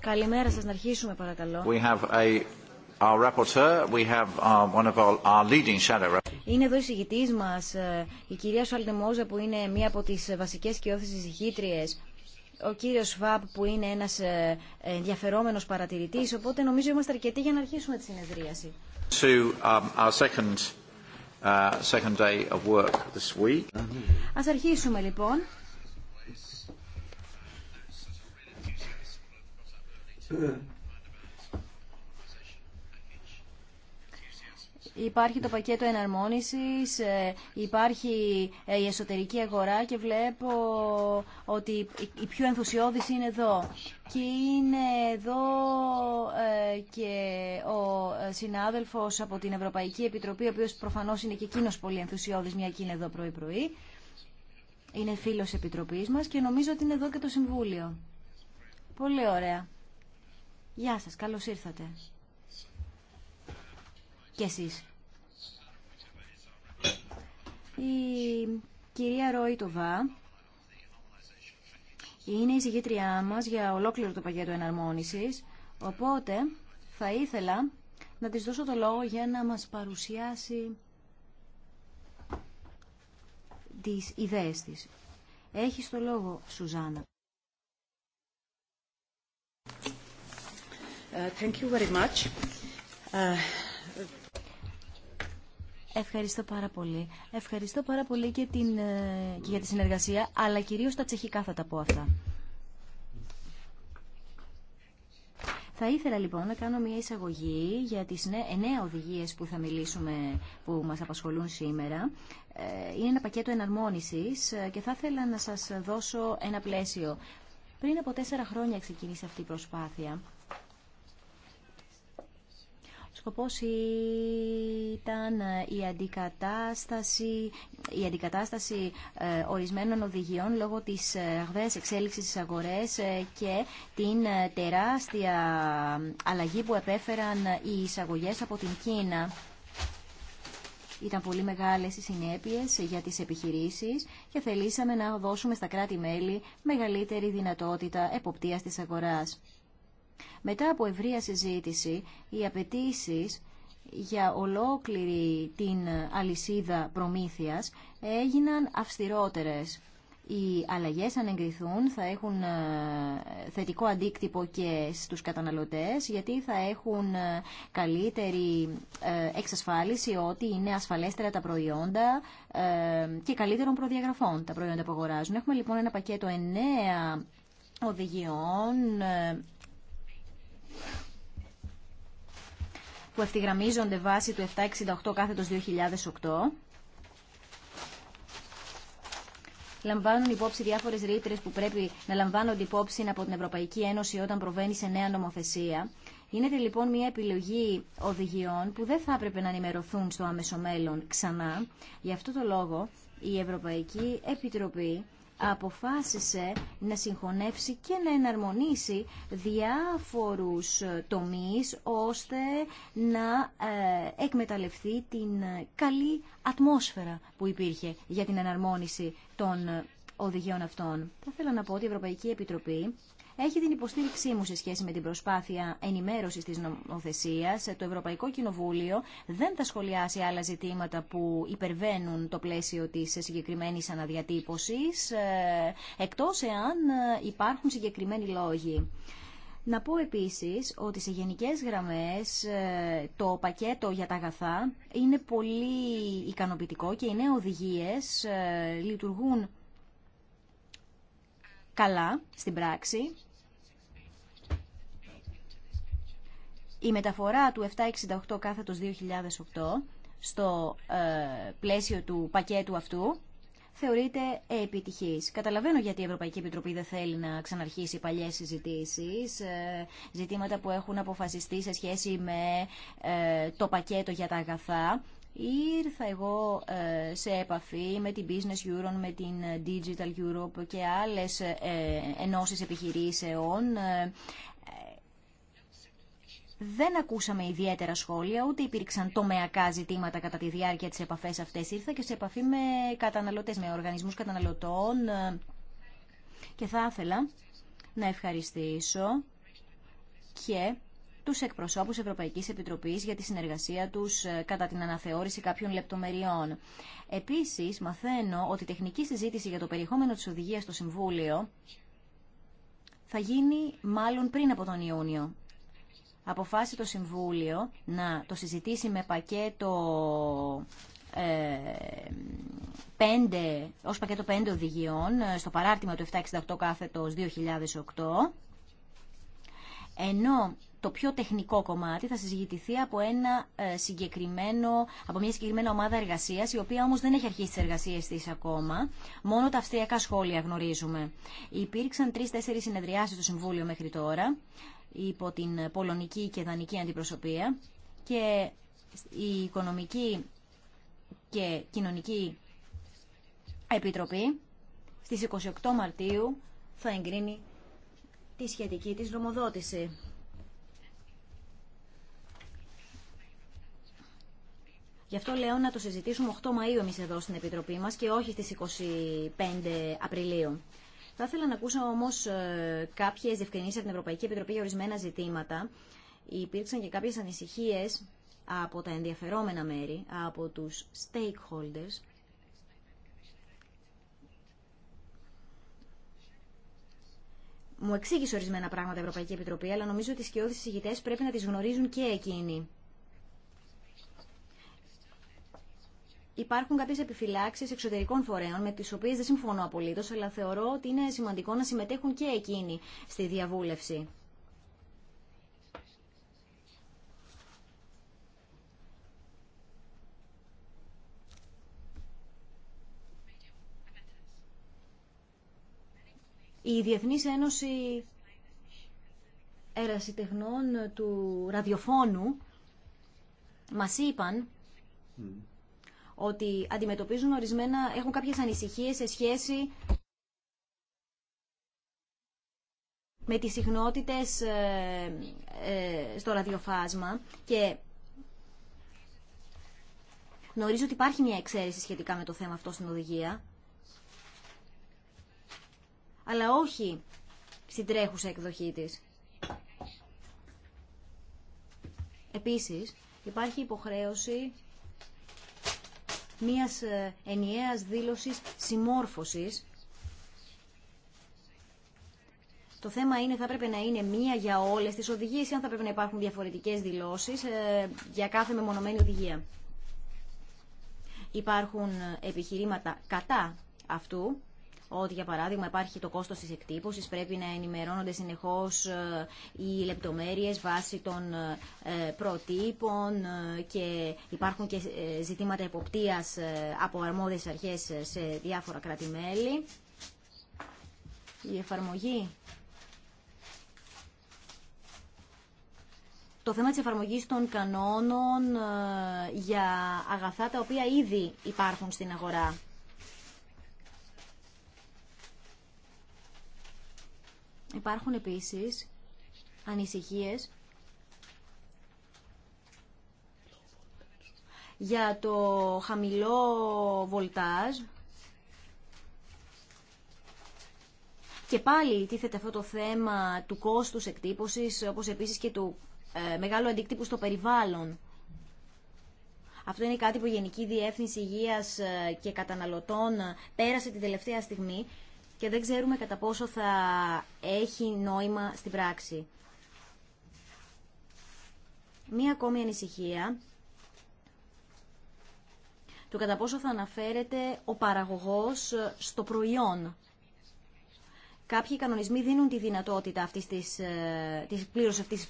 Καλημέρα σας, να αρχίσουμε παρακαλώ. We have a, our rapporteur, we have uh, one of our, our leading shadow Είναι εδώ η συγητής μας, ε, η κυρία Σουαλτεμόζα που είναι μία από τις βασικές και όθησης ηχήτριες ο κύριος Σβάπ που είναι ένας ε, ενδιαφερόμενος παρατηρητής, οπότε νομίζω είμαστε αρκετοί για να αρχίσουμε τη συνεδρίαση. To, um, our second second day of work this week. Ας αρχίσουμε λοιπόν. Υπάρχει το πακέτο εναρμόνισης, ε, υπάρχει ε, η εσωτερική αγορά και βλέπω ότι η πιο ενθουσιώδης είναι εδώ. Και είναι εδώ ε, και ο συνάδελφος από την Ευρωπαϊκή Επιτροπή, ο οποίος προφανώς είναι και εκείνος πολύ ενθουσιώδης, μια και είναι εδώ πρωί-πρωί. Είναι φίλος Επιτροπής μας και νομίζω ότι είναι εδώ και το Συμβούλιο. Πολύ ωραία. Γεια σας, καλώς ήρθατε κι εσείς. Η κυρία Ρόιτοβα είναι η συγγήτριά μας για ολόκληρο το πακέτο εναρμόνισης, οπότε θα ήθελα να της δώσω το λόγο για να μας παρουσιάσει τις ιδέες της. Έχεις το λόγο, Σουζάνα. Uh, thank you very much. Uh, Ευχαριστώ πάρα πολύ. Ευχαριστώ πάρα πολύ και, την, ε, για τη συνεργασία, αλλά κυρίως τα τσεχικά θα τα πω αυτά. Θα ήθελα λοιπόν να κάνω μια εισαγωγή για τις εννέα οδηγίες που θα μιλήσουμε, που μας απασχολούν σήμερα. Ε, είναι ένα πακέτο εναρμόνισης ε, και θα ήθελα να σας δώσω ένα πλαίσιο. Πριν από τέσσερα χρόνια ξεκίνησε αυτή η προσπάθεια Σκοπός ήταν η αντικατάσταση, η αντικατάσταση ε, ορισμένων οδηγιών λόγω της ε, αγδαίας εξέλιξης στις αγορές ε, και την τεράστια αλλαγή που επέφεραν οι εισαγωγές από την Κίνα. Ήταν πολύ μεγάλες οι συνέπειες για τις επιχειρήσεις και θελήσαμε να δώσουμε στα κράτη-μέλη μεγαλύτερη δυνατότητα εποπτείας της αγοράς. Μετά από ευρεία συζήτηση, οι απαιτήσει για ολόκληρη την αλυσίδα προμήθειας έγιναν αυστηρότερες. Οι αλλαγές αν εγκριθούν θα έχουν ε, θετικό αντίκτυπο και στους καταναλωτές γιατί θα έχουν ε, καλύτερη ε, εξασφάλιση ότι είναι ασφαλέστερα τα προϊόντα και καλύτερων προδιαγραφών τα προϊόντα που αγοράζουν. Έχουμε λοιπόν ένα πακέτο εννέα οδηγιών που ευθυγραμμίζονται βάσει του 768 κάθετος 2008 λαμβάνουν υπόψη διάφορες ρήτρε που πρέπει να λαμβάνονται υπόψη από την Ευρωπαϊκή Ένωση όταν προβαίνει σε νέα νομοθεσία. Είναι λοιπόν μια επιλογή οδηγιών που δεν θα έπρεπε να ενημερωθούν στο άμεσο μέλλον ξανά. Γι' αυτό το λόγο η Ευρωπαϊκή Επιτροπή αποφάσισε να συγχωνεύσει και να εναρμονίσει διάφορους ε, τομείς ώστε να ε, εκμεταλλευτεί την ε, καλή ατμόσφαιρα που υπήρχε για την εναρμόνιση των οδηγιών αυτών. Θα ήθελα να πω ότι η Ευρωπαϊκή Επιτροπή έχει την υποστήριξή μου σε σχέση με την προσπάθεια ενημέρωσης της νομοθεσία. Το Ευρωπαϊκό Κοινοβούλιο δεν θα σχολιάσει άλλα ζητήματα που υπερβαίνουν το πλαίσιο της συγκεκριμένη αναδιατύπωση ε, εκτός εάν ε, υπάρχουν συγκεκριμένοι λόγοι. Να πω επίσης ότι σε γενικές γραμμές ε, το πακέτο για τα αγαθά είναι πολύ ικανοποιητικό και οι νέες οδηγίες λειτουργούν καλά στην πράξη Η μεταφορά του 768 κάθετος 2008 στο ε, πλαίσιο του πακέτου αυτού θεωρείται επιτυχής. Καταλαβαίνω γιατί η Ευρωπαϊκή Επιτροπή δεν θέλει να ξαναρχίσει παλιές συζητήσεις, ε, ζητήματα που έχουν αποφασιστεί σε σχέση με ε, το πακέτο για τα αγαθά. Ήρθα εγώ σε επαφή με την Business Europe, με την Digital Europe και άλλες ενώσεις επιχειρήσεων δεν ακούσαμε ιδιαίτερα σχόλια, ούτε υπήρξαν τομεακά ζητήματα κατά τη διάρκεια της επαφής αυτές. Ήρθα και σε επαφή με καταναλωτές, με οργανισμούς καταναλωτών ε, και θα ήθελα να ευχαριστήσω και τους εκπροσώπους Ευρωπαϊκής Επιτροπής για τη συνεργασία τους ε, κατά την αναθεώρηση κάποιων λεπτομεριών. Επίσης, μαθαίνω ότι η τεχνική συζήτηση για το περιεχόμενο της οδηγίας στο Συμβούλιο θα γίνει μάλλον πριν από τον Ιούνιο αποφάσισε το Συμβούλιο να το συζητήσει με πακέτο ε, πέντε, ως πακέτο 5 οδηγιών ε, στο παράρτημα του 768 κάθετος 2008 ενώ το πιο τεχνικό κομμάτι θα συζητηθεί από, ένα ε, συγκεκριμένο, από μια συγκεκριμένη ομάδα εργασίας... η οποία όμως δεν έχει αρχίσει τις εργασίε της ακόμα. Μόνο τα αυστριακά σχόλια γνωρίζουμε. Υπήρξαν τρει-τέσσερι συνεδριάσεις στο Συμβούλιο μέχρι τώρα υπό την πολωνική και δανική αντιπροσωπεία και η Οικονομική και Κοινωνική Επιτροπή στις 28 Μαρτίου θα εγκρίνει τη σχετική της νομοδότηση. Γι' αυτό λέω να το συζητήσουμε 8 Μαΐου εμείς εδώ στην Επιτροπή μας και όχι στις 25 Απριλίου. Θα ήθελα να ακούσω όμως ε, κάποιες διευκρινήσει από την Ευρωπαϊκή Επιτροπή για ορισμένα ζητήματα. Υπήρξαν και κάποιες ανησυχίες από τα ενδιαφερόμενα μέρη, από τους stakeholders. Μου εξήγησε ορισμένα πράγματα η Ευρωπαϊκή Επιτροπή, αλλά νομίζω ότι οι σκιώδεις πρέπει να τις γνωρίζουν και εκείνοι. υπάρχουν κάποιε επιφυλάξει εξωτερικών φορέων με τι οποίε δεν συμφωνώ απολύτω, αλλά θεωρώ ότι είναι σημαντικό να συμμετέχουν και εκείνοι στη διαβούλευση. Η Διεθνής Ένωση Ερασιτεχνών του Ραδιοφώνου μας είπαν ότι αντιμετωπίζουν ορισμένα, έχουν κάποιες ανησυχίες σε σχέση με τις συχνότητες ε, ε, στο ραδιοφάσμα και γνωρίζω ότι υπάρχει μια εξαίρεση σχετικά με το θέμα αυτό στην οδηγία, αλλά όχι στην τρέχουσα εκδοχή της. Επίσης, υπάρχει υποχρέωση μιας ε, ενιαίας δήλωσης συμμόρφωσης. Το θέμα είναι θα πρέπει να είναι μία για όλες τις οδηγίες ή αν θα πρέπει να υπάρχουν διαφορετικές δηλώσεις ε, για κάθε μεμονωμένη οδηγία. Υπάρχουν επιχειρήματα κατά αυτού ότι για παράδειγμα υπάρχει το κόστος της εκτύπωσης, πρέπει να ενημερώνονται συνεχώς ε, οι λεπτομέρειες βάσει των ε, προτύπων ε, και υπάρχουν και ζητήματα εποπτείας από αρμόδιες αρχές σε διάφορα Η εφαρμογή το θέμα της εφαρμογής των κανόνων για αγαθά τα οποία ήδη υπάρχουν στην αγορά. Υπάρχουν επίσης ανησυχίες για το χαμηλό βολτάζ και πάλι τίθεται αυτό το θέμα του κόστους εκτύπωσης όπως επίσης και του ε, μεγάλου αντίκτυπου στο περιβάλλον. Αυτό είναι κάτι που η Γενική Διεύθυνση Υγείας ε, και Καταναλωτών ε, πέρασε την τελευταία στιγμή και δεν ξέρουμε κατά πόσο θα έχει νόημα στην πράξη. Μία ακόμη ανησυχία του κατά πόσο θα αναφέρεται ο παραγωγός στο προϊόν. Κάποιοι κανονισμοί δίνουν τη δυνατότητα αυτής της, ε, της πλήρωσης αυτής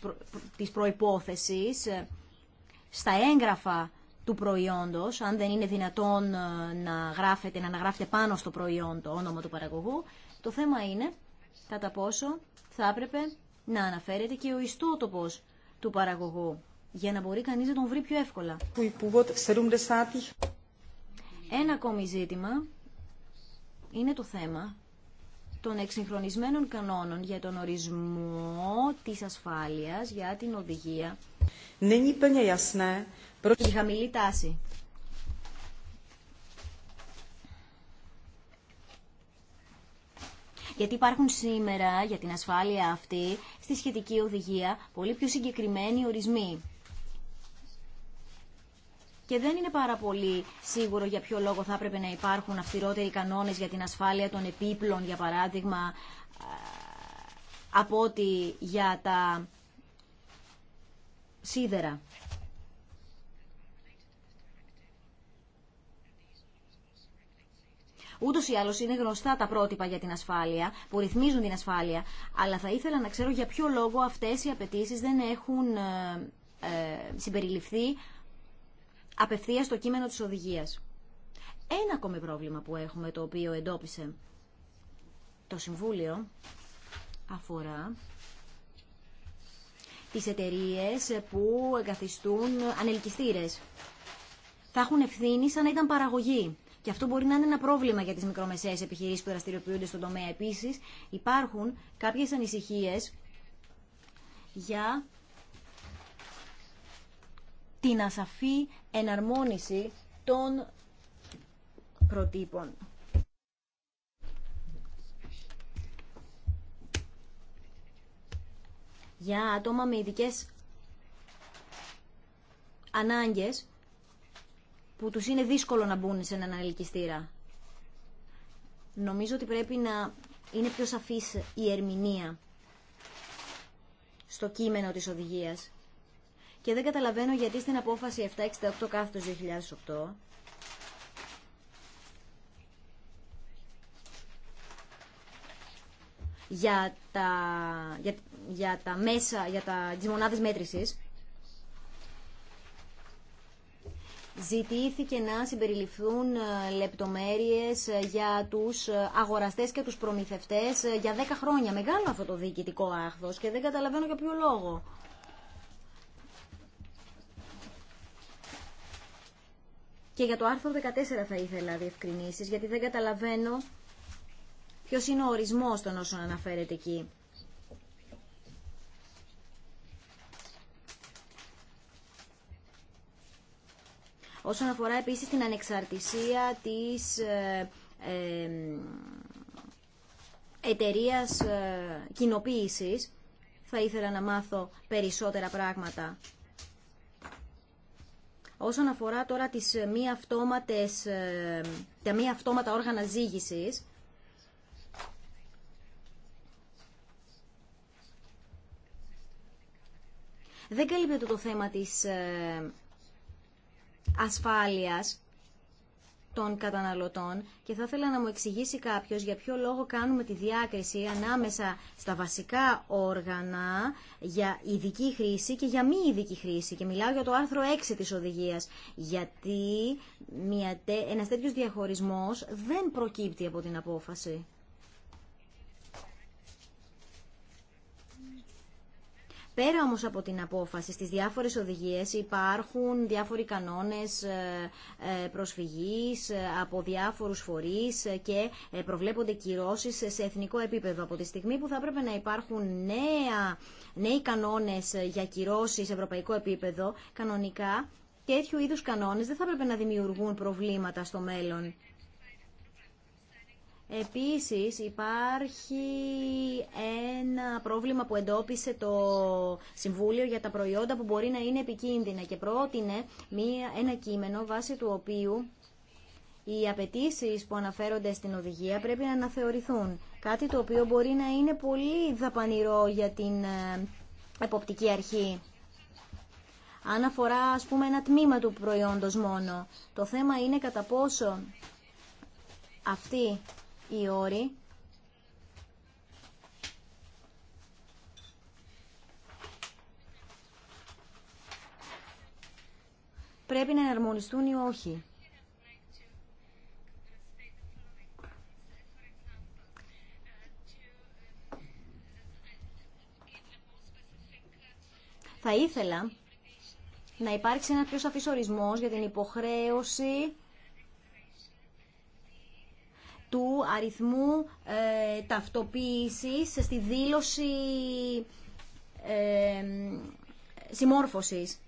της προϋπόθεσης ε, στα έγγραφα του προϊόντος, αν δεν είναι δυνατόν ε, να, γράφετε να αναγράφεται πάνω στο προϊόν το όνομα του παραγωγού, το θέμα είναι κατά πόσο θα έπρεπε να αναφέρεται και ο ιστότοπος του παραγωγού, για να μπορεί κανείς να τον βρει πιο εύκολα. Ένα ακόμη ζήτημα είναι το θέμα των εξυγχρονισμένων κανόνων για τον ορισμό της ασφάλειας, για την οδηγία προς χαμηλή τάση. Γιατί υπάρχουν σήμερα για την ασφάλεια αυτή στη σχετική οδηγία πολύ πιο συγκεκριμένοι ορισμοί. Και δεν είναι πάρα πολύ σίγουρο για ποιο λόγο θα έπρεπε να υπάρχουν αυστηρότεροι κανόνες για την ασφάλεια των επίπλων, για παράδειγμα, από ότι για τα σίδερα. Ούτω ή άλλω είναι γνωστά τα πρότυπα για την ασφάλεια, που ρυθμίζουν την ασφάλεια, αλλά θα ήθελα να ξέρω για ποιο λόγο αυτές οι απαιτήσει δεν έχουν ε, ε, συμπεριληφθεί απευθείας στο κείμενο της οδηγίας. Ένα ακόμη πρόβλημα που έχουμε, το οποίο εντόπισε το Συμβούλιο, αφορά τις εταιρείε που εγκαθιστούν ανελκυστήρες. Θα έχουν ευθύνη σαν να ήταν παραγωγή. Και αυτό μπορεί να είναι ένα πρόβλημα για τις μικρομεσαίες επιχειρήσεις που δραστηριοποιούνται στον τομέα. Επίση, υπάρχουν κάποιες ανησυχίε για την ασαφή εναρμόνιση των προτύπων. Για άτομα με ειδικέ ανάγκες που τους είναι δύσκολο να μπουν σε έναν ελκυστήρα. Νομίζω ότι πρέπει να είναι πιο σαφής η ερμηνεία στο κείμενο της οδηγίας. Και δεν καταλαβαίνω γιατί στην απόφαση 768 2008 για τα, για, για τα μέσα, για τα, τις μέτρησης ζητήθηκε να συμπεριληφθούν ε, λεπτομέρειες ε, για τους ε, αγοραστές και τους προμηθευτές για 10 χρόνια. Μεγάλο αυτό το διοικητικό άχθος και δεν καταλαβαίνω για ποιο λόγο. Και για το άρθρο 14 θα ήθελα διευκρινήσεις, γιατί δεν καταλαβαίνω ποιος είναι ο ορισμός των όσων αναφέρεται εκεί. Όσον αφορά επίσης την ανεξαρτησία της ε, εταιρείας ε, κοινοποίησης, θα ήθελα να μάθω περισσότερα πράγματα. Όσον αφορά τώρα τις ε, μη αυτόματες, τα μη αυτόματα όργανα ζήγησης, δεν καλύπτεται το θέμα της ασφάλειας των καταναλωτών και θα ήθελα να μου εξηγήσει κάποιος για ποιο λόγο κάνουμε τη διάκριση ανάμεσα στα βασικά όργανα για ειδική χρήση και για μη ειδική χρήση και μιλάω για το άρθρο 6 της οδηγίας γιατί μια, ένας τέτοιος διαχωρισμός δεν προκύπτει από την απόφαση. Πέρα όμως από την απόφαση, στις διάφορες οδηγίες υπάρχουν διάφοροι κανόνες ε, ε, προσφυγής ε, από διάφορους φορείς και προβλέπονται κυρώσεις σε εθνικό επίπεδο. Από τη στιγμή που θα έπρεπε να υπάρχουν νέα, νέοι κανόνες για κυρώσεις σε ευρωπαϊκό επίπεδο, κανονικά τέτοιου είδους κανόνες δεν θα έπρεπε να δημιουργούν προβλήματα στο μέλλον. Επίσης υπάρχει ένα πρόβλημα που εντόπισε το Συμβούλιο για τα προϊόντα που μπορεί να είναι επικίνδυνα και πρότεινε μία, ένα κείμενο βάσει του οποίου οι απαιτήσει που αναφέρονται στην οδηγία πρέπει να αναθεωρηθούν. Κάτι το οποίο μπορεί να είναι πολύ δαπανηρό για την ε, εποπτική αρχή. Αν αφορά, ας πούμε, ένα τμήμα του προϊόντος μόνο. Το θέμα είναι κατά πόσο αυτή οι όροι. Πρέπει να εναρμονιστούν ή όχι. Θα ήθελα να υπάρξει ένα πιο σαφής ορισμός για την υποχρέωση του αριθμού ε, ταυτοποίησης στη δήλωση ε, συμμόρφωσης.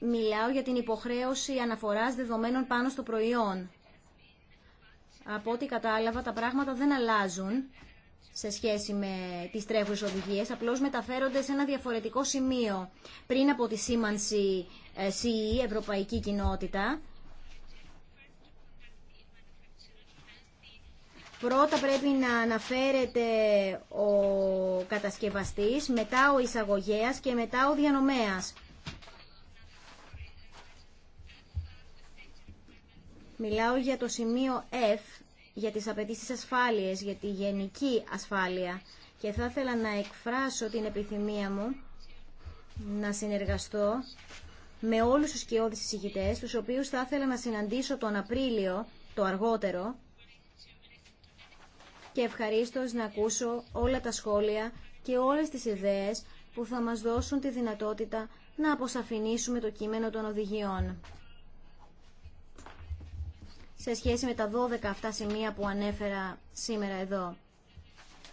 Μιλάω για την υποχρέωση αναφοράς δεδομένων πάνω στο προϊόν. Από ό,τι κατάλαβα, τα πράγματα δεν αλλάζουν σε σχέση με τις τρέχουσες οδηγίες, απλώς μεταφέρονται σε ένα διαφορετικό σημείο πριν από τη σήμανση ε, CE, Ευρωπαϊκή Κοινότητα. Πρώτα πρέπει να αναφέρεται ο κατασκευαστής, μετά ο εισαγωγέας και μετά ο διανομέας. Μιλάω για το σημείο F για τις απαιτήσει ασφάλειες, για τη γενική ασφάλεια. Και θα ήθελα να εκφράσω την επιθυμία μου να συνεργαστώ με όλους τους σκιώδεις εισηγητές, τους οποίους θα ήθελα να συναντήσω τον Απρίλιο, το αργότερο, και ευχαρίστω να ακούσω όλα τα σχόλια και όλες τις ιδέες που θα μας δώσουν τη δυνατότητα να αποσαφηνίσουμε το κείμενο των οδηγιών σε σχέση με τα 12 αυτά σημεία που ανέφερα σήμερα εδώ.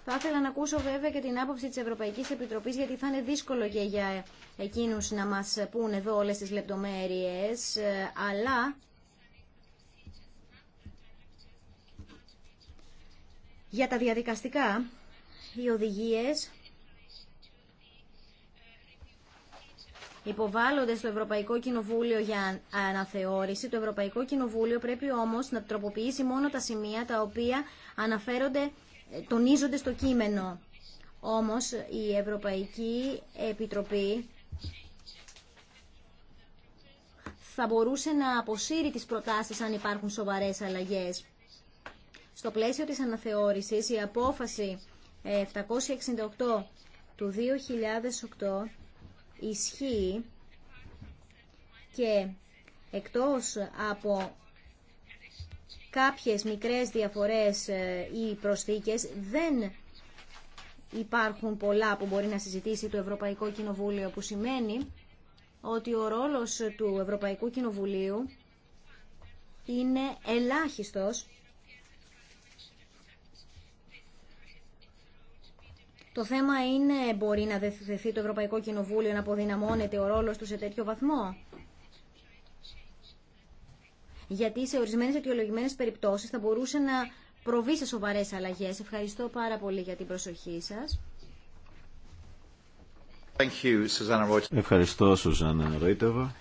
Θα ήθελα να ακούσω βέβαια και την άποψη της Ευρωπαϊκής Επιτροπής γιατί θα είναι δύσκολο και για εκείνους να μας πούν εδώ όλες τις λεπτομέρειες ε, αλλά για τα διαδικαστικά οι οδηγίες υποβάλλονται στο Ευρωπαϊκό Κοινοβούλιο για αναθεώρηση. Το Ευρωπαϊκό Κοινοβούλιο πρέπει όμως να τροποποιήσει μόνο τα σημεία τα οποία αναφέρονται, ε, τονίζονται στο κείμενο. Όμως η Ευρωπαϊκή Επιτροπή θα μπορούσε να αποσύρει τις προτάσεις αν υπάρχουν σοβαρές αλλαγές. Στο πλαίσιο της αναθεώρησης, η απόφαση 768 ε, του 2008 ισχύει και εκτός από κάποιες μικρές διαφορές ή ε, προσθήκες δεν υπάρχουν πολλά που μπορεί να συζητήσει το Ευρωπαϊκό Κοινοβούλιο που σημαίνει ότι ο ρόλος του Ευρωπαϊκού Κοινοβουλίου είναι ελάχιστος Το θέμα είναι, μπορεί να δεθεί το Ευρωπαϊκό Κοινοβούλιο να αποδυναμώνεται ο ρόλος του σε τέτοιο βαθμό. Γιατί σε ορισμένες αιτιολογημένες περιπτώσεις θα μπορούσε να προβεί σε σοβαρές αλλαγές. Ευχαριστώ πάρα πολύ για την προσοχή σας. Thank you, Ευχαριστώ, Σουζάννα Ροίτεβα.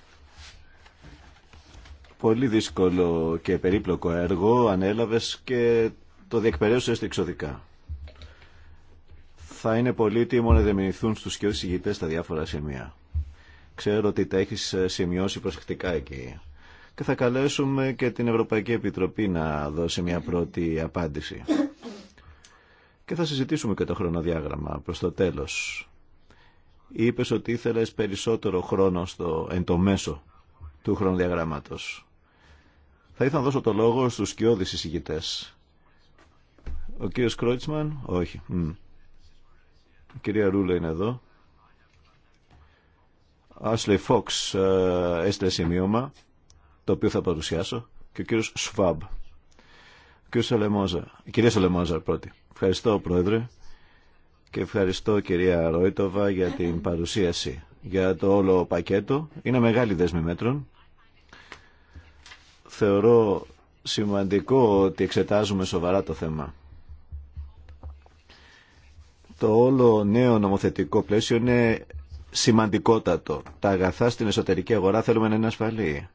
Πολύ δύσκολο και περίπλοκο έργο ανέλαβες και το διεκπαιρέωσες εξωτικά θα είναι πολύτιμο να δεμηνηθούν στους και στα διάφορα σημεία. Ξέρω ότι τα έχεις ε, σημειώσει προσεκτικά εκεί. Και θα καλέσουμε και την Ευρωπαϊκή Επιτροπή να δώσει μια πρώτη απάντηση. Και θα συζητήσουμε και το χρονοδιάγραμμα προς το τέλος. Είπε ότι ήθελες περισσότερο χρόνο στο, εν το μέσο του χρονοδιαγράμματος. Θα ήθελα να δώσω το λόγο στους κοιόδης εισηγητές. Ο κύριος Κρότσμαν, όχι. Η κυρία Ρούλα είναι εδώ. Άσλεϊ Φόξ έστειλε σημείωμα, το οποίο θα παρουσιάσω, και ο κύριος Σφάμπ. Ο κύριος Η κυρία Σαλεμόζα πρώτη. Ευχαριστώ, Πρόεδρε, και ευχαριστώ, κυρία Ρόιτοβα, για την παρουσίαση, για το όλο πακέτο. Είναι μεγάλη δέσμη μέτρων. Θεωρώ σημαντικό ότι εξετάζουμε σοβαρά το θέμα το όλο νέο νομοθετικό πλαίσιο είναι σημαντικότατο. Τα αγαθά στην εσωτερική αγορά θέλουμε να είναι ασφαλή.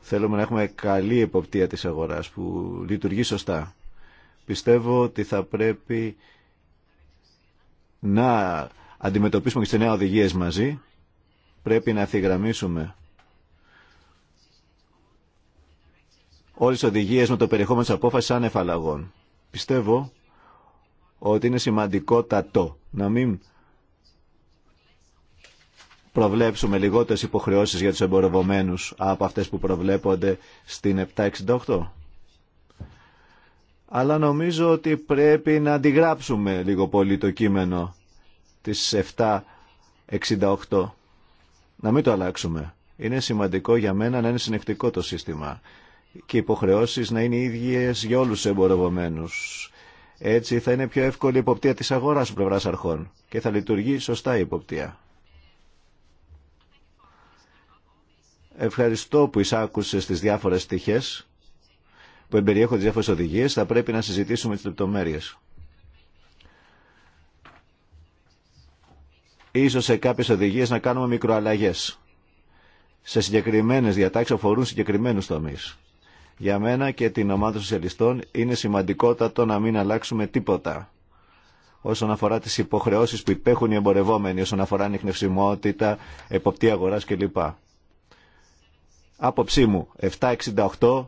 Θέλουμε να έχουμε καλή υποπτία της αγοράς που λειτουργεί σωστά. Πιστεύω ότι θα πρέπει να αντιμετωπίσουμε και στις νέα οδηγίες μαζί. Πρέπει να θυγραμμίσουμε όλες τις οδηγίες με το περιεχόμενο της απόφασης σαν Πιστεύω ότι είναι σημαντικότατο να μην προβλέψουμε λιγότερες υποχρεώσεις για τους εμπορευομένους από αυτές που προβλέπονται στην 768. Αλλά νομίζω ότι πρέπει να αντιγράψουμε λίγο πολύ το κείμενο της 768. Να μην το αλλάξουμε. Είναι σημαντικό για μένα να είναι συνεκτικό το σύστημα και οι υποχρεώσεις να είναι ίδιες για όλους τους εμπορευομένους. Έτσι θα είναι πιο εύκολη η υποπτία της αγοράς του πλευράς αρχών και θα λειτουργεί σωστά η υποπτία. Ευχαριστώ που εισάκουσες τις διάφορες στοιχές που εμπεριέχουν τις διάφορες οδηγίες. Θα πρέπει να συζητήσουμε τις λεπτομέρειες. Ίσως σε κάποιες οδηγίες να κάνουμε μικροαλλαγές. Σε συγκεκριμένες διατάξεις αφορούν συγκεκριμένους τομείς. Για μένα και την ομάδα των σοσιαλιστών είναι σημαντικότατο να μην αλλάξουμε τίποτα όσον αφορά τις υποχρεώσεις που υπέχουν οι εμπορευόμενοι, όσον αφορά ανιχνευσιμότητα, εποπτεία αγοράς κλπ. Άποψή μου, 768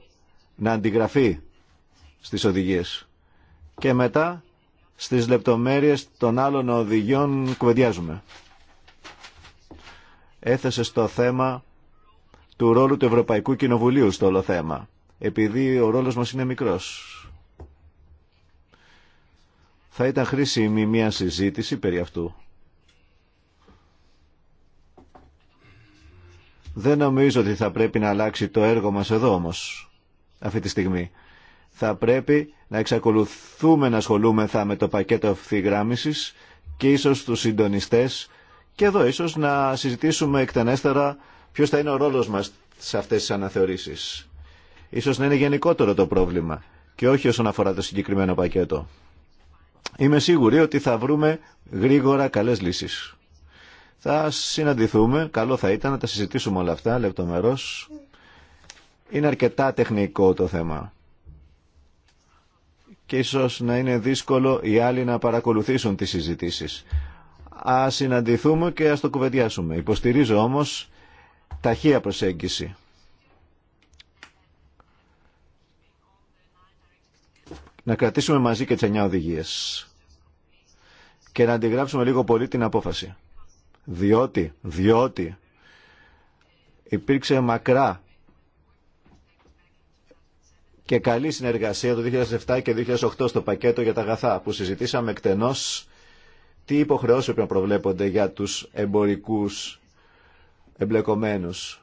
να αντιγραφεί στις οδηγίες. Και μετά στις λεπτομέρειες των άλλων οδηγιών κουβεντιάζουμε. Έθεσε στο θέμα του ρόλου του Ευρωπαϊκού Κοινοβουλίου στο όλο θέμα επειδή ο ρόλος μας είναι μικρός. Θα ήταν χρήσιμη μια συζήτηση περί αυτού. Δεν νομίζω ότι θα πρέπει να αλλάξει το έργο μας εδώ όμως, αυτή τη στιγμή. Θα πρέπει να εξακολουθούμε να ασχολούμεθα με το πακέτο αυθυγράμμισης... και ίσως τους συντονιστές και εδώ ίσως να συζητήσουμε εκτενέστερα ποιος θα είναι ο ρόλος μας σε αυτές τις αναθεωρήσεις. Ίσως να είναι γενικότερο το πρόβλημα και όχι όσον αφορά το συγκεκριμένο πακέτο. Είμαι σίγουρη ότι θα βρούμε γρήγορα καλές λύσεις. Θα συναντηθούμε, καλό θα ήταν να τα συζητήσουμε όλα αυτά λεπτομερώς. Είναι αρκετά τεχνικό το θέμα. Και ίσως να είναι δύσκολο οι άλλοι να παρακολουθήσουν τις συζητήσεις. Ας συναντηθούμε και ας το κουβεντιάσουμε. Υποστηρίζω όμως ταχεία προσέγγιση. να κρατήσουμε μαζί και τι εννιά οδηγίες και να αντιγράψουμε λίγο πολύ την απόφαση. Διότι, διότι υπήρξε μακρά και καλή συνεργασία το 2007 και 2008 στο πακέτο για τα αγαθά που συζητήσαμε εκτενώς τι υποχρεώσεις πρέπει να προβλέπονται για τους εμπορικούς εμπλεκομένους.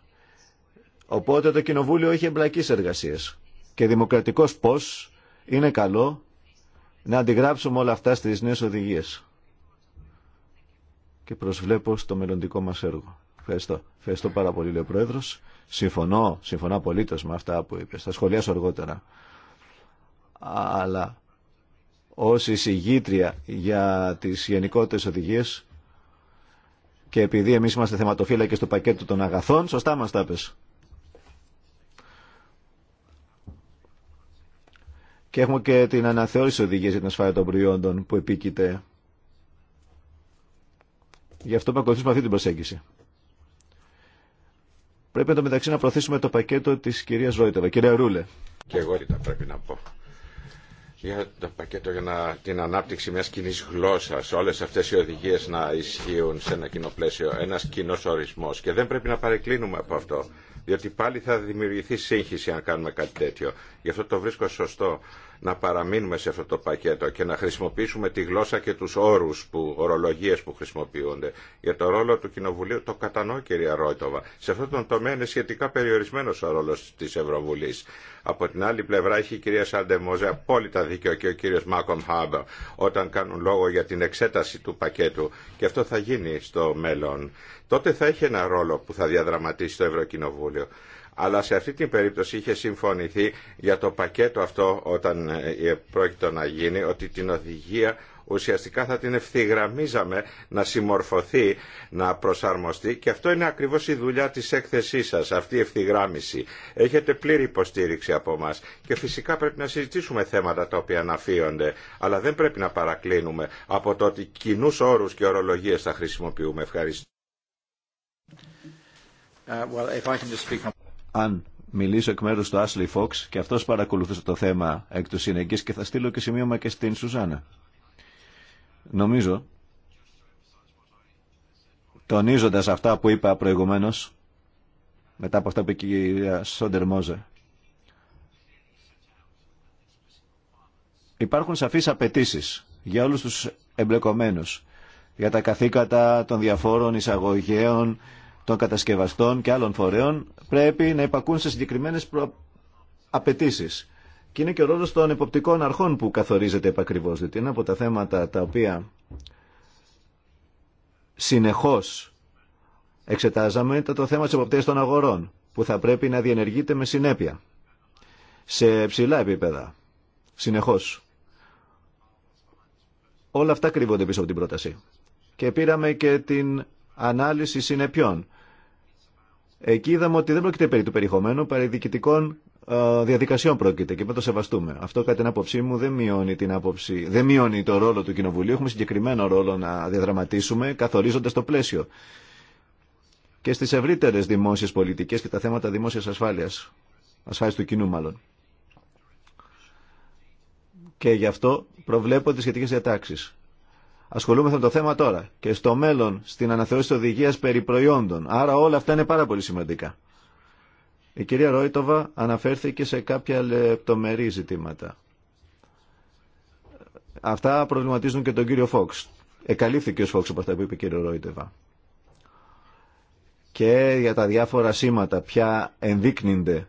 Οπότε το Κοινοβούλιο έχει εμπλακεί εργασίες και δημοκρατικός πώς είναι καλό να αντιγράψουμε όλα αυτά στις νέες οδηγίες. Και προσβλέπω στο μελλοντικό μας έργο. Ευχαριστώ. Ευχαριστώ πάρα πολύ, λέει ο Πρόεδρος. Συμφωνώ, συμφωνώ απολύτως με αυτά που είπες. Θα σχολιάσω αργότερα. Αλλά ως εισηγήτρια για τις γενικότερε οδηγίες και επειδή εμείς είμαστε θεματοφύλακες στο πακέτο των αγαθών, σωστά μας τα Και έχουμε και την αναθεώρηση οδηγία για την ασφάλεια των προϊόντων που επίκειται. Γι' αυτό παρακολουθήσουμε αυτή την προσέγγιση. Πρέπει εν τω μεταξύ να προωθήσουμε το πακέτο τη κυρία Ρόιτεβα. Κυρία Ρούλε. Και εγώ τι θα πρέπει να πω για το πακέτο για να, την ανάπτυξη μιας κοινή γλώσσας, όλες αυτές οι οδηγίες να ισχύουν σε ένα κοινό πλαίσιο, ένας κοινό ορισμός και δεν πρέπει να παρεκκλίνουμε από αυτό, διότι πάλι θα δημιουργηθεί σύγχυση αν κάνουμε κάτι τέτοιο. Γι' αυτό το βρίσκω σωστό να παραμείνουμε σε αυτό το πακέτο και να χρησιμοποιήσουμε τη γλώσσα και τους όρους, που, ορολογίες που χρησιμοποιούνται. Για το ρόλο του Κοινοβουλίου το κατανοώ κυρία Ρόιτοβα. Σε αυτό τον τομέα είναι σχετικά περιορισμένος ο ρόλος της Ευρωβουλής. Από την άλλη πλευρά έχει η κυρία Μόζε απόλυτα δίκαιο και ο κύριος Μάκομ Χάμπερ όταν κάνουν λόγο για την εξέταση του πακέτου και αυτό θα γίνει στο μέλλον. Τότε θα έχει ένα ρόλο που θα διαδραματίσει το Ευρωκοινοβούλιο. Αλλά σε αυτή την περίπτωση είχε συμφωνηθεί για το πακέτο αυτό όταν ε, πρόκειτο να γίνει ότι την οδηγία ουσιαστικά θα την ευθυγραμμίζαμε να συμμορφωθεί, να προσαρμοστεί και αυτό είναι ακριβώς η δουλειά της έκθεσής σας, αυτή η ευθυγράμμιση. Έχετε πλήρη υποστήριξη από μας και φυσικά πρέπει να συζητήσουμε θέματα τα οποία αναφύονται, αλλά δεν πρέπει να παρακλίνουμε από το ότι κοινού όρους και ορολογίες θα χρησιμοποιούμε. Ευχαριστώ. Uh, well, αν μιλήσω εκ μέρους του Άσλι Φόξ και αυτός παρακολουθούσε το θέμα εκ του και θα στείλω και σημείωμα και στην Σουζάνα. Νομίζω, τονίζοντας αυτά που είπα προηγουμένως, μετά από αυτά που είπε η κυρία Σόντερ Μόζε, υπάρχουν σαφείς απαιτήσει για όλους τους εμπλεκομένους, για τα καθήκατα των διαφόρων εισαγωγέων, των κατασκευαστών και άλλων φορέων πρέπει να υπακούν σε συγκεκριμένε προ... απαιτήσει. Και είναι και ο ρόλο των εποπτικών αρχών που καθορίζεται επακριβώ. Διότι δηλαδή είναι από τα θέματα τα οποία συνεχώ εξετάζαμε ήταν το θέμα τη εποπτεία των αγορών, που θα πρέπει να διενεργείται με συνέπεια σε ψηλά επίπεδα. Συνεχώ. Όλα αυτά κρύβονται πίσω από την πρόταση. Και πήραμε και την ανάλυση συνεπιών. Εκεί είδαμε ότι δεν πρόκειται περί του περιεχομένου, περί διοικητικών ε, διαδικασιών πρόκειται και με το σεβαστούμε. Αυτό κατά την άποψή μου δεν μειώνει, την άποψη, δεν μειώνει το ρόλο του Κοινοβουλίου. Έχουμε συγκεκριμένο ρόλο να διαδραματίσουμε καθορίζοντα το πλαίσιο και στι ευρύτερε δημόσιε πολιτικέ και τα θέματα δημόσια ασφάλεια. Ασφάλεια του κοινού, μάλλον. Και γι' αυτό προβλέπω τι σχετικέ διατάξει. Ασχολούμαστε με το θέμα τώρα και στο μέλλον στην αναθεώρηση της οδηγίας περί προϊόντων. Άρα όλα αυτά είναι πάρα πολύ σημαντικά. Η κυρία Ρόιτοβα αναφέρθηκε σε κάποια λεπτομερή ζητήματα. Αυτά προβληματίζουν και τον κύριο Φόξ. Εκαλύφθηκε ο Φόξ από αυτά που είπε η κυρία Ρόιτοβα. Και για τα διάφορα σήματα πια ενδείκνυνται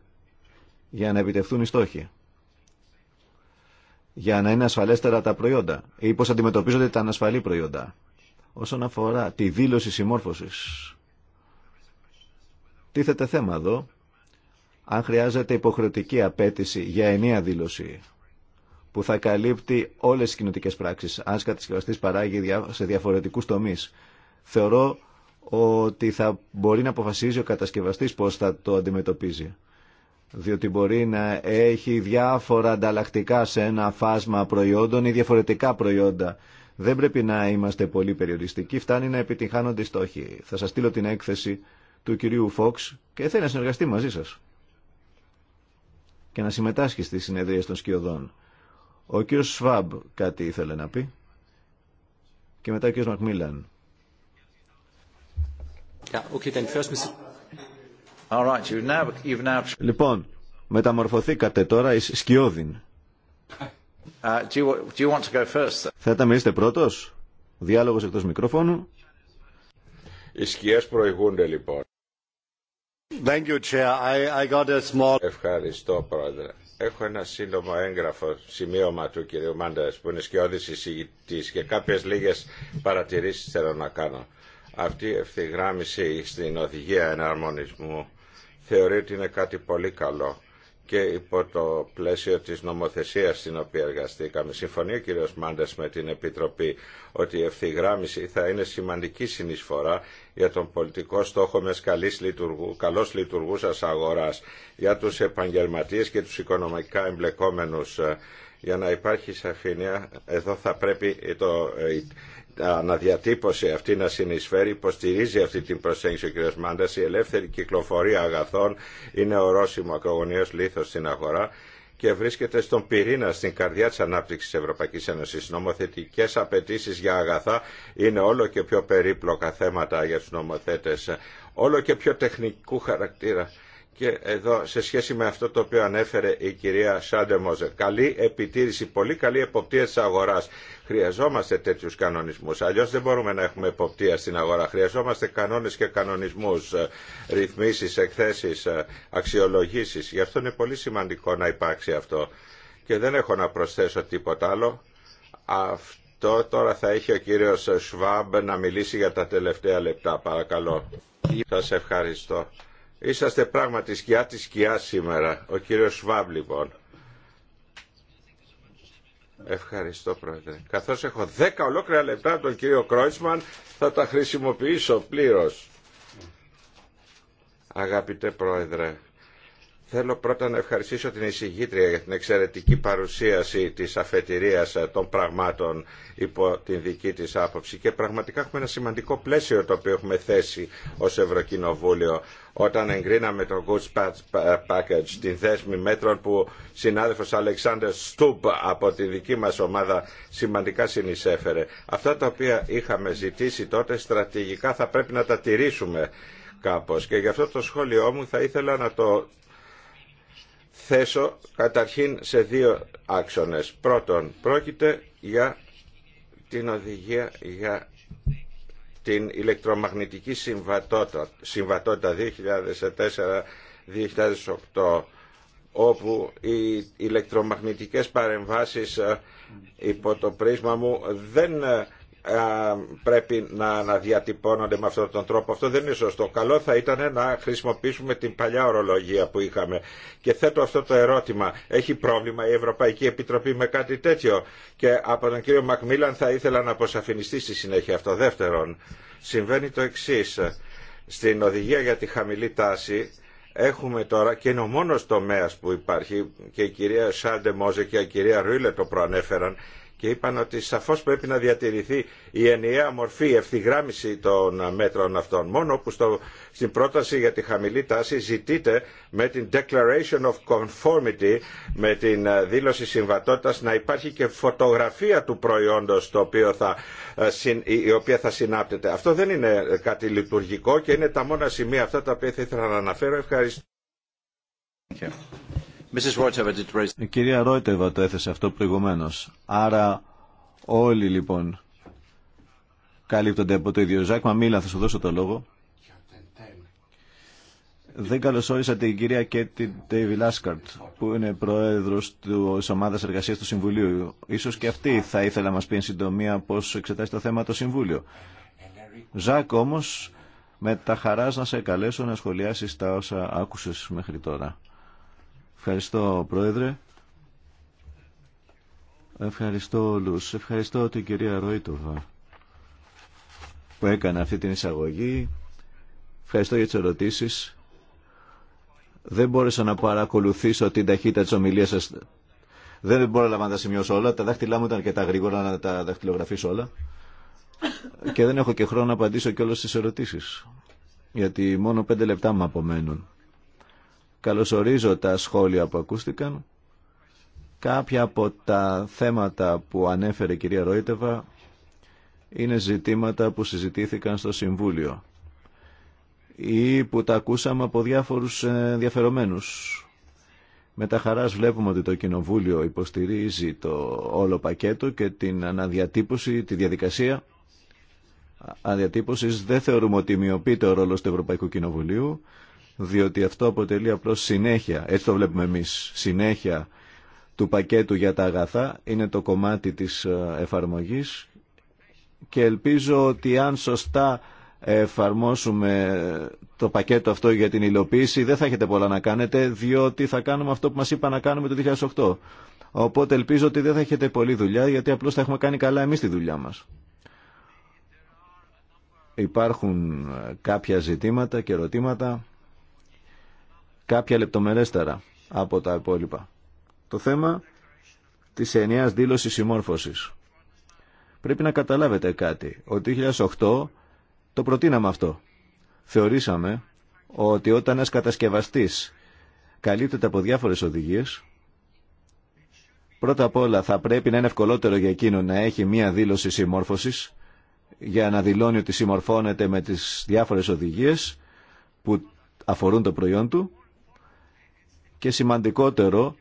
για να επιτευχθούν οι στόχοι για να είναι ασφαλέστερα τα προϊόντα ή πώς αντιμετωπίζονται τα ανασφαλή προϊόντα. Όσον αφορά τη δήλωση συμμόρφωσης, τίθεται θέμα εδώ αν χρειάζεται υποχρεωτική απέτηση για ενία δήλωση που θα καλύπτει όλες τις κοινωτικές πράξεις, αν κατασκευαστής παράγει σε διαφορετικούς τομείς. Θεωρώ ότι θα μπορεί να αποφασίζει ο κατασκευαστής πώς θα το αντιμετωπίζει διότι μπορεί να έχει διάφορα ανταλλακτικά σε ένα φάσμα προϊόντων ή διαφορετικά προϊόντα. Δεν πρέπει να είμαστε πολύ περιοριστικοί, φτάνει να επιτυγχάνονται οι στόχοι. Θα σας στείλω την έκθεση του κυρίου Φόξ και θέλει να συνεργαστεί μαζί σας και να συμμετάσχει στις συνεδρίες των σκιωδών. Ο κύριος Σφάμπ κάτι ήθελε να πει και μετά ο κύριος Μακμίλαν. okay, first, Λοιπόν, μεταμορφωθήκατε τώρα εις σκιώδην. Uh, Θα do Θέλετε να μιλήσετε πρώτος. Διάλογος εκτός μικρόφωνου. Οι σκιές προηγούνται λοιπόν. Ευχαριστώ πρόεδρε. Έχω ένα σύντομο έγγραφο, σημείωμα του κυρίου Μάντα που είναι σκιώδη εισηγητής και κάποιε λίγε παρατηρήσει, θέλω να κάνω. Αυτή η ευθυγράμμιση στην οδηγία εναρμονισμού θεωρεί ότι είναι κάτι πολύ καλό και υπό το πλαίσιο της νομοθεσίας στην οποία εργαστήκαμε. Συμφωνεί ο κ. Μάντας με την Επιτροπή ότι η ευθυγράμμιση θα είναι σημαντική συνεισφορά για τον πολιτικό στόχο μιας καλής λειτουργού, καλώς λειτουργούσας αγοράς για τους επαγγελματίες και τους οικονομικά εμπλεκόμενους ε, για να υπάρχει σαφήνεια εδώ θα πρέπει το, ε, αναδιατύπωση αυτή να συνεισφέρει, υποστηρίζει αυτή την προσέγγιση ο κ. Μάντα. Η ελεύθερη κυκλοφορία αγαθών είναι ορόσημο ακρογωνίω λίθο στην αγορά και βρίσκεται στον πυρήνα, στην καρδιά της ανάπτυξη τη Ευρωπαϊκής Ένωση. Νομοθετικές απαιτήσει για αγαθά είναι όλο και πιο περίπλοκα θέματα για τους νομοθέτες, όλο και πιο τεχνικού χαρακτήρα και εδώ σε σχέση με αυτό το οποίο ανέφερε η κυρία Σάντε Μόζερ. Καλή επιτήρηση, πολύ καλή εποπτεία της αγοράς. Χρειαζόμαστε τέτοιους κανονισμούς, αλλιώς δεν μπορούμε να έχουμε εποπτεία στην αγορά. Χρειαζόμαστε κανόνες και κανονισμούς, ε, ρυθμίσεις, εκθέσεις, ε, αξιολογήσεις. Γι' αυτό είναι πολύ σημαντικό να υπάρξει αυτό. Και δεν έχω να προσθέσω τίποτα άλλο. Αυτό τώρα θα έχει ο κύριος Σβάμπ να μιλήσει για τα τελευταία λεπτά. Παρακαλώ. Σας ευχαριστώ. Είσαστε πράγματι σκιά της σκιά σήμερα. Ο κύριος Σβάμπ λοιπόν. Ευχαριστώ πρόεδρε. Καθώς έχω 10 ολόκληρα λεπτά από τον κύριο Κρόισμαν, θα τα χρησιμοποιήσω πλήρως. Αγαπητέ πρόεδρε, Θέλω πρώτα να ευχαριστήσω την εισηγήτρια για την εξαιρετική παρουσίαση της αφετηρίας ε, των πραγμάτων υπό την δική της άποψη και πραγματικά έχουμε ένα σημαντικό πλαίσιο το οποίο έχουμε θέσει ως Ευρωκοινοβούλιο όταν εγκρίναμε το Goods Package, την δέσμη μέτρων που συνάδελφος Αλεξάνδρ Στούμπ από τη δική μας ομάδα σημαντικά συνεισέφερε. Αυτά τα οποία είχαμε ζητήσει τότε στρατηγικά θα πρέπει να τα τηρήσουμε κάπως και γι' αυτό το σχόλιο μου θα ήθελα να το θέσω καταρχήν σε δύο άξονες. Πρώτον, πρόκειται για την οδηγία για την ηλεκτρομαγνητική συμβατότητα 2004-2008 όπου οι ηλεκτρομαγνητικές παρεμβάσεις ε, υπό το πρίσμα μου δεν ε, πρέπει να αναδιατυπώνονται με αυτόν τον τρόπο. Αυτό δεν είναι σωστό. Καλό θα ήταν να χρησιμοποιήσουμε την παλιά ορολογία που είχαμε. Και θέτω αυτό το ερώτημα. Έχει πρόβλημα η Ευρωπαϊκή Επιτροπή με κάτι τέτοιο. Και από τον κύριο Μακμίλαν θα ήθελα να αποσαφινιστεί στη συνέχεια αυτό. Δεύτερον, συμβαίνει το εξή. Στην οδηγία για τη χαμηλή τάση έχουμε τώρα και είναι ο μόνος τομέας που υπάρχει και η κυρία Σάντε Μόζε και η κυρία Ρούιλε το προανέφεραν και είπαν ότι σαφώς πρέπει να διατηρηθεί η ενιαία μορφή, η ευθυγράμμιση των μέτρων αυτών. Μόνο που στην πρόταση για τη χαμηλή τάση ζητείται με την Declaration of Conformity, με την ε, δήλωση συμβατότητας, να υπάρχει και φωτογραφία του προϊόντος το οποίο θα, ε, η οποία θα συνάπτεται. Αυτό δεν είναι ε, κάτι λειτουργικό και είναι τα μόνα σημεία αυτά τα οποία θα ήθελα να αναφέρω. Ευχαριστώ. Η κυρία Ρόιτεβα το έθεσε αυτό προηγουμένω. Άρα όλοι λοιπόν καλύπτονται από το ίδιο. Μα Μίλα, θα σου δώσω το λόγο. Δεν καλωσόρισα την κυρία Κέτι Ντέιβι Λάσκαρτ, που είναι πρόεδρο τη ομάδα εργασία του Συμβουλίου. σω και αυτή θα ήθελα να μα πει εν συντομία πώ εξετάζει το θέμα το Συμβούλιο. Ζακ, όμω, με τα χαρά να σε καλέσω να σχολιάσει τα όσα άκουσε μέχρι τώρα. Ευχαριστώ, Πρόεδρε. Ευχαριστώ όλους. Ευχαριστώ την κυρία Ρόιτοβα που έκανε αυτή την εισαγωγή. Ευχαριστώ για τις ερωτήσεις. Δεν μπόρεσα να παρακολουθήσω την ταχύτητα της ομιλίας σας. Δεν μπορώ να τα σημειώσω όλα. Τα δάχτυλά μου ήταν αρκετά γρήγορα να τα δαχτυλογραφήσω όλα. Και δεν έχω και χρόνο να απαντήσω και όλες τις ερωτήσεις. Γιατί μόνο πέντε λεπτά μου απομένουν. Καλωσορίζω τα σχόλια που ακούστηκαν. Κάποια από τα θέματα που ανέφερε η κυρία Ρόιτεβα είναι ζητήματα που συζητήθηκαν στο Συμβούλιο ή που τα ακούσαμε από διάφορους ε, ενδιαφερομένους. Με τα χαράς βλέπουμε ότι το Κοινοβούλιο υποστηρίζει το όλο πακέτο και την αναδιατύπωση, τη διαδικασία αδιατύπωσης. Δεν θεωρούμε ότι μειοποιείται ο ρόλος του Ευρωπαϊκού Κοινοβουλίου διότι αυτό αποτελεί απλώς συνέχεια, έτσι το βλέπουμε εμείς, συνέχεια του πακέτου για τα αγαθά, είναι το κομμάτι της ε, εφαρμογής και ελπίζω ότι αν σωστά εφαρμόσουμε το πακέτο αυτό για την υλοποίηση δεν θα έχετε πολλά να κάνετε διότι θα κάνουμε αυτό που μας είπα να κάνουμε το 2008. Οπότε ελπίζω ότι δεν θα έχετε πολλή δουλειά γιατί απλώς θα έχουμε κάνει καλά εμείς τη δουλειά μας. Υπάρχουν ε, κάποια ζητήματα και ερωτήματα κάποια λεπτομερέστερα από τα υπόλοιπα. Το θέμα της ενιαίας δήλωσης συμμόρφωσης. Πρέπει να καταλάβετε κάτι. Ο 2008 το προτείναμε αυτό. Θεωρήσαμε ότι όταν ένας κατασκευαστής καλύπτεται από διάφορες οδηγίες, πρώτα απ' όλα θα πρέπει να είναι ευκολότερο για εκείνο να έχει μία δήλωση συμμόρφωσης για να δηλώνει ότι συμμορφώνεται με τις διάφορες οδηγίες που αφορούν το προϊόν του και σημαντικότερο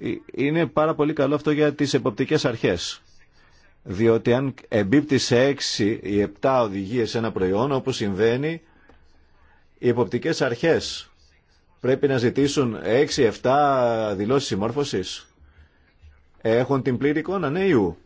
ε, είναι πάρα πολύ καλό αυτό για τις εποπτικές αρχές. Διότι αν εμπίπτει σε έξι ή επτά οδηγίες ένα προϊόν, όπως συμβαίνει, οι εποπτικές αρχές πρέπει να ζητήσουν 6-7 δηλώσεις συμμόρφωσης. Έχουν την πλήρη εικόνα νέου. Ναι,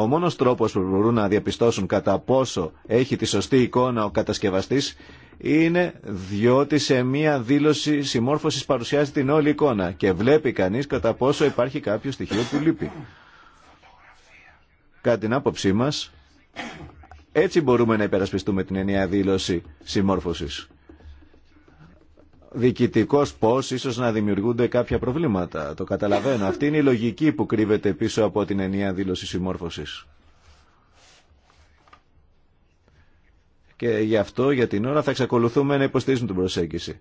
ο μόνος τρόπος που μπορούν να διαπιστώσουν κατά πόσο έχει τη σωστή εικόνα ο κατασκευαστής είναι διότι σε μία δήλωση συμμόρφωσης παρουσιάζει την όλη εικόνα και βλέπει κανείς κατά πόσο υπάρχει κάποιο στοιχείο που λείπει. Κατά την άποψή μας, έτσι μπορούμε να υπερασπιστούμε την ενιαία δήλωση συμμόρφωσης. Δικητικός πώς ίσως να δημιουργούνται κάποια προβλήματα. Το καταλαβαίνω. Αυτή είναι η λογική που κρύβεται πίσω από την ενιαία δήλωση συμμόρφωσης. Και γι' αυτό για την ώρα θα εξακολουθούμε να υποστηρίζουμε την προσέγγιση.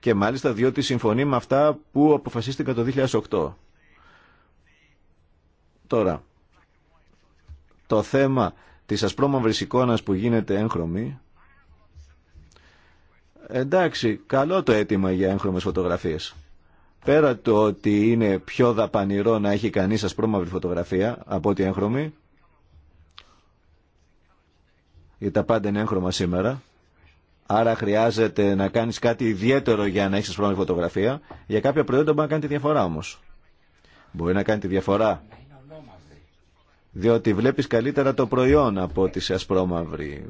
Και μάλιστα διότι συμφωνεί με αυτά που αποφασίστηκαν το 2008. Τώρα, το θέμα της ασπρόμαυρης εικόνας που γίνεται έγχρωμη, εντάξει, καλό το αίτημα για έγχρωμες φωτογραφίες. Πέρα το ότι είναι πιο δαπανηρό να έχει κανείς ασπρόμαυρη φωτογραφία από ότι έγχρωμη, ή τα πάντα είναι έγχρωμα σήμερα. Άρα χρειάζεται να κάνεις κάτι ιδιαίτερο για να έχεις πρόβλημα φωτογραφία. Για κάποια προϊόντα μπορεί να κάνει τη διαφορά όμως. Μπορεί να κάνει τη διαφορά. Διότι βλέπεις καλύτερα το προϊόν από ότι σε ασπρόμαυρη.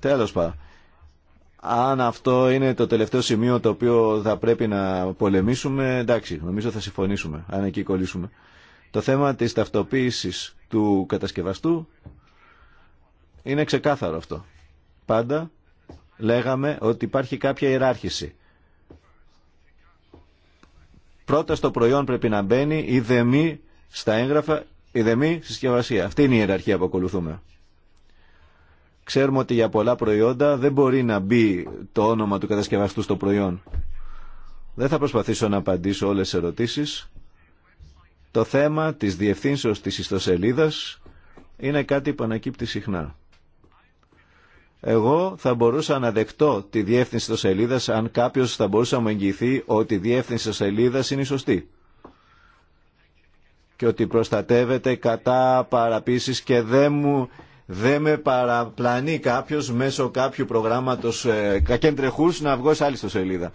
Τέλος πάντων. Αν αυτό είναι το τελευταίο σημείο το οποίο θα πρέπει να πολεμήσουμε, εντάξει, νομίζω θα συμφωνήσουμε, αν εκεί κολλήσουμε. Το θέμα της ταυτοποίησης του κατασκευαστού είναι ξεκάθαρο αυτό. Πάντα λέγαμε ότι υπάρχει κάποια ιεράρχηση. Πρώτα στο προϊόν πρέπει να μπαίνει η δεμή στα έγγραφα, η δεμή στη συσκευασία. Αυτή είναι η ιεραρχία που ακολουθούμε. Ξέρουμε ότι για πολλά προϊόντα δεν μπορεί να μπει το όνομα του κατασκευαστού στο προϊόν. Δεν θα προσπαθήσω να απαντήσω όλες τις ερωτήσεις. Το θέμα της διευθύνσεως της ιστοσελίδας είναι κάτι που ανακύπτει συχνά. Εγώ θα μπορούσα να δεχτώ τη διεύθυνση της σελίδας αν κάποιος θα μπορούσε να μου εγγυηθεί ότι η διεύθυνση της σελίδας είναι σωστή και ότι προστατεύεται κατά παραπίσεις και δεν μου δεν με παραπλανεί κάποιος μέσω κάποιου προγράμματος ε, κακεντρεχούς να βγω σε άλλη στο σελίδα.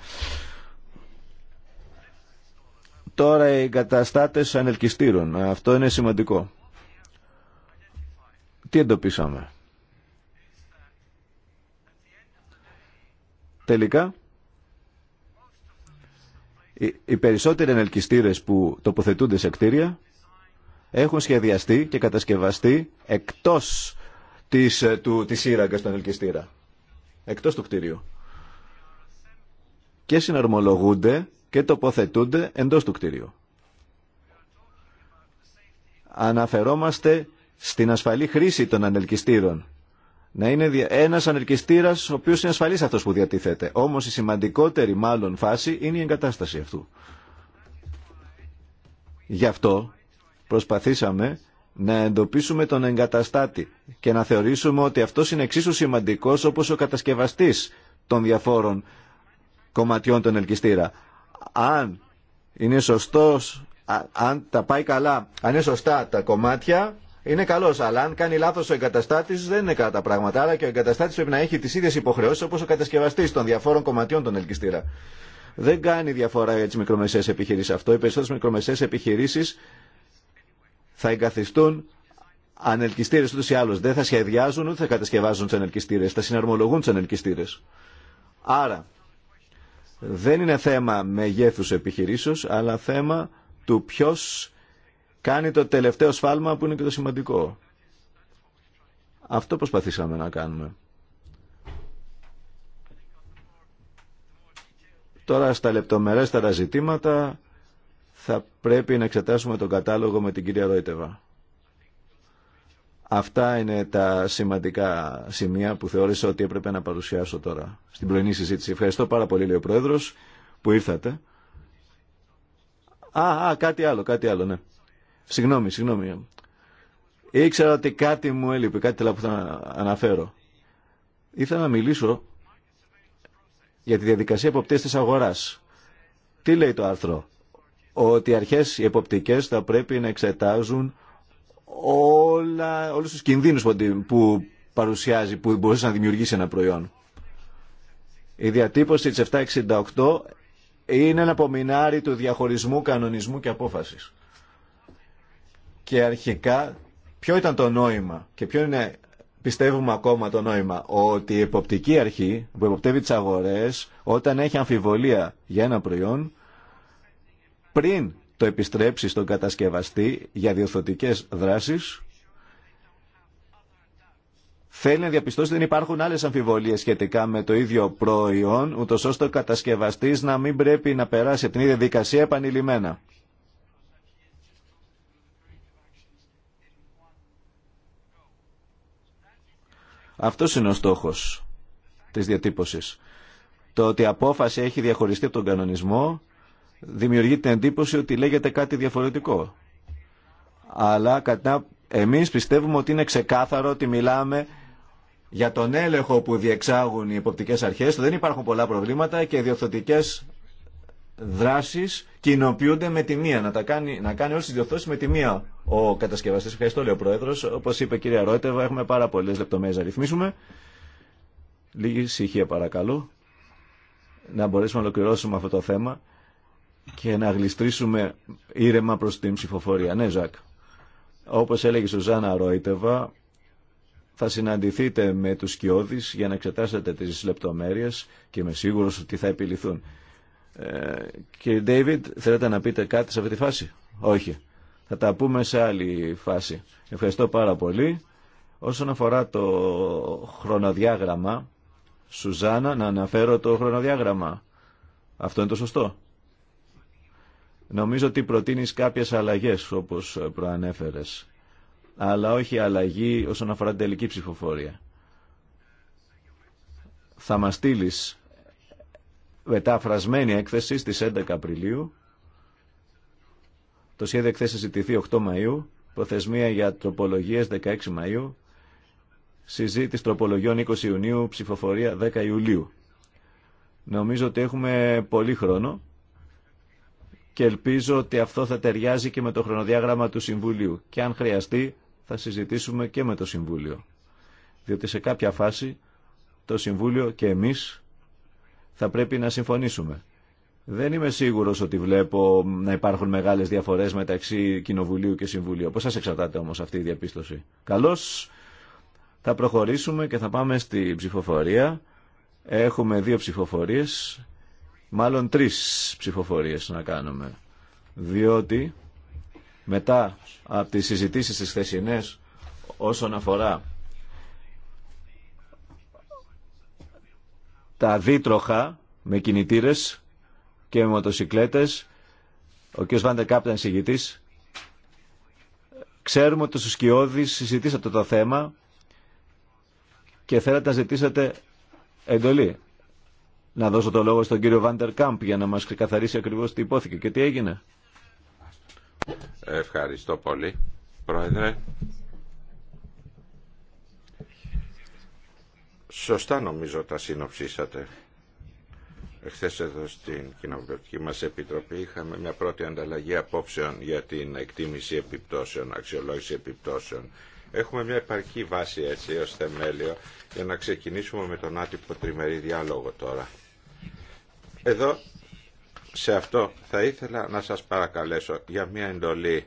Τώρα οι καταστάτες ανελκυστήρων. Αυτό είναι σημαντικό. Τι εντοπίσαμε. Τελικά, οι περισσότεροι ενελκυστήρες που τοποθετούνται σε κτίρια έχουν σχεδιαστεί και κατασκευαστεί εκτός της, ε, του, της σύραγγας του ενελκυστήρα, εκτός του κτίριου. Και συναρμολογούνται και τοποθετούνται εντός του κτίριου. Αναφερόμαστε στην ασφαλή χρήση των ανελκυστήρων να είναι ένα ανερκιστήρα, ο οποίο είναι ασφαλή αυτός που διατίθεται. Όμως η σημαντικότερη μάλλον φάση είναι η εγκατάσταση αυτού. Γι' αυτό προσπαθήσαμε να εντοπίσουμε τον εγκαταστάτη και να θεωρήσουμε ότι αυτός είναι εξίσου σημαντικός όπως ο κατασκευαστής των διαφόρων κομματιών των ελκυστήρα. Αν είναι σωστός, αν τα πάει καλά, αν είναι σωστά τα κομμάτια, είναι καλό, αλλά αν κάνει λάθο ο εγκαταστάτη, δεν είναι καλά τα πράγματα. Άρα και ο εγκαταστάτη πρέπει να έχει τι ίδιε υποχρεώσει όπω ο κατασκευαστή των διαφόρων κομματιών των ελκυστήρα. Δεν κάνει διαφορά για τι μικρομεσαίε επιχειρήσει αυτό. Οι περισσότερε μικρομεσαίε επιχειρήσει θα εγκαθιστούν ανελκυστήρε ούτω ή άλλω. Δεν θα σχεδιάζουν ούτε θα κατασκευάζουν του ανελκυστήρε. Θα συναρμολογούν του ανελκυστήρε. Άρα, δεν είναι θέμα μεγέθου επιχειρήσεω, αλλά θέμα του ποιο κάνει το τελευταίο σφάλμα που είναι και το σημαντικό. Αυτό προσπαθήσαμε να κάνουμε. Τώρα στα λεπτομερέστερα ζητήματα θα πρέπει να εξετάσουμε τον κατάλογο με την κυρία Ρόιτεβα. Αυτά είναι τα σημαντικά σημεία που θεώρησα ότι έπρεπε να παρουσιάσω τώρα στην πρωινή συζήτηση. Ευχαριστώ πάρα πολύ, λέει ο Πρόεδρος, που ήρθατε. α, κάτι άλλο, κάτι άλλο, ναι. Συγγνώμη, συγγνώμη. Ήξερα ότι κάτι μου έλειπε, κάτι που θα αναφέρω. Ήθελα να μιλήσω για τη διαδικασία εποπτείας της αγοράς. Τι λέει το άρθρο. Ότι οι αρχές οι εποπτικές θα πρέπει να εξετάζουν όλα, όλους τους κινδύνους που παρουσιάζει, που μπορούσε να δημιουργήσει ένα προϊόν. Η διατύπωση της 768 είναι ένα απομεινάρι του διαχωρισμού κανονισμού και απόφασης και αρχικά ποιο ήταν το νόημα και ποιο είναι πιστεύουμε ακόμα το νόημα ότι η εποπτική αρχή που εποπτεύει τις αγορές όταν έχει αμφιβολία για ένα προϊόν πριν το επιστρέψει στον κατασκευαστή για διορθωτικές δράσεις θέλει να διαπιστώσει ότι δεν υπάρχουν άλλες αμφιβολίες σχετικά με το ίδιο προϊόν ούτως ώστε ο κατασκευαστής να μην πρέπει να περάσει την ίδια δικασία επανειλημμένα. Αυτό είναι ο στόχος της διατύπωσης. Το ότι η απόφαση έχει διαχωριστεί από τον κανονισμό δημιουργεί την εντύπωση ότι λέγεται κάτι διαφορετικό. Αλλά κατά εμείς πιστεύουμε ότι είναι ξεκάθαρο ότι μιλάμε για τον έλεγχο που διεξάγουν οι υποπτικές αρχές. Δεν υπάρχουν πολλά προβλήματα και οι διορθωτικές Δράσει κοινοποιούνται με τη μία. Να, τα κάνει, να κάνει όλες τις διορθώσεις με τη μία ο κατασκευαστή. Ευχαριστώ, λέει ο Πρόεδρο. Όπω είπε η κυρία Ρότεβα, έχουμε πάρα πολλέ λεπτομέρειε να ρυθμίσουμε. Λίγη ησυχία παρακαλώ. Να μπορέσουμε να ολοκληρώσουμε αυτό το θέμα και να γλιστρήσουμε ήρεμα προ την ψηφοφορία. Ναι, Ζακ. Όπω έλεγε η Σουζάννα Ρόιτεβα, θα συναντηθείτε με τους Κιώδης για να εξετάσετε τι λεπτομέρειε και είμαι σίγουρο ότι θα επιληθούν. Ε, κύριε Ντέιβιντ, θέλετε να πείτε κάτι σε αυτή τη φάση. Όχι. Θα τα πούμε σε άλλη φάση. Ευχαριστώ πάρα πολύ. Όσον αφορά το χρονοδιάγραμμα, Σουζάνα, να αναφέρω το χρονοδιάγραμμα. Αυτό είναι το σωστό. Νομίζω ότι προτείνεις κάποιες αλλαγές, όπως προανέφερες. Αλλά όχι αλλαγή όσον αφορά την τελική ψηφοφορία. Θα μας στείλει μεταφρασμένη έκθεση στις 11 Απριλίου. Το σχέδιο εκθέσης ζητηθεί 8 Μαΐου, προθεσμία για τροπολογίες 16 Μαΐου, συζήτηση τροπολογιών 20 Ιουνίου, ψηφοφορία 10 Ιουλίου. Νομίζω ότι έχουμε πολύ χρόνο και ελπίζω ότι αυτό θα ταιριάζει και με το χρονοδιάγραμμα του Συμβουλίου και αν χρειαστεί θα συζητήσουμε και με το Συμβούλιο. Διότι σε κάποια φάση το Συμβούλιο και εμείς θα πρέπει να συμφωνήσουμε. Δεν είμαι σίγουρος ότι βλέπω να υπάρχουν μεγάλες διαφορές μεταξύ Κοινοβουλίου και Συμβουλίου. Πώς σας εξαρτάται όμως αυτή η διαπίστωση. Καλώς θα προχωρήσουμε και θα πάμε στη ψηφοφορία. Έχουμε δύο ψηφοφορίες, μάλλον τρεις ψηφοφορίες να κάνουμε. Διότι μετά από τις συζητήσεις τις θεσινέ όσον αφορά τα δίτροχα με κινητήρες και με μοτοσυκλέτες. Ο κ. Βάντερ Κάπταν συγητής. Ξέρουμε ότι στου Σκιώδης συζητήσατε το θέμα και θέλατε να ζητήσετε εντολή. Να δώσω το λόγο στον κύριο Βάντερ Κάμπ για να μας καθαρίσει ακριβώς τι υπόθηκε και τι έγινε. Ευχαριστώ πολύ, Πρόεδρε. Σωστά νομίζω τα συνοψίσατε. Εχθές εδώ στην Κοινοβουλευτική μας Επιτροπή είχαμε μια πρώτη ανταλλαγή απόψεων για την εκτίμηση επιπτώσεων, αξιολόγηση επιπτώσεων. Έχουμε μια επαρκή βάση έτσι ως θεμέλιο για να ξεκινήσουμε με τον άτυπο τριμερή διάλογο τώρα. Εδώ σε αυτό θα ήθελα να σας παρακαλέσω για μια εντολή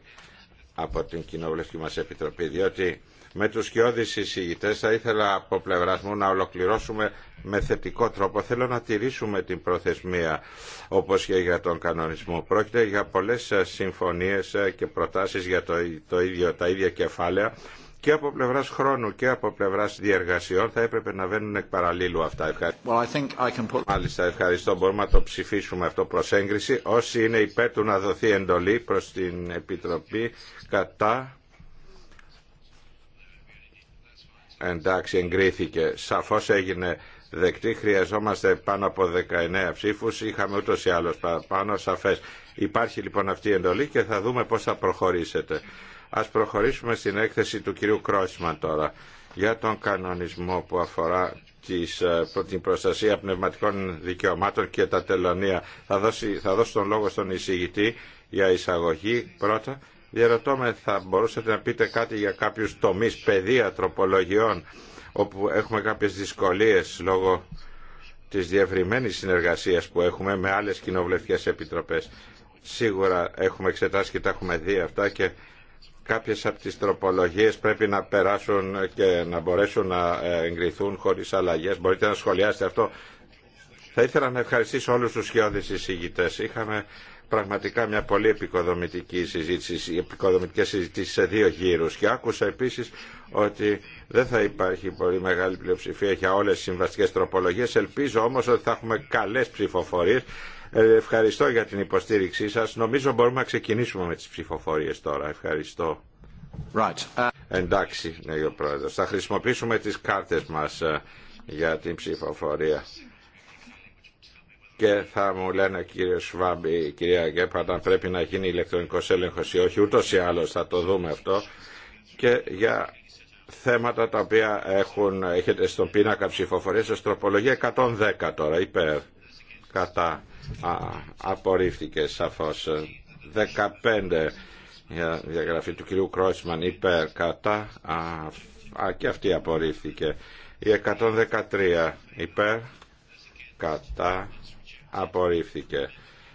από την Κοινοβουλευτική μας Επιτροπή, διότι με του σκιώδει εισηγητές θα ήθελα από πλευρά μου να ολοκληρώσουμε με θετικό τρόπο. Θέλω να τηρήσουμε την προθεσμία όπω και για τον κανονισμό. Πρόκειται για πολλέ συμφωνίε και προτάσει για το, το ίδιο, τα ίδια κεφάλαια και από πλευρά χρόνου και από πλευρά διεργασιών θα έπρεπε να βαίνουν εκ παραλίλου αυτά. Well, I I put... Μάλιστα, ευχαριστώ. Μπορούμε να το ψηφίσουμε αυτό προ έγκριση. Όσοι είναι υπέρ του να δοθεί εντολή προ την Επιτροπή κατά εντάξει εγκρίθηκε, σαφώς έγινε δεκτή, χρειαζόμαστε πάνω από 19 ψήφους, είχαμε ούτως ή άλλως πάνω σαφές. Υπάρχει λοιπόν αυτή η εντολή και θα δούμε πώς θα προχωρήσετε. Ας προχωρήσουμε στην έκθεση του κυρίου Κρόσμα τώρα για τον κανονισμό που αφορά ε, την προστασία πνευματικών δικαιωμάτων και τα τελωνία. Θα, δώσει, θα δώσω τον λόγο στον εισηγητή για εισαγωγή πρώτα Διαρωτώ με, θα μπορούσατε να πείτε κάτι για κάποιους τομείς παιδεία τροπολογιών όπου έχουμε κάποιες δυσκολίες λόγω της διευρυμένης συνεργασίας που έχουμε με άλλες κοινοβουλευτικές επιτροπές. Σίγουρα έχουμε εξετάσει και τα έχουμε δει αυτά και κάποιες από τις τροπολογίες πρέπει να περάσουν και να μπορέσουν να ε, εγκριθούν χωρίς αλλαγές. Μπορείτε να σχολιάσετε αυτό. Θα ήθελα να ευχαριστήσω όλους τους σχεώδεις εισηγητές. Είχαμε πραγματικά μια πολύ επικοδομητική συζήτηση, επικοδομητικέ συζητήσει σε δύο γύρου και άκουσα επίση ότι δεν θα υπάρχει πολύ μεγάλη πλειοψηφία για όλε τις συμβαστικέ τροπολογίες. Ελπίζω όμω ότι θα έχουμε καλές ψηφοφορίες. Ε, ευχαριστώ για την υποστήριξή σα, Νομίζω μπορούμε να ξεκινήσουμε με τι ψηφοφορίε τώρα. Ευχαριστώ. Right. Ε, Εντάξει, νέο Πρόεδρο. Θα χρησιμοποιήσουμε τις κάρτες μας ε, για την ψηφοφορία και θα μου λένε κύριε η κυρία αν πρέπει να γίνει ηλεκτρονικός έλεγχος ή όχι, ούτως ή άλλως θα το δούμε αυτό και για θέματα τα οποία έχουν, έχετε στον πίνακα ψηφοφορίας στο τροπολογία 110 τώρα, υπέρ, κατά, α, απορρίφθηκε σαφώς, 15 για διαγραφή του κυρίου Κρόισμαν υπέρ, κατά, α, α, και αυτή απορρίφθηκε, η 113 υπέρ, κατά απορρίφθηκε.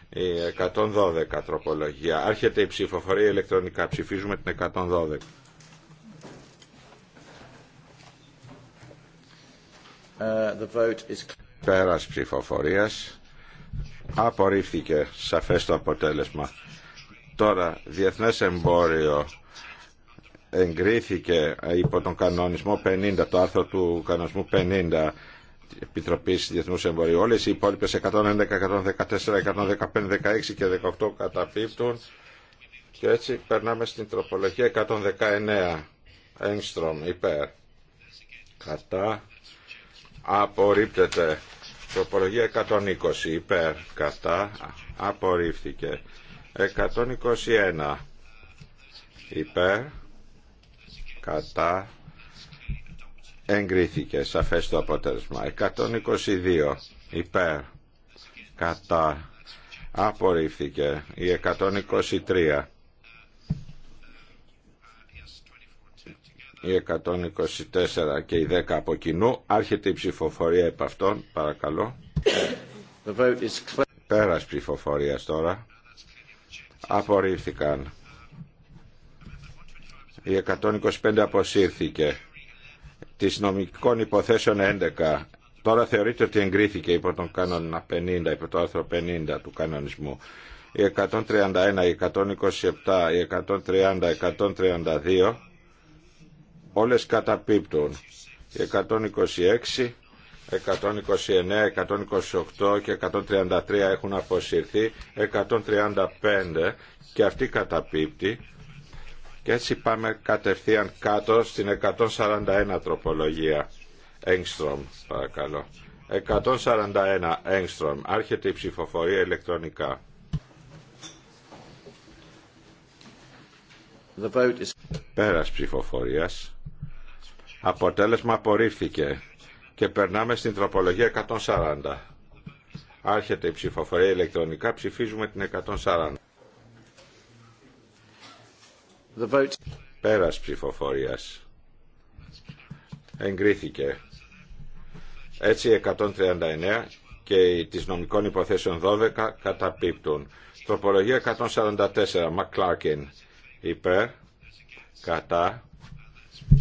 Η 112 τροπολογία. Άρχεται η ψηφοφορία ηλεκτρονικά. Ψηφίζουμε την 112. Uh, is... ψηφοφορίας απορρίφθηκε σαφές το αποτέλεσμα. Τώρα, διεθνέ εμπόριο εγκρίθηκε υπό τον κανονισμό 50, το άρθρο του κανονισμού 50 Επιτροπή Διεθνούς Εμπορίου. Όλε οι υπόλοιπε 111, 114, 115, 16 και 18 καταπίπτουν και έτσι περνάμε στην τροπολογία 119 έγκστρομ, υπέρ κατά απορρίπτεται τροπολογία 120 υπέρ κατά απορρίφθηκε 121 υπέρ κατά Εγκρίθηκε σαφές το αποτέλεσμα. 122 υπέρ κατά απορρίφθηκε η 123 η 124 και η 10 από κοινού άρχεται η ψηφοφορία επ' αυτών παρακαλώ Πέρα ψηφοφορία τώρα απορρίφθηκαν η 125 αποσύρθηκε της νομικών υποθέσεων 11 τώρα θεωρείται ότι εγκρίθηκε υπό τον κανόνα 50, υπό το άρθρο 50 του κανονισμού η 131, η 127, η 130, 132 όλες καταπίπτουν η 126 129, 128 και 133 έχουν αποσυρθεί, 135 και αυτή καταπίπτει. Και έτσι πάμε κατευθείαν κάτω στην 141 τροπολογία. Έγκστρομ, παρακαλώ. 141 Έγκστρομ. Άρχεται η ψηφοφορία ηλεκτρονικά. The vote is... Πέρας ψηφοφορίας. Αποτέλεσμα απορρίφθηκε. Και περνάμε στην τροπολογία 140. Άρχεται η ψηφοφορία ηλεκτρονικά. Ψηφίζουμε την 140. The vote. Πέρας ψηφοφορίας. Εγκρίθηκε. Έτσι 139 και τις νομικών υποθέσεων 12 καταπίπτουν. Τροπολογία 144, Μακλάρκιν, υπέρ, κατά,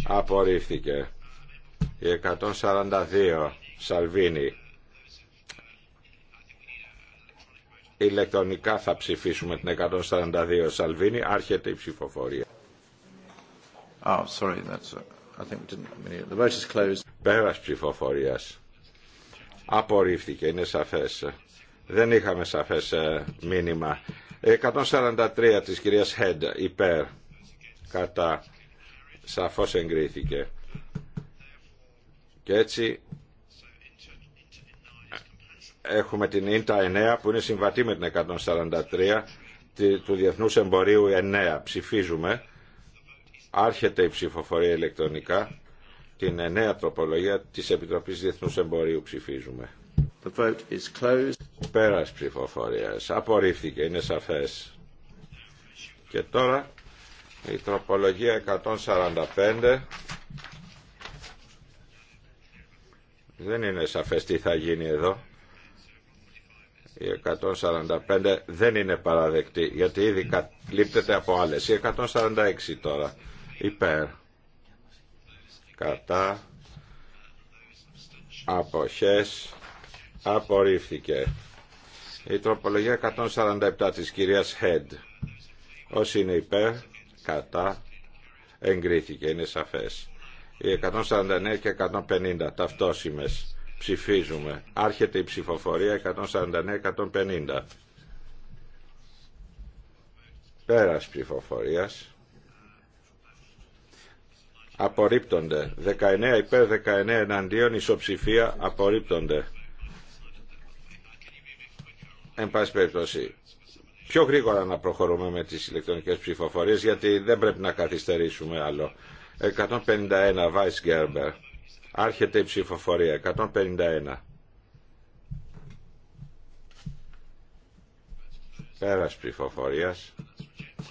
απορρίφθηκε. Η 142, Σαλβίνη, Ηλεκτρονικά θα ψηφίσουμε την 142 Σαλβίνη. Άρχεται η ψηφοφορία. Oh, sorry, that's uh, I think The vote is closed. Πέρας ψηφοφορίας. Απορρίφθηκε, είναι σαφές. Δεν είχαμε σαφές ε, μήνυμα. 143 της κυρίας Χέντ, υπέρ, κατά, σαφώς εγκρίθηκε. Και έτσι Έχουμε την ΙΝΤΑ 9 που είναι συμβατή με την 143 του Διεθνούς Εμπορίου 9. Ψηφίζουμε. Άρχεται η ψηφοφορία ηλεκτρονικά. Την 9 τροπολογία της Επιτροπής Διεθνούς Εμπορίου ψηφίζουμε. The vote is closed. Πέρας ψηφοφορίας. Απορρίφθηκε. Είναι σαφές. Και τώρα η τροπολογία 145 δεν είναι σαφές τι θα γίνει εδώ η 145 δεν είναι παραδεκτή γιατί ήδη καλύπτεται από άλλες. Η 146 τώρα υπέρ κατά αποχές απορρίφθηκε. Η τροπολογία 147 της κυρίας Head. Όσοι είναι υπέρ, κατά, εγκρίθηκε, είναι σαφές. Οι 149 και 150 ταυτόσιμες Ψηφίζουμε. Άρχεται η ψηφοφορία 149-150. Πέρας ψηφοφορίας. Απορρίπτονται. 19 υπέρ 19 εναντίον ισοψηφία απορρίπτονται. Εν πάση περιπτώσει, πιο γρήγορα να προχωρούμε με τις ηλεκτρονικές ψηφοφορίες γιατί δεν πρέπει να καθυστερήσουμε άλλο. 151 Vice Gerber. Άρχεται η ψηφοφορία. 151. Πέρας ψηφοφορίας.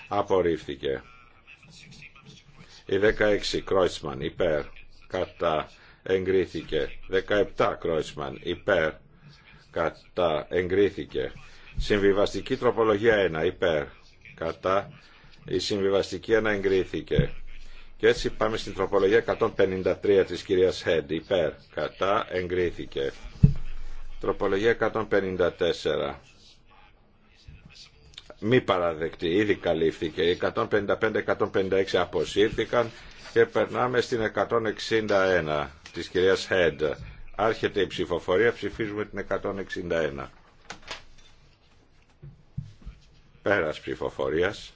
Απορρίφθηκε. Η 16 Κρόισμαν. υπέρ. Κατά. Εγκρίθηκε. 17 Κρόισμαν. υπέρ. Κατά. Εγκρίθηκε. Συμβιβαστική τροπολογία 1 υπέρ. Κατά. Η συμβιβαστική 1 εγκρίθηκε. Και έτσι πάμε στην τροπολογία 153 της κυρίας Χέντ. υπέρ, κατά, εγκρίθηκε. Τροπολογία 154. Μη παραδεκτή, ήδη καλύφθηκε. 155-156 αποσύρθηκαν και περνάμε στην 161 της κυρίας Χέντ. Άρχεται η ψηφοφορία, ψηφίζουμε την 161. Πέρας ψηφοφορίας.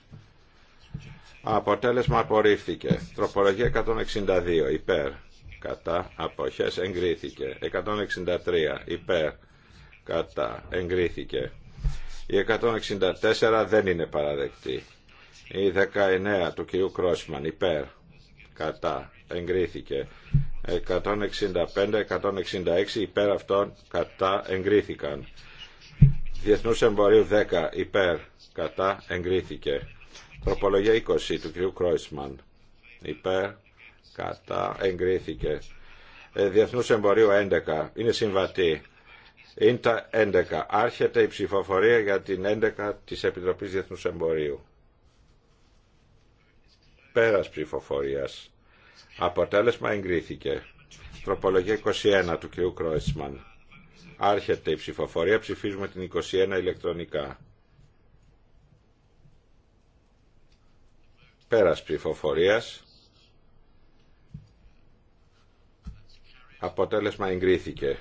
Αποτέλεσμα απορρίφθηκε. Τροπολογία 162 υπέρ. Κατά αποχές εγκρίθηκε. 163 υπέρ. Κατά εγκρίθηκε. Η 164 δεν είναι παραδεκτή. Η 19 του κυρίου Κρόσμαν υπέρ. Κατά εγκρίθηκε. 165-166 υπέρ αυτών κατά εγκρίθηκαν. Διεθνούς εμπορίου 10 υπέρ κατά εγκρίθηκε. Τροπολογία 20 του κ. Κρόισμαν. Υπέρ, κατά, εγκρίθηκε. Ε, Διεθνούς Εμπορίου 11. Είναι συμβατή. Είναι τα 11. Άρχεται η ψηφοφορία για την 11 της Επιτροπής Διεθνούς Εμπορίου. Πέρας ψηφοφορίας. Αποτέλεσμα εγκρίθηκε. Τροπολογία 21 του κ. Κρόισμαν. Άρχεται η ψηφοφορία. Ψηφίζουμε την 21 ηλεκτρονικά. Πέρας ψηφοφορίας. Αποτέλεσμα εγκρίθηκε.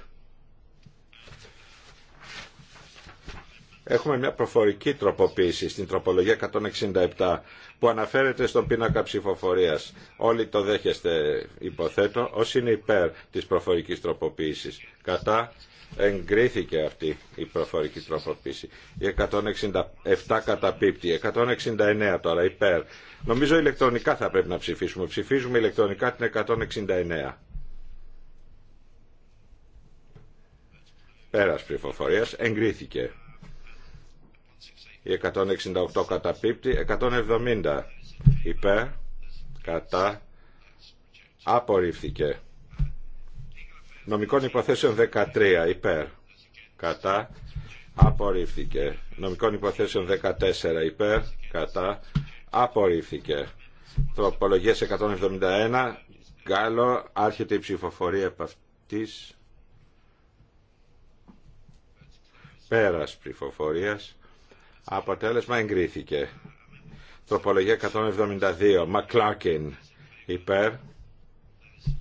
Έχουμε μια προφορική τροποποίηση στην τροπολογία 167 που αναφέρεται στον πίνακα ψηφοφορία. Όλοι το δέχεστε, υποθέτω. Όσοι είναι υπέρ της προφορικής τροποποίηση, κατά εγκρίθηκε αυτή η προφορική τροφοποίηση Η 167 καταπίπτει, 169 τώρα υπέρ. Νομίζω ηλεκτρονικά θα πρέπει να ψηφίσουμε. Ψηφίζουμε ηλεκτρονικά την 169. Πέρας πληροφορία, εγκρίθηκε. Η 168 καταπίπτει, 170 υπέρ, κατά, απορρίφθηκε. Νομικών υποθέσεων 13 υπέρ. Κατά. Απορρίφθηκε. Νομικών υποθέσεων 14 υπέρ. Κατά. Απορρίφθηκε. Τροπολογία 171. Γκάλο. Άρχεται η ψηφοφορία επ' αυτής. Πέρας ψηφοφορίας. Αποτέλεσμα εγκρίθηκε. Τροπολογία 172. Μακλάκιν. Υπέρ.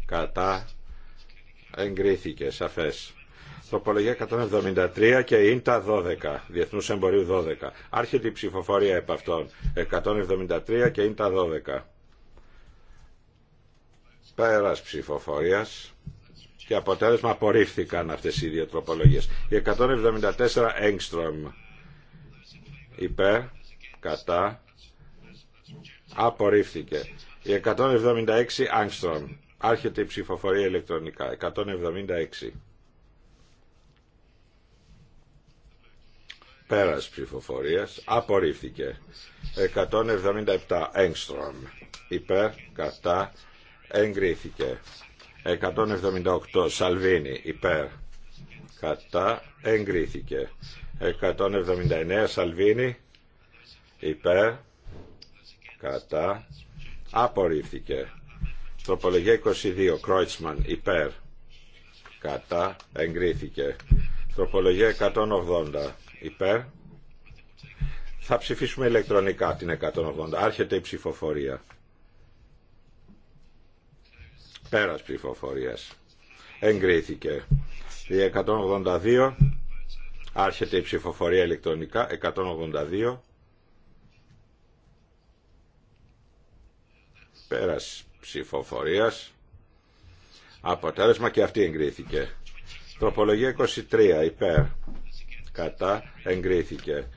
Κατά εγκρίθηκε σαφέ. Τροπολογία 173 και ίντα 12, Διεθνούς Εμπορίου 12. Άρχεται η ψηφοφορία επ' αυτών. 173 και ίντα 12. Πέρας ψηφοφορίας και αποτέλεσμα απορρίφθηκαν αυτές οι δύο τροπολογίες. Η 174 Engström. υπέρ, κατά, απορρίφθηκε. Η 176 Angstrom Άρχεται η ψηφοφορία ηλεκτρονικά. 176. Πέρας ψηφοφορίας. Απορρίφθηκε. 177. Έγκστρομ. Υπέρ. Κατά. Εγκρίθηκε. 178. Σαλβίνη. Υπέρ. Κατά. Εγκρίθηκε. 179. Σαλβίνη. Υπέρ. Κατά. Απορρίφθηκε. Τροπολογία 22. Κρόιτσμαν. Υπέρ. Κατά. Εγκρίθηκε. Τροπολογία 180. Υπέρ. Θα ψηφίσουμε ηλεκτρονικά την 180. Άρχεται η ψηφοφορία. Πέρας ψηφοφορίας. Εγκρίθηκε. Η 182. Άρχεται η ψηφοφορία ηλεκτρονικά. 182. Πέρας ψηφοφορίας. Αποτέλεσμα και αυτή εγκρίθηκε. Τροπολογία 23 υπέρ. Κατά εγκρίθηκε.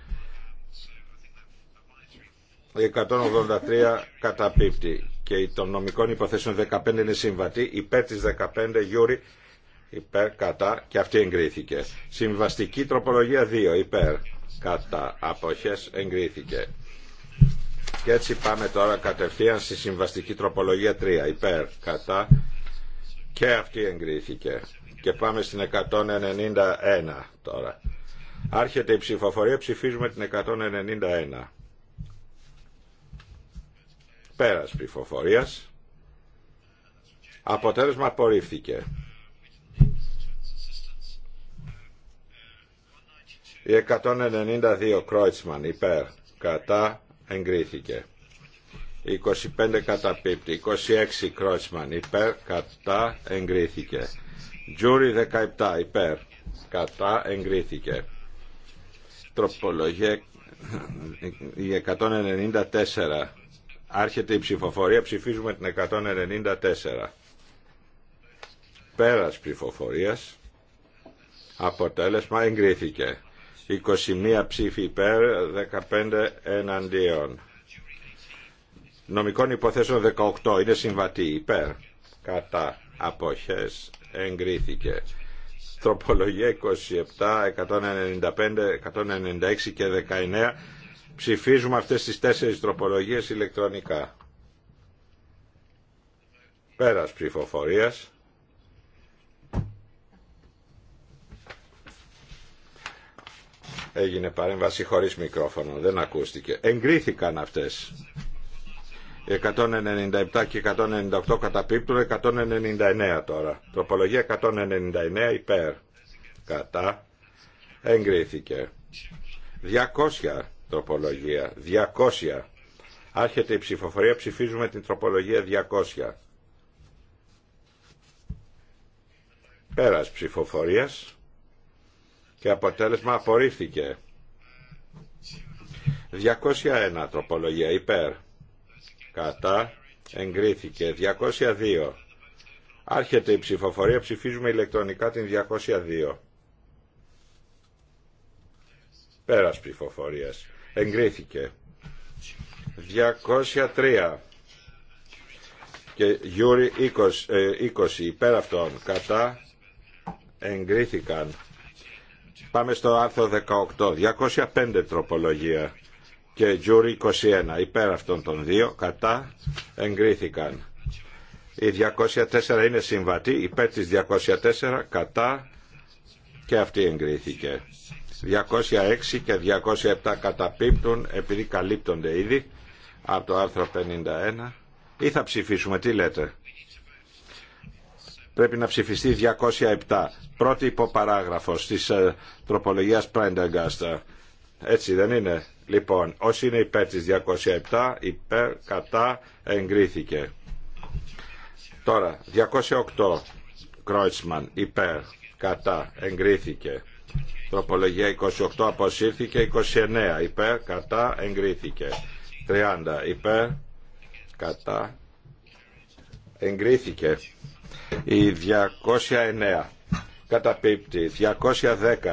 183 καταπίπτει και των νομικών υποθέσεων 15 είναι συμβατή. Υπέρ της 15 γιούρι υπέρ κατά και αυτή εγκρίθηκε. Συμβαστική τροπολογία 2 υπέρ κατά αποχές εγκρίθηκε. Και έτσι πάμε τώρα κατευθείαν στη συμβαστική τροπολογία 3. Υπέρ, κατά. Και αυτή εγκρίθηκε. Και πάμε στην 191 τώρα. Άρχεται η ψηφοφορία, ψηφίζουμε την 191. Πέρας ψηφοφορίας. Αποτέλεσμα απορρίφθηκε. Η 192 Κρόιτσμαν υπέρ κατά εγκρίθηκε. 25 καταπίπτει. 26 Κρότσμαν υπέρ κατά εγκρίθηκε. Τζούρι 17 υπέρ κατά εγκρίθηκε. Τροπολογία 194. Άρχεται η ψηφοφορία. Ψηφίζουμε την 194. Πέρας ψηφοφορίας. Αποτέλεσμα εγκρίθηκε. 21 ψήφοι υπέρ, 15 εναντίον. Νομικών υποθέσεων 18 είναι συμβατή υπέρ. Κατά αποχές εγκρίθηκε. Τροπολογία 27, 195, 196 και 19. Ψηφίζουμε αυτές τις τέσσερις τροπολογίες ηλεκτρονικά. Πέρας ψηφοφορίας. Έγινε παρέμβαση χωρίς μικρόφωνο, δεν ακούστηκε. Εγκρίθηκαν αυτές. 197 και 198 καταπίπτουν, 199 τώρα. Τροπολογία 199 υπέρ. Κατά. Εγκρίθηκε. 200 τροπολογία. 200. Άρχεται η ψηφοφορία, ψηφίζουμε την τροπολογία 200. Πέρας ψηφοφορίας και αποτέλεσμα απορρίφθηκε. 201 τροπολογία υπέρ κατά εγκρίθηκε. 202 άρχεται η ψηφοφορία ψηφίζουμε ηλεκτρονικά την 202 πέρας ψηφοφορίας εγκρίθηκε. 203 και Γιούρι 20, 20 ε, υπέρ αυτών κατά εγκρίθηκαν Πάμε στο άρθρο 18. 205 τροπολογία και jury 21. Υπέρ αυτών των δύο. Κατά εγκρίθηκαν. Η 204 είναι συμβατή. Υπέρ της 204. Κατά και αυτή εγκρίθηκε. 206 και 207 καταπίπτουν επειδή καλύπτονται ήδη από το άρθρο 51. Ή θα ψηφίσουμε. Τι λέτε πρέπει να ψηφιστεί 207. Πρώτη υποπαράγραφος της ε, τροπολογίας Prendergast. Έτσι δεν είναι. Λοιπόν, όσοι είναι υπέρ τη 207, υπέρ, κατά, εγκρίθηκε. Τώρα, 208, Κρόιτσμαν, υπέρ, κατά, εγκρίθηκε. Τροπολογία 28 αποσύρθηκε, 29 υπέρ, κατά, εγκρίθηκε. 30 υπέρ, κατά, εγκρίθηκε. Η 209 καταπίπτει. 210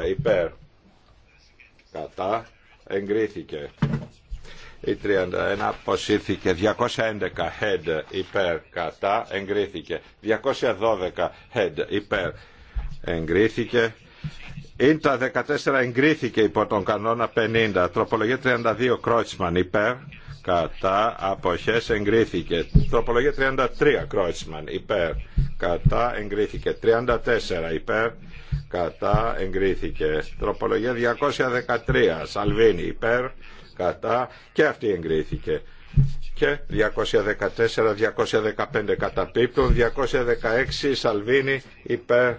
υπέρ. Κατά. Εγκρίθηκε. Η 31 αποσύρθηκε. 211 head υπέρ. Κατά. Εγκρίθηκε. 212 head υπέρ. Εγκρίθηκε. τα 14 εγκρίθηκε υπό τον κανόνα 50. Τροπολογία 32 Κρότσμαν υπέρ κατά απόχέ εγκρίθηκε τροπολογία 33 Κρότσμαν υπέρ κατά εγκρίθηκε 34 υπέρ κατά εγκρίθηκε τροπολογία 213 Σαλβίνη υπέρ κατά και αυτή εγκρίθηκε και 214-215 καταπίπτουν 216 Σαλβίνη υπέρ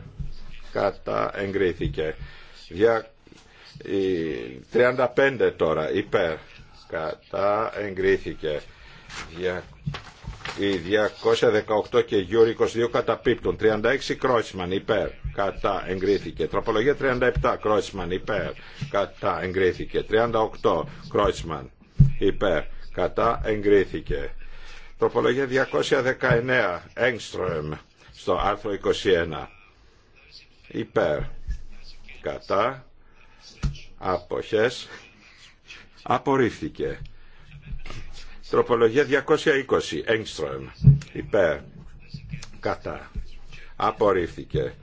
κατά εγκρίθηκε 35 τώρα υπέρ κατά εγκρίθηκε. Η 218 και γιούρ 22 καταπίπτουν. 36 Κρόσμαν, υπέρ. Κατά εγκρίθηκε. Τροπολογία 37 Κρόσμαν, υπέρ. Κατά εγκρίθηκε. 38 Κρόσμαν, υπέρ. Κατά εγκρίθηκε. Τροπολογία 219 Έγκστρομ στο άρθρο 21. Υπέρ. Κατά. Αποχές. Απορρίφθηκε. Τροπολογία 220. Έγκστρομ. Υπέρ. Κατά. Απορρίφθηκε.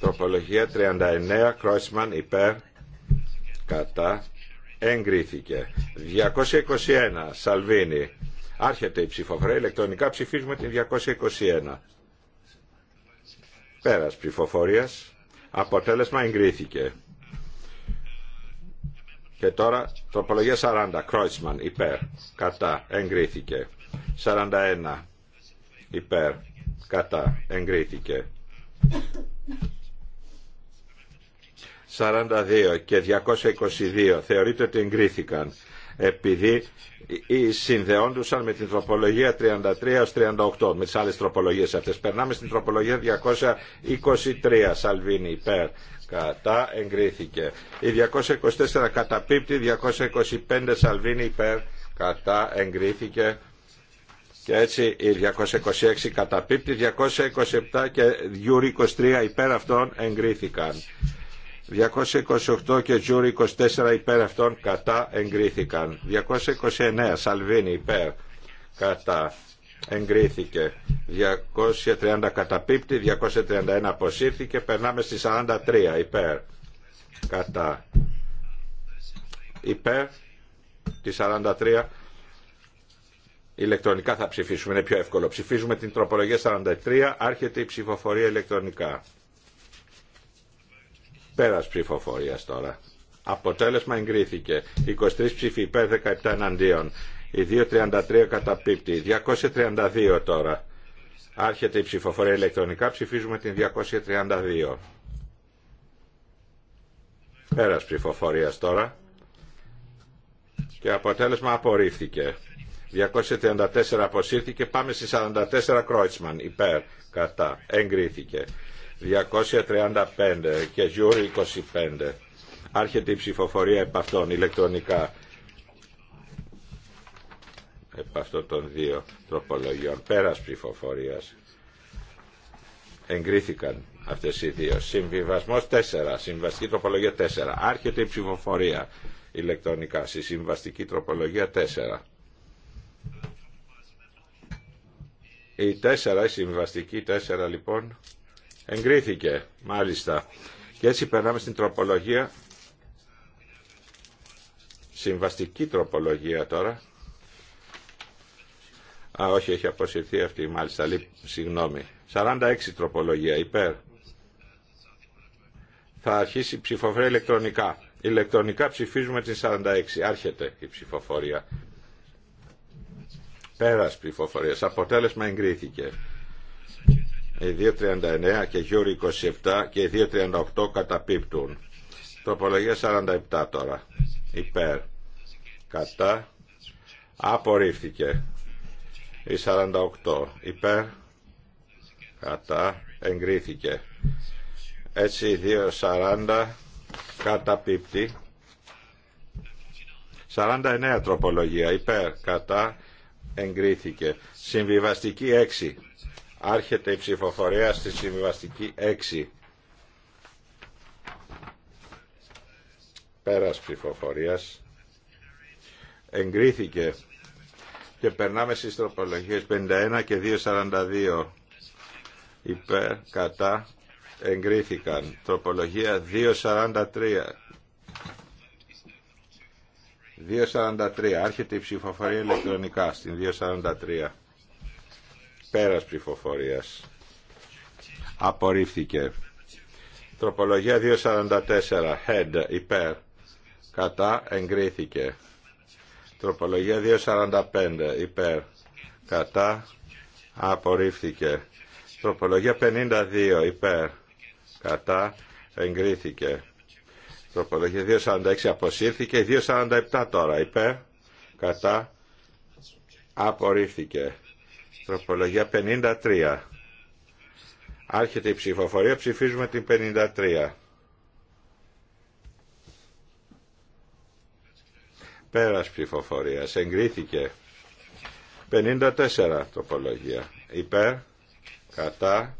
Τροπολογία 39. Κρόισμαν. Υπέρ. Κατά. Εγκρίθηκε. 221. Σαλβίνη. Άρχεται η ψηφοφορία. Ηλεκτρονικά ψηφίζουμε την 221. Πέρας ψηφοφορίας. Αποτέλεσμα εγκρίθηκε. Και τώρα τροπολογία 40. Κρόιτσμαν υπέρ. Κατά. Εγκρίθηκε. 41. Υπέρ. Κατά. Εγκρίθηκε. 42 και 222 θεωρείται ότι εγκρίθηκαν επειδή συνδεόντουσαν με την τροπολογία 33 38 με τις άλλες τροπολογίες αυτές. Περνάμε στην τροπολογία 223 Σαλβίνη υπέρ κατά εγκρίθηκε. Η 224 καταπίπτει, 225 Σαλβίνη υπέρ κατά εγκρίθηκε. Και έτσι η 226 καταπίπτει, 227 και Γιούρι 23 υπέρ αυτών εγκρίθηκαν. 228 και Τζούρι 24 υπέρ αυτών κατά εγκρίθηκαν. 229 Σαλβίνη υπέρ κατά εγκρίθηκε. 230 καταπίπτει, 231 αποσύρθηκε, περνάμε στη 43 υπέρ. Κατά. Υπέρ τη 43. Ηλεκτρονικά θα ψηφίσουμε, είναι πιο εύκολο. Ψηφίζουμε την τροπολογία 43, άρχεται η ψηφοφορία ηλεκτρονικά. Πέρας ψηφοφορίας τώρα. Αποτέλεσμα εγκρίθηκε. 23 ψήφοι υπέρ, 17 εναντίον. Η 233 καταπίπτει. 232 τώρα. Άρχεται η ψηφοφορία ηλεκτρονικά. Ψηφίζουμε την 232. Πέρας ψηφοφορίας τώρα. Και αποτέλεσμα απορρίφθηκε. 234 αποσύρθηκε. Πάμε στη 44 Κρόιτσμαν. Υπέρ. Κατά. Εγκρίθηκε. 235 και Γιούρι 25. Άρχεται η ψηφοφορία επ' αυτών ηλεκτρονικά επ' αυτών των δύο τροπολογιών. Πέρας ψηφοφορίας εγκρίθηκαν αυτές οι δύο. Συμβιβασμός 4, συμβαστική τροπολογία 4. Άρχεται η ψηφοφορία ηλεκτρονικά στη συμβαστική τροπολογία 4. Η 4, η συμβαστική 4 λοιπόν, εγκρίθηκε μάλιστα. Και έτσι περνάμε στην τροπολογία, συμβαστική τροπολογία τώρα, Α, όχι, έχει αποσυρθεί αυτή, μάλιστα. συγγνώμη. 46 τροπολογία, υπέρ. Θα αρχίσει η ψηφοφορία ηλεκτρονικά. Ηλεκτρονικά ψηφίζουμε την 46. Άρχεται η ψηφοφορία. Πέρας ψηφοφορία. Αποτέλεσμα εγκρίθηκε. Η 2.39 και Γιούρι 27 και η 2.38 καταπίπτουν. Τροπολογία 47 τώρα. Υπέρ. Κατά. Απορρίφθηκε. Η 48 υπέρ κατά εγκρίθηκε. Έτσι 2.40 καταπίπτει. 49 τροπολογία υπέρ κατά εγκρίθηκε. Συμβιβαστική 6. Άρχεται η ψηφοφορία στη συμβιβαστική 6. Πέρας ψηφοφορίας εγκρίθηκε και περνάμε στις τροπολογίες 51 και 242. Υπέρ, κατά, εγκρίθηκαν. Τροπολογία 243. 2.43. Άρχεται η ψηφοφορία ηλεκτρονικά στην 2.43. Πέρας ψηφοφορίας. Απορρίφθηκε. Τροπολογία 2.44. Head. Υπέρ. Κατά. Εγκρίθηκε. Τροπολογία 245 υπέρ κατά απορρίφθηκε. Τροπολογία 52 υπέρ κατά εγκρίθηκε. Τροπολογία 246 αποσύρθηκε. 247 τώρα υπέρ κατά απορρίφθηκε. Τροπολογία 53. Άρχεται η ψηφοφορία, ψηφίζουμε την 53. Πέρας ψηφοφορίας. Εγκρίθηκε. 54 τοπολογία. Υπέρ. Κατά.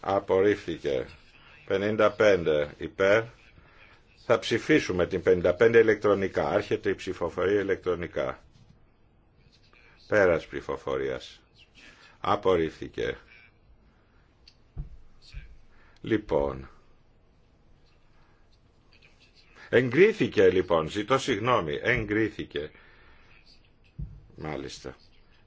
Απορρίφθηκε. 55 υπέρ. Θα ψηφίσουμε την 55 ηλεκτρονικά. Άρχεται η ψηφοφορία ηλεκτρονικά. Πέρας ψηφοφορίας. Απορρίφθηκε. Λοιπόν, Εγκρίθηκε λοιπόν, ζητώ συγγνώμη, εγκρίθηκε. Μάλιστα.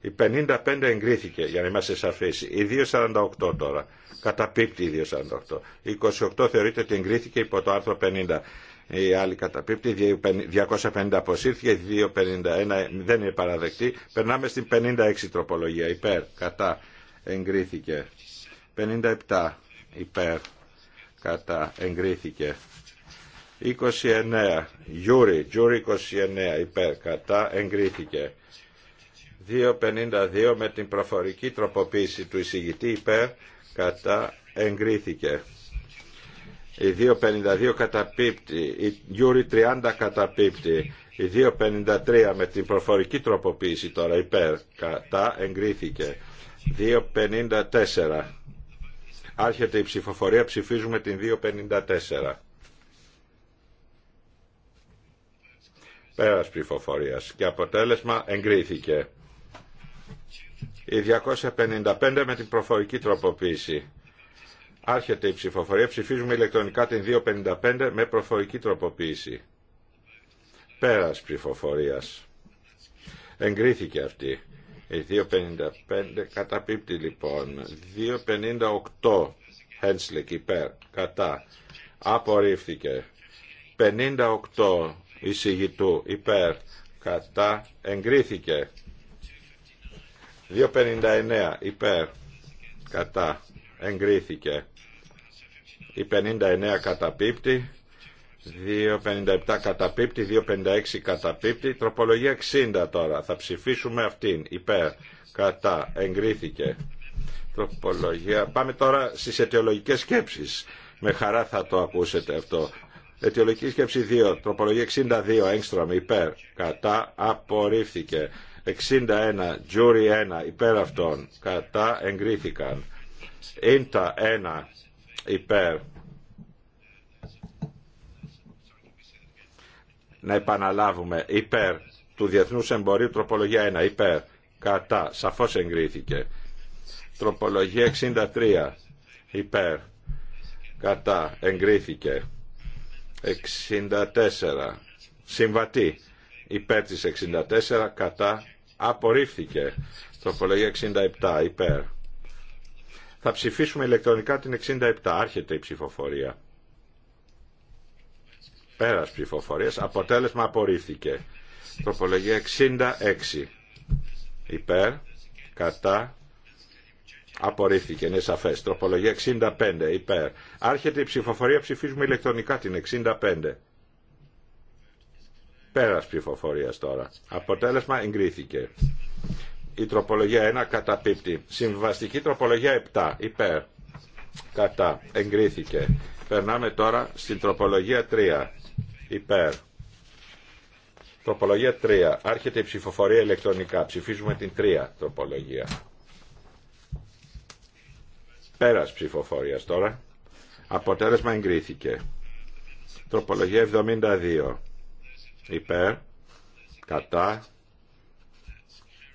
Η 55 εγκρίθηκε, για να είμαστε σαφείς. Η 248 τώρα. Καταπίπτει η 248. Η 28 θεωρείται ότι εγκρίθηκε υπό το άρθρο 50. Η άλλη καταπίπτει, 250 αποσύρθηκε, 251 δεν είναι παραδεκτή. Περνάμε στην 56 τροπολογία, υπέρ, κατά, εγκρίθηκε. 57 υπέρ, κατά, εγκρίθηκε. 29. Γιούρι. Γιούρι 29. Υπέρ. Κατά. Εγκρίθηκε. 2.52 με την προφορική τροποποίηση του εισηγητή υπέρ. Κατά. Εγκρίθηκε. Η 2.52 καταπίπτει. Η Γιούρι 30 καταπίπτει. Η 2.53 με την προφορική τροποποίηση τώρα υπέρ. Κατά. Εγκρίθηκε. 2.54. Άρχεται η ψηφοφορία, ψηφίζουμε την 2.54. Πέρας ψηφοφορίας. Και αποτέλεσμα εγκρίθηκε. Η 255 με την προφορική τροποποίηση. Άρχεται η ψηφοφορία. Ψηφίζουμε ηλεκτρονικά την 255 με προφορική τροποποίηση. Πέρας ψηφοφορίας. Εγκρίθηκε αυτή. Η 255 καταπίπτει λοιπόν. 258 Χένσλικ υπέρ. Κατά. Απορρίφθηκε. 58 εισηγητού υπέρ κατά εγκρίθηκε 259 υπέρ κατά εγκρίθηκε η 59 καταπίπτει 2.57 καταπίπτει, 2.56 καταπίπτει, τροπολογία 60 τώρα. Θα ψηφίσουμε αυτήν, υπέρ, κατά, εγκρίθηκε. Τροπολογία. Πάμε τώρα στις αιτιολογικές σκέψεις. Με χαρά θα το ακούσετε αυτό. Αιτιολογική σκέψη 2. Τροπολογία 62. Έγκστρομ. Υπέρ. Κατά. Απορρίφθηκε. 61. Τζούρι 1. Υπέρ αυτών. Κατά. Εγκρίθηκαν. Ίντα 1. Υπέρ. Να επαναλάβουμε. Υπέρ του Διεθνούς Εμπορίου. Τροπολογία 1. Υπέρ. Κατά. Σαφώς εγκρίθηκε. Τροπολογία 63. Υπέρ. Κατά. Εγκρίθηκε. 64 συμβατή υπέρ της 64 κατά απορρίφθηκε τροπολογία 67 υπέρ θα ψηφίσουμε ηλεκτρονικά την 67 άρχεται η ψηφοφορία πέρας ψηφοφορίας αποτέλεσμα απορρίφθηκε τροπολογία 66 υπέρ κατά Απορρίφθηκε, είναι σαφέ. Τροπολογία 65 υπέρ. Άρχεται η ψηφοφορία, ψηφίζουμε ηλεκτρονικά την 65. Πέρα ψηφοφορία τώρα. Αποτέλεσμα εγκρίθηκε. Η τροπολογία 1 καταπίπτει. Συμβαστική τροπολογία 7 υπέρ. Κατά. Εγκρίθηκε. Περνάμε τώρα στην τροπολογία 3 υπέρ. Τροπολογία 3. Άρχεται η ψηφοφορία ηλεκτρονικά. Ψηφίζουμε την 3 τροπολογία. Πέρας ψηφοφορίας τώρα. Αποτέλεσμα εγκρίθηκε. Τροπολογία 72. Υπέρ. Κατά.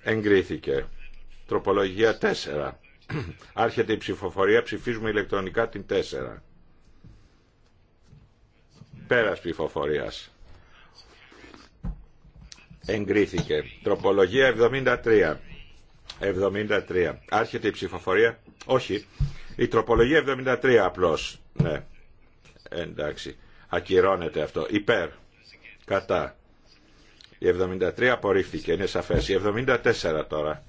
Εγκρίθηκε. Τροπολογία 4. Άρχεται η ψηφοφορία. Ψηφίζουμε ηλεκτρονικά την 4. Πέρας ψηφοφορίας. Εγκρίθηκε. Τροπολογία 73. 73. Άρχεται η ψηφοφορία. Όχι. Η τροπολογία 73 απλώς. Ναι. Εντάξει. Ακυρώνεται αυτό. Υπέρ. Κατά. Η 73 απορρίφθηκε. Είναι σαφέ Η 74 τώρα.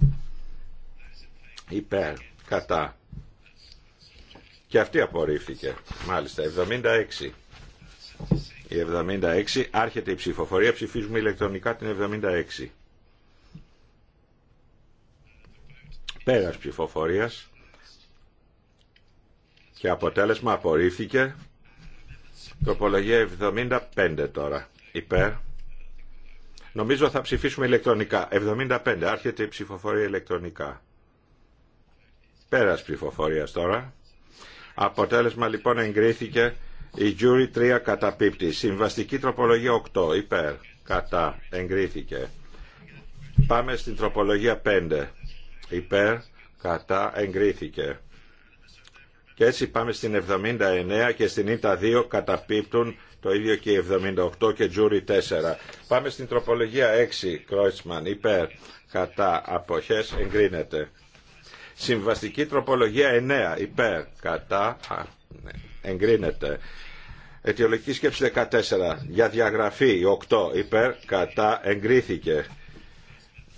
Υπέρ. Κατά. Και αυτή απορρίφθηκε. Μάλιστα. 76. Η 76. Άρχεται η ψηφοφορία. Ψηφίζουμε ηλεκτρονικά την 76. Πέρας ψηφοφορίας και αποτέλεσμα απορρίφθηκε. Τροπολογία 75 τώρα. Υπέρ. Νομίζω θα ψηφίσουμε ηλεκτρονικά. 75. Άρχεται η ψηφοφορία ηλεκτρονικά. Πέρας ψηφοφορίας τώρα. Αποτέλεσμα λοιπόν εγκρίθηκε η Jury 3 καταπίπτει. Συμβαστική τροπολογία 8. Υπέρ. Κατά. Εγκρίθηκε. Πάμε στην τροπολογία 5 υπέρ, κατά, εγκρίθηκε. Και έτσι πάμε στην 79 και στην ΙΤΑ 2 καταπίπτουν το ίδιο και η 78 και Τζούρι 4. Πάμε στην τροπολογία 6, Κρόιτσμαν, υπέρ, κατά, αποχές, εγκρίνεται. Συμβαστική τροπολογία 9, υπέρ, κατά, ναι, εγκρίνεται. Αιτιολογική σκέψη 14, για διαγραφή 8, υπέρ, κατά, εγκρίθηκε.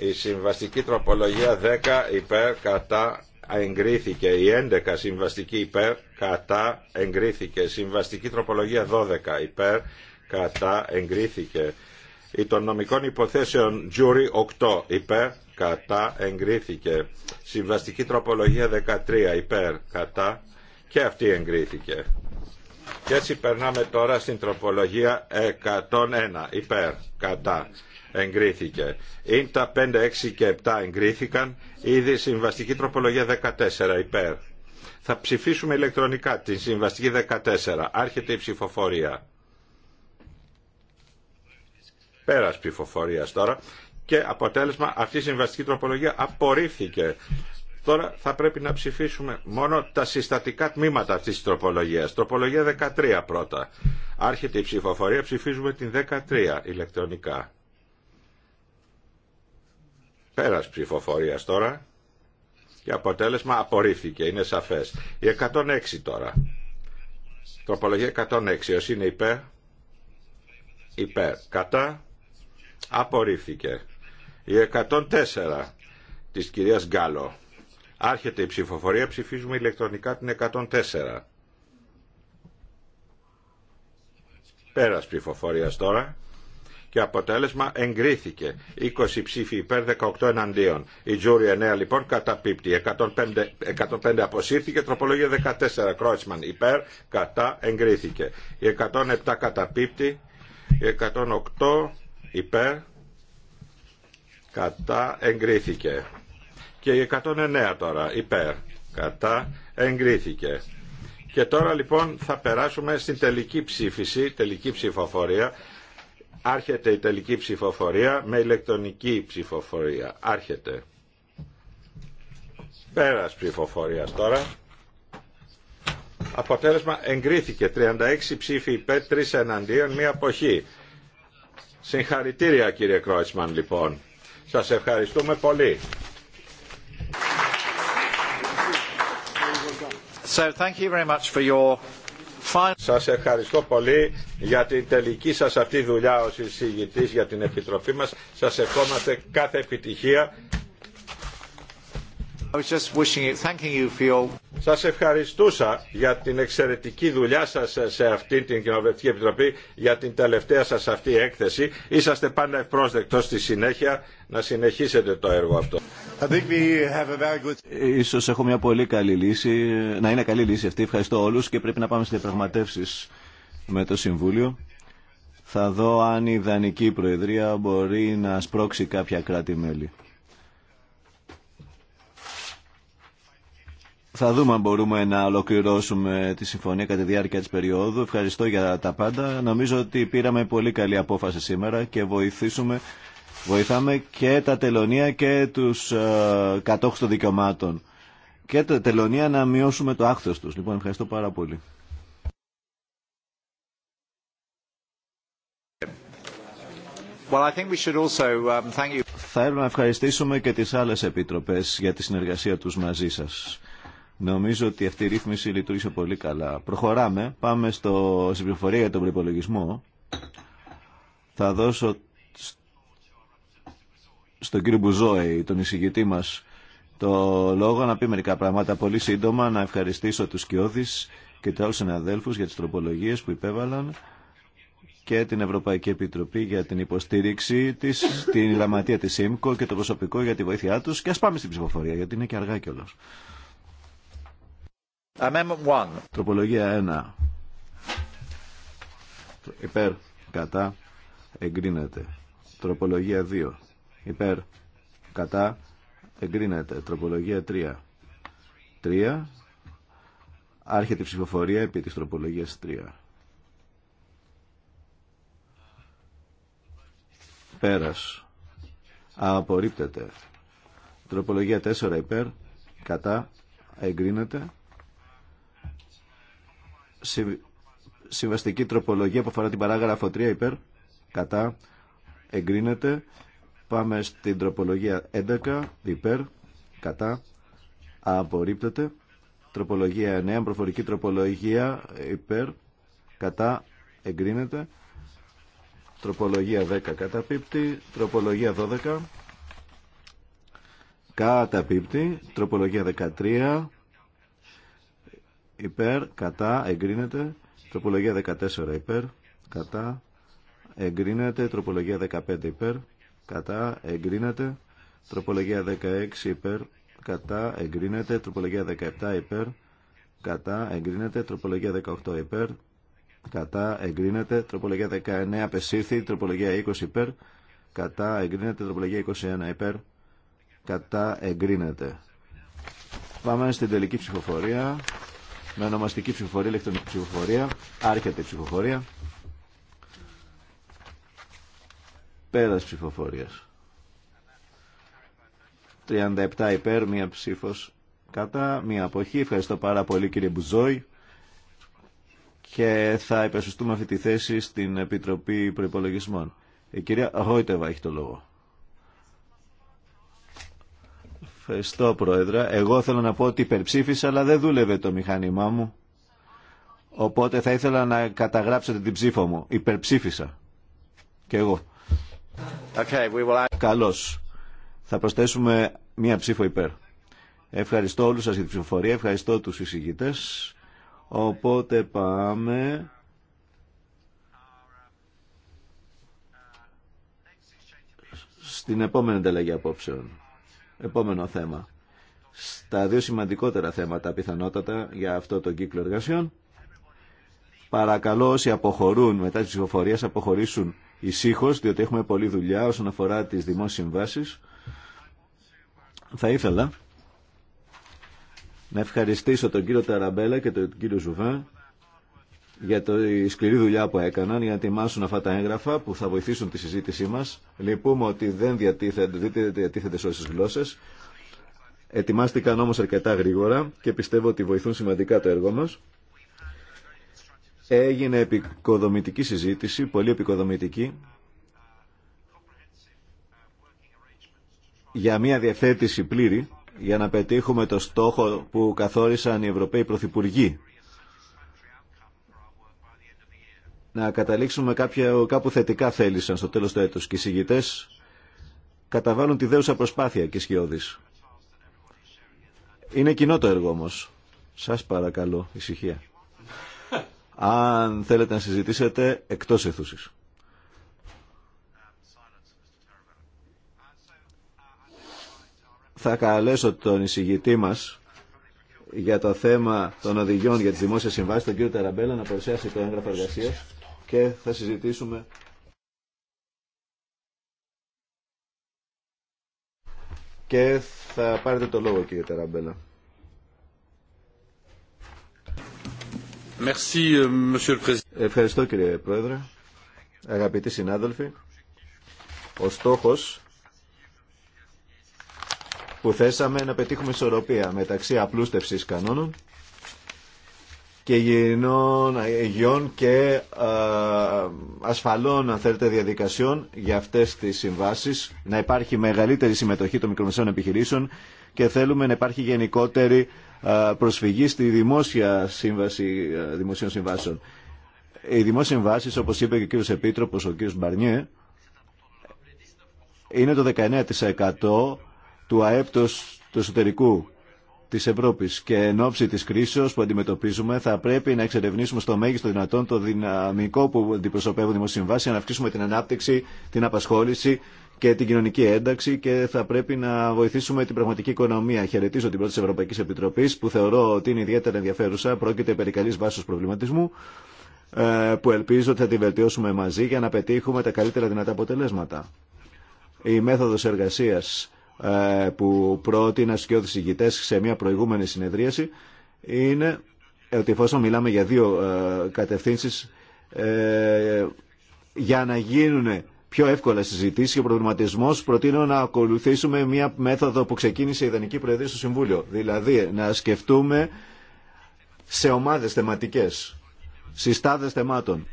Η συμβαστική τροπολογία 10 υπέρ κατά εγκρίθηκε. Η 11 συμβαστική υπέρ κατά εγκρίθηκε. Συμβαστική τροπολογία 12 υπέρ κατά εγκρίθηκε. Η των νομικών υποθέσεων Jury 8 υπέρ κατά εγκρίθηκε. Συμβαστική τροπολογία 13 υπέρ κατά και αυτή εγκρίθηκε. Και έτσι περνάμε τώρα στην τροπολογία 101 υπέρ κατά εγκρίθηκε. τα 5, 6 και 7 εγκρίθηκαν. Ήδη συμβαστική τροπολογία 14 υπέρ. Θα ψηφίσουμε ηλεκτρονικά την συμβαστική 14. Άρχεται η ψηφοφορία. Πέρας ψηφοφορίας τώρα. Και αποτέλεσμα αυτή η συμβαστική τροπολογία απορρίφθηκε. Τώρα θα πρέπει να ψηφίσουμε μόνο τα συστατικά τμήματα αυτής της τροπολογίας. Τροπολογία 13 πρώτα. Άρχεται η ψηφοφορία, ψηφίζουμε την 13 ηλεκτρονικά. Πέρας ψηφοφορίας τώρα. Και αποτέλεσμα απορρίφθηκε, είναι σαφές. Η 106 τώρα. Τροπολογία 106, όσοι είναι υπέρ. Υπέρ. Κατά. Απορρίφθηκε. Η 104 της κυρίας Γκάλο. Άρχεται η ψηφοφορία, ψηφίζουμε ηλεκτρονικά την 104. Πέρας ψηφοφορίας τώρα και αποτέλεσμα εγκρίθηκε. 20 ψήφοι υπέρ 18 εναντίον. Η Τζούρι 9 λοιπόν καταπίπτει. 105, 105 αποσύρθηκε. Τροπολογία 14. Κρότσμαν υπέρ κατά εγκρίθηκε. Η 107 καταπίπτει. Η 108 υπέρ κατά εγκρίθηκε. Και η 109 τώρα υπέρ κατά εγκρίθηκε. Και τώρα λοιπόν θα περάσουμε στην τελική ψήφιση, τελική ψηφοφορία Άρχεται η τελική ψηφοφορία με ηλεκτρονική ψηφοφορία. Άρχεται. Πέρας ψηφοφορίας τώρα. Αποτέλεσμα εγκρίθηκε. 36 ψήφοι υπέρ, 3 εναντίον, μία αποχή. Συγχαρητήρια κύριε Κρότσμαν λοιπόν. Σας ευχαριστούμε πολύ. So, thank you very much for your... Σας ευχαριστώ πολύ για την τελική σας αυτή δουλειά ως εισηγητής για την Επιτροπή μας. Σας ευχόμαστε κάθε επιτυχία σας ευχαριστούσα για την εξαιρετική δουλειά σας σε αυτή την Κοινοβουλευτική Επιτροπή για την τελευταία σας αυτή έκθεση. Είσαστε πάντα ευπρόσδεκτος στη συνέχεια να συνεχίσετε το έργο αυτό. Ίσως έχω μια πολύ καλή λύση, να είναι καλή λύση αυτή. Ευχαριστώ όλους και πρέπει να πάμε στις διαπραγματεύσεις με το Συμβούλιο. Θα δω αν η Ιδανική Προεδρία μπορεί να σπρώξει κάποια κράτη-μέλη. Θα δούμε αν μπορούμε να ολοκληρώσουμε τη συμφωνία κατά τη διάρκεια της περίοδου. Ευχαριστώ για τα πάντα. Νομίζω ότι πήραμε πολύ καλή απόφαση σήμερα και βοηθήσουμε, βοηθάμε και τα τελωνία και τους ε, κατόχους των δικαιωμάτων. Και τα τελωνία να μειώσουμε το άχθος τους. Λοιπόν, ευχαριστώ πάρα πολύ. Well, I think we should also, um, thank you. Θα ήθελα να ευχαριστήσουμε και τις άλλες επιτροπές για τη συνεργασία τους μαζί σας. Νομίζω ότι αυτή η ρύθμιση λειτουργήσε πολύ καλά. Προχωράμε. Πάμε στο, στην πληροφορία για τον προπολογισμό. Θα δώσω στον κύριο Μπουζόη, τον εισηγητή μας, το λόγο να πει μερικά πράγματα πολύ σύντομα, να ευχαριστήσω τους Κιώδης και του άλλους συναδέλφους για τις τροπολογίες που υπέβαλαν και την Ευρωπαϊκή Επιτροπή για την υποστήριξή της, την γραμματεία της ΣΥΜΚΟ και το προσωπικό για τη βοήθειά τους και ας πάμε στην ψηφοφορία γιατί είναι και αργά κιόλας. Τροπολογία 1. Υπέρ. Κατά. Εγκρίνεται. Τροπολογία 2. Υπέρ. Κατά. Εγκρίνεται. Τροπολογία 3. 3. Άρχεται η ψηφοφορία επί της τροπολογίας 3. Πέρας. Απορρίπτεται. Τροπολογία 4 υπέρ. Κατά. Εγκρίνεται. Συμβαστική τροπολογία που αφορά την παράγραφο 3 υπέρ. Κατά. Εγκρίνεται. Πάμε στην τροπολογία 11 υπέρ. Κατά. Απορρίπτεται. Τροπολογία 9. Προφορική τροπολογία υπέρ. Κατά. Εγκρίνεται. Τροπολογία 10 καταπίπτει. Τροπολογία 12 καταπίπτει. Τροπολογία 13 υπέρ, κατά, εγκρίνεται. Τροπολογία 14 υπέρ, κατά, εγκρίνεται. Τροπολογία 15 υπέρ, κατά, εγκρίνεται. Τροπολογία 16 υπέρ, κατά, εγκρίνεται. Τροπολογία 17 υπέρ, κατά, εγκρίνεται. Τροπολογία 18 υπέρ, κατά, εγκρίνεται. Τροπολογία 19 απεσύρθη. Τροπολογία 20 υπέρ, κατά, εγκρίνεται. Τροπολογία 21 υπέρ, κατά, εγκρίνεται. Πάμε στην τελική ψηφοφορία με ονομαστική ψηφοφορία, ηλεκτρονική ψηφοφορία, άρχεται ψηφοφορία, πέρας ψηφοφορίας. 37 υπέρ, μία ψήφος κατά, μία αποχή. Ευχαριστώ πάρα πολύ κύριε Μπουζόη και θα υπερσουστούμε αυτή τη θέση στην Επιτροπή Προϋπολογισμών. Η κυρία Ρόιτεβα έχει το λόγο. Ευχαριστώ Πρόεδρα. Εγώ θέλω να πω ότι υπερψήφισα αλλά δεν δούλευε το μηχάνημά μου. Οπότε θα ήθελα να καταγράψετε την ψήφο μου. Υπερψήφισα. Και εγώ. Okay, we will... Καλώς. Θα προσθέσουμε μία ψήφο υπέρ. Ευχαριστώ όλους σας για την ψηφοφορία. Ευχαριστώ τους εισηγητές. Οπότε πάμε... Στην επόμενη ανταλλαγή απόψεων. Επόμενο θέμα. Στα δύο σημαντικότερα θέματα πιθανότατα για αυτό το κύκλο εργασιών. Παρακαλώ όσοι αποχωρούν μετά τις ψηφοφορίες αποχωρήσουν ησύχως διότι έχουμε πολλή δουλειά όσον αφορά τις δημόσιες συμβάσεις. Θα ήθελα να ευχαριστήσω τον κύριο Ταραμπέλα και τον κύριο Ζουβά για τη σκληρή δουλειά που έκαναν για να ετοιμάσουν αυτά τα έγγραφα που θα βοηθήσουν τη συζήτησή μα, Λυπούμε ότι δεν διατίθεται, σε όλες τι γλώσσες. Ετοιμάστηκαν όμω αρκετά γρήγορα και πιστεύω ότι βοηθούν σημαντικά το έργο μας. Έγινε επικοδομητική συζήτηση, πολύ επικοδομητική, για μια διευθέτηση πλήρη, για να πετύχουμε το στόχο που καθόρισαν οι Ευρωπαίοι Πρωθυπουργοί να καταλήξουμε κάποια, κάπου θετικά θέλησαν στο τέλος του έτους και οι συγγητές καταβάλουν τη δέουσα προσπάθεια και σκιώδης. Είναι κοινό το έργο όμως. Σας παρακαλώ, ησυχία. Αν θέλετε να συζητήσετε, εκτός αιθούσης. Θα καλέσω τον εισηγητή μας για το θέμα των οδηγιών για τις δημόσιες συμβάσεις, τον κύριο Ταραμπέλα, να παρουσιάσει το έγγραφο εργασίας και θα συζητήσουμε και θα πάρετε το λόγο κύριε Ταραμπέλα. Euh, Ευχαριστώ κύριε Πρόεδρε. Αγαπητοί συνάδελφοι, ο στόχος που θέσαμε να πετύχουμε ισορροπία μεταξύ απλούστευσης κανόνων και υγιεινών, και ασφαλών αν θέλετε, διαδικασιών για αυτές τις συμβάσεις, να υπάρχει μεγαλύτερη συμμετοχή των μικρομεσαίων επιχειρήσεων και θέλουμε να υπάρχει γενικότερη προσφυγή στη δημόσια σύμβαση δημοσίων συμβάσεων. Οι δημόσιες συμβάσεις, όπως είπε και ο κύριος Επίτροπος, ο κύριος Μπαρνιέ, είναι το 19% του αέπτος του εσωτερικού της Ευρώπης και εν ώψη της κρίσεως που αντιμετωπίζουμε θα πρέπει να εξερευνήσουμε στο μέγιστο δυνατόν το δυναμικό που αντιπροσωπεύουν οι για να αυξήσουμε την ανάπτυξη, την απασχόληση και την κοινωνική ένταξη και θα πρέπει να βοηθήσουμε την πραγματική οικονομία. Χαιρετίζω την πρώτη της Ευρωπαϊκής Επιτροπής που θεωρώ ότι είναι ιδιαίτερα ενδιαφέρουσα, πρόκειται περί καλής βάσης προβληματισμού ε, που ελπίζω ότι θα τη βελτιώσουμε μαζί για να πετύχουμε τα καλύτερα δυνατά αποτελέσματα. Η μέθοδος εργασίας ε, που πρότεινα και κοιόδους ηγητές σε μια προηγούμενη συνεδρίαση είναι ότι εφόσον μιλάμε για δύο ε, κατευθύνσεις ε, για να γίνουν πιο εύκολα συζητήσει και ο προβληματισμό, προτείνω να ακολουθήσουμε μία μέθοδο που ξεκίνησε η Ιδανική Προεδρία στο Συμβούλιο. Δηλαδή, να σκεφτούμε σε ομάδε θεματικέ, συστάδε θεμάτων.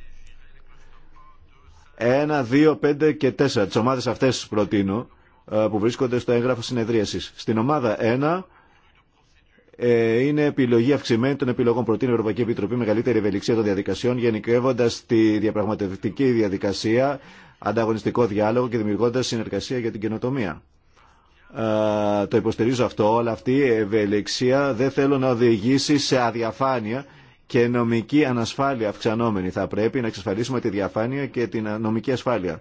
Ένα, δύο, πέντε και τέσσερα. Τι ομάδε αυτέ προτείνω ε, που βρίσκονται στο έγγραφο συνεδρίαση. Στην ομάδα 1 ε, είναι επιλογή αυξημένη των επιλογών. Προτείνει η Ευρωπαϊκή Επιτροπή μεγαλύτερη ευελιξία των διαδικασιών, γενικεύοντα τη διαπραγματευτική διαδικασία, ανταγωνιστικό διάλογο και δημιουργώντα συνεργασία για την καινοτομία. Ε, το υποστηρίζω αυτό, αλλά αυτή η ευελιξία δεν θέλω να οδηγήσει σε αδιαφάνεια και νομική ανασφάλεια αυξανόμενη. Θα πρέπει να εξασφαλίσουμε τη διαφάνεια και την νομική ασφάλεια.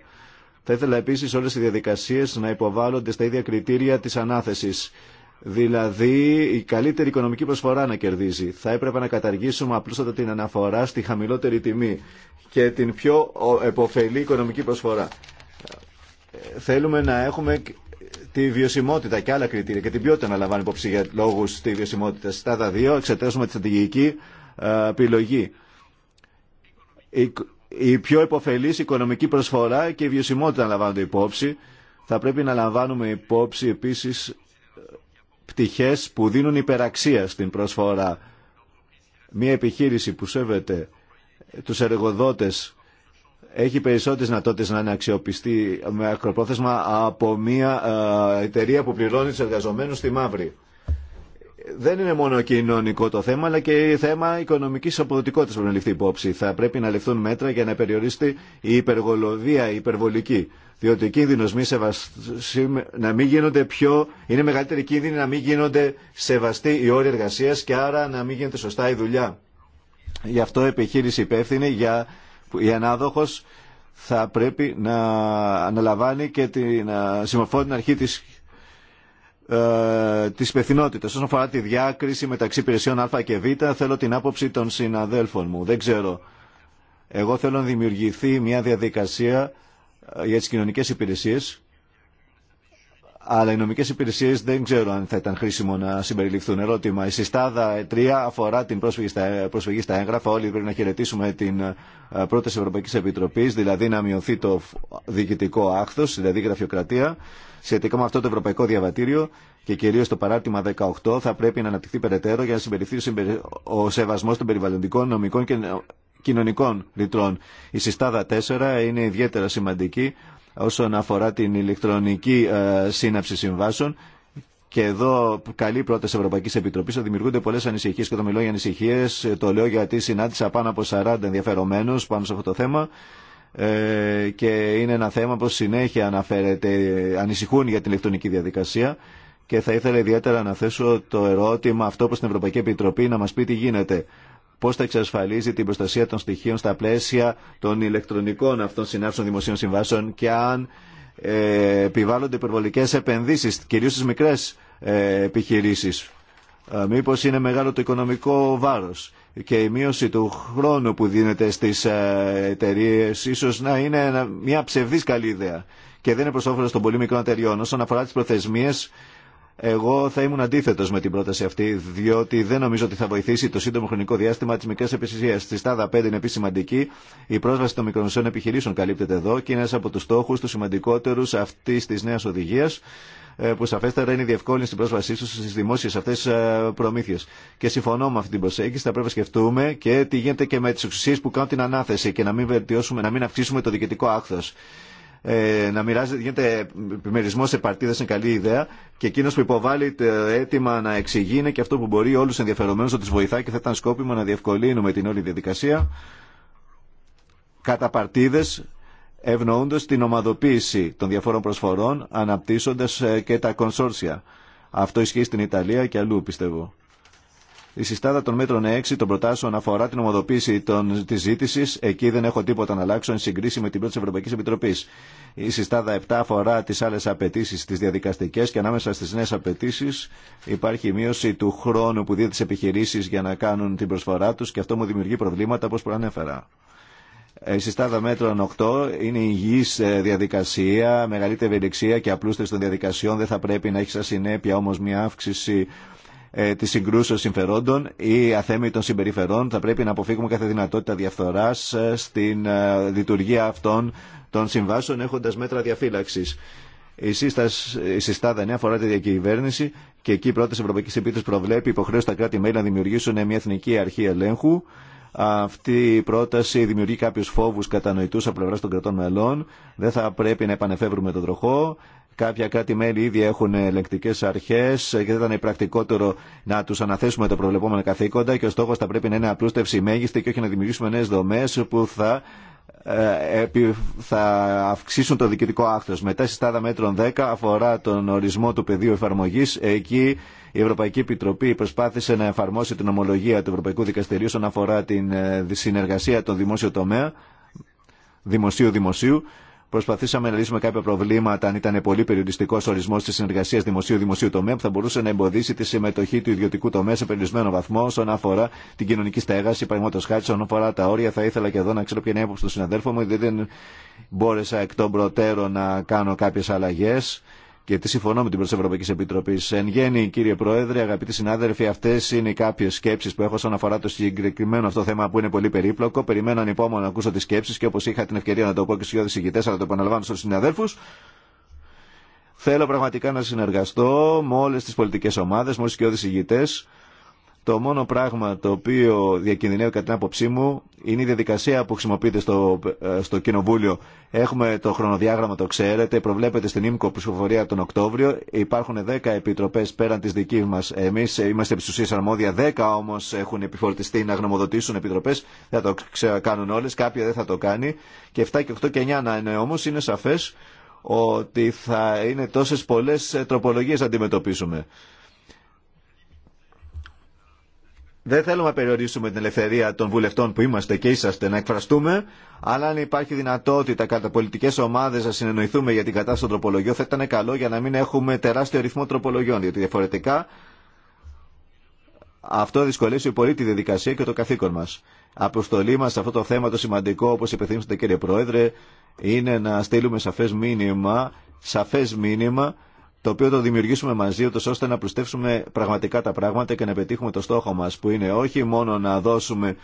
Θα ήθελα επίσης όλες οι διαδικασίες να υποβάλλονται στα ίδια κριτήρια της ανάθεσης. Δηλαδή, η καλύτερη οικονομική προσφορά να κερδίζει. Θα έπρεπε να καταργήσουμε απλούστατα την αναφορά στη χαμηλότερη τιμή και την πιο εποφελή οικονομική προσφορά. Θέλουμε να έχουμε τη βιωσιμότητα και άλλα κριτήρια και την ποιότητα να λαμβάνει υπόψη για λόγου τη βιωσιμότητα. Στα τα δύο, εξετάζουμε τη στρατηγική ε, επιλογή η πιο υποφελής οικονομική προσφορά και η βιωσιμότητα να λαμβάνονται υπόψη. Θα πρέπει να λαμβάνουμε υπόψη επίσης ε, πτυχές που δίνουν υπεραξία στην προσφορά. Μία επιχείρηση που σέβεται ε, τους εργοδότες έχει περισσότερες δυνατότητες να είναι αξιοπιστή με ακροπρόθεσμα από μια ε, εταιρεία που πληρώνει τους εργαζομένους στη μαύρη δεν είναι μόνο κοινωνικό το θέμα, αλλά και θέμα οικονομική αποδοτικότητα πρέπει να ληφθεί υπόψη. Θα πρέπει να ληφθούν μέτρα για να περιοριστεί η υπεργολοδία, η υπερβολική. Διότι ο να μην γίνονται πιο. είναι μεγαλύτερη κίνδυνη να μην γίνονται σεβαστοί οι όροι εργασία και άρα να μην γίνεται σωστά η δουλειά. Γι' αυτό η επιχείρηση υπεύθυνη για η ανάδοχο θα πρέπει να αναλαμβάνει και την... να συμμορφώνει την αρχή της ε, της υπευθυνότητας. Όσον αφορά τη διάκριση μεταξύ υπηρεσιών Α και Β, θέλω την άποψη των συναδέλφων μου. Δεν ξέρω. Εγώ θέλω να δημιουργηθεί μια διαδικασία ε, για τις κοινωνικές υπηρεσίες, αλλά οι νομικές υπηρεσίες δεν ξέρω αν θα ήταν χρήσιμο να συμπεριληφθούν. Ερώτημα. Η συστάδα 3 αφορά την πρόσφυγη στα, έγγραφα. Όλοι πρέπει να χαιρετήσουμε την ε, πρόταση Ευρωπαϊκή Επιτροπή, δηλαδή να μειωθεί το διοικητικό άχθος, δηλαδή η γραφειοκρατία. Σχετικά με αυτό το Ευρωπαϊκό Διαβατήριο και κυρίω το παράρτημα 18 θα πρέπει να αναπτυχθεί περαιτέρω για να συμπεριφθεί ο σεβασμό των περιβαλλοντικών, νομικών και κοινωνικών ρητρών. Η συστάδα 4 είναι ιδιαίτερα σημαντική όσον αφορά την ηλεκτρονική ε, σύναψη συμβάσεων και εδώ καλή πρόταση Ευρωπαϊκή Επιτροπή θα δημιουργούνται πολλέ ανησυχίε και το μιλώ για ανησυχίε. Ε, το λέω γιατί συνάντησα πάνω από 40 ενδιαφερομένου πάνω σε αυτό το θέμα ε, και είναι ένα θέμα που συνέχεια αναφέρεται, ανησυχούν για την ηλεκτρονική διαδικασία και θα ήθελα ιδιαίτερα να θέσω το ερώτημα αυτό που την Ευρωπαϊκή Επιτροπή να μας πει τι γίνεται. Πώς θα εξασφαλίζει την προστασία των στοιχείων στα πλαίσια των ηλεκτρονικών αυτών συνάψεων δημοσίων συμβάσεων και αν ε, επιβάλλονται υπερβολικές επενδύσεις, κυρίως στις μικρές ε, επιχειρήσεις. Ε, μήπως είναι μεγάλο το οικονομικό βάρος και η μείωση του χρόνου που δίνεται στι ε, εταιρείε ίσω να είναι μια ψευδής καλή ιδέα και δεν είναι προ όφελο των πολύ μικρών εταιριών. Όσον αφορά τι προθεσμίε, εγώ θα ήμουν αντίθετο με την πρόταση αυτή, διότι δεν νομίζω ότι θα βοηθήσει το σύντομο χρονικό διάστημα τη μικρή επιχειρησία. Στη στάδα 5 είναι επίση σημαντική. Η πρόσβαση των μικρομεσαίων επιχειρήσεων καλύπτεται εδώ και είναι ένα από του στόχου του σημαντικότερου αυτή τη νέα οδηγία ε, που σαφέστερα είναι η διευκόλυνση στην πρόσβασή του στι δημόσιε αυτέ ε, προμήθειε. Και συμφωνώ με αυτή την προσέγγιση, θα πρέπει να σκεφτούμε και τι γίνεται και με τι εξουσίε που κάνουν την ανάθεση και να μην, βελτιώσουμε, να μην αυξήσουμε το διοικητικό άκθο. Ε, να μοιράζεται, γίνεται επιμερισμό σε παρτίδε είναι καλή ιδέα και εκείνο που υποβάλλει το αίτημα να εξηγεί είναι και αυτό που μπορεί όλου ενδιαφερομένου να του βοηθάει και θα ήταν σκόπιμο να διευκολύνουμε την όλη διαδικασία κατά παρτίδε, ευνοούντας την ομαδοποίηση των διαφόρων προσφορών, αναπτύσσοντας ε, και τα κονσόρσια. Αυτό ισχύει στην Ιταλία και αλλού, πιστεύω. Η συστάδα των μέτρων 6 των προτάσεων αφορά την ομοδοποίηση τη ζήτηση. Εκεί δεν έχω τίποτα να αλλάξω εν συγκρίση με την πρώτη Ευρωπαϊκή Επιτροπή. Η συστάδα 7 αφορά τι άλλε απαιτήσει, τι διαδικαστικέ και ανάμεσα στι νέε απαιτήσει υπάρχει η μείωση του χρόνου που δίνει τι επιχειρήσει για να κάνουν την προσφορά του και αυτό μου δημιουργεί προβλήματα όπω προανέφερα. Ε, η συστάδα μέτρων 8 είναι υγιή ε, διαδικασία, μεγαλύτερη ευελιξία και απλούστευση των διαδικασιών. Δεν θα πρέπει να έχει σαν συνέπεια όμω μια αύξηση ε, τη συγκρούσεω συμφερόντων ή αθέμητων συμπεριφερών. Θα πρέπει να αποφύγουμε κάθε δυνατότητα διαφθορά στην λειτουργία αυτών των συμβάσεων έχοντα μέτρα διαφύλαξη. Η, η συστάδα 9 αφορά τη διακυβέρνηση και εκεί η πρόταση Ευρωπαϊκή Επίτροπη προβλέπει υποχρέωση στα κράτη-μέλη να δημιουργήσουν μια εθνική αρχή ελέγχου αυτή η πρόταση δημιουργεί κάποιου φόβου κατανοητού από πλευρά των κρατών μελών. Δεν θα πρέπει να επανεφεύρουμε τον τροχό. Κάποια κράτη-μέλη ήδη έχουν ελεγκτικέ αρχέ και δεν ήταν πρακτικότερο να του αναθέσουμε τα προβλεπόμενα καθήκοντα και ο στόχο θα πρέπει να είναι απλούστευση μέγιστη και όχι να δημιουργήσουμε νέε δομέ που θα, ε, θα αυξήσουν το διοικητικό άκθο. Μετά, στάδα μέτρων 10 αφορά τον ορισμό του πεδίου εφαρμογή. Εκεί η Ευρωπαϊκή Επιτροπή προσπάθησε να εφαρμόσει την ομολογία του Ευρωπαϊκού Δικαστηρίου όσον αφορά τη ε, συνεργασία των δημόσιο τομέα, δημοσίου-δημοσίου. Προσπαθήσαμε να λύσουμε κάποια προβλήματα αν ήταν πολύ περιοριστικό ορισμό τη συνεργασία δημοσίου-δημοσίου τομέα που θα μπορούσε να εμποδίσει τη συμμετοχή του ιδιωτικού τομέα σε περιορισμένο βαθμό όσον αφορά την κοινωνική στέγαση, παραδείγματο χάρη, όσον αφορά τα όρια. Θα ήθελα και εδώ να ξέρω ποια είναι η άποψη του συναδέλφου μου, δεν μπόρεσα εκ των προτέρων να κάνω κάποιε αλλαγέ και τη συμφωνώ με την Πρωθυπουργική Επιτροπή. Εν γέννη, κύριε Πρόεδρε, αγαπητοί συνάδελφοι, αυτέ είναι κάποιε σκέψει που έχω όσον αφορά το συγκεκριμένο αυτό θέμα που είναι πολύ περίπλοκο. Περιμένω ανυπόμονα να ακούσω τι σκέψει και όπω είχα την ευκαιρία να το πω και στου δύο αλλά το επαναλαμβάνω στου συναδέλφου. Θέλω πραγματικά να συνεργαστώ με όλε τι πολιτικέ ομάδε, με όλου του το μόνο πράγμα το οποίο διακινδυνεύει κατά την άποψή μου είναι η διαδικασία που χρησιμοποιείται στο, ε, στο Κοινοβούλιο. Έχουμε το χρονοδιάγραμμα, το ξέρετε, προβλέπεται στην ΙΜΚΟ ψηφοφορία τον Οκτώβριο. Υπάρχουν 10 επιτροπέ πέραν τη δική μα. Εμεί είμαστε επί αρμόδια. 10 όμω έχουν επιφορτιστεί να γνωμοδοτήσουν επιτροπέ. Δεν θα το κάνουν όλε, κάποια δεν θα το κάνει. Και 7 και 8 και 9 να είναι όμω, είναι σαφέ ότι θα είναι τόσε πολλέ τροπολογίε να αντιμετωπίσουμε δεν θέλουμε να περιορίσουμε την ελευθερία των βουλευτών που είμαστε και είσαστε να εκφραστούμε, αλλά αν υπάρχει δυνατότητα κατά πολιτικέ ομάδε να συνεννοηθούμε για την κατάσταση των τροπολογιών, θα ήταν καλό για να μην έχουμε τεράστιο ρυθμό τροπολογιών, διότι διαφορετικά αυτό δυσκολεύει πολύ τη διαδικασία και το καθήκον μα. Αποστολή μα σε αυτό το θέμα το σημαντικό, όπω υπενθύμησατε κύριε Πρόεδρε, είναι να στείλουμε σαφέ μήνυμα, σαφέ μήνυμα το οποίο το δημιουργήσουμε μαζί, ούτως ώστε να πλουστεύσουμε πραγματικά τα πράγματα και να πετύχουμε το στόχο μας, που είναι όχι μόνο να δώσουμε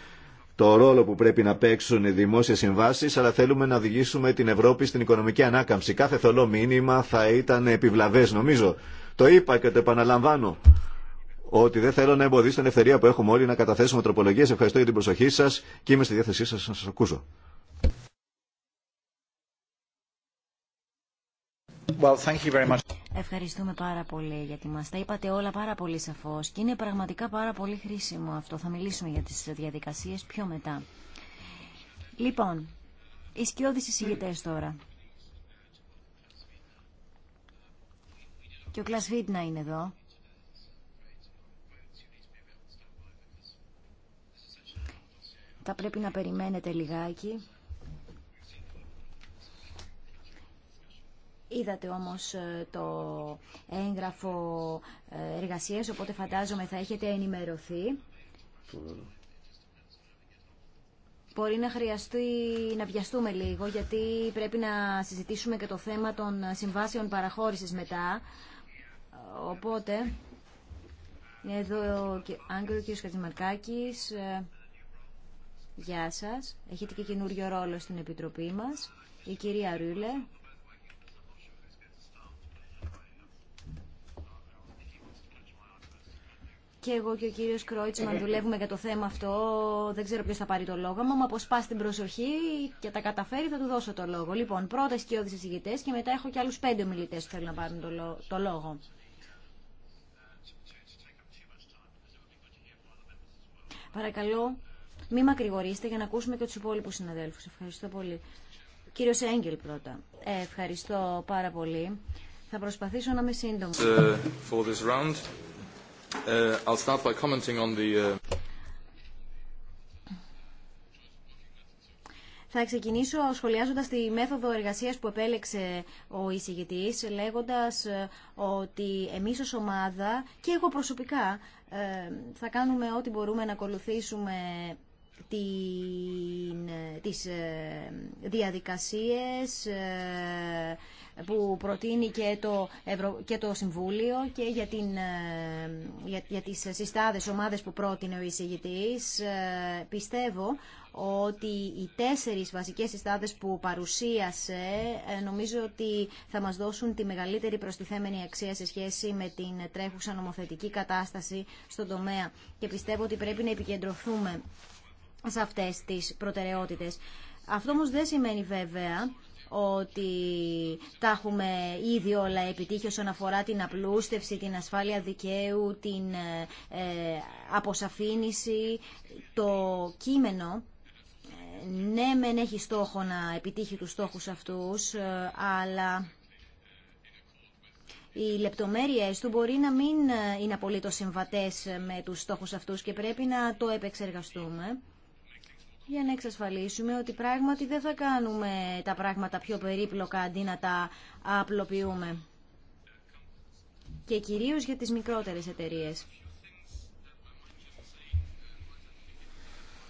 το ρόλο που πρέπει να παίξουν οι δημόσιες συμβάσεις, αλλά θέλουμε να οδηγήσουμε την Ευρώπη στην οικονομική ανάκαμψη. Κάθε θολό μήνυμα θα ήταν επιβλαβές, νομίζω. Το είπα και το επαναλαμβάνω ότι δεν θέλω να εμποδίσω την ελευθερία που έχουμε όλοι να καταθέσουμε τροπολογίε. Ευχαριστώ για την προσοχή σα και είμαι στη διάθεσή σα να σα ακούσω. Well, thank you very much. Ευχαριστούμε πάρα πολύ γιατί μας τα είπατε όλα πάρα πολύ σαφώς και είναι πραγματικά πάρα πολύ χρήσιμο αυτό. Θα μιλήσουμε για τις διαδικασίες πιο μετά. Λοιπόν, οι σκιώδεις εισηγητές τώρα. Και ο Κλάς είναι εδώ. Θα πρέπει να περιμένετε λιγάκι. Είδατε όμως ε, το έγγραφο ε, εργασίας, οπότε φαντάζομαι θα έχετε ενημερωθεί. Μπορεί να χρειαστεί να βιαστούμε λίγο, γιατί πρέπει να συζητήσουμε και το θέμα των συμβάσεων παραχώρησης μετά. Οπότε, εδώ ο Άγγελο ο κ. Κατζημαρκάκης. Ε, γεια σας. Έχετε και καινούριο ρόλο στην Επιτροπή μας. Η κυρία Ρούλε. Και εγώ και ο κύριος Κρόιτσμαν δουλεύουμε για το θέμα αυτό. Δεν ξέρω ποιο θα πάρει το λόγο. Μα αποσπάσει την προσοχή και τα καταφέρει θα του δώσω το λόγο. Λοιπόν, πρώτα σκιώδει εισηγητές και μετά έχω και άλλου πέντε ομιλητές που θέλουν να πάρουν το λόγο. Παρακαλώ, μη μακρηγορήστε για να ακούσουμε και του υπόλοιπου συναδέλφου. Ευχαριστώ πολύ. Κύριο Έγγελ πρώτα. Ε, ευχαριστώ πάρα πολύ. Θα προσπαθήσω να είμαι σύντομο. Ε, Uh, commenting on uh, Θα ξεκινήσω σχολιάζοντας τη μέθοδο εργασίας που επέλεξε ο εισηγητής, λέγοντας ε, ότι εμείς ως ομάδα και εγώ προσωπικά ε, θα κάνουμε ό,τι μπορούμε να ακολουθήσουμε την, ε, τις διαδικασίες που προτείνει και το, Συμβούλιο και για, την... Ε, για, για τις συστάδες ομάδες που πρότεινε ο εισηγητής. Ε, πιστεύω ότι οι τέσσερις βασικές συστάδες που παρουσίασε ε, νομίζω ότι θα μας δώσουν τη μεγαλύτερη προστιθέμενη αξία σε σχέση με την τρέχουσα νομοθετική κατάσταση στον τομέα και πιστεύω ότι πρέπει να επικεντρωθούμε σε αυτές τις προτεραιότητες. Αυτό όμως δεν σημαίνει βέβαια ότι τα έχουμε ήδη όλα επιτύχει όσον αφορά την απλούστευση, την ασφάλεια δικαίου, την ε, ε, αποσαφήνιση. Το κείμενο ε, ναι μεν έχει στόχο να επιτύχει τους στόχους αυτούς, αλλά οι λεπτομέρειες του μπορεί να μην είναι απολύτως συμβατές με τους στόχους αυτούς και πρέπει να το επεξεργαστούμε για να εξασφαλίσουμε ότι πράγματι δεν θα κάνουμε τα πράγματα πιο περίπλοκα αντί να τα απλοποιούμε. Και κυρίως για τις μικρότερες εταιρείες.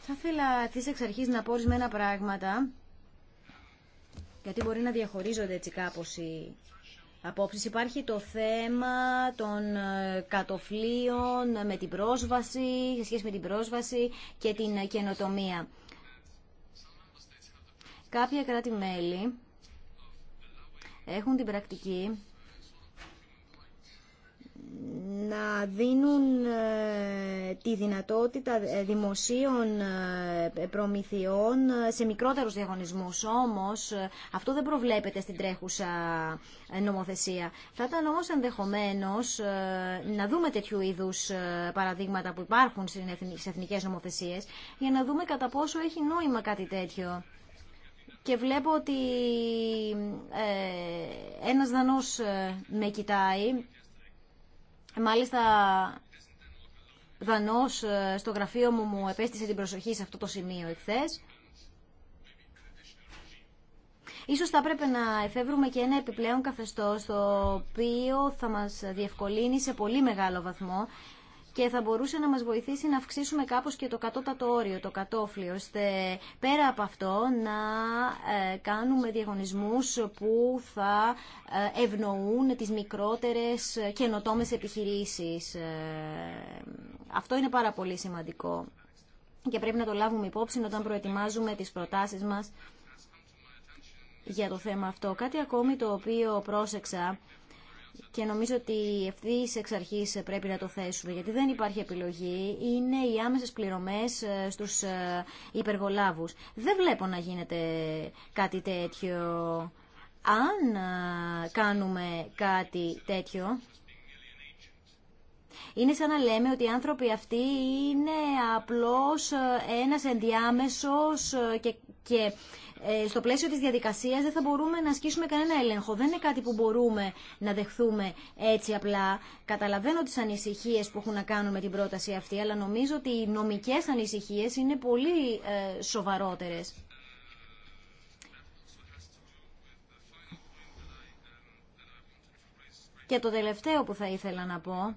Θα ήθελα της εξ αρχής να πω ένα πράγματα, γιατί μπορεί να διαχωρίζονται έτσι κάπως οι απόψεις. Υπάρχει το θέμα των ε, κατοφλίων με την πρόσβαση, σε σχέση με την πρόσβαση και την καινοτομία. Κάποια κράτη-μέλη έχουν την πρακτική να δίνουν ε, τη δυνατότητα ε, δημοσίων ε, προμηθειών σε μικρότερους διαγωνισμούς. Όμως αυτό δεν προβλέπεται στην τρέχουσα νομοθεσία. Θα ήταν όμως ενδεχομένως να δούμε τέτοιου είδους παραδείγματα που υπάρχουν στις εθνικές νομοθεσίες για να δούμε κατά πόσο έχει νόημα κάτι τέτοιο και βλέπω ότι ε, ένας δανός ε, με κοιτάει, μάλιστα δανός ε, στο γραφείο μου μου επέστησε την προσοχή σε αυτό το σημείο εχθές. Ίσως θα πρέπει να εφεύρουμε και ένα επιπλέον καθεστώς το οποίο θα μας διευκολύνει σε πολύ μεγάλο βαθμό και θα μπορούσε να μας βοηθήσει να αυξήσουμε κάπως και το κατώτατο όριο, το κατόφλι, ώστε πέρα από αυτό να ε, κάνουμε διαγωνισμούς που θα ε, ευνοούν τις μικρότερες ε, καινοτόμες επιχειρήσεις. Αυτό είναι πάρα πολύ σημαντικό και πρέπει να το λάβουμε υπόψη όταν προετοιμάζουμε τις προτάσεις μας για το θέμα αυτό. Κάτι ακόμη το οποίο πρόσεξα και νομίζω ότι ευθύ εξ αρχή πρέπει να το θέσουμε, γιατί δεν υπάρχει επιλογή, είναι οι άμεσε πληρωμέ ε, στου ε, υπεργολάβου. Δεν βλέπω να γίνεται κάτι τέτοιο. Αν ε, κάνουμε κάτι τέτοιο, είναι σαν να λέμε ότι οι άνθρωποι αυτοί είναι απλώς ένας ενδιάμεσος και, και ε, στο πλαίσιο της διαδικασίας δεν θα μπορούμε να ασκήσουμε κανένα έλεγχο. Δεν είναι κάτι που μπορούμε να δεχθούμε έτσι απλά. Καταλαβαίνω τις ανησυχίες που έχουν να κάνουν με την πρόταση αυτή, αλλά νομίζω ότι οι νομικές ανησυχίες είναι πολύ ε, σοβαρότερες. Και το τελευταίο που θα ήθελα να πω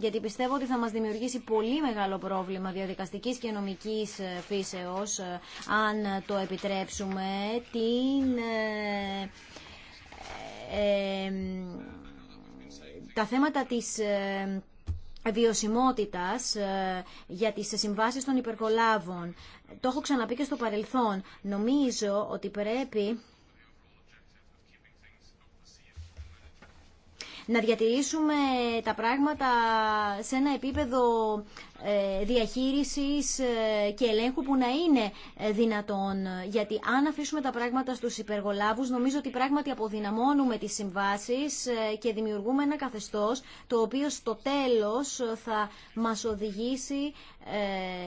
γιατί πιστεύω ότι θα μας δημιουργήσει πολύ μεγάλο πρόβλημα διαδικαστικής και νομικής ε, φύσεως ε, αν το επιτρέψουμε την ε, τα θέματα της βιωσιμότητας για τις συμβάσεις των υπερκολάβων. Το έχω ξαναπεί και στο παρελθόν. Νομίζω ότι πρέπει να διατηρήσουμε τα πράγματα σε ένα επίπεδο ε, διαχείρισης ε, και ελέγχου που να είναι ε, δυνατόν. Γιατί αν αφήσουμε τα πράγματα στους υπεργολάβους, νομίζω ότι πράγματι αποδυναμώνουμε τις συμβάσεις και δημιουργούμε ένα καθεστώς το οποίο στο τέλος θα μας οδηγήσει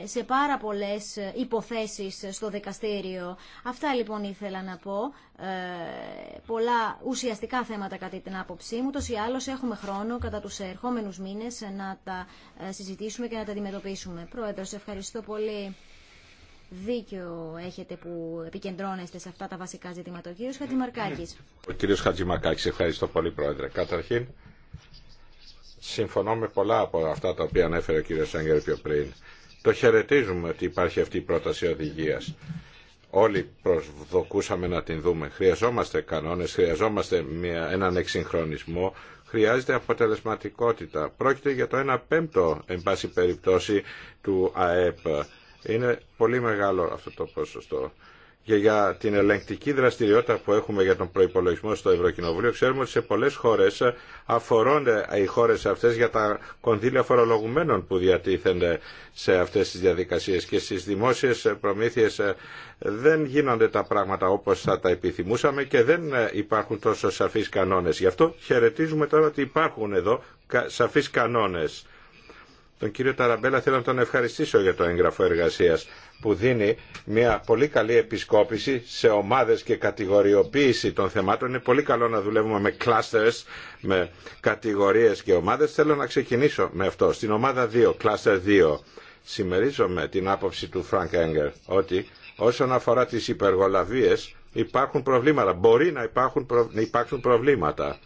σε πάρα πολλές υποθέσεις στο δικαστήριο. Αυτά λοιπόν ήθελα να πω. Πολλά ουσιαστικά θέματα κατά την άποψή μου. Τόσοι ή άλλως έχουμε χρόνο κατά τους ερχόμενους μήνες να τα συζητήσουμε και να τα αντιμετωπίσουμε. σε ευχαριστώ πολύ. Δίκιο έχετε που επικεντρώνεστε σε αυτά τα βασικά ζητήματα. Ο κύριος Χατζημαρκάκης. Ο κύριος Χατζημαρκάκης, ευχαριστώ πολύ πρόεδρε. Καταρχήν, συμφωνώ με πολλά από αυτά τα οποία ανέφερε ο κύριος Σάγκερ πιο πριν. Το χαιρετίζουμε ότι υπάρχει αυτή η πρόταση οδηγίας. Όλοι προσδοκούσαμε να την δούμε. Χρειαζόμαστε κανόνες, χρειαζόμαστε μια, έναν εξυγχρονισμό χρειάζεται αποτελεσματικότητα. Πρόκειται για το 1 πέμπτο, εν πάση περιπτώσει, του ΑΕΠ. Είναι πολύ μεγάλο αυτό το ποσοστό και για την ελεγκτική δραστηριότητα που έχουμε για τον προπολογισμό στο Ευρωκοινοβούλιο, ξέρουμε ότι σε πολλές χώρες αφορώνται οι χώρες αυτές για τα κονδύλια φορολογουμένων που διατίθενται σε αυτές τις διαδικασίες. και στις δημόσιες προμήθειες δεν γίνονται τα πράγματα όπως θα τα επιθυμούσαμε και δεν υπάρχουν τόσο σαφείς κανόνες. Γι' αυτό χαιρετίζουμε τώρα ότι υπάρχουν εδώ σαφείς κανόνες τον κύριο Ταραμπέλα θέλω να τον ευχαριστήσω για το έγγραφο εργασίας που δίνει μια πολύ καλή επισκόπηση σε ομάδες και κατηγοριοποίηση των θεμάτων. Είναι πολύ καλό να δουλεύουμε με clusters, με κατηγορίες και ομάδες. Θέλω να ξεκινήσω με αυτό. Στην ομάδα 2, cluster 2, συμμερίζομαι την άποψη του Φρανκ Έγκερ ότι όσον αφορά τις υπεργολαβίες υπάρχουν προβλήματα. Μπορεί να υπάρχουν, να υπάρξουν προβλήματα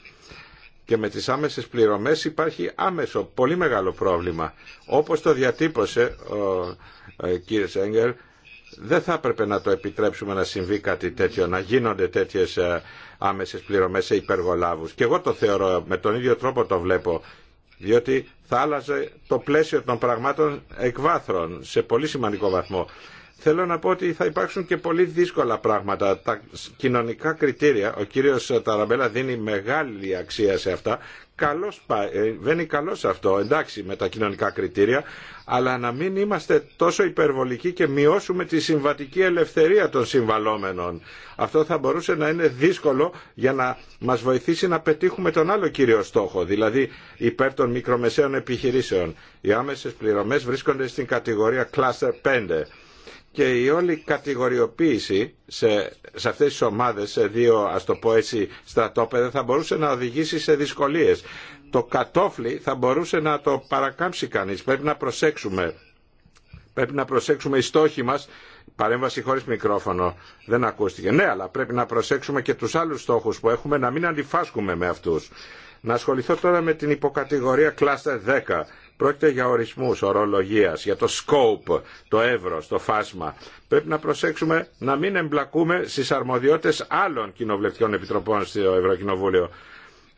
και με τις άμεσες πληρωμές υπάρχει άμεσο πολύ μεγάλο πρόβλημα. Όπως το διατύπωσε ο ε, κύριος Έγκερ, δεν θα έπρεπε να το επιτρέψουμε να συμβεί κάτι τέτοιο, να γίνονται τέτοιες ε, άμεσες πληρωμές σε υπεργολάβους. Και εγώ το θεωρώ, με τον ίδιο τρόπο το βλέπω, διότι θα άλλαζε το πλαίσιο των πραγμάτων εκβάθρων σε πολύ σημαντικό βαθμό. Θέλω να πω ότι θα υπάρξουν και πολύ δύσκολα πράγματα. Τα κοινωνικά κριτήρια, ο κύριο Ταραμπέλα δίνει μεγάλη αξία σε αυτά. Καλώς ε, βαίνει καλώς αυτό, εντάξει με τα κοινωνικά κριτήρια, αλλά να μην είμαστε τόσο υπερβολικοί και μειώσουμε τη συμβατική ελευθερία των συμβαλόμενων. Αυτό θα μπορούσε να είναι δύσκολο για να μα βοηθήσει να πετύχουμε τον άλλο κύριο στόχο, δηλαδή υπέρ των μικρομεσαίων επιχειρήσεων. Οι άμεσε πληρωμέ βρίσκονται στην κατηγορία Cluster 5 και η όλη κατηγοριοποίηση σε, σε αυτές τις ομάδες, σε δύο ας το πω έτσι στρατόπεδα θα μπορούσε να οδηγήσει σε δυσκολίες. Το κατόφλι θα μπορούσε να το παρακάμψει κανείς. Πρέπει να προσέξουμε. Πρέπει να προσέξουμε οι στόχοι μας. Παρέμβαση χωρίς μικρόφωνο. Δεν ακούστηκε. Ναι, αλλά πρέπει να προσέξουμε και τους άλλους στόχους που έχουμε να μην αντιφάσκουμε με αυτούς. Να ασχοληθώ τώρα με την υποκατηγορία «Cluster 10 Πρόκειται για ορισμούς ορολογίας, για το scope, το εύρος, το φάσμα. Πρέπει να προσέξουμε να μην εμπλακούμε στις αρμοδιότητες άλλων κοινοβουλευτικών επιτροπών στο Ευρωκοινοβούλιο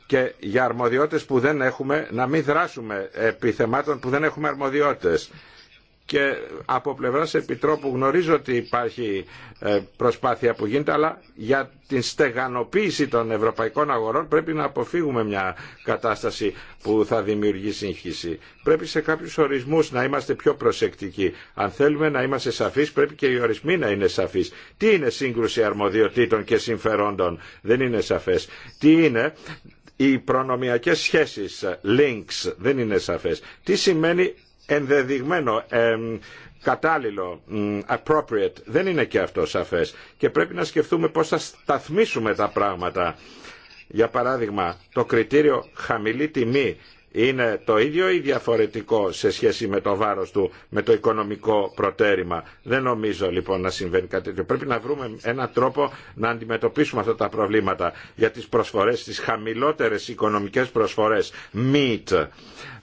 και για αρμοδιότητες που δεν έχουμε να μην δράσουμε επί θεμάτων που δεν έχουμε αρμοδιότητες και από πλευράς Επιτρόπου γνωρίζω ότι υπάρχει ε, προσπάθεια που γίνεται αλλά για την στεγανοποίηση των ευρωπαϊκών αγορών πρέπει να αποφύγουμε μια κατάσταση που θα δημιουργεί σύγχυση. Πρέπει σε κάποιους ορισμούς να είμαστε πιο προσεκτικοί. Αν θέλουμε να είμαστε σαφείς πρέπει και οι ορισμοί να είναι σαφείς. Τι είναι σύγκρουση αρμοδιοτήτων και συμφερόντων. Δεν είναι σαφές. Τι είναι οι προνομιακές σχέσεις, links, δεν είναι σαφές. Τι σημαίνει ενδεδειγμένο, κατάλληλο, appropriate. Δεν είναι και αυτό σαφές. Και πρέπει να σκεφτούμε πώς θα σταθμίσουμε τα πράγματα. Για παράδειγμα, το κριτήριο χαμηλή τιμή είναι το ίδιο ή διαφορετικό σε σχέση με το βάρος του, με το οικονομικό προτέρημα. Δεν νομίζω λοιπόν να συμβαίνει κάτι τέτοιο. Πρέπει να βρούμε έναν τρόπο να αντιμετωπίσουμε αυτά τα προβλήματα για τις προσφορές, τις χαμηλότερες οικονομικές προσφορές. meet.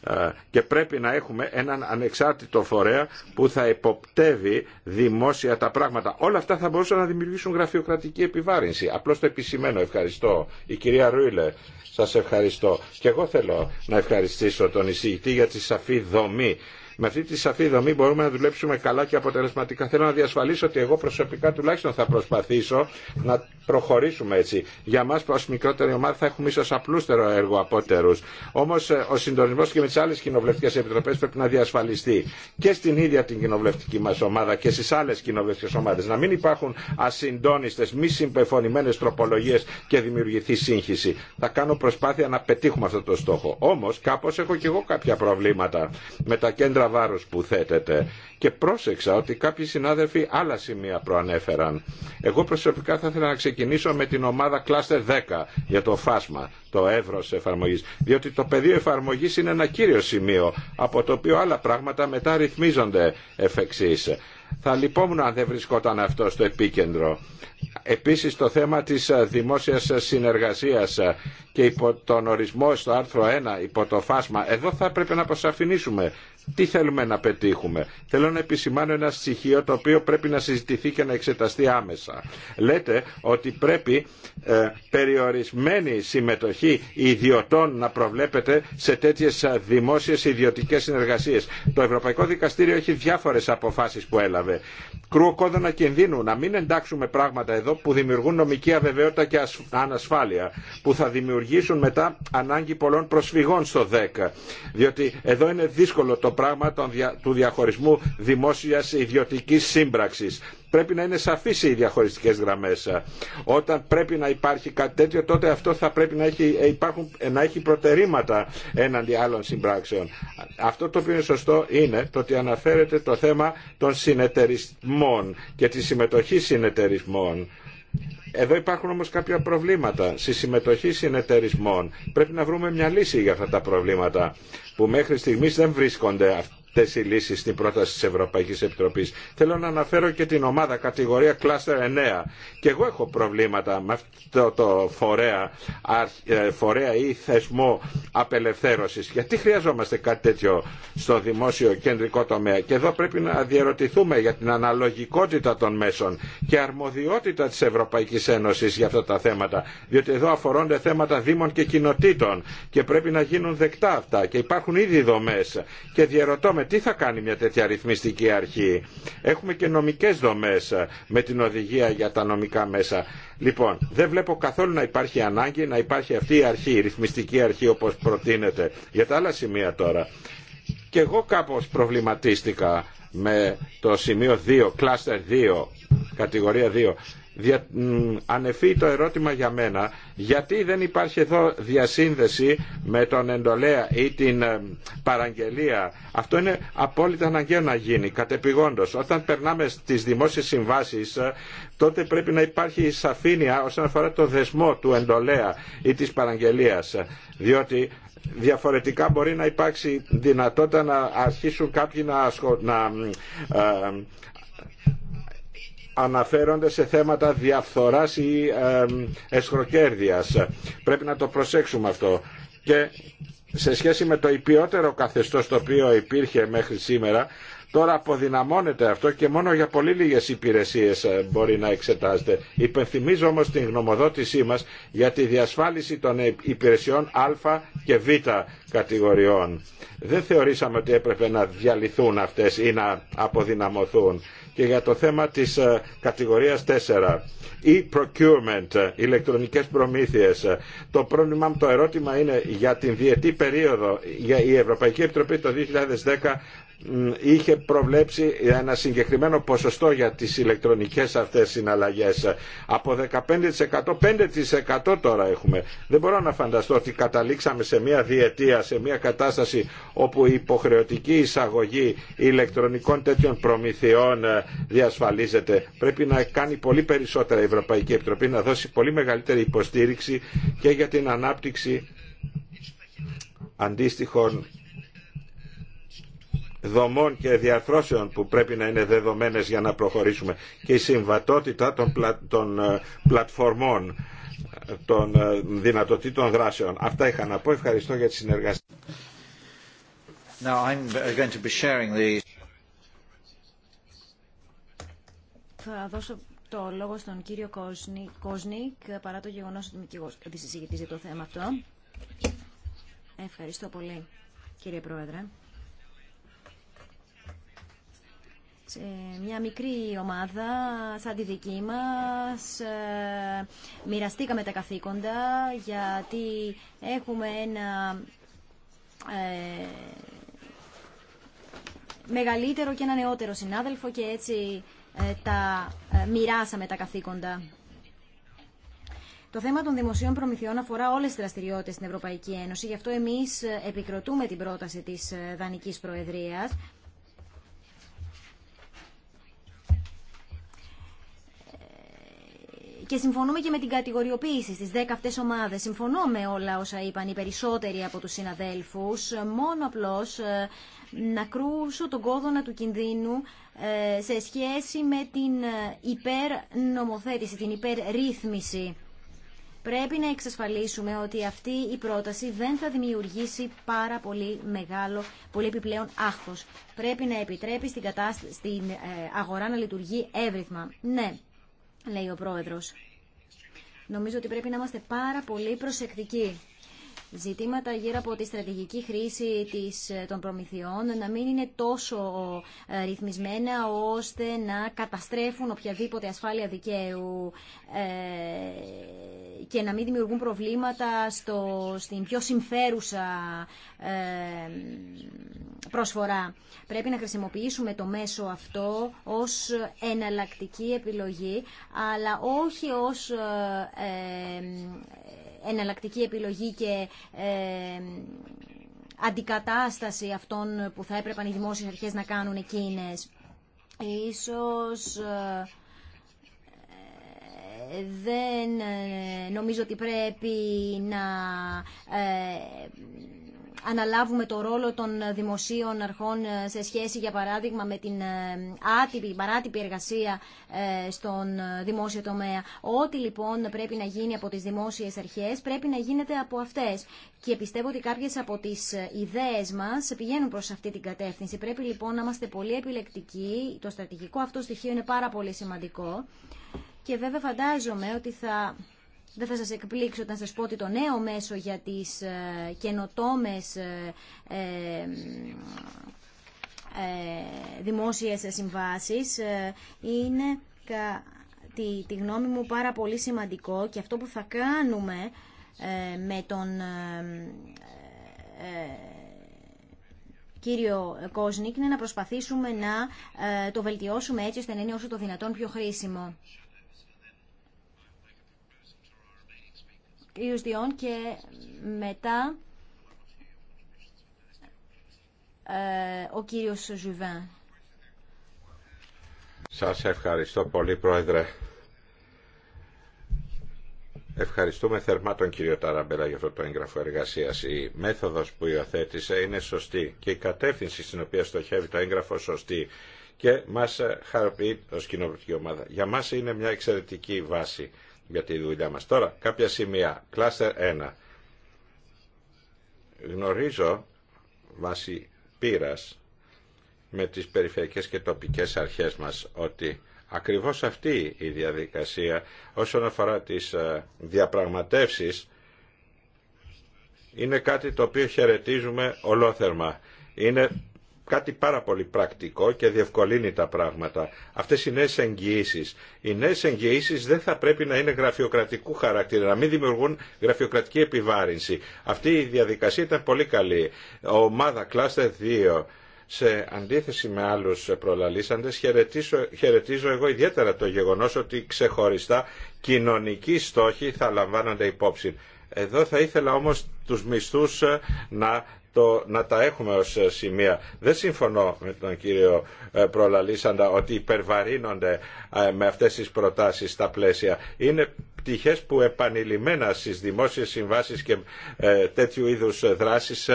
Ε, και πρέπει να έχουμε έναν ανεξάρτητο φορέα που θα υποπτεύει δημόσια τα πράγματα. Όλα αυτά θα μπορούσαν να δημιουργήσουν γραφειοκρατική επιβάρυνση. Απλώς το επισημένο ευχαριστώ. Η κυρία Ρούιλε, σας ευχαριστώ. Και εγώ θέλω να ευχαριστήσω τον εισηγητή για τη σαφή δομή με αυτή τη σαφή δομή μπορούμε να δουλέψουμε καλά και αποτελεσματικά. Θέλω να διασφαλίσω ότι εγώ προσωπικά τουλάχιστον θα προσπαθήσω να προχωρήσουμε έτσι. Για που ω μικρότερη ομάδα θα έχουμε ίσω απλούστερο έργο απότερου. Όμω ε, ο συντονισμό και με τι άλλε κοινοβουλευτικέ επιτροπέ πρέπει να διασφαλιστεί και στην ίδια την κοινοβουλευτική μα ομάδα και στι άλλε κοινοβουλευτικέ ομάδε. Να μην υπάρχουν ασυντόνιστε, μη συμπεφωνημένε τροπολογίε και δημιουργηθεί σύγχυση. Θα κάνω προσπάθεια να πετύχουμε αυτό το στόχο. Όμω κάπω έχω και εγώ κάποια προβλήματα με τα κέντρα βάρος που θέτεται και πρόσεξα ότι κάποιοι συνάδελφοι άλλα σημεία προανέφεραν. Εγώ προσωπικά θα ήθελα να ξεκινήσω με την ομάδα Cluster 10 για το φάσμα, το εύρος εφαρμογής, διότι το πεδίο εφαρμογής είναι ένα κύριο σημείο από το οποίο άλλα πράγματα μετά ρυθμίζονται εφ' εξής. Θα λυπόμουν αν δεν βρισκόταν αυτό στο επίκεντρο. Επίσης το θέμα της ε, δημόσιας ε, συνεργασίας ε, και υπό τον ορισμό στο άρθρο 1 υπό το φάσμα, εδώ θα πρέπει να αποσαφηνίσουμε τι θέλουμε να πετύχουμε. Θέλω να επισημάνω ένα στοιχείο το οποίο πρέπει να συζητηθεί και να εξεταστεί άμεσα. Λέτε ότι πρέπει ε, περιορισμένη συμμετοχή ιδιωτών να προβλέπεται σε τέτοιες ε, δημόσιες ιδιωτικές συνεργασίες. Το Ευρωπαϊκό Δικαστήριο έχει διάφορες αποφάσεις που έλαβε. Κρούω κόδωνα κινδύνου να μην εντάξουμε πράγματα εδώ που δημιουργούν νομική αβεβαιότητα και ανασφάλεια που θα δημιουργήσουν μετά ανάγκη πολλών προσφυγών στο 10. Διότι εδώ είναι δύσκολο το πράγμα του διαχωρισμού δημόσιας ιδιωτικής σύμπραξης. Πρέπει να είναι σαφείς οι διαχωριστικές γραμμές. Όταν πρέπει να υπάρχει κάτι τέτοιο, τότε αυτό θα πρέπει να έχει, υπάρχουν, να έχει προτερήματα έναντι άλλων συμπράξεων. Αυτό το οποίο είναι σωστό είναι το ότι αναφέρεται το θέμα των συνεταιρισμών και τη συμμετοχή συνεταιρισμών εδώ υπάρχουν όμως κάποια προβλήματα στη συμμετοχή συνεταιρισμών. Πρέπει να βρούμε μια λύση για αυτά τα προβλήματα που μέχρι στιγμής δεν βρίσκονται αυτές οι λύσεις στην πρόταση της Ευρωπαϊκής Επιτροπής. Θέλω να αναφέρω και την ομάδα κατηγορία κλάστερ 9. Και εγώ έχω προβλήματα με αυτό το φορέα, ε, φορέα ή θεσμό απελευθέρωσης. Γιατί χρειαζόμαστε κάτι τέτοιο στο δημόσιο κεντρικό τομέα. Και εδώ πρέπει να διαρωτηθούμε για την αναλογικότητα των μέσων και αρμοδιότητα της Ευρωπαϊκής Ένωσης για αυτά τα θέματα. Διότι εδώ αφορώνται θέματα δήμων και κοινοτήτων και πρέπει να γίνουν δεκτά αυτά και υπάρχουν ήδη δομέ και διαρωτώ τι θα κάνει μια τέτοια ρυθμιστική αρχή. Έχουμε και νομικές δομές ε, με την οδηγία για τα νομικά μέσα. Λοιπόν, δεν βλέπω καθόλου να υπάρχει ανάγκη να υπάρχει αυτή η αρχή, η ρυθμιστική αρχή όπως προτείνεται. Για τα άλλα σημεία τώρα. Και εγώ κάπως προβληματίστηκα με το σημείο 2, κλάστερ 2, κατηγορία 2 δια... ανεφεί το ερώτημα για μένα γιατί δεν υπάρχει εδώ διασύνδεση με τον εντολέα ή την ε, παραγγελία. Αυτό είναι απόλυτα αναγκαίο να γίνει, κατεπηγόντως. Όταν περνάμε στις δημόσιες συμβάσεις, ε, τότε πρέπει να υπάρχει σαφήνεια όσον αφορά το δεσμό του εντολέα ή της παραγγελίας. Ε, διότι διαφορετικά μπορεί να υπάρξει δυνατότητα να αρχίσουν κάποιοι να, να αναφέρονται σε θέματα διαφθοράς ή εσχροκέρδειας. Πρέπει να το προσέξουμε αυτό. Και σε σχέση με το υπιότερο καθεστώς το οποίο υπήρχε μέχρι σήμερα, Τώρα αποδυναμώνεται αυτό και μόνο για πολύ λίγες υπηρεσίες ε, μπορεί να εξετάζεται. Υπενθυμίζω όμως την γνωμοδότησή μας για τη διασφάλιση των ε, υπηρεσιών Α και Β κατηγοριών. Δεν θεωρήσαμε ότι έπρεπε να διαλυθούν αυτές ή να αποδυναμωθούν και για το θέμα της ε, κατηγορίας 4. E-procurement, ε, ηλεκτρονικές προμήθειες. Ε, το πρόβλημα, το ερώτημα είναι για την διετή περίοδο. Η Ευρωπαϊκή Επιτροπή το 2010 είχε προβλέψει ένα συγκεκριμένο ποσοστό για τις ηλεκτρονικές αυτές συναλλαγές. Από 15% 5% τώρα έχουμε. Δεν μπορώ να φανταστώ ότι καταλήξαμε σε μια διετία, σε μια κατάσταση όπου η υποχρεωτική εισαγωγή ηλεκτρονικών τέτοιων προμηθειών ε, διασφαλίζεται. Πρέπει να κάνει πολύ περισσότερα η Ευρωπαϊκή Επιτροπή, να δώσει πολύ μεγαλύτερη υποστήριξη και για την ανάπτυξη αντίστοιχων δομών και διαρθρώσεων που πρέπει να είναι δεδομένες για να προχωρήσουμε και η συμβατότητα των, πλα, των ε, πλατφορμών ε, των ε, δυνατοτήτων δράσεων. Αυτά είχα να πω. Ευχαριστώ για τη συνεργασία. Now I'm going to be sharing Θα δώσω το λόγο στον κύριο και παρά το γεγονός ότι είμαι και εγώ το θέμα αυτό. Ευχαριστώ πολύ, κύριε Πρόεδρε. Ε, μια μικρή ομάδα σαν τη δική μας ε, μοιραστήκαμε τα καθήκοντα γιατί έχουμε ένα ε, μεγαλύτερο και ένα νεότερο συνάδελφο και έτσι τα μοιράσαμε τα καθήκοντα. Το θέμα των δημοσίων προμηθειών αφορά όλες τις δραστηριότητες στην Ευρωπαϊκή Ένωση. Γι' αυτό εμείς επικροτούμε την πρόταση της Δανικής Προεδρίας και συμφωνούμε και με την κατηγοριοποίηση στις 10 αυτές ομάδες. Συμφωνώ με όλα όσα είπαν οι περισσότεροι από τους συναδέλφους. Μόνο απλώς ε, να κρούσω τον κόδωνα του κινδύνου ε, σε σχέση με την ε, υπερνομοθέτηση, την υπερρύθμιση. Πρέπει να εξασφαλίσουμε ότι αυτή η πρόταση δεν θα δημιουργήσει πάρα πολύ μεγάλο, πολύ επιπλέον άχθος. Πρέπει να επιτρέπει στην, στην αγορά να λειτουργεί εύρυθμα. Ναι, λέει ο πρόεδρος. Νομίζω ότι πρέπει να είμαστε πάρα πολύ προσεκτικοί ζητήματα γύρω από τη στρατηγική χρήση ε, των προμηθειών να μην είναι τόσο ε, ρυθμισμένα ώστε να καταστρέφουν οποιαδήποτε ασφάλεια δικαίου ε, και να μην δημιουργούν προβλήματα στο, στην πιο συμφέρουσα προσφορά. Πρέπει να χρησιμοποιήσουμε το μέσο αυτό ως εναλλακτική επιλογή αλλά όχι ως εναλλακτική επιλογή και ε, αντικατάσταση αυτών που θα έπρεπε οι δημόσιες αρχές να κάνουν εκείνες. Ίσως ε, δεν ε, νομίζω ότι πρέπει να αναλάβουμε το ρόλο των δημοσίων αρχών ε, σε σχέση, για παράδειγμα, με την ε, άτυπη, παράτυπη εργασία ε, στον δημόσιο τομέα. Ό,τι λοιπόν πρέπει να γίνει από τις δημόσιες αρχές πρέπει να γίνεται από αυτές. Και πιστεύω ότι κάποιες από τις ιδέες μας πηγαίνουν προς αυτή την κατεύθυνση. Πρέπει λοιπόν να είμαστε πολύ επιλεκτικοί. Το στρατηγικό αυτό στοιχείο είναι πάρα πολύ σημαντικό. Και βέβαια φαντάζομαι ότι θα δεν θα σας εκπλήξω όταν σας πω ότι το νέο μέσο για τις ε, καινοτόμες ε, ε, δημόσιες συμβάσεις είναι τη, τη γνώμη μου πάρα πολύ σημαντικό και αυτό που θα κάνουμε με τον κύριο Κόσνικ είναι να προσπαθήσουμε να το βελτιώσουμε έτσι ώστε να είναι όσο το δυνατόν πιο χρήσιμο. κύριος Διόν και μετά ε, ο κύριος Ζουβέν. Σας ευχαριστώ πολύ Πρόεδρε. Ευχαριστούμε θερμά τον κύριο Ταραμπέλα για αυτό το έγγραφο εργασία. Η μέθοδο που υιοθέτησε είναι σωστή και η κατεύθυνση στην οποία στοχεύει το έγγραφο σωστή και μα χαροποιεί ω κοινοβουλευτική ομάδα. Για μα είναι μια εξαιρετική βάση για τη δουλειά μας. Τώρα, κάποια σημεία. Κλάστερ 1. Γνωρίζω βάσει πείρας με τις περιφερειακές και τοπικές αρχές μας ότι ακριβώς αυτή η διαδικασία όσον αφορά τις ε, διαπραγματεύσεις είναι κάτι το οποίο χαιρετίζουμε ολόθερμα. Είναι κάτι πάρα πολύ πρακτικό και διευκολύνει τα πράγματα. Αυτές οι νέες εγγυήσεις. Οι νέες εγγυήσεις δεν θα πρέπει να είναι γραφειοκρατικού χαρακτήρα, να μην δημιουργούν γραφειοκρατική επιβάρυνση. Αυτή η διαδικασία ήταν πολύ καλή. Ομάδα Cluster 2 σε αντίθεση με άλλους προλαλήσαντες χαιρετίζω, εγώ ιδιαίτερα το γεγονός ότι ξεχωριστά κοινωνικοί στόχοι θα λαμβάνονται υπόψη. Εδώ θα ήθελα όμως τους μισθούς ε, να το, να τα έχουμε ως ε, σημεία. Δεν συμφωνώ με τον κύριο ε, Προλαλήσαντα ότι υπερβαρύνονται ε, με αυτές τις προτάσεις τα πλαίσια. Είναι πτυχές που επανειλημμένα στις δημόσιες συμβάσεις και τέτοιου είδους δράσεις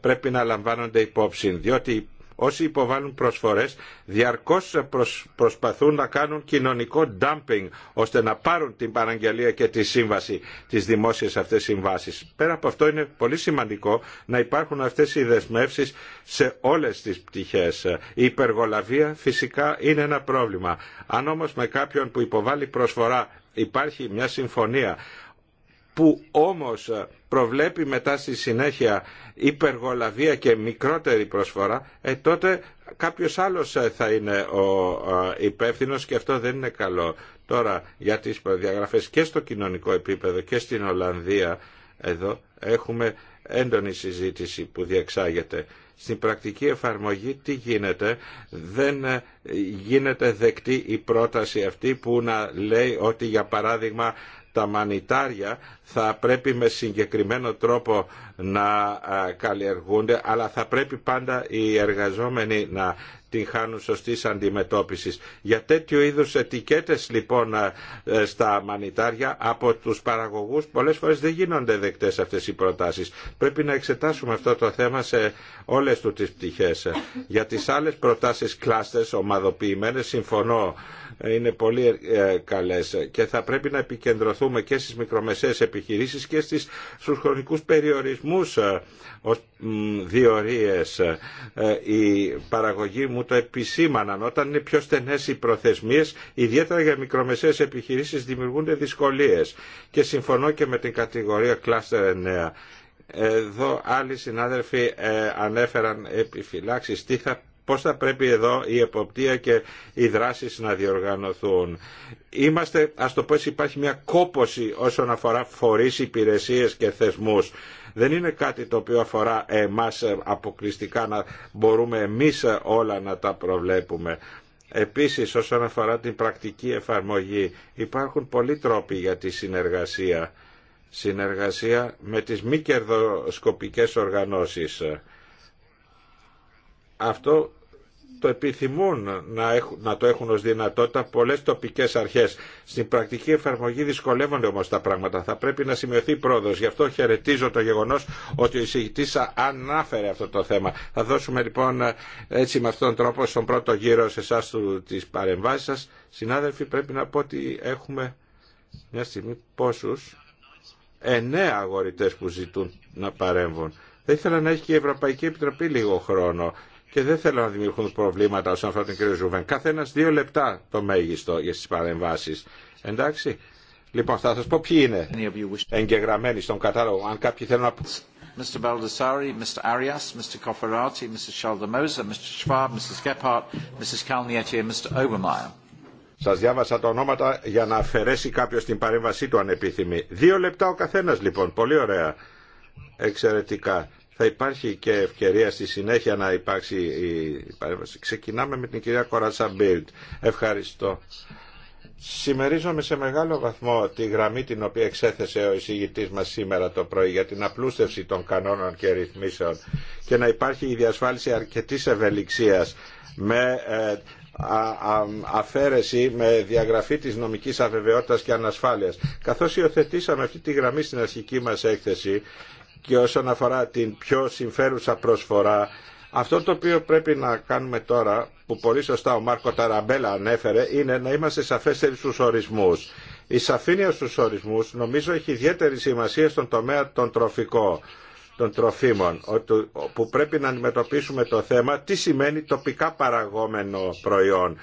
πρέπει να λαμβάνονται υπόψη, διότι Όσοι υποβάλλουν προσφορές διαρκώς προσπαθούν να κάνουν κοινωνικό dumping ώστε να πάρουν την παραγγελία και τη σύμβαση, τις δημόσιες αυτές συμβάσεις. Πέρα από αυτό είναι πολύ σημαντικό να υπάρχουν αυτές οι δεσμεύσεις σε όλες τις πτυχές. Η υπεργολαβία φυσικά είναι ένα πρόβλημα. Αν όμως με κάποιον που υποβάλλει προσφορά υπάρχει μια συμφωνία που όμως προβλέπει μετά στη συνέχεια υπεργολαβία και μικρότερη προσφορά, ε, τότε κάποιος άλλος ε, θα είναι ο ε, υπεύθυνο και αυτό δεν είναι καλό. Τώρα για τις προδιαγραφές και στο κοινωνικό επίπεδο και στην Ολλανδία εδώ έχουμε έντονη συζήτηση που διεξάγεται. Στην πρακτική εφαρμογή τι γίνεται, δεν γίνεται δεκτή η πρόταση αυτή που να λέει ότι για παράδειγμα τα μανιτάρια θα πρέπει με συγκεκριμένο τρόπο να καλλιεργούνται, αλλά θα πρέπει πάντα οι εργαζόμενοι να την χάνουν σωστή αντιμετώπιση. Για τέτοιου είδου ετικέτε λοιπόν ε, στα μανιτάρια από τους παραγωγούς πολλές φορές δεν γίνονται δεκτέ αυτές οι προτάσεις. Πρέπει να εξετάσουμε αυτό το θέμα σε όλε του τι πτυχέ. Για τι άλλε προτάσει κλάστε ομαδοποιημένε, συμφωνώ είναι πολύ ε, καλές και θα πρέπει να επικεντρωθούμε και στις μικρομεσαίες επιχειρήσεις και στις, στους χρονικούς περιορισμούς ε, ως διορίες. Οι ε, παραγωγοί μου το επισήμαναν. Όταν είναι πιο στενές οι προθεσμίες, ιδιαίτερα για μικρομεσαίες επιχειρήσεις δημιουργούνται δυσκολίες. Και συμφωνώ και με την κατηγορία Cluster 9. Εδώ άλλοι συνάδελφοι ανέφεραν επιφυλάξεις τι θα Πώς θα πρέπει εδώ η εποπτεία και οι δράσεις να διοργανωθούν. Είμαστε, ας το πω υπάρχει μια κόποση όσον αφορά φορείς, υπηρεσίες και θεσμούς. Δεν είναι κάτι το οποίο αφορά εμάς αποκλειστικά να μπορούμε εμείς όλα να τα προβλέπουμε. Επίσης όσον αφορά την πρακτική εφαρμογή υπάρχουν πολλοί τρόποι για τη συνεργασία. Συνεργασία με τις μη κερδοσκοπικές οργανώσεις. Αυτό το επιθυμούν να, έχουν, να το έχουν ως δυνατότητα πολλές τοπικές αρχές. Στην πρακτική εφαρμογή δυσκολεύονται όμως τα πράγματα. Θα πρέπει να σημειωθεί πρόοδος. Γι' αυτό χαιρετίζω το γεγονός ότι ο εισηγητής ανάφερε αυτό το θέμα. Θα δώσουμε λοιπόν ε, έτσι με αυτόν τον τρόπο στον πρώτο γύρο σε εσάς της παρεμβάσης σας. Συνάδελφοι πρέπει να πω ότι έχουμε μια στιγμή πόσους εννέα αγορητές που ζητούν να παρέμβουν. Θα ήθελα να έχει και η Ευρωπαϊκή Επιτροπή λίγο χρόνο και δεν θέλω να δημιουργούν προβλήματα όσον αφορά τον κύριο Ζουβέν. Καθένα δύο λεπτά το μέγιστο για τι παρεμβάσει. Εντάξει. Λοιπόν, θα σα πω ποιοι είναι εγγεγραμμένοι στον κατάλογο. Αν κάποιοι θέλουν να. Mr. Baldessari, Mr. Arias, Mr. Mr. Mr. Schwab, Mrs. Mr. Obermeyer. Σα διάβασα τα ονόματα για να αφαιρέσει κάποιο την παρέμβασή του αν Δύο λεπτά ο καθένα λοιπόν. Πολύ ωραία. Εξαιρετικά θα υπάρχει και ευκαιρία στη συνέχεια να υπάρξει η παρέμβαση. Ξεκινάμε με την κυρία Κοράτσα Μπίλτ. Ευχαριστώ. Σημερίζομαι σε μεγάλο βαθμό τη γραμμή την οποία εξέθεσε ο εισηγητή μα σήμερα το πρωί για την απλούστευση των κανόνων και ρυθμίσεων και να υπάρχει η διασφάλιση αρκετή ευελιξία με ε, αφαίρεση με διαγραφή τη νομική αβεβαιότητα και ανασφάλεια. Καθώ υιοθετήσαμε αυτή τη γραμμή στην αρχική μα έκθεση και όσον αφορά την πιο συμφέρουσα προσφορά, αυτό το οποίο πρέπει να κάνουμε τώρα, που πολύ σωστά ο Μάρκο Ταραμπέλα ανέφερε, είναι να είμαστε σαφέστεροι στους ορισμούς. Η σαφήνεια στους ορισμούς νομίζω έχει ιδιαίτερη σημασία στον τομέα των τροφικών, των τροφίμων που πρέπει να αντιμετωπίσουμε το θέμα τι σημαίνει τοπικά παραγόμενο προϊόν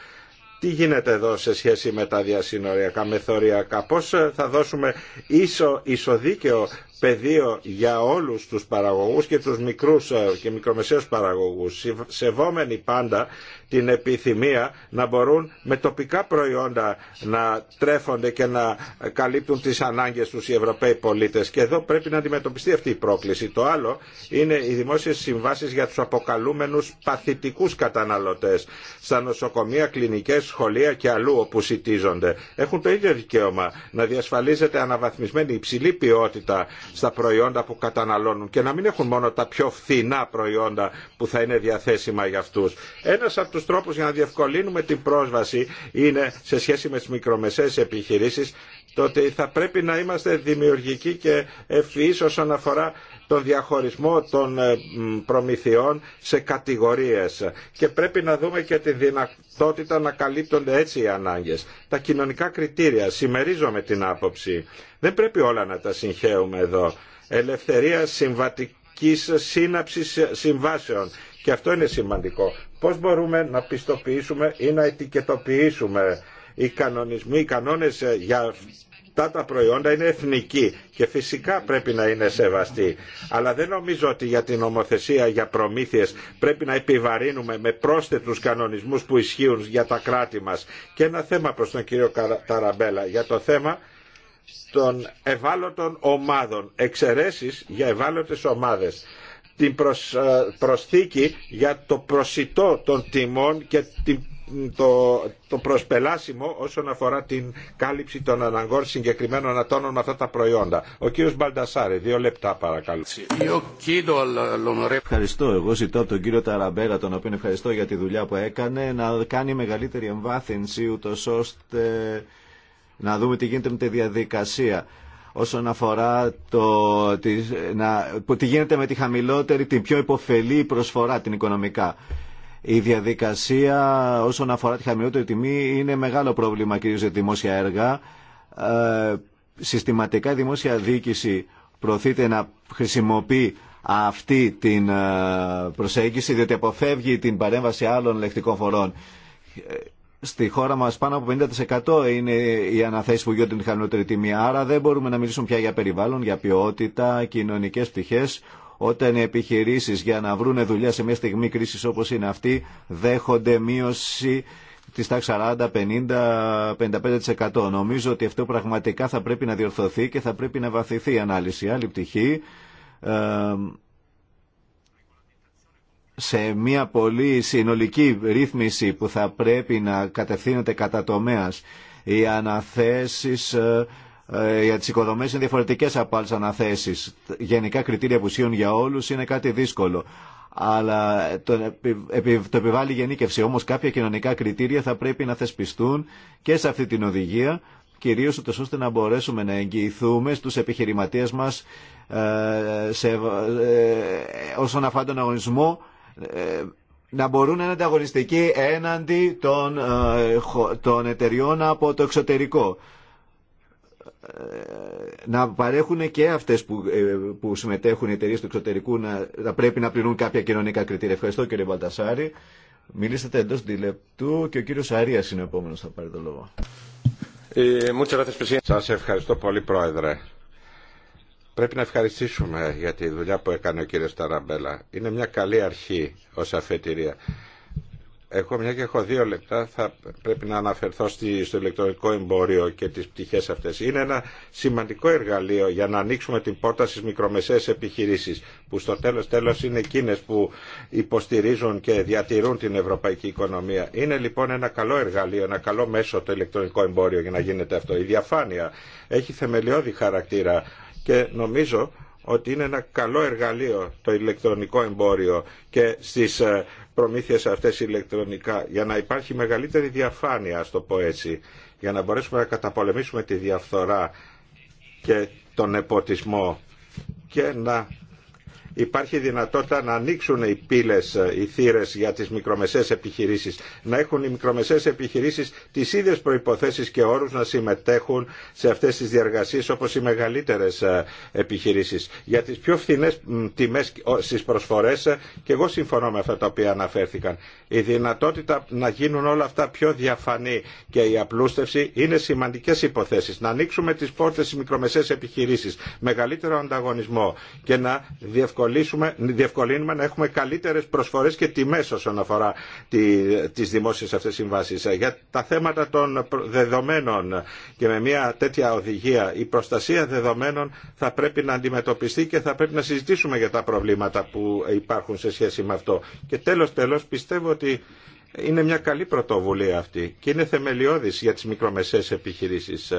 τι γίνεται εδώ σε σχέση με τα διασυνοριακά μεθοριακά, πώς θα δώσουμε ίσο, ισοδίκαιο πεδίο για όλους τους παραγωγούς και τους μικρούς ε, και μικρομεσαίους παραγωγούς σεβόμενοι πάντα την επιθυμία να μπορούν με τοπικά προϊόντα να τρέφονται και να καλύπτουν τις ανάγκες τους οι Ευρωπαίοι πολίτες. Και εδώ πρέπει να αντιμετωπιστεί αυτή η πρόκληση. Το άλλο είναι οι δημόσιες συμβάσεις για τους αποκαλούμενους παθητικούς καταναλωτές στα νοσοκομεία, κλινικές, σχολεία και αλλού όπου σητίζονται. Έχουν το ίδιο δικαίωμα να διασφαλίζεται αναβαθμισμένη υψηλή ποιότητα στα προϊόντα που καταναλώνουν και να μην έχουν μόνο τα πιο φθηνά προϊόντα που θα είναι διαθέσιμα για αυτούς. Ένας τους τρόπου για να διευκολύνουμε την πρόσβαση είναι σε σχέση με τι μικρομεσαίες επιχειρήσει, το ότι θα πρέπει να είμαστε δημιουργικοί και ευφυεί όσον αφορά τον διαχωρισμό των ε, προμηθειών σε κατηγορίες και πρέπει να δούμε και τη δυνατότητα να καλύπτονται έτσι οι ανάγκες. Τα κοινωνικά κριτήρια, συμμερίζομαι την άποψη, δεν πρέπει όλα να τα συγχαίουμε εδώ. Ελευθερία συμβατική συνάψης συμβάσεων και αυτό είναι σημαντικό. Πώς μπορούμε να πιστοποιήσουμε ή να ετικετοποιήσουμε οι κανονισμοί, οι κανόνες ε, για αυτά τα προϊόντα είναι εθνικοί και φυσικά πρέπει να είναι σεβαστοί. Αλλά δεν νομίζω ότι για την νομοθεσία για προμήθειες πρέπει να επιβαρύνουμε με πρόσθετους κανονισμούς που ισχύουν για τα κράτη μας. Και ένα θέμα προς τον κύριο Ταραμπέλα για το θέμα των ευάλωτων ομάδων, εξαιρέσεις για ευάλωτες ομάδες την ε, προσθήκη για το προσιτό των τιμών και το, προσπελάσιμο όσον αφορά την κάλυψη των αναγκών συγκεκριμένων ατόνων με αυτά τα προϊόντα. Ο κύριος Μπαλτασάρη, δύο λεπτά παρακαλώ. Ευχαριστώ. Εγώ ζητώ τον κύριο Ταραμπέρα, τον οποίο ευχαριστώ για τη δουλειά που έκανε, να κάνει μεγαλύτερη εμβάθυνση ούτως ώστε να δούμε τι γίνεται με τη διαδικασία όσον αφορά το, να, τι γίνεται με τη χαμηλότερη, την πιο υποφελή προσφορά την οικονομικά. Η διαδικασία όσον αφορά τη χαμηλότερη τιμή είναι μεγάλο πρόβλημα κυρίως για δημόσια έργα. Ε, συστηματικά η δημόσια διοίκηση προωθείται να χρησιμοποιεί αυτή την ε, προσέγγιση διότι αποφεύγει την παρέμβαση άλλων λεκτικών φορών ε, στη χώρα μας πάνω από 50% είναι οι αναθέσεις που γιονται την χαμηλότερη τιμή. Άρα δεν μπορούμε να μιλήσουμε πια για περιβάλλον, για ποιότητα, κοινωνικές πτυχές. Όταν οι επιχειρήσεις για να βρουν δουλειά σε μια στιγμή κρίσης όπως είναι αυτή δέχονται μείωση τη τάξη 40, 50, 55%. Νομίζω ότι αυτό πραγματικά θα πρέπει να διορθωθεί και θα πρέπει να βαθυθεί η ανάλυση. Άλλη πτυχή, ε, σε μια πολύ συνολική ρύθμιση που θα πρέπει να κατευθύνεται κατά τομέας. Οι αναθέσεις ε, ε, για τις οικοδομές είναι διαφορετικές από άλλες αναθέσεις. Γενικά κριτήρια που ισχύουν για όλους είναι κάτι δύσκολο. Αλλά το, επι, το επιβάλλει η γενίκευση. Όμως κάποια κοινωνικά κριτήρια θα πρέπει να θεσπιστούν και σε αυτή την οδηγία κυρίως ώστε να μπορέσουμε να εγγυηθούμε στους επιχειρηματίες μας ε, όσον αφορά τον αγωνισμό ε, να μπορούν να είναι ανταγωνιστικοί έναντι των, ε, των εταιριών από το εξωτερικό. Ε, να παρέχουν και αυτές που, που συμμετέχουν οι εταιρείε του εξωτερικού να, να πρέπει να πληρούν κάποια κοινωνικά κριτήρια. Ευχαριστώ κύριε Μπαλτασάρη. Μιλήσατε εντός διλεπτού και ο κύριος Αρίας είναι ο επόμενος θα πάρει το λόγο. Σας ευχαριστώ πολύ πρόεδρε. Πρέπει να ευχαριστήσουμε για τη δουλειά που έκανε ο κύριος Ταραμπέλα. Είναι μια καλή αρχή ως αφετηρία. Εγώ μια και έχω δύο λεπτά θα πρέπει να αναφερθώ στο ηλεκτρονικό εμπόριο και τις πτυχές αυτές. Είναι ένα σημαντικό εργαλείο για να ανοίξουμε την πόρτα στις μικρομεσαίες επιχειρήσεις που στο τέλος τέλος είναι εκείνες που υποστηρίζουν και διατηρούν την ευρωπαϊκή οικονομία. Είναι λοιπόν ένα καλό εργαλείο, ένα καλό μέσο το ηλεκτρονικό εμπόριο για να γίνεται αυτό. Η διαφάνεια έχει θεμελιώδη χαρακτήρα και νομίζω ότι είναι ένα καλό εργαλείο το ηλεκτρονικό εμπόριο και στις ε, προμήθειες αυτές ηλεκτρονικά για να υπάρχει μεγαλύτερη διαφάνεια, ας το πω έτσι, για να μπορέσουμε να καταπολεμήσουμε τη διαφθορά και τον εποτισμό και να υπάρχει δυνατότητα να ανοίξουν οι πύλες, ε, οι θύρες για τις μικρομεσαίες επιχειρήσεις. Να έχουν οι μικρομεσαίες επιχειρήσεις τις ίδιες προϋποθέσεις και όρους να συμμετέχουν σε αυτές τις διαργασίες όπως οι μεγαλύτερες ε, επιχειρήσεις. Για τις πιο φθηνές τιμές στις προσφορές ε, και εγώ συμφωνώ με αυτά τα οποία αναφέρθηκαν. Η δυνατότητα να γίνουν όλα αυτά πιο διαφανή και η απλούστευση είναι σημαντικές υποθέσεις. Να ανοίξουμε τις πόρτε στις μικρομεσαίες επιχειρήσεις, μεγαλύτερο ανταγωνισμό και να διευκολύνουμε διευκολύνουμε να έχουμε καλύτερες προσφορές και τιμές όσον αφορά τις δημόσιες αυτές συμβάσεις. Για τα θέματα των δεδομένων και με μια τέτοια οδηγία η προστασία δεδομένων θα πρέπει να αντιμετωπιστεί και θα πρέπει να συζητήσουμε για τα προβλήματα που υπάρχουν σε σχέση με αυτό. Και τέλος τέλος πιστεύω ότι είναι μια καλή πρωτοβουλία αυτή και είναι θεμελιώδης για τις μικρομεσαίες επιχειρήσεις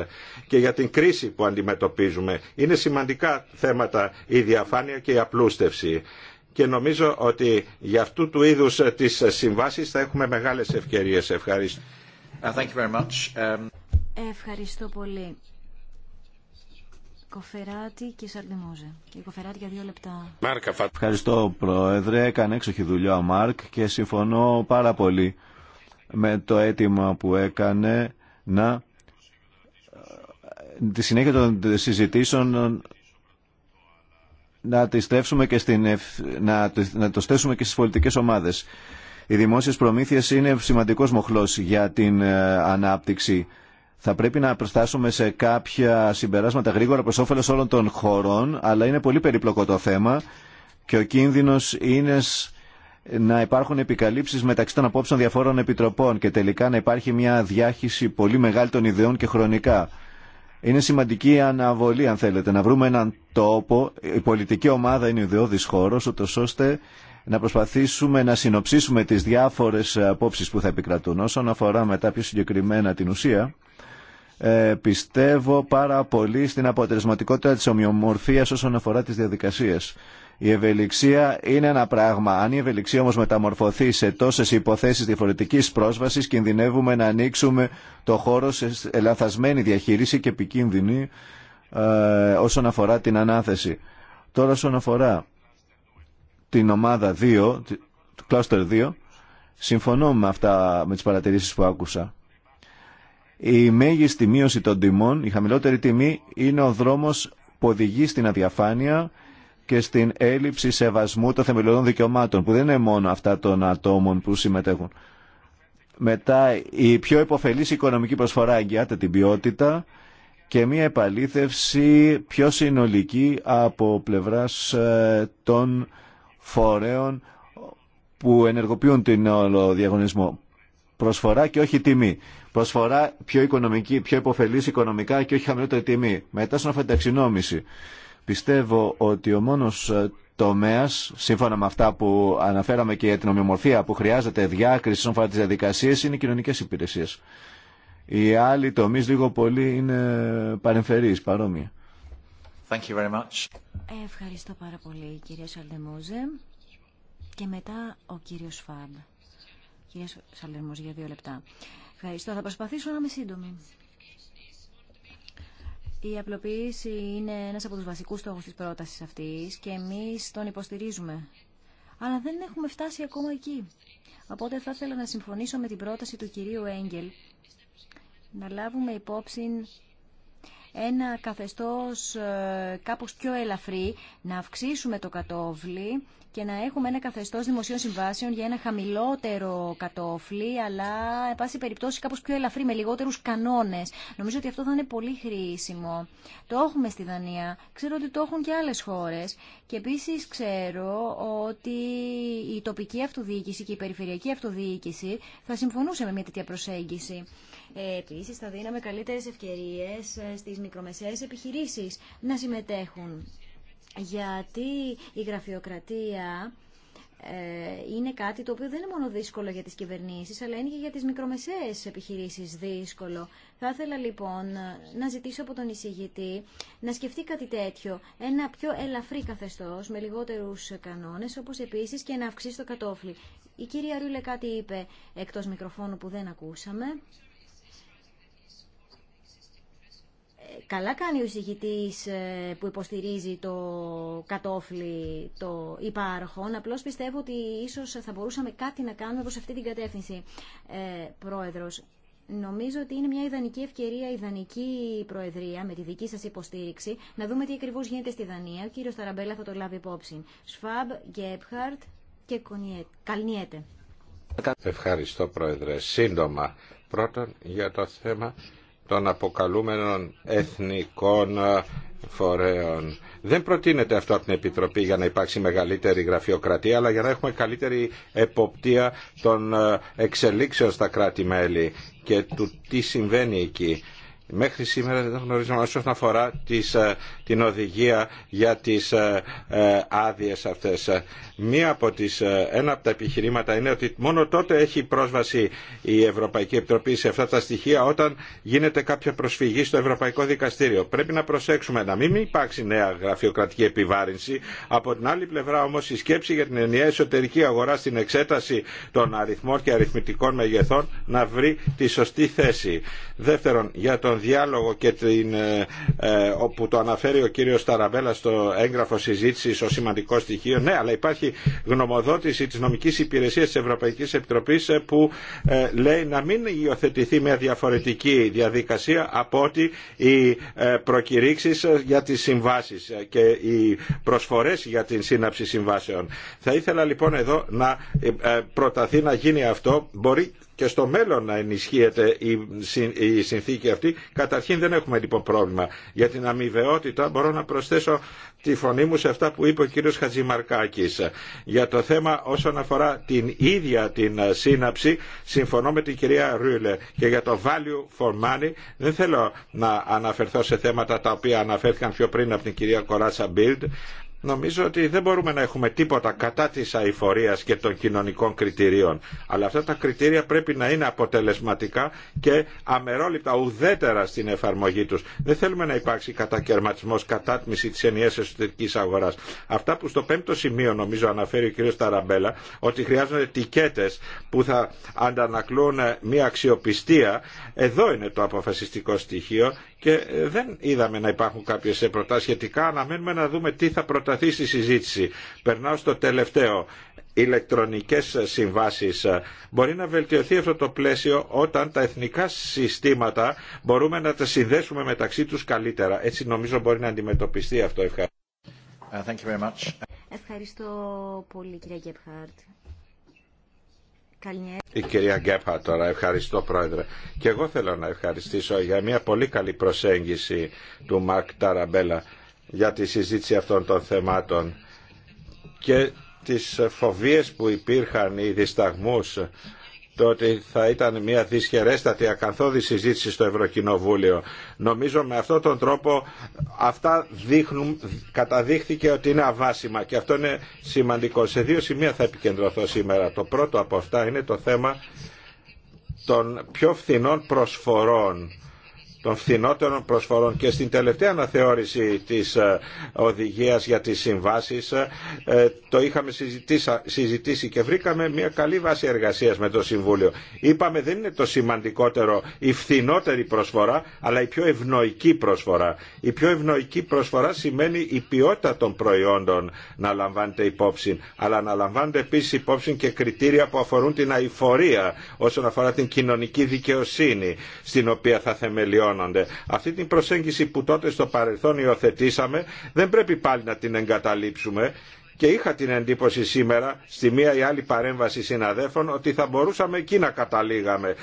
και για την κρίση που αντιμετωπίζουμε. Είναι σημαντικά θέματα η διαφάνεια και η απλούστευση και νομίζω ότι για αυτού του είδους τις συμβάσεις θα έχουμε μεγάλες ευκαιρίες. Ευχαριστώ. Uh, very much. Um, Ευχαριστώ πολύ. Κοφεράτη και Σαρντεμόζε. Και Κοφεράτη για δύο λεπτά. Ευχαριστώ Πρόεδρε, έκανε έξοχη δουλειά ο Μάρκ και συμφωνώ πάρα πολύ με το αίτημα που έκανε να ε, τη συνέχεια των συζητήσεων να, και στην, να, να το στέσουμε και στις πολιτικές ομάδες. Οι δημόσιες προμήθειες είναι σημαντικός μοχλός για την ε, ανάπτυξη θα πρέπει να προστάσουμε σε κάποια συμπεράσματα γρήγορα προς όφελος όλων των χωρών, αλλά είναι πολύ περίπλοκο το θέμα και ο κίνδυνος είναι να υπάρχουν επικαλύψεις μεταξύ των απόψεων διαφόρων επιτροπών και τελικά να υπάρχει μια διάχυση πολύ μεγάλη των ιδεών και χρονικά. Είναι σημαντική η αναβολή, αν θέλετε, να βρούμε έναν τόπο. Η πολιτική ομάδα είναι ιδεώδης χώρος, ούτως ώστε να προσπαθήσουμε να συνοψίσουμε τις διάφορες απόψεις που θα επικρατούν. Όσον αφορά μετά πιο συγκεκριμένα την ουσία, ε, πιστεύω πάρα πολύ στην αποτελεσματικότητα της ομοιομορφίας όσον αφορά τις διαδικασίες. Η ευελιξία είναι ένα πράγμα. Αν η ευελιξία όμως μεταμορφωθεί σε τόσες υποθέσεις διαφορετικής πρόσβασης, κινδυνεύουμε να ανοίξουμε το χώρο σε λανθασμένη διαχείριση και επικίνδυνη ε, όσον αφορά την ανάθεση. Τώρα όσον αφορά την ομάδα 2, το cluster 2, συμφωνώ με αυτά, με τις παρατηρήσεις που άκουσα. Η μέγιστη μείωση των τιμών, η χαμηλότερη τιμή είναι ο δρόμος που οδηγεί στην αδιαφάνεια και στην έλλειψη σεβασμού των θεμελιωδών δικαιωμάτων, που δεν είναι μόνο αυτά των ατόμων που συμμετέχουν. Μετά, η πιο υποφελής οικονομική προσφορά αγκιάται την ποιότητα και μια επαλήθευση πιο συνολική από πλευράς ε, των φορέων που ενεργοποιούν την όλο διαγωνισμό προσφορά και όχι τιμή. Προσφορά πιο οικονομική, πιο υποφελής οικονομικά και όχι χαμηλότερη τιμή. Μετά στον αφενταξινόμηση. Πιστεύω ότι ο μόνο ε, τομέα, σύμφωνα με αυτά που αναφέραμε και για την ομοιομορφία που χρειάζεται διάκριση με τι διαδικασίες, είναι οι κοινωνικέ υπηρεσίε. Οι άλλοι τομεί λίγο πολύ είναι παρεμφερεί, παρόμοια. Thank you very much. Ευχαριστώ πάρα πολύ κύριε Σαλτεμόζε. Και μετά ο κύριος Φαμπ. Κυρία για δύο λεπτά. Ευχαριστώ. Θα προσπαθήσω να είμαι σύντομη. Η απλοποίηση είναι ένας από τους βασικούς στόχους της πρότασης αυτής και εμείς τον υποστηρίζουμε. Αλλά δεν έχουμε φτάσει ακόμα εκεί. Οπότε θα ήθελα να συμφωνήσω με την πρόταση του κυρίου Έγγελ να λάβουμε υπόψη ένα καθεστώς ε, κάπως πιο ελαφρύ, να αυξήσουμε το κατόβλι και να έχουμε ένα καθεστώ δημοσίων συμβάσεων για ένα χαμηλότερο κατόφλι, αλλά, εν πάση περιπτώσει, κάπω πιο ελαφρύ, με λιγότερου κανόνε. Νομίζω ότι αυτό θα είναι πολύ χρήσιμο. Το έχουμε στη Δανία. Ξέρω ότι το έχουν και άλλε χώρε. Και επίση ξέρω ότι η τοπική αυτοδιοίκηση και η περιφερειακή αυτοδιοίκηση θα συμφωνούσε με μια τέτοια προσέγγιση. Ε, επίση, θα δίναμε καλύτερε ευκαιρίε ε, στι μικρομεσαίε επιχειρήσει να συμμετέχουν γιατί η γραφειοκρατία ε, είναι κάτι το οποίο δεν είναι μόνο δύσκολο για τις κυβερνήσεις, αλλά είναι και για τις μικρομεσαίες επιχειρήσεις δύσκολο. Θα ήθελα λοιπόν να ζητήσω από τον εισηγητή να σκεφτεί κάτι τέτοιο, ένα πιο ελαφρύ καθεστώς με λιγότερους κανόνες, όπως επίσης και να αυξήσει το κατόφλι. Η κυρία Ρούλε κάτι είπε εκτός μικροφώνου που δεν ακούσαμε. καλά κάνει ο εισηγητής ε, που υποστηρίζει το κατόφλι το υπάρχον. Απλώς πιστεύω ότι ίσως θα μπορούσαμε κάτι να κάνουμε προς αυτή την κατεύθυνση. Ε, πρόεδρος, νομίζω ότι είναι μια ιδανική ευκαιρία, ιδανική προεδρία με τη δική σας υποστήριξη να δούμε τι ακριβώς γίνεται στη Δανία. Ο κύριος Ταραμπέλα θα το λάβει υπόψη. Σφαμπ, Γκέπχαρτ και Καλνιέτε. Ευχαριστώ πρόεδρε. Σύντομα. Πρώτον για το θέμα των αποκαλούμενων εθνικών ε, φορέων. Δεν προτείνεται αυτό από την Επιτροπή για να υπάρξει μεγαλύτερη γραφειοκρατία, αλλά για να έχουμε καλύτερη εποπτεία των ε, εξελίξεων στα κράτη-μέλη και του τι συμβαίνει εκεί μέχρι σήμερα δεν γνωρίζουμε όσον αφορά τις, ε, την οδηγία για τις ε, ε, άδειες αυτές. Μία από τις, ε, ένα από τα επιχειρήματα είναι ότι μόνο τότε έχει πρόσβαση η Ευρωπαϊκή Επιτροπή σε αυτά τα στοιχεία όταν γίνεται κάποια προσφυγή στο Ευρωπαϊκό Δικαστήριο. Πρέπει να προσέξουμε να μην υπάρξει νέα γραφειοκρατική επιβάρυνση. Από την άλλη πλευρά όμως η σκέψη για την ενιαία εσωτερική αγορά στην εξέταση των αριθμών και αριθμητικών μεγεθών να βρει τη σωστή θέση. Δεύτερον, για τον τον διάλογο και την, ε, ε, όπου το αναφέρει ο κύριος Ταραβέλα στο έγγραφο συζήτησης ως σημαντικό στοιχείο. Ναι, αλλά υπάρχει γνωμοδότηση της νομικής υπηρεσίας της Ευρωπαϊκής Επιτροπής ε, που λέει να μην υιοθετηθεί μια διαφορετική διαδικασία από ότι οι προκηρύξεις για τις συμβάσεις και οι προσφορές για την σύναψη συμβάσεων. Θα ήθελα λοιπόν εδώ να προταθεί να γίνει αυτό. Μπορεί και στο μέλλον να ενισχύεται η συνθήκη αυτή. Καταρχήν δεν έχουμε λοιπόν πρόβλημα. Για την αμοιβαιότητα μπορώ να προσθέσω τη φωνή μου σε αυτά που είπε ο κύριος Χατζημαρκάκης. Για το θέμα όσον αφορά την ίδια την σύναψη, συμφωνώ με την κυρία Ρούλε. Και για το value for money δεν θέλω να αναφερθώ σε θέματα τα οποία αναφέρθηκαν πιο πριν από την κυρία Κοράτσα Μπίλντ, Νομίζω ότι δεν μπορούμε να έχουμε τίποτα κατά της αηφορίας και των κοινωνικών κριτηρίων. Αλλά αυτά τα κριτήρια πρέπει να είναι αποτελεσματικά και αμερόληπτα ουδέτερα στην εφαρμογή τους. Δεν θέλουμε να υπάρξει κατακαιρματισμός, κατάτμιση της ενιαίας εσωτερικής αγοράς. Αυτά που στο πέμπτο σημείο νομίζω αναφέρει ο κ. Ταραμπέλα, ότι χρειάζονται τικέτες που θα αντανακλούν μια αξιοπιστία. Εδώ είναι το αποφασιστικό στοιχείο και ε, δεν είδαμε να υπάρχουν κάποιες ε, προτάσεις σχετικά. Αναμένουμε να δούμε τι θα προταθεί στη συζήτηση. Περνάω στο τελευταίο ηλεκτρονικές συμβάσεις. Μπορεί να βελτιωθεί αυτό το πλαίσιο όταν τα εθνικά συστήματα μπορούμε να τα συνδέσουμε μεταξύ τους καλύτερα. Έτσι νομίζω μπορεί να αντιμετωπιστεί αυτό. Ευχαριστώ. Uh, Ευχαριστώ πολύ κυρία Γκέπχαρτ. Η κυρία Γκέπα τώρα, ευχαριστώ πρόεδρε. Και εγώ θέλω να ευχαριστήσω για μια πολύ καλή προσέγγιση του Μαρκ Ταραμπέλα για τη συζήτηση αυτών των θεμάτων και τις φοβίες που υπήρχαν, οι δισταγμούς το ότι θα ήταν μια δυσχερέστατη ακαθόδη συζήτηση στο Ευρωκοινοβούλιο. Νομίζω με αυτόν τον τρόπο αυτά δείχνουν, καταδείχθηκε ότι είναι αβάσιμα και αυτό είναι σημαντικό. Σε δύο σημεία θα επικεντρωθώ σήμερα. Το πρώτο από αυτά είναι το θέμα των πιο φθηνών προσφορών των φθηνότερων προσφορών και στην τελευταία αναθεώρηση της ε, οδηγίας για τις συμβάσεις ε, το είχαμε συζητήσει και βρήκαμε μια καλή βάση εργασίας με το Συμβούλιο. Είπαμε δεν είναι το σημαντικότερο η φθηνότερη προσφορά αλλά η πιο ευνοϊκή προσφορά. Η πιο ευνοϊκή προσφορά σημαίνει η ποιότητα των προϊόντων να λαμβάνεται υπόψη αλλά να λαμβάνονται επίσης υπόψη και κριτήρια που αφορούν την αηφορία όσον αφορά την κοινωνική δικαιοσύνη στην οποία θα θεμελιώνουν αυτή την προσέγγιση που τότε στο παρελθόν υιοθετήσαμε δεν πρέπει πάλι να την εγκαταλείψουμε και είχα την εντύπωση σήμερα στη μία ή άλλη παρέμβαση συναδέφων ότι θα μπορούσαμε εκεί να καταλήγαμε.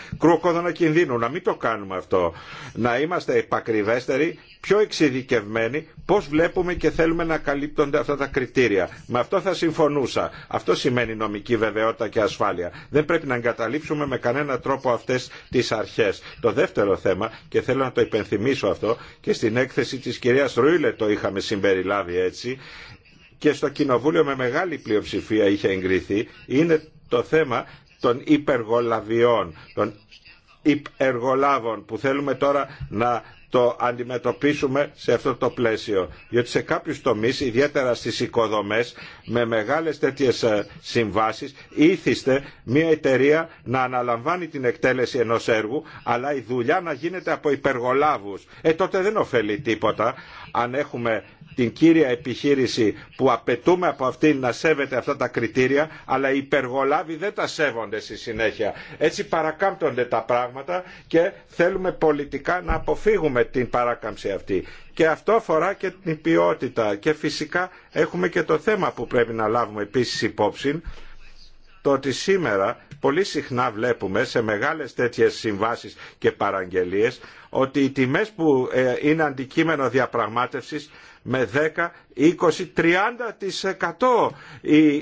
να κινδύνου, να μην το κάνουμε αυτό. Να είμαστε επακριβέστεροι, πιο εξειδικευμένοι, πώ βλέπουμε και θέλουμε να καλύπτονται αυτά τα κριτήρια. Με αυτό θα συμφωνούσα. Αυτό σημαίνει νομική βεβαιότητα και ασφάλεια. Δεν πρέπει να εγκαταλείψουμε με κανένα τρόπο αυτέ τι αρχέ. Το δεύτερο θέμα, και θέλω να το υπενθυμίσω αυτό, και στην έκθεση τη κυρία Ρούιλε το είχαμε συμπεριλάβει έτσι, και στο Κοινοβούλιο με μεγάλη πλειοψηφία είχε εγκριθεί είναι το θέμα των υπεργολαβιών, των υπεργολάβων που θέλουμε τώρα να το αντιμετωπίσουμε σε αυτό το πλαίσιο. διότι σε κάποιους τομείς, ιδιαίτερα στις οικοδομές, με μεγάλες τέτοιες ε, συμβάσεις, ήθιστε μια εταιρεία να αναλαμβάνει την εκτέλεση ενός έργου, αλλά η δουλειά να γίνεται από υπεργολάβους. Ε, τότε δεν ωφελεί τίποτα αν έχουμε την κύρια επιχείρηση που απαιτούμε από αυτήν να σέβεται αυτά τα κριτήρια, αλλά οι υπεργολάβοι δεν τα σέβονται στη συνέχεια. Έτσι παρακάμπτονται τα πράγματα και θέλουμε πολιτικά να αποφύγουμε την παράκαμψη αυτή. Και αυτό αφορά και την ποιότητα. Και φυσικά έχουμε και το θέμα που πρέπει να λάβουμε επίσης υπόψη, το ότι σήμερα πολύ συχνά βλέπουμε σε μεγάλες τέτοιες συμβάσεις και παραγγελίες ότι οι τιμές που ε, είναι αντικείμενο διαπραγμάτευσης με 10, 20, 30%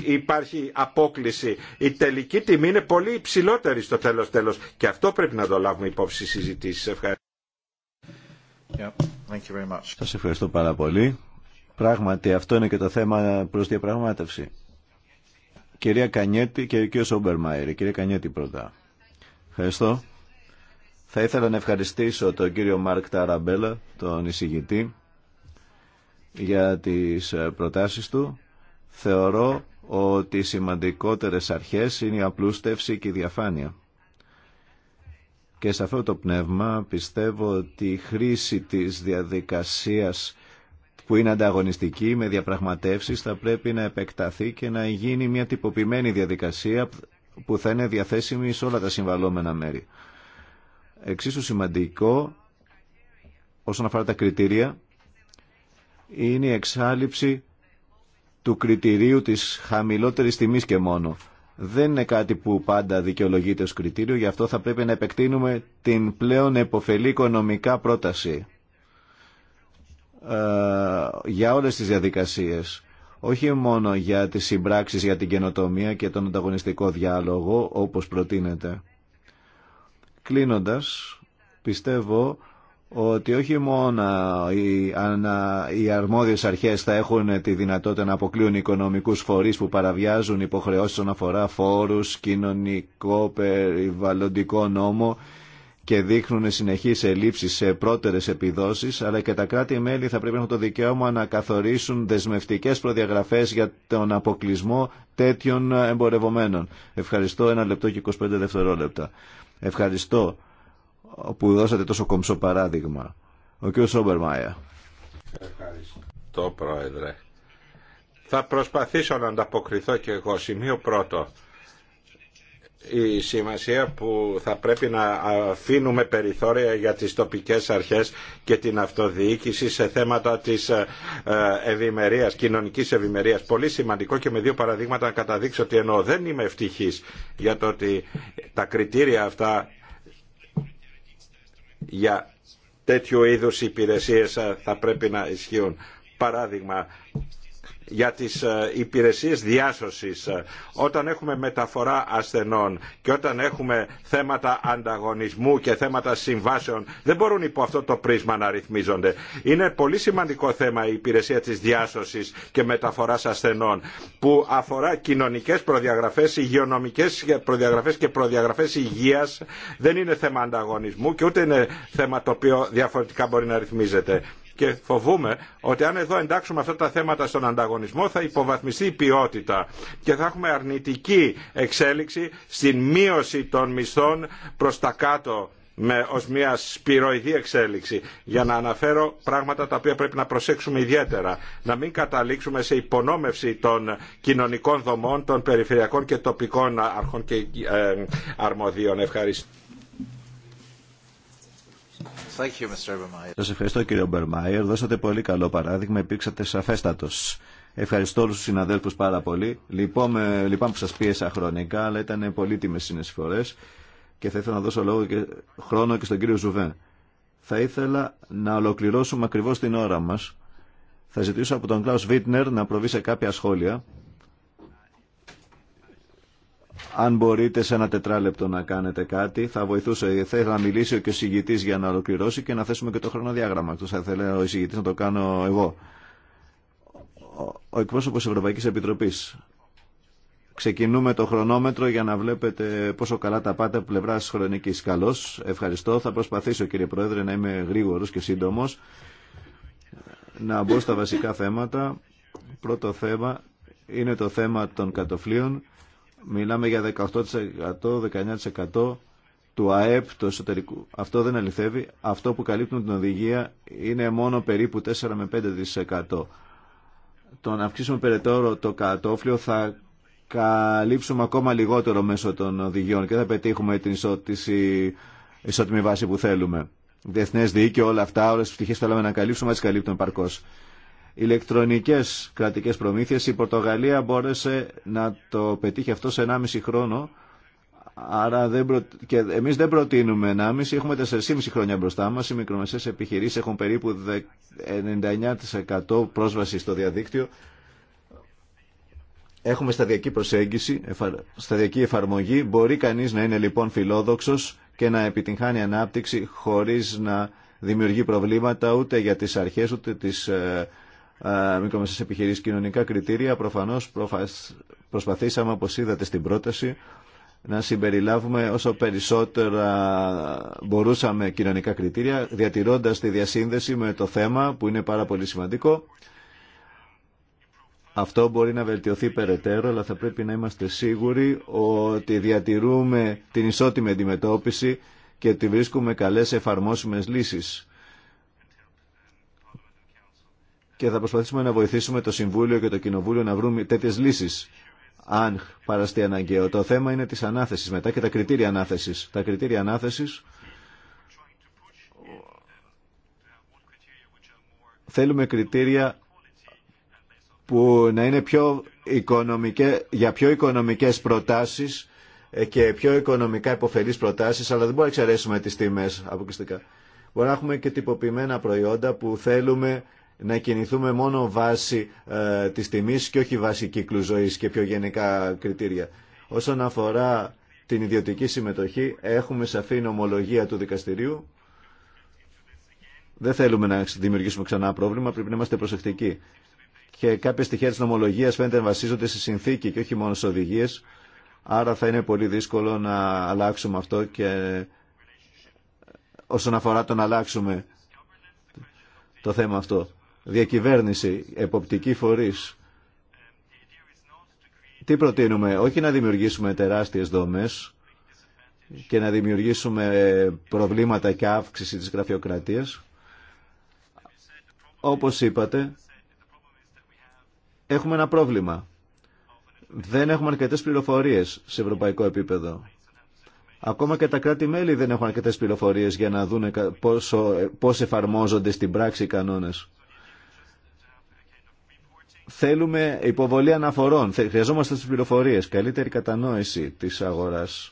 υπάρχει απόκληση. Η τελική τιμή είναι πολύ υψηλότερη στο τέλος τέλος και αυτό πρέπει να το λάβουμε υπόψη συζητήσεις. Ευχαριστώ ευχαριστώ πάρα πολύ. Πράγματι, αυτό είναι και το θέμα προς διαπραγμάτευση. Κυρία Κανιέτη και ο κύριος Όμπερμαϊρ. Κυρία Κανιέτη πρώτα. Ευχαριστώ. Θα ήθελα να ευχαριστήσω τον κύριο Μάρκ Ταραμπέλα, τον εισηγητή, για τις ε, προτάσεις του. Θεωρώ ότι οι σημαντικότερες αρχές είναι η απλούστευση και η διαφάνεια. Και σε αυτό το πνεύμα πιστεύω ότι η χρήση της διαδικασίας που είναι ανταγωνιστική με διαπραγματεύσεις θα πρέπει να επεκταθεί και να γίνει μια τυποποιημένη διαδικασία που θα είναι διαθέσιμη σε όλα τα συμβαλόμενα μέρη. Εξίσου σημαντικό όσον αφορά τα κριτήρια είναι η εξάλληψη του κριτηρίου της χαμηλότερης τιμής και μόνο δεν είναι κάτι που πάντα δικαιολογείται ως κριτήριο, γι' αυτό θα πρέπει να επεκτείνουμε την πλέον εποφελή οικονομικά πρόταση ε, για όλες τις διαδικασίες. Όχι μόνο για τις συμπράξεις για την καινοτομία και τον ανταγωνιστικό διάλογο, όπως προτείνεται. Κλείνοντας, πιστεύω ότι όχι μόνο οι, ανα, οι αρμόδιες αρχές θα έχουν τη δυνατότητα να αποκλείουν οικονομικούς φορείς που παραβιάζουν υποχρεώσεις όσον αφορά φόρους, κοινωνικό, περιβαλλοντικό νόμο και δείχνουν συνεχείς ελλείψεις σε πρώτερες επιδόσεις, αλλά και τα κράτη-μέλη θα πρέπει να έχουν το δικαίωμα να καθορίσουν δεσμευτικές προδιαγραφές για τον αποκλεισμό τέτοιων εμπορευομένων. Ευχαριστώ. Ένα λεπτό και 25 δευτερόλεπτα. Ευχαριστώ που δώσατε τόσο κομψό παράδειγμα. Ο κ. Σόμπερμαια. Ευχαριστώ, Πρόεδρε. Θα προσπαθήσω να ανταποκριθώ και εγώ. Σημείο πρώτο. Η σημασία που θα πρέπει να αφήνουμε περιθώρια για τις τοπικές αρχές και την αυτοδιοίκηση σε θέματα της ε, ευημερίας, κοινωνικής ευημερίας. Πολύ σημαντικό και με δύο παραδείγματα να καταδείξω ότι ενώ δεν είμαι ευτυχής για το ότι τα κριτήρια αυτά για τέτοιο είδους υπηρεσίες θα πρέπει να ισχύουν. Παράδειγμα, για τις ε, υπηρεσίες διάσωσης ε, όταν έχουμε μεταφορά ασθενών και όταν έχουμε θέματα ανταγωνισμού και θέματα συμβάσεων δεν μπορούν υπό αυτό το πρίσμα να ρυθμίζονται. Είναι πολύ σημαντικό θέμα η υπηρεσία της διάσωσης και μεταφοράς ασθενών που αφορά κοινωνικές προδιαγραφές, υγειονομικές προδιαγραφές και προδιαγραφές υγείας δεν είναι θέμα ανταγωνισμού και ούτε είναι θέμα το οποίο διαφορετικά μπορεί να ρυθμίζεται και φοβούμε ότι αν εδώ εντάξουμε αυτά τα θέματα στον ανταγωνισμό θα υποβαθμιστεί η ποιότητα και θα έχουμε αρνητική εξέλιξη στην μείωση των μισθών προς τα κάτω με, ως μια σπυροειδή εξέλιξη για να αναφέρω πράγματα τα οποία πρέπει να προσέξουμε ιδιαίτερα να μην καταλήξουμε σε υπονόμευση των κοινωνικών δομών των περιφερειακών και τοπικών αρχών και ε, αρμοδίων. Ευχαριστώ. Thank Σας ευχαριστώ κύριε Ομπερμάιερ. Δώσατε πολύ καλό παράδειγμα, υπήρξατε σαφέστατος. Ευχαριστώ όλους τους συναδέλφους πάρα πολύ. Λυπάμαι, λυπάμαι που σας πίεσα χρονικά, αλλά ήταν πολύτιμες συνεισφορές και θα ήθελα να δώσω λόγο και χρόνο και στον κύριο Ζουβέν. Θα ήθελα να ολοκληρώσουμε ακριβώς την ώρα μας. Θα ζητήσω από τον Κλάους Βίτνερ να προβεί σε κάποια σχόλια. Αν μπορείτε σε ένα τετράλεπτο να κάνετε κάτι, θα βοηθούσε. Θα ήθελα να μιλήσει και ο συγγητή για να ολοκληρώσει και να θέσουμε και το χρονοδιάγραμμα. Αυτό θα θέλει ο συγγητή να το κάνω εγώ. Ο εκπρόσωπο Ευρωπαϊκή Επιτροπή. Ξεκινούμε το χρονόμετρο για να βλέπετε πόσο καλά τα πάτε από πλευρά χρονική. Καλώ. Ευχαριστώ. Θα προσπαθήσω, κύριε Πρόεδρε, να είμαι γρήγορο και σύντομο. Να μπω στα βασικά θέματα. Πρώτο θέμα είναι το θέμα των κατοφλίων Μιλάμε για 18%-19% του ΑΕΠ του εσωτερικού. Αυτό δεν αληθεύει. Αυτό που καλύπτουν την οδηγία είναι μόνο περίπου 4 με 5%. Το να αυξήσουμε περαιτέρω το κατόφλιο θα καλύψουμε ακόμα λιγότερο μέσω των οδηγιών και θα πετύχουμε την ισότιμη βάση που θέλουμε. Διεθνέ δίκαιο, όλα αυτά, όλε τι πτυχέ θέλαμε να καλύψουμε, έτσι καλύπτουμε παρκώ ηλεκτρονικές κρατικές προμήθειες. Η Πορτογαλία μπόρεσε να το πετύχει αυτό σε 1,5 χρόνο. Άρα δεν και εμείς δεν προτείνουμε 1,5, έχουμε 4,5 χρόνια μπροστά μας. Οι μικρομεσαίες επιχειρήσεις έχουν περίπου 99% πρόσβαση στο διαδίκτυο. Έχουμε σταδιακή προσέγγιση, σταδιακή εφαρμογή. Μπορεί κανείς να είναι λοιπόν φιλόδοξος και να επιτυγχάνει ανάπτυξη χωρίς να δημιουργεί προβλήματα ούτε για τις αρχές ούτε τις ε, μικρομεσαίες επιχειρήσεις, κοινωνικά κριτήρια. Προφανώς προσπαθήσαμε, όπως είδατε στην πρόταση, να συμπεριλάβουμε όσο περισσότερα μπορούσαμε κοινωνικά κριτήρια, διατηρώντας τη διασύνδεση με το θέμα που είναι πάρα πολύ σημαντικό. Αυτό μπορεί να βελτιωθεί περαιτέρω, αλλά θα πρέπει να είμαστε σίγουροι ότι διατηρούμε την ισότιμη αντιμετώπιση και ότι βρίσκουμε καλές εφαρμόσιμες λύσεις και θα προσπαθήσουμε να βοηθήσουμε το Συμβούλιο και το Κοινοβούλιο να βρούμε τέτοιες λύσεις αν παραστεί αναγκαίο. Το θέμα είναι της ανάθεσης μετά και τα κριτήρια ανάθεσης. Τα κριτήρια ανάθεσης θέλουμε κριτήρια που να είναι πιο οικονομικές, για πιο οικονομικές προτάσεις ε, και πιο οικονομικά υποφελείς προτάσεις, αλλά δεν μπορούμε να εξαιρέσουμε τις τιμές αποκλειστικά. Μπορεί να έχουμε και τυποποιημένα προϊόντα που θέλουμε να κινηθούμε μόνο βάσει ε, της τιμής και όχι βάσει κύκλου ζωής και πιο γενικά κριτήρια. Όσον αφορά την ιδιωτική συμμετοχή, έχουμε σαφή νομολογία του δικαστηρίου. Δεν θέλουμε να δημιουργήσουμε ξανά πρόβλημα, πρέπει να είμαστε προσεκτικοί. Και κάποια στοιχεία της νομολογίας φαίνεται να βασίζονται σε συνθήκη και όχι μόνο σε οδηγίες. Άρα θα είναι πολύ δύσκολο να αλλάξουμε αυτό και ε, όσον αφορά το να αλλάξουμε το θέμα αυτό διακυβέρνηση, εποπτική φορείς. Τι προτείνουμε, όχι να δημιουργήσουμε τεράστιες δομές και να δημιουργήσουμε προβλήματα και αύξηση της γραφειοκρατίας. Όπως είπατε, έχουμε ένα πρόβλημα. Δεν έχουμε αρκετές πληροφορίες σε ευρωπαϊκό επίπεδο. Ακόμα και τα κράτη-μέλη δεν έχουν αρκετές πληροφορίες για να δουν πώς εφαρμόζονται στην πράξη οι κανόνες θέλουμε υποβολή αναφορών, χρειαζόμαστε τις πληροφορίες, καλύτερη κατανόηση της αγοράς.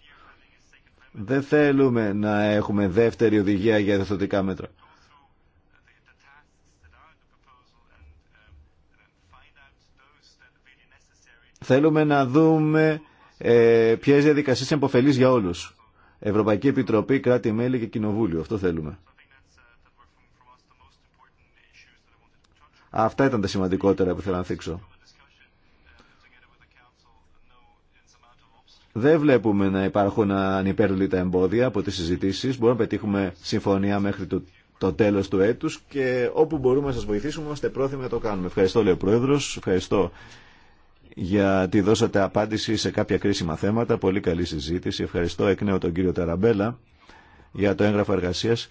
Δεν θέλουμε να έχουμε δεύτερη οδηγία για διαθωτικά μέτρα. Θέλουμε να δούμε ε, ποιες διαδικασίες είναι για όλους. Ευρωπαϊκή Επιτροπή, κράτη-μέλη και Κοινοβούλιο. Αυτό θέλουμε. Αυτά ήταν τα σημαντικότερα που θέλω να θίξω. Δεν βλέπουμε να υπάρχουν ανυπέρβλητα εμπόδια από τις συζητήσεις. Μπορούμε να πετύχουμε συμφωνία μέχρι το, το τέλος του έτους και όπου μπορούμε να σας βοηθήσουμε, είμαστε πρόθυμοι να το κάνουμε. Ευχαριστώ, λέει ο Πρόεδρος. Ευχαριστώ γιατί δώσατε απάντηση σε κάποια κρίσιμα θέματα. Πολύ καλή συζήτηση. Ευχαριστώ εκ νέου τον κύριο Ταραμπέλα για το έγγραφο εργασίας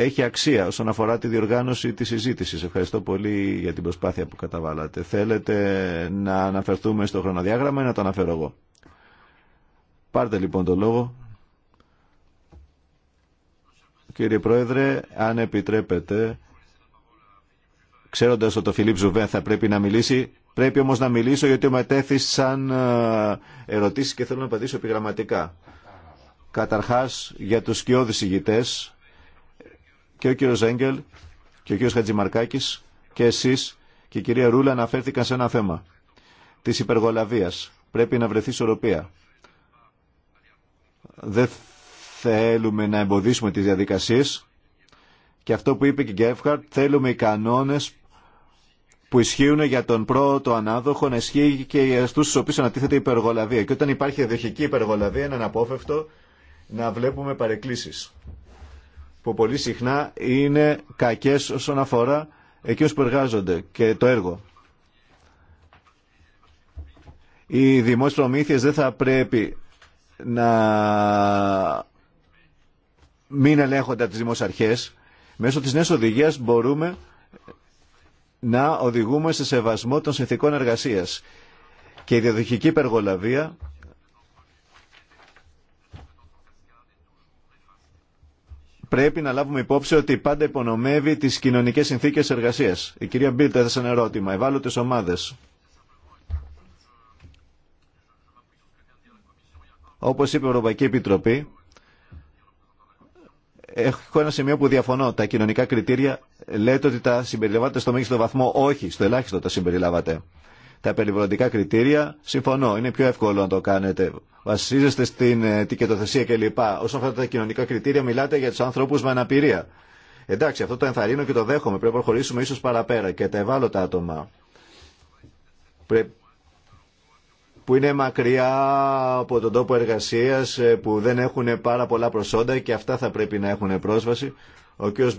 έχει αξία όσον αφορά τη διοργάνωση της συζήτησης. Ευχαριστώ πολύ για την προσπάθεια που καταβάλατε. Θέλετε να αναφερθούμε στο χρονοδιάγραμμα ή να το αναφέρω εγώ. Πάρτε λοιπόν το λόγο. Κύριε Πρόεδρε, αν επιτρέπετε, ξέροντας ότι ο Φιλίπ Ζουβέν θα πρέπει να μιλήσει, πρέπει όμως να μιλήσω γιατί μετέθησαν ε, ερωτήσεις και θέλω να απαντήσω επιγραμματικά. Καταρχάς, για τους σκιώδεις ηγητές, και ο κύριο Έγγελ και ο κύριο Χατζημαρκάκη και εσεί και η κυρία Ρούλα αναφέρθηκαν σε ένα θέμα τη υπεργολαβία. Πρέπει να βρεθεί ισορροπία. Δεν θέλουμε να εμποδίσουμε τι διαδικασίε, και αυτό που είπε και η Γκέφχαρτ θέλουμε οι κανόνε που ισχύουν για τον πρώτο ανάδοχο να ισχύει και για του οποίου ανατίθεται η υπεργολαβία. Και όταν υπάρχει εδοχική υπεργολαβία, είναι αναπόφευκτο να βλέπουμε παρεκκλήσει που πολύ συχνά είναι κακές όσον αφορά εκείνους που εργάζονται και το έργο. Οι δημόσιες προμήθειες δεν θα πρέπει να μην ελέγχονται από τις δημόσιες Μέσω της νέας οδηγίας μπορούμε να οδηγούμε σε σεβασμό των συνθήκων εργασίας. Και η διαδοχική υπεργολαβία πρέπει να λάβουμε υπόψη ότι πάντα υπονομεύει τις κοινωνικές συνθήκες εργασίας. Η κυρία Μπίλτα έθεσε ένα ερώτημα. Ευάλωτες ομάδες. Όπως είπε η Ευρωπαϊκή Επιτροπή, έχω ένα σημείο που διαφωνώ. Τα κοινωνικά κριτήρια λέτε ότι τα συμπεριλαμβάνετε στο μέγιστο βαθμό. Όχι, στο ελάχιστο τα συμπεριλάβατε τα περιβαλλοντικά κριτήρια, συμφωνώ, είναι πιο εύκολο να το κάνετε. Βασίζεστε στην ετικετοθεσία κλπ. Όσον αφορά τα κοινωνικά κριτήρια, μιλάτε για του ανθρώπου με αναπηρία. Εντάξει, αυτό το ενθαρρύνω και το δέχομαι. Πρέπει να προχωρήσουμε ίσω παραπέρα και τα ευάλωτα άτομα. που είναι μακριά από τον τόπο εργασία ε, που δεν έχουν πάρα πολλά προσόντα και αυτά θα πρέπει να έχουν πρόσβαση. Ο κύριος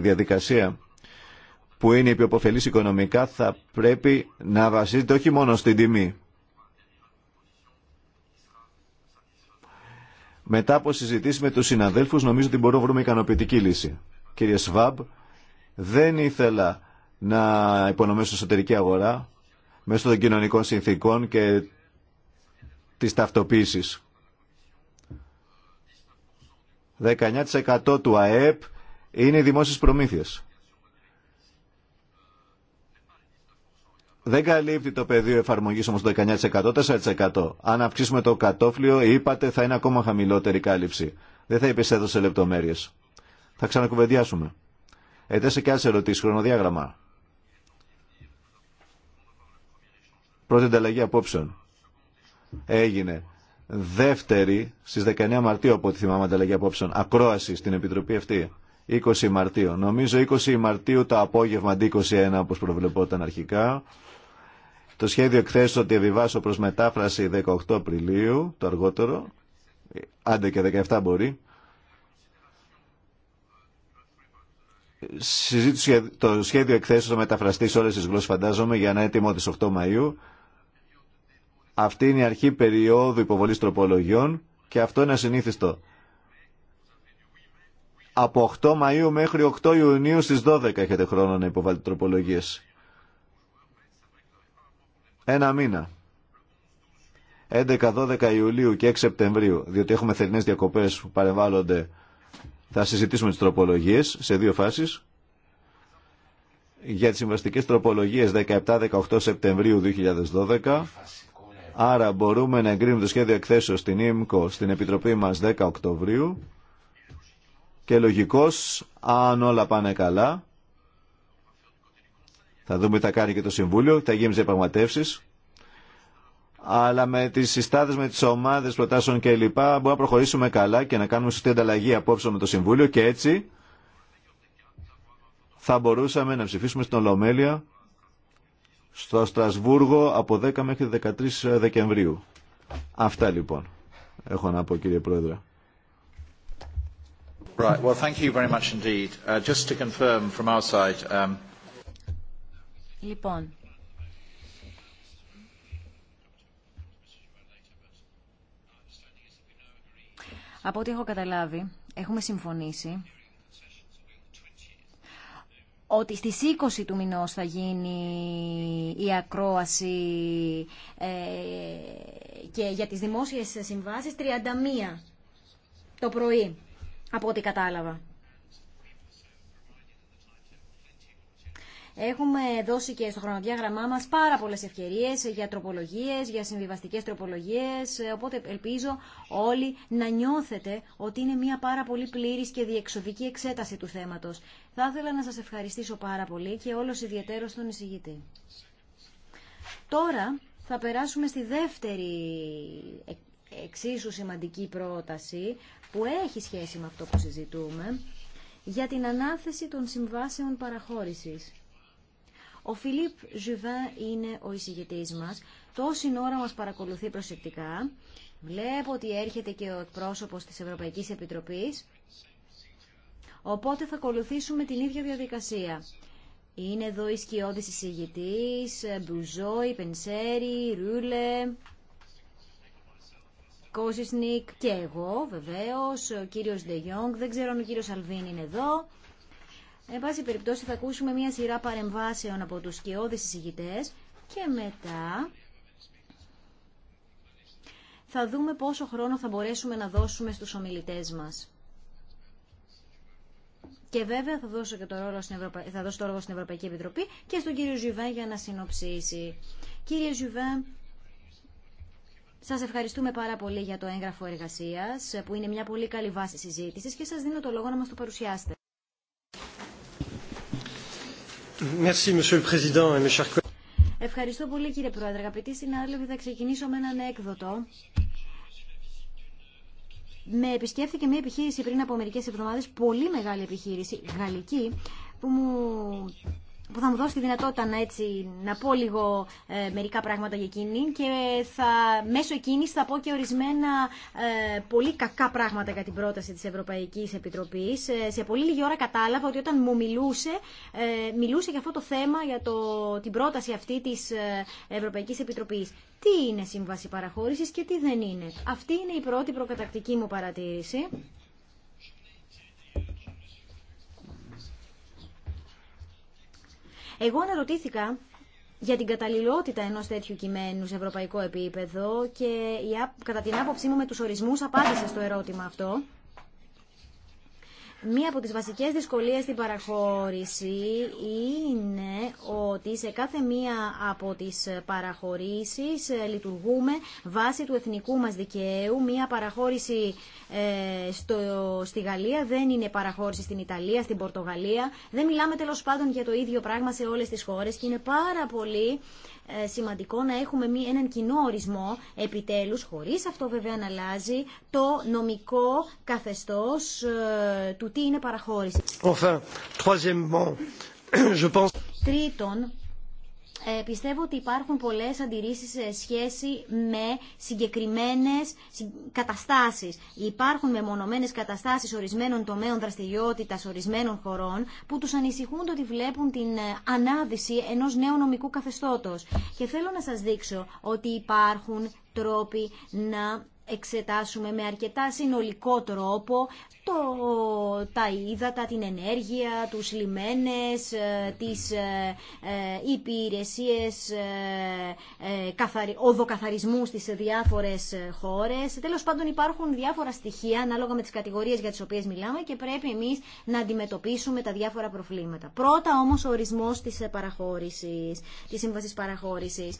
διαδικασία που είναι η πιο οικονομικά θα πρέπει να βασίζεται όχι μόνο στην τιμή. Μετά από συζητήσεις με τους συναδέλφους νομίζω ότι μπορούμε να βρούμε ικανοποιητική λύση. Κύριε Σβάμπ, δεν ήθελα να υπονομήσω εσωτερική αγορά μέσω των κοινωνικών συνθήκων και της ταυτοποίησης. 19% του ΑΕΠ είναι οι δημόσιες προμήθειες. δεν καλύπτει το πεδίο εφαρμογή όμω το 19%, 4%. Αν αυξήσουμε το κατόφλιο, είπατε θα είναι ακόμα χαμηλότερη κάλυψη. Δεν θα επισέδω σε λεπτομέρειε. Θα ξανακουβεντιάσουμε. Ετέσαι και άλλε ερωτήσει, χρονοδιάγραμμα. Πρώτη ανταλλαγή απόψεων. Έγινε. Δεύτερη, στι 19 Μαρτίου, από ό,τι θυμάμαι, ανταλλαγή απόψεων. Ακρόαση στην Επιτροπή αυτή. 20 Μαρτίου. Νομίζω 20 Μαρτίου το απόγευμα αντί 21 όπω προβλεπόταν αρχικά. Το σχέδιο εκθέσεω ότι διαβιβάσω προς μετάφραση 18 Απριλίου, το αργότερο, άντε και 17 μπορεί. Συζήτηση το σχέδιο εκθέσεως θα μεταφραστεί σε όλες τις γλώσσες φαντάζομαι για να έτοιμο της 8 Μαΐου. Αυτή είναι η αρχή περίοδου υποβολής τροπολογιών και αυτό είναι ασυνήθιστο. Από 8 Μαΐου μέχρι 8 Ιουνίου στις 12 έχετε χρόνο να υποβάλλετε τροπολογίες ένα μήνα. 11-12 Ιουλίου και 6 Σεπτεμβρίου, διότι έχουμε θερινές διακοπές που παρεμβάλλονται, θα συζητήσουμε τις τροπολογίες σε δύο φάσεις. Για τις συμβαστικές τροπολογίες 17-18 Σεπτεμβρίου 2012, άρα μπορούμε να εγκρίνουμε το σχέδιο εκθέσεως στην ΙΜΚΟ στην Επιτροπή μας 10 Οκτωβρίου και λογικός, αν όλα πάνε καλά, θα δούμε τι θα κάνει και το Συμβούλιο, θα γίνει τι διαπραγματεύσει. Αλλά με τι συστάδε, με τι ομάδε προτάσεων κλπ. μπορούμε να προχωρήσουμε καλά και να κάνουμε σωστή ανταλλαγή απόψε με το Συμβούλιο και έτσι θα μπορούσαμε να ψηφίσουμε στην Ολομέλεια στο Στρασβούργο από 10 μέχρι 13 Δεκεμβρίου. Αυτά λοιπόν έχω να πω κύριε Πρόεδρε. Right. Well, thank you very much indeed. Uh, just to confirm from our side, um... Λοιπόν, από ό,τι έχω καταλάβει, έχουμε συμφωνήσει ότι στις 20 του μηνός θα γίνει η ακρόαση ε, και για τις δημόσιες συμβάσεις 31 το πρωί, από ό,τι κατάλαβα. Έχουμε δώσει και στο χρονοδιάγραμμά μας πάρα πολλές ευκαιρίες για τροπολογίες, για συμβιβαστικές τροπολογίες, οπότε ελπίζω όλοι να νιώθετε ότι είναι μια πάρα πολύ πλήρης και διεξοδική εξέταση του θέματος. Θα ήθελα να σας ευχαριστήσω πάρα πολύ και όλος ιδιαίτερο τον εισηγητή. Τώρα θα περάσουμε στη δεύτερη εξίσου σημαντική πρόταση που έχει σχέση με αυτό που συζητούμε για την ανάθεση των συμβάσεων παραχώρησης. Ο Φιλίπ Ζουβά είναι ο εισηγητή μας. Τόση ώρα μας παρακολουθεί προσεκτικά. Βλέπω ότι έρχεται και ο πρόσωπο της Ευρωπαϊκής Επιτροπή, Οπότε θα ακολουθήσουμε την ίδια διαδικασία. Είναι εδώ η σκιώδης εισηγητή, Μπουζόη, Πενσέρι, Ρούλε, Νίκ. και εγώ βεβαίως, ο κύριος Ντεγιόγκ, δεν ξέρω αν ο κύριος Αλβίν είναι εδώ. Εν πάση περιπτώσει θα ακούσουμε μια σειρά παρεμβάσεων από τους σκιώδεις εισηγητές και μετά θα δούμε πόσο χρόνο θα μπορέσουμε να δώσουμε στους ομιλητές μας. Και βέβαια θα δώσω, και το ρόλο στην θα δώσω το ρόλο στην Ευρωπαϊκή Επιτροπή και στον κύριο Ζουβέν για να συνοψίσει. Κύριε Ζουβέν, σας ευχαριστούμε πάρα πολύ για το έγγραφο εργασίας, που είναι μια πολύ καλή βάση συζήτησης και σας δίνω το λόγο να μας το παρουσιάσετε. Ευχαριστώ πολύ κύριε Πρόεδρε. Αγαπητοί συνάδελφοι, θα ξεκινήσω με έναν έκδοτο. Με επισκέφθηκε μια επιχείρηση πριν από μερικέ εβδομάδε, πολύ μεγάλη επιχείρηση, γαλλική, που μου που θα μου δώσει τη δυνατότητα να, έτσι, να πω λίγο ε, μερικά πράγματα για εκείνη και θα, μέσω εκείνης θα πω και ορισμένα ε, πολύ κακά πράγματα για την πρόταση της Ευρωπαϊκής Επιτροπής. Ε, σε πολύ λίγη ώρα κατάλαβα ότι όταν μου μιλούσε, μιλούσε για αυτό το θέμα, για το, την πρόταση αυτή της Ευρωπαϊκής Επιτροπής. Τι είναι σύμβαση παραχώρησης και τι δεν είναι. Αυτή είναι η πρώτη προκατακτική μου παρατήρηση. Εγώ αναρωτήθηκα για την καταλληλότητα ενό τέτοιου κειμένου σε ευρωπαϊκό επίπεδο και κατά την άποψή μου με του ορισμού απάντησα στο ερώτημα αυτό. Μία από τις βασικές δυσκολίες στην παραχώρηση είναι ότι σε κάθε μία από τις παραχωρήσεις ε, λειτουργούμε βάσει του εθνικού μας δικαίου. Μία παραχώρηση ε, στο, στη Γαλλία δεν είναι παραχώρηση στην Ιταλία, στην Πορτογαλία. Δεν μιλάμε τέλος πάντων για το ίδιο πράγμα σε όλες τις χώρες και είναι πάρα πολύ ε, σημαντικό να έχουμε έναν κοινό ορισμό επιτέλους, χωρίς αυτό βέβαια να αλλάζει το νομικό καθεστώς ε, του τι είναι παραχώρηση. Τρίτον, ε, πιστεύω ότι υπάρχουν πολλές αντιρρήσεις σε σχέση με συγκεκριμένες καταστάσεις. Υπάρχουν μεμονωμένες καταστάσεις ορισμένων τομέων δραστηριότητας ορισμένων χωρών που τους ανησυχούν ότι βλέπουν την ε, ανάδυση ενός νέου νομικού καθεστώτος. Και θέλω να σας δείξω ότι υπάρχουν τρόποι να εξετάσουμε με αρκετά συνολικό τρόπο το, τα ύδατα, την ενέργεια, τους λιμένες, ε, τις ε, ε υπηρεσίες ε, καθαρι, οδοκαθαρισμού στις διάφορες χώρες. Τέλος πάντων υπάρχουν διάφορα στοιχεία ανάλογα με τις κατηγορίες για τις οποίες μιλάμε και πρέπει εμείς να αντιμετωπίσουμε τα διάφορα προβλήματα. Πρώτα όμως ο ορισμός της παραχώρησης, της σύμβασης παραχώρησης.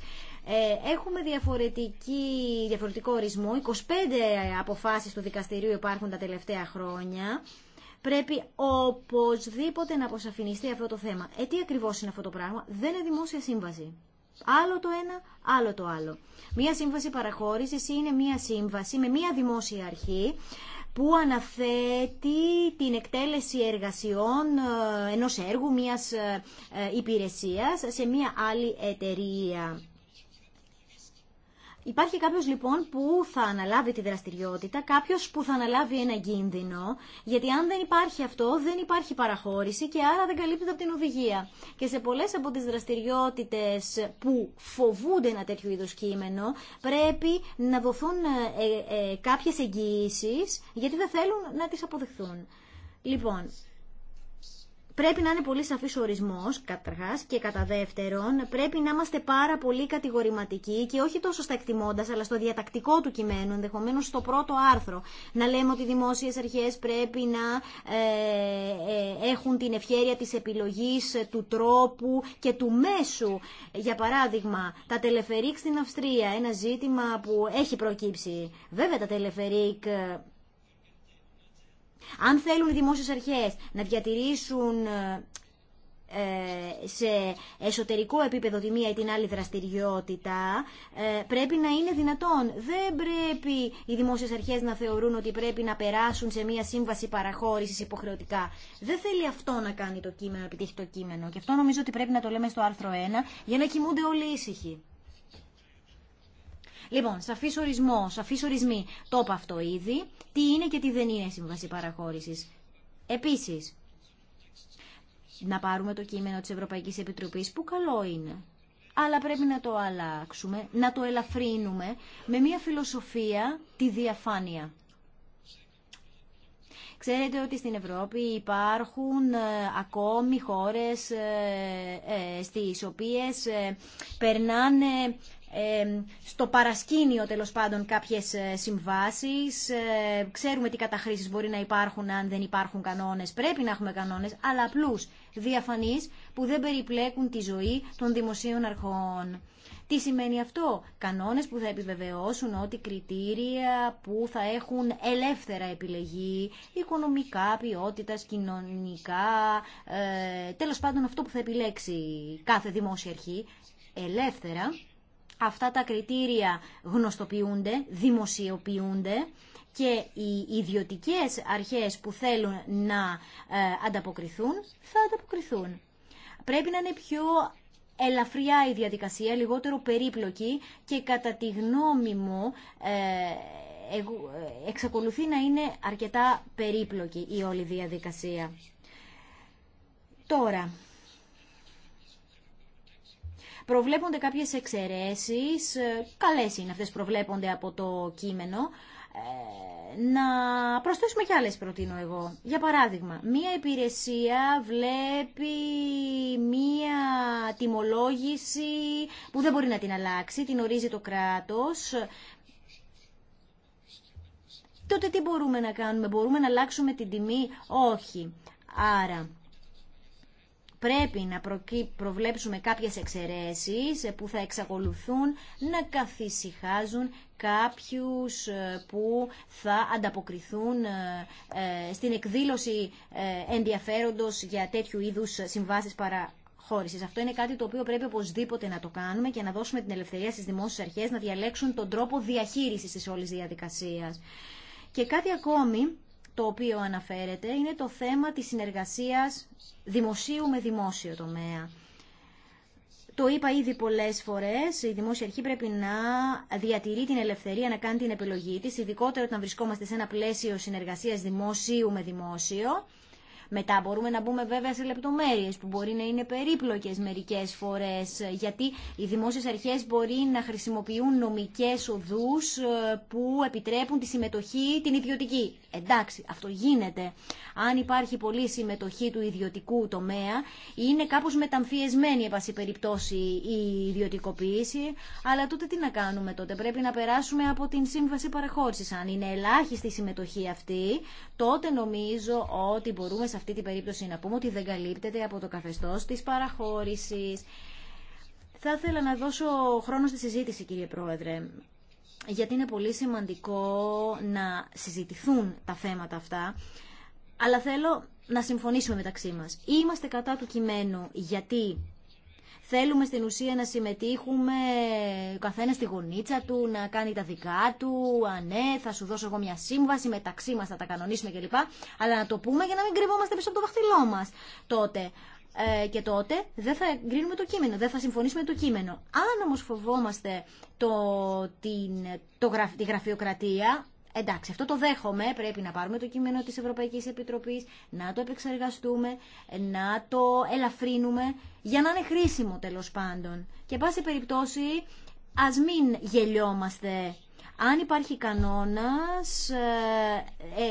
Ε, έχουμε διαφορετική, διαφορετικό ορισμό. 25 αποφάσεις του δικαστηρίου υπάρχουν τα τελευταία χρόνια. Πρέπει οπωσδήποτε να αποσαφινιστεί αυτό το θέμα. Ε, τι ακριβώς είναι αυτό το πράγμα. Δεν είναι δημόσια σύμβαση. Άλλο το ένα, άλλο το άλλο. Μία σύμβαση παραχώρησης είναι μία σύμβαση με μία δημόσια αρχή που αναθέτει την εκτέλεση εργασιών ε, ενός έργου, μιας ε, υπηρεσίας σε μία άλλη εταιρεία. Υπάρχει κάποιο λοιπόν που θα αναλάβει τη δραστηριότητα, κάποιο που θα αναλάβει ένα κίνδυνο, γιατί αν δεν υπάρχει αυτό δεν υπάρχει παραχώρηση και άρα δεν καλύπτεται από την οδηγία. Και σε πολλές από τις δραστηριότητες που φοβούνται ένα τέτοιο είδο κείμενο πρέπει να δοθούν ε, ε, κάποιες γιατί δεν θέλουν να τι αποδεχθούν. Λοιπόν, Πρέπει να είναι πολύ σαφής ο ορισμός, καταρχάς, και κατά δεύτερον, πρέπει να είμαστε πάρα πολύ κατηγορηματικοί και όχι τόσο στα εκτιμώντας, αλλά στο διατακτικό του κειμένου, ενδεχομένως στο πρώτο άρθρο. Να λέμε ότι οι δημόσιες αρχές πρέπει να ε, ε έχουν την ευχέρεια της επιλογής του τρόπου και του μέσου. Για παράδειγμα, τα τελεφερίκ στην Αυστρία, ένα ζήτημα που έχει προκύψει. Βέβαια τα τελεφερίκ αν θέλουν οι δημόσιες αρχές να διατηρήσουν ε, ε, σε εσωτερικό επίπεδο τη μία ή την άλλη δραστηριότητα ε, πρέπει να είναι δυνατόν. Δεν πρέπει οι δημόσιες αρχές να θεωρούν ότι πρέπει να περάσουν σε μία σύμβαση παραχώρησης υποχρεωτικά. Δεν θέλει αυτό να κάνει το κείμενο, επιτύχει το κείμενο. Και αυτό νομίζω ότι πρέπει να το λέμε στο άρθρο 1 για να κοιμούνται όλοι ήσυχοι. Λοιπόν, σαφή ορισμό, σαφή ορισμή, Το είπα αυτό ήδη. Τι είναι και τι δεν είναι σύμβαση παραχώρηση. Επίση, να πάρουμε το κείμενο τη Ευρωπαϊκή Επιτροπή που καλό είναι. Αλλά πρέπει να το αλλάξουμε, να το ελαφρύνουμε με μια φιλοσοφία τη διαφάνεια. Ξέρετε ότι στην Ευρώπη υπάρχουν ε, ακόμη χώρες ε, ε, στις οποίες περνάνε στο παρασκήνιο τέλο πάντων κάποιες ε, συμβάσεις. Ε, ξέρουμε τι καταχρήσεις μπορεί να υπάρχουν αν δεν υπάρχουν κανόνες. Πρέπει να έχουμε κανόνες, αλλά απλούς διαφανείς που δεν περιπλέκουν τη ζωή των δημοσίων αρχών. Τι σημαίνει αυτό? Κανόνες που θα επιβεβαιώσουν ότι κριτήρια που θα έχουν ελεύθερα επιλεγή, οικονομικά, ποιότητα, κοινωνικά, ε, τέλος πάντων αυτό που θα επιλέξει κάθε δημόσια αρχή, ελεύθερα αυτά τα κριτήρια γνωστοποιούνται, δημοσιοποιούνται και οι ιδιωτικές αρχές που θέλουν να ε, ανταποκριθούν θα ανταποκριθούν. Πρέπει να είναι πιο ελαφριά η διαδικασία, λιγότερο περίπλοκη και κατά τη γνώμη μου ε, ε, εξακολουθεί να είναι αρκετά περίπλοκη η όλη διαδικασία. Τώρα, Προβλέπονται κάποιες εξαιρέσεις, ε, καλές είναι αυτές προβλέπονται από το κείμενο, ε, να προσθέσουμε κι άλλες προτείνω εγώ. Για παράδειγμα, μία υπηρεσία βλέπει μία τιμολόγηση που δεν μπορεί να την αλλάξει, την ορίζει το κράτος. Τότε τι μπορούμε να κάνουμε, μπορούμε να αλλάξουμε την τιμή, όχι. Άρα, πρέπει να προβλέψουμε κάποιες εξαιρέσεις ε, που θα εξακολουθούν να καθησυχάζουν κάποιους ε, που θα ανταποκριθούν ε, στην εκδήλωση ενδιαφέροντος για τέτοιου είδους συμβάσεις παρά Αυτό είναι κάτι το οποίο πρέπει οπωσδήποτε να το κάνουμε και να δώσουμε την ελευθερία στις δημόσιες αρχές να διαλέξουν τον τρόπο διαχείρισης της όλης διαδικασίας. Και κάτι ακόμη το οποίο αναφέρεται είναι το θέμα της συνεργασίας δημοσίου με δημόσιο τομέα. Το είπα ήδη πολλές φορές, η δημόσια αρχή πρέπει να διατηρεί την ελευθερία να κάνει την επιλογή της, ειδικότερα όταν βρισκόμαστε σε ένα πλαίσιο συνεργασίας δημοσίου με δημόσιο. Μετά μπορούμε να μπούμε βέβαια σε λεπτομέρειε που μπορεί να είναι περίπλοκες μερικέ φορέ, γιατί οι δημόσιε αρχέ μπορεί να χρησιμοποιούν νομικέ οδού ε, που επιτρέπουν τη συμμετοχή την ιδιωτική. Εντάξει, αυτό γίνεται. Αν υπάρχει πολλή συμμετοχή του ιδιωτικού τομέα είναι κάπω μεταμφιεσμένη επασή περιπτώσει η ιδιωτικοποίηση αλλά τότε τι να κάνουμε τότε. Πρέπει να περάσουμε από την σύμβαση παραχώρηση. Αν είναι ελάχιστη η συμμετοχή αυτή τότε νομίζω ότι μπορούμε σε αυτή την περίπτωση να πούμε ότι δεν καλύπτεται από το καθεστώς της παραχώρησης. Θα ήθελα να δώσω χρόνο στη συζήτηση, κύριε Πρόεδρε, γιατί είναι πολύ σημαντικό να συζητηθούν τα θέματα αυτά, αλλά θέλω να συμφωνήσουμε μεταξύ μας. Είμαστε κατά του κειμένου γιατί Θέλουμε στην ουσία να συμμετείχουμε καθένα στη γωνίτσα του, να κάνει τα δικά του. Α, ναι, θα σου δώσω εγώ μια σύμβαση, μεταξύ μας, θα τα κανονίσουμε κλπ. Αλλά να το πούμε για να μην κρυβόμαστε πίσω από το δαχτυλό μας τότε. Ε, και τότε δεν θα εγκρίνουμε το κείμενο, δεν θα συμφωνήσουμε το κείμενο. Αν όμως φοβόμαστε το, την, το, τη γραφειοκρατία, Εντάξει, αυτό το δέχομαι, πρέπει να πάρουμε το κείμενο της Ευρωπαϊκής Επιτροπής, να το επεξεργαστούμε, να το ελαφρύνουμε, για να είναι χρήσιμο τέλος πάντων. Και πάση περιπτώσει, α μην γελιόμαστε αν υπάρχει κανόνα, ε,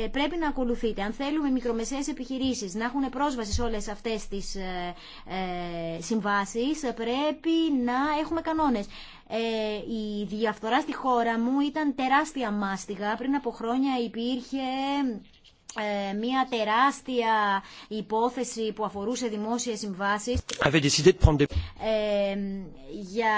ε, ε, πρέπει να ακολουθείτε. Αν θέλουμε μικρομεσαίες επιχειρήσεις να έχουν πρόσβαση σε όλες αυτές τις ε, ε συμβάσεις, πρέπει να έχουμε κανόνες. η διαφθορά στη χώρα μου ήταν τεράστια μάστιγα. Πριν από χρόνια υπήρχε ε, μια τεράστια υπόθεση που αφορούσε δημόσιες συμβάσεις ε, για,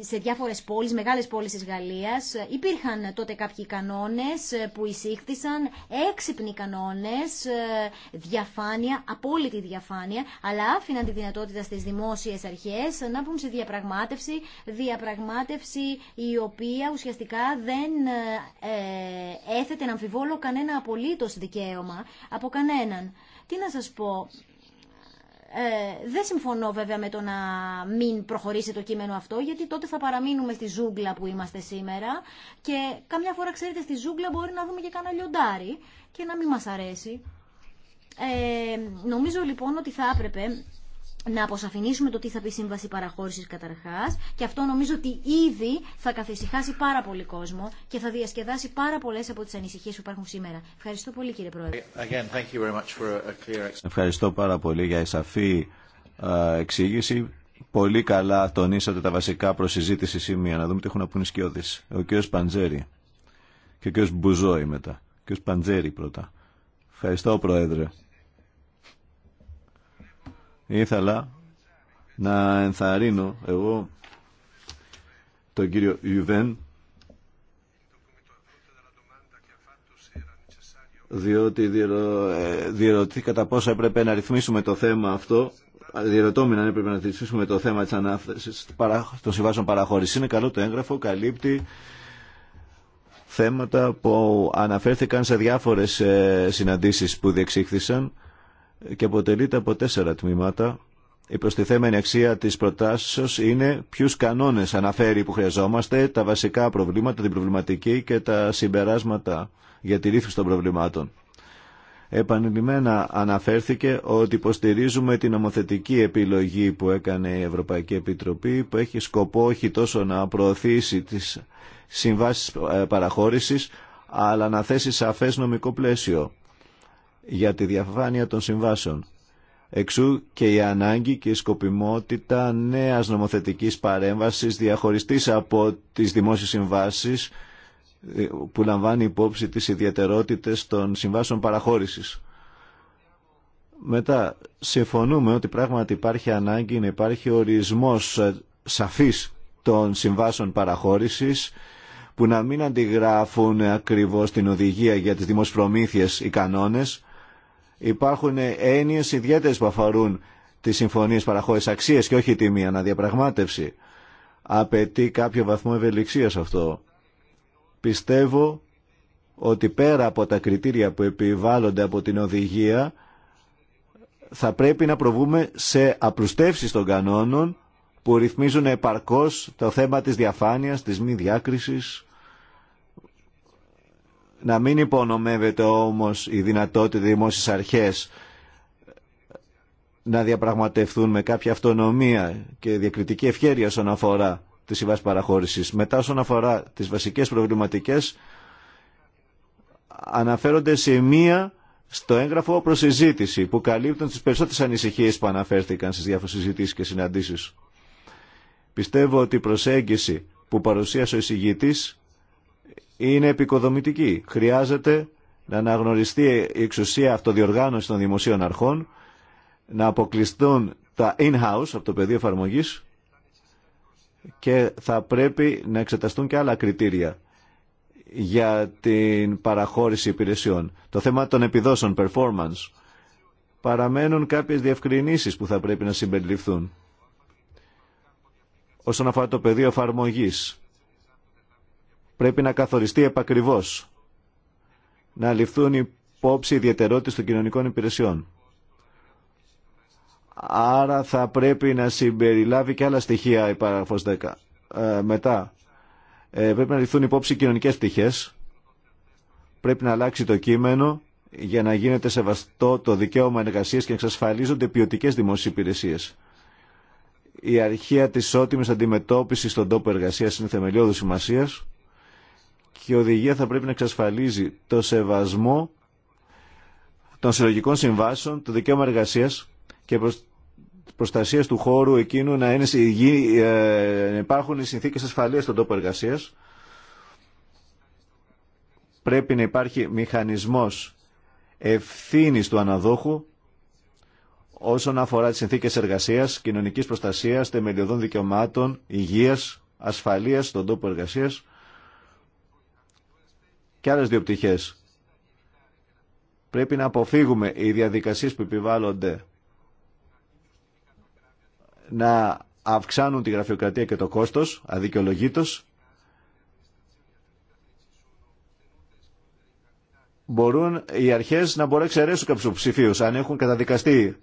σε διάφορες πόλεις, μεγάλες πόλεις της Γαλλίας. Υπήρχαν τότε κάποιοι κανόνες που εισήχθησαν, έξυπνοι κανόνες, ε, διαφάνεια, απόλυτη διαφάνεια, αλλά άφηναν τη δυνατότητα στις δημόσιες αρχές να πούν σε διαπραγμάτευση, διαπραγμάτευση η οποία ουσιαστικά δεν ε, έθετε να αμφιβόλω κανένα απολύτως δικαίωμα από κανέναν. Τι να σας πω, ε, δεν συμφωνώ βέβαια με το να μην προχωρήσει το κείμενο αυτό, γιατί τότε θα παραμείνουμε στη ζούγκλα που είμαστε σήμερα και καμιά φορά, ξέρετε, στη ζούγκλα μπορεί να δούμε και κανένα λιοντάρι και να μην μας αρέσει. Ε, νομίζω λοιπόν ότι θα έπρεπε να αποσαφηνίσουμε το τι θα πει σύμβαση παραχώρηση καταρχά. Και αυτό νομίζω ότι ήδη θα καθησυχάσει πάρα πολύ κόσμο και θα διασκεδάσει πάρα πολλέ από τι ανησυχίε που υπάρχουν σήμερα. Ευχαριστώ πολύ, κύριε Πρόεδρε. Ευχαριστώ πάρα πολύ για η σαφή εξήγηση. Πολύ καλά τονίσατε τα βασικά προσυζήτηση σημεία. Να δούμε τι έχουν να πούνε σκιώδει. Ο κ. Παντζέρη και ο κ. Μπουζόη μετά. Ο κ. Παντζέρη πρώτα. Ευχαριστώ, Πρόεδρε. Ήθελα να ενθαρρύνω εγώ τον κύριο Ιουβέν διότι ε, διερωτή κατά πόσο έπρεπε να ρυθμίσουμε το θέμα αυτό διερωτώμενα αν έπρεπε να ρυθμίσουμε το θέμα της ανάθεσης των συμβάσεων παραχώρηση. Είναι καλό το έγγραφο, καλύπτει θέματα που αναφέρθηκαν σε διάφορες ε, συναντήσεις που διεξήχθησαν και αποτελείται από τέσσερα τμήματα. Η προστιθέμενη αξία της προτάσεω είναι ποιου κανόνες αναφέρει που χρειαζόμαστε, τα βασικά προβλήματα, την προβληματική και τα συμπεράσματα για τη ρύθμιση των προβλημάτων. Επανειλημμένα αναφέρθηκε ότι υποστηρίζουμε την νομοθετική επιλογή που έκανε η Ευρωπαϊκή Επιτροπή που έχει σκοπό όχι τόσο να προωθήσει τις συμβάσεις παραχώρησης αλλά να θέσει σαφές νομικό πλαίσιο για τη διαφάνεια των συμβάσεων. Εξού και η ανάγκη και η σκοπιμότητα νέας νομοθετικής παρέμβασης διαχωριστής από τις δημόσιες συμβάσεις ε, που λαμβάνει υπόψη τις ιδιαιτερότητες των συμβάσεων παραχώρησης. Μετά, συμφωνούμε ότι πράγματι υπάρχει ανάγκη να υπάρχει ορισμός ε, σαφής των συμβάσεων παραχώρησης που να μην αντιγράφουν ακριβώς την οδηγία για τις δημοσιοπρομήθειες οι κανόνες υπάρχουν έννοιε ιδιαίτερε που αφορούν τι συμφωνίε παραχώρηση αξίες και όχι τιμή αναδιαπραγμάτευση. Απαιτεί κάποιο βαθμό ευελιξία αυτό. Πιστεύω ότι πέρα από τα κριτήρια που επιβάλλονται από την οδηγία θα πρέπει να προβούμε σε απλουστεύσεις των κανόνων που ρυθμίζουν επαρκώς το θέμα της διαφάνειας, της μη διάκρισης να μην υπονομεύεται όμως η δυνατότητα δημόσιες αρχές να διαπραγματευτούν με κάποια αυτονομία και διακριτική ευχέρεια όσον αφορά τη συμβάση παραχώρηση. Μετά, όσον αφορά τι βασικές προβληματικές αναφέρονται σε μία στο έγγραφο προσυζήτηση που καλύπτουν τις περισσότερες ανησυχίες που αναφέρθηκαν στι διάφορες και συναντήσεις. Πιστεύω ότι η προσέγγιση που παρουσίασε ο εισηγήτης είναι επικοδομητική. Χρειάζεται να αναγνωριστεί η εξουσία αυτοδιοργάνωση των δημοσίων αρχών, να αποκλειστούν τα in-house από το πεδίο εφαρμογή και θα πρέπει να εξεταστούν και άλλα κριτήρια για την παραχώρηση υπηρεσιών. Το θέμα των επιδόσεων, performance, παραμένουν κάποιες διευκρινήσεις που θα πρέπει να συμπεριληφθούν. Όσον αφορά το πεδίο εφαρμογή πρέπει να καθοριστεί επακριβώς. Να ληφθούν υπόψη ιδιαιτερότητες των κοινωνικών υπηρεσιών. Άρα θα πρέπει να συμπεριλάβει και άλλα στοιχεία η παραγραφός 10. Ε, μετά, ε, πρέπει να ληφθούν υπόψη κοινωνικές πτυχές. Πρέπει να αλλάξει το κείμενο για να γίνεται σεβαστό το δικαίωμα εργασίας και να εξασφαλίζονται ποιοτικές δημόσιες υπηρεσίες. Η αρχή της ότιμης αντιμετώπισης στον τόπο εργασίας είναι θεμελιώδου σημασίας και η οδηγία θα πρέπει να εξασφαλίζει το σεβασμό των συλλογικών συμβάσεων, το δικαίωμα εργασία και προστασία του χώρου εκείνου να, είναι, ε, να υπάρχουν οι συνθήκες ασφαλείας στον τόπο εργασίας. Πρέπει να υπάρχει μηχανισμός ευθύνης του αναδόχου όσον αφορά τις συνθήκες εργασίας, κοινωνικής προστασίας, θεμελιωδών δικαιωμάτων, υγείας, ασφαλείας στον τόπο εργασίας και άλλες δύο πτυχές. Πρέπει να αποφύγουμε οι διαδικασίες που επιβάλλονται να αυξάνουν τη γραφειοκρατία και το κόστος, αδικαιολογήτως. Μπορούν οι αρχές να μπορούν να εξαιρέσουν κάποιους ψηφίους, αν έχουν καταδικαστεί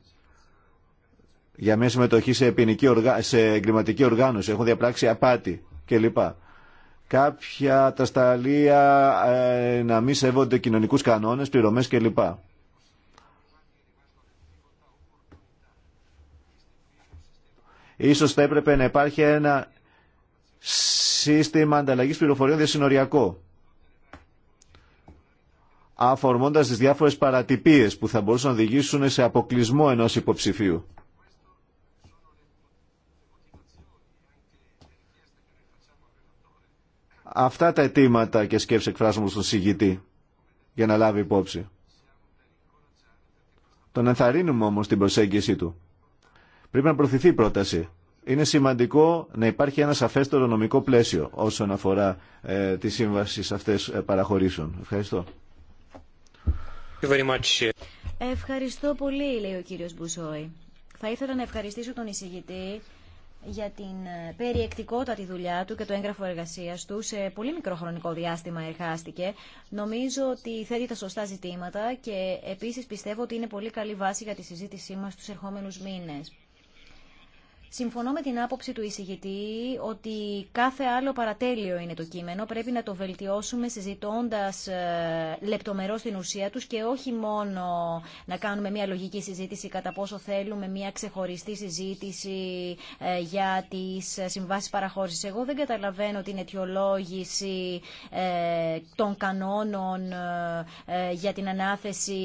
για μια συμμετοχή σε, οργα... σε εγκληματική οργάνωση, έχουν διαπράξει απάτη κλπ κάποια τα ε, να μην σέβονται κοινωνικούς κανόνες, πληρωμές κλπ. Ίσως θα έπρεπε να υπάρχει ένα σύστημα ανταλλαγής πληροφοριών διασυνοριακό αφορμώντας τις διάφορες παρατυπίες που θα μπορούσαν να οδηγήσουν σε αποκλεισμό ενός υποψηφίου. Αυτά τα αιτήματα και σκέψεις εκφράζουμε στον συγητή για να λάβει υπόψη. Τον ενθαρρύνουμε όμως την προσέγγιση του. Πρέπει να προωθηθεί η πρόταση. Είναι σημαντικό να υπάρχει ένα σαφέστερο νομικό πλαίσιο όσον αφορά ε, σύμβαση σε αυτές ε, παραχωρήσεων. Ευχαριστώ. Ευχαριστώ πολύ, λέει ο κύριος Μπουσόη. Θα ήθελα να ευχαριστήσω τον εισηγητή για την ε, περιεκτικότατη δουλειά του και το έγγραφο εργασία του. Σε πολύ μικρό χρονικό διάστημα εργάστηκε. Νομίζω ότι θέτει τα σωστά ζητήματα και επίσης πιστεύω ότι είναι πολύ καλή βάση για τη συζήτησή μας τους ερχόμενους μήνες. Συμφωνώ με την άποψη του εισηγητή ότι κάθε άλλο παρατέλειο είναι το κείμενο. Πρέπει να το βελτιώσουμε συζητώντας ε, λεπτομερώς την ουσία τους και όχι μόνο να κάνουμε μια λογική συζήτηση κατά πόσο θέλουμε μια ξεχωριστή συζήτηση ε, για τις ε, συμβάσεις παραχώρησης. Εγώ δεν καταλαβαίνω την αιτιολόγηση των κανόνων για την ανάθεση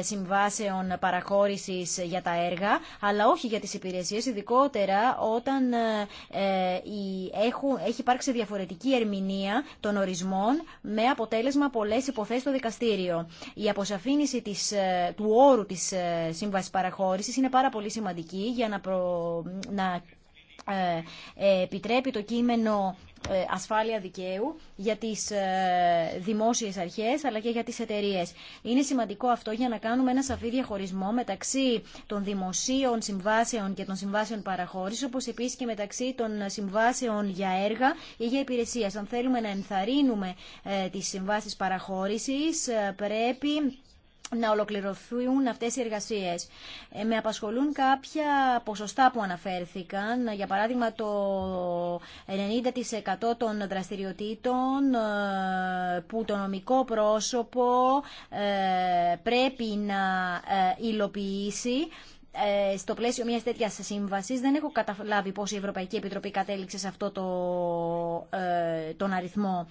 συμβάσεων παραχώρησης για τα έργα, αλλά όχι για τις υπηρεσίες, ειδικό όταν ε, ε, έχει υπάρξει διαφορετική ερμηνεία των ορισμών με αποτέλεσμα πολλές υποθέσεις στο δικαστήριο. Η αποσαφήνιση της, ε, του όρου της σύμβασης παραχώρησης είναι πάρα πολύ σημαντική για να, προ, να επιτρέπει το κείμενο ε, ασφάλεια δικαίου για τις ε, δημόσιες αρχές αλλά και για τις εταιρείες. Είναι σημαντικό αυτό για να κάνουμε ένα σαφή διαχωρισμό μεταξύ των δημοσίων συμβάσεων και των συμβάσεων παραχώρησης όπως επίσης και μεταξύ των συμβάσεων για έργα ή για υπηρεσίες. Αν θέλουμε να ενθαρρύνουμε ε, τις συμβάσεις παραχώρησης πρέπει να ολοκληρωθούν αυτές οι εργασίες. Ε, με απασχολούν κάποια ποσοστά που αναφέρθηκαν, για παράδειγμα το 90% των δραστηριοτήτων ε, που το νομικό πρόσωπο ε, πρέπει να υλοποιήσει στο πλαίσιο μιας τέτοιας σύμβασης δεν έχω καταλάβει πώς η Ευρωπαϊκή Επιτροπή κατέληξε σε αυτό το, τον αριθμό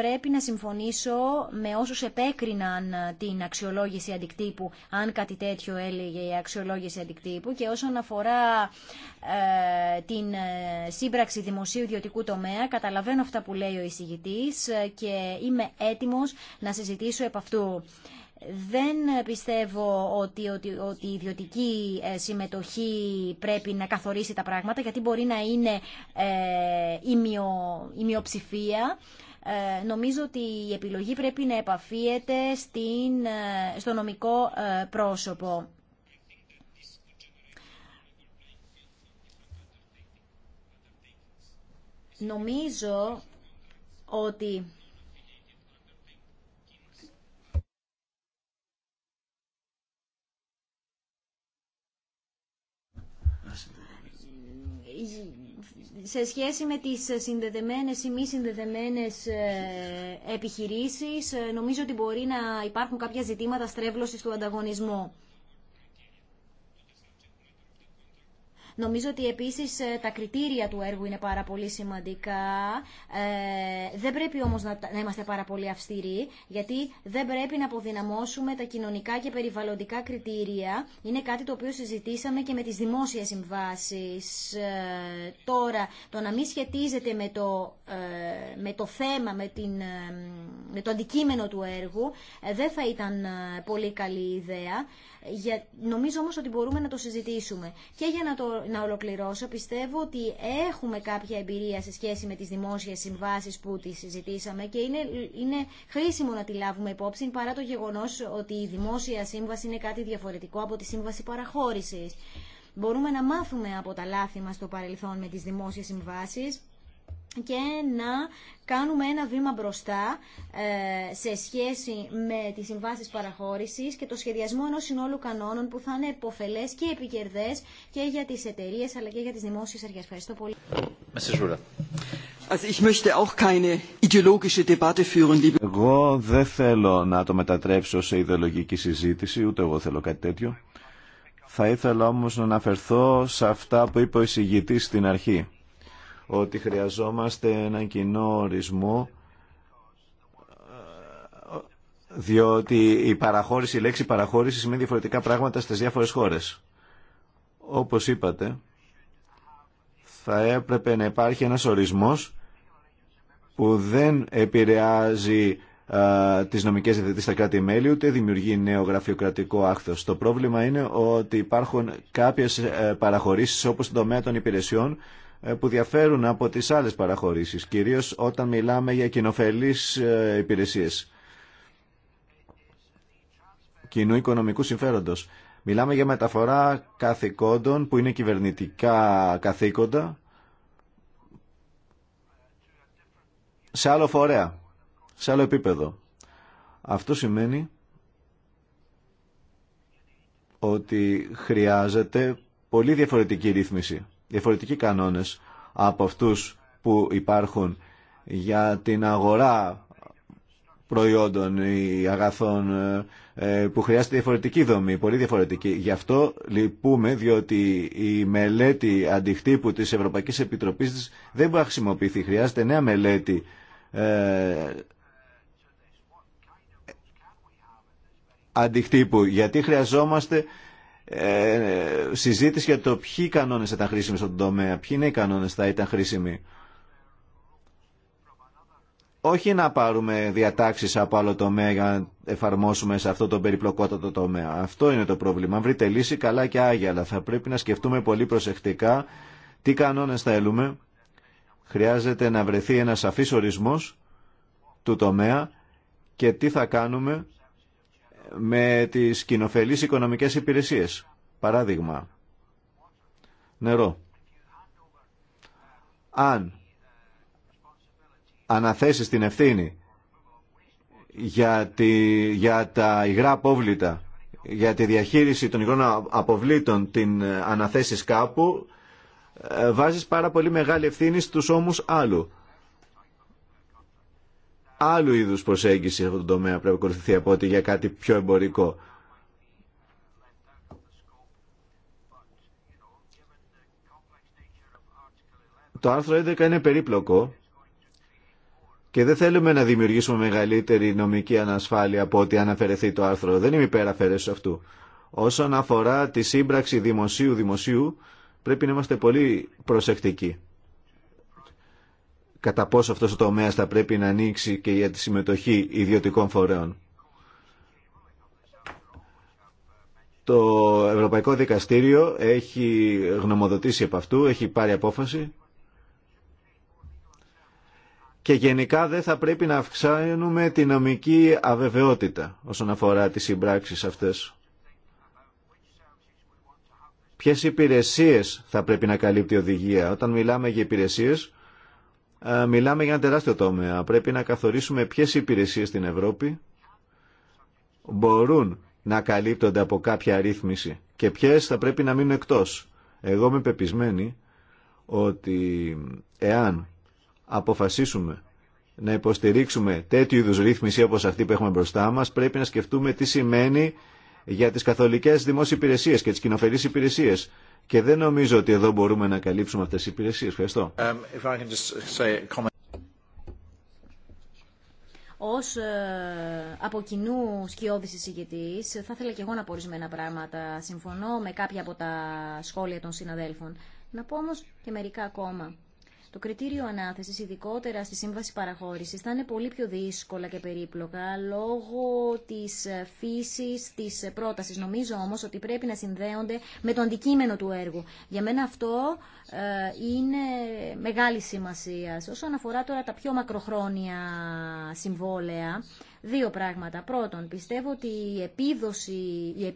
πρέπει να συμφωνήσω με όσους επέκριναν ε, την αξιολόγηση αντικτύπου, αν κάτι τέτοιο έλεγε η αξιολόγηση αντικτύπου και όσον αφορά ε, την ε, σύμπραξη δημοσίου ιδιωτικού τομέα, καταλαβαίνω αυτά που λέει ο εισηγητής και είμαι έτοιμος να συζητήσω επ' αυτού. Δεν πιστεύω ότι, ότι, ότι η ιδιωτική συμμετοχή πρέπει να καθορίσει τα πράγματα γιατί μπορεί να είναι ε, η, μειοψηφία. Ε, νομίζω ότι η επιλογή πρέπει να επαφίεται στην, ε, στο νομικό ε, πρόσωπο. Νομίζω ότι σε σχέση με τις συνδεδεμένες ή μη συνδεδεμένες ε, επιχειρήσεις, ε, νομίζω ότι μπορεί να υπάρχουν κάποια ζητήματα στρέβλωσης του ανταγωνισμού. Νομίζω ότι επίσης ε, τα κριτήρια του έργου είναι πάρα πολύ σημαντικά. Ε, δεν πρέπει όμως να είμαστε πάρα πολύ αυστηροί, γιατί δεν πρέπει να αποδυναμώσουμε τα κοινωνικά και περιβαλλοντικά κριτήρια. Είναι κάτι το οποίο συζητήσαμε και με τις δημόσιες συμβάσεις. Ε, τώρα, το να μην σχετίζεται με το, με το θέμα, με, την, με το αντικείμενο του έργου, δεν θα ήταν πολύ καλή ιδέα. Για, νομίζω όμως ότι μπορούμε να το συζητήσουμε. Και για να, το, να ολοκληρώσω, πιστεύω ότι έχουμε κάποια εμπειρία σε σχέση με τις δημόσιες συμβάσεις που τις συζητήσαμε και είναι, είναι χρήσιμο να τη λάβουμε υπόψη παρά το γεγονός ότι η δημόσια σύμβαση είναι κάτι διαφορετικό από τη σύμβαση παραχώρησης. Μπορούμε να μάθουμε από τα λάθη μας στο παρελθόν με τις δημόσιες συμβάσεις και να κάνουμε ένα βήμα μπροστά ε, σε σχέση με τις συμβάσεις παραχώρησης και το σχεδιασμό ενός συνόλου κανόνων που θα είναι εποφελές και επικερδές και για τις εταιρείες αλλά και για τις δημόσιες αρχές. Ευχαριστώ πολύ. Εγώ δεν θέλω να το μετατρέψω σε ιδεολογική συζήτηση, ούτε εγώ θέλω κάτι τέτοιο. Θα ήθελα όμως να αναφερθώ σε αυτά που είπε ο εισηγητής στην αρχή ότι χρειαζόμαστε έναν κοινό ορισμό διότι η παραχώρηση, λέξη παραχώρηση σημαίνει διαφορετικά πράγματα στις διάφορες χώρες. Όπως είπατε, θα έπρεπε να υπάρχει ένας ορισμός που δεν επηρεάζει α, τις νομικές διευθυντές στα κράτη-μέλη ούτε δημιουργεί νέο γραφειοκρατικό άκθος. Το πρόβλημα είναι ότι υπάρχουν κάποιες ε, παραχωρήσεις όπως στον τομέα των υπηρεσιών ε, που διαφέρουν από τις άλλες παραχωρήσεις, κυρίως όταν μιλάμε για κοινοφελείς ε, υπηρεσίες κοινού οικονομικού συμφέροντος. Μιλάμε για μεταφορά καθηκόντων που είναι κυβερνητικά καθήκοντα σε άλλο φορέα, σε άλλο επίπεδο. Αυτό σημαίνει ότι χρειάζεται πολύ διαφορετική ρύθμιση διαφορετικοί κανόνες από αυτούς που υπάρχουν για την αγορά προϊόντων ή αγαθών ε, που χρειάζεται διαφορετική δομή, πολύ διαφορετική. Γι' αυτό λυπούμε διότι η μελέτη αντιχτύπου της Ευρωπαϊκής Επιτροπής δεν μπορεί να χρησιμοποιηθεί. Χρειάζεται νέα μελέτη ε, αντιχτύπου γιατί χρειαζόμαστε ε, συζήτηση για το ποιοι κανόνες θα ήταν χρήσιμοι στον τομέα, ποιοι είναι οι κανόνες θα ήταν χρήσιμοι. Όχι να πάρουμε διατάξεις από άλλο τομέα για να εφαρμόσουμε σε αυτό το περιπλοκότατο τομέα. Αυτό είναι το πρόβλημα. Αν βρείτε λύση καλά και άγια, αλλά θα πρέπει να σκεφτούμε πολύ προσεκτικά τι κανόνες θέλουμε. Χρειάζεται να βρεθεί ένα σαφής ορισμός του τομέα και τι θα κάνουμε με τις κοινοφελείς οικονομικές υπηρεσίες. Παράδειγμα, νερό. Αν αναθέσεις την ευθύνη για, τη, για τα υγρά απόβλητα, για τη διαχείριση των υγρών αποβλήτων την αναθέσεις κάπου, ε, βάζεις πάρα πολύ μεγάλη ευθύνη στους ώμους άλλου άλλου είδους προσέγγιση σε αυτό το τομέα πρέπει να ακολουθηθεί από ότι για κάτι πιο εμπορικό. Το άρθρο 11 είναι περίπλοκο και δεν θέλουμε να δημιουργήσουμε μεγαλύτερη νομική ανασφάλεια από ό,τι αναφερεθεί το άρθρο. Δεν είμαι υπεραφερές σε αυτού. Όσον αφορά τη σύμπραξη δημοσίου-δημοσίου, πρέπει να είμαστε πολύ προσεκτικοί κατά πόσο αυτός ο τομέας θα πρέπει να ανοίξει και για τη συμμετοχή ιδιωτικών φορέων. Το Ευρωπαϊκό Δικαστήριο έχει γνωμοδοτήσει από αυτού, έχει πάρει απόφαση και γενικά δεν θα πρέπει να αυξάνουμε τη νομική αβεβαιότητα όσον αφορά τις συμπράξεις αυτές. Ποιες υπηρεσίες θα πρέπει να καλύπτει η οδηγία. Όταν μιλάμε για υπηρεσίες, μιλάμε για ένα τεράστιο τομέα. Πρέπει να καθορίσουμε ποιες υπηρεσίες στην Ευρώπη μπορούν να καλύπτονται από κάποια ρύθμιση και ποιες θα πρέπει να μείνουν εκτός. Εγώ είμαι πεπισμένη ότι εάν αποφασίσουμε να υποστηρίξουμε τέτοιου είδους ρύθμιση όπως αυτή που έχουμε μπροστά μας, πρέπει να σκεφτούμε τι σημαίνει για τις καθολικές δημόσιες υπηρεσίες και τις κοινοφελείς υπηρεσίες και δεν νομίζω ότι εδώ μπορούμε να καλύψουμε αυτές τις υπηρεσίες. Ευχαριστώ. Um, ε, από κοινού σκιώδη εισηγητή, θα ήθελα και εγώ να πω ορισμένα πράγματα. Συμφωνώ με κάποια από τα σχόλια των συναδέλφων. Να πω όμως και μερικά ακόμα. Το κριτήριο ανάθεση, ειδικότερα στη σύμβαση παραχώρηση, θα είναι πολύ πιο δύσκολα και περίπλοκα λόγω τη φύση τη πρόταση. Νομίζω όμω ότι πρέπει να συνδέονται με το αντικείμενο του έργου. Για μένα αυτό ε, είναι μεγάλη σημασία. Όσον αφορά τώρα τα πιο μακροχρόνια συμβόλαια, Δύο πράγματα. Πρώτον, πιστεύω ότι η επίδοση, οι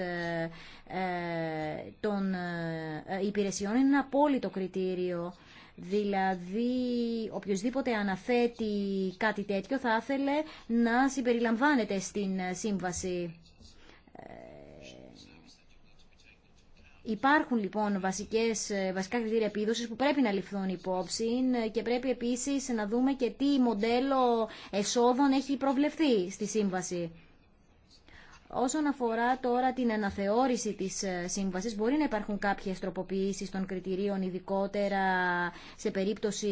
ε, ε, των υπηρεσιών είναι ένα απόλυτο κριτήριο Δηλαδή, οποιοδήποτε αναθέτει κάτι τέτοιο θα ήθελε να συμπεριλαμβάνεται στην σύμβαση. Ε, υπάρχουν λοιπόν βασικές, βασικά κριτήρια επίδοσης που πρέπει να ληφθούν υπόψη και πρέπει επίσης να δούμε και τι μοντέλο εσόδων έχει προβλεφθεί στη σύμβαση. Όσον αφορά τώρα την αναθεώρηση της ε, σύμβασης, μπορεί να υπάρχουν κάποιες τροποποιήσεις των κριτηρίων, ειδικότερα σε περίπτωση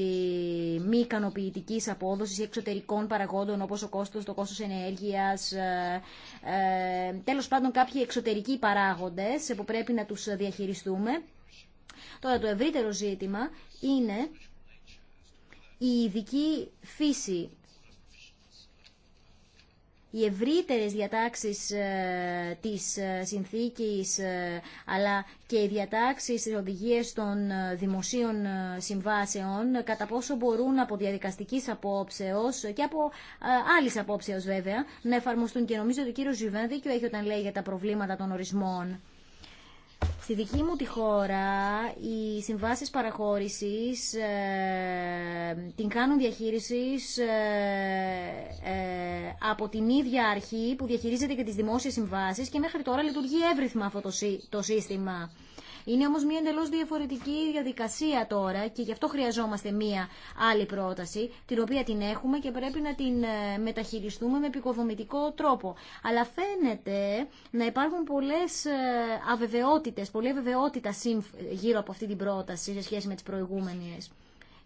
μη ικανοποιητική απόδοσης εξωτερικών παραγόντων, όπως ο κόστος, το κόστος ενέργειας, ε, ε, τέλος πάντων κάποιοι εξωτερικοί παράγοντες που πρέπει να τους διαχειριστούμε. Τώρα το ευρύτερο ζήτημα είναι η ειδική φύση οι ευρύτερες διατάξεις ε, της ε, συνθήκης ε, αλλά και οι διατάξεις της οδηγίας των δημοσίων συμβάσεων κατά πόσο μπορούν από διαδικαστικής απόψεως και από άλλης απόψεως βέβαια να εφαρμοστούν και νομίζω ότι ο κύριος Ζιβέν δίκιο έχει όταν λέει για τα προβλήματα των ορισμών Στη δική μου τη χώρα οι συμβάσεις παραχώρησης ε, την κάνουν διαχείρισης ε, ε, από την ίδια αρχή που διαχειρίζεται και τις δημόσιες συμβάσεις και μέχρι τώρα λειτουργεί εύρυθμα αυτό το σύστημα. Είναι όμω μια εντελώ διαφορετική διαδικασία τώρα και γι' αυτό χρειαζόμαστε μια άλλη πρόταση, την οποία την έχουμε και πρέπει να την ε, μεταχειριστούμε με επικοδομητικό τρόπο. Αλλά φαίνεται να υπάρχουν πολλές ε, αβεβαιότητες, πολλή αβεβαιότητα γύρω από αυτή την πρόταση σε σχέση με τις προηγούμενες.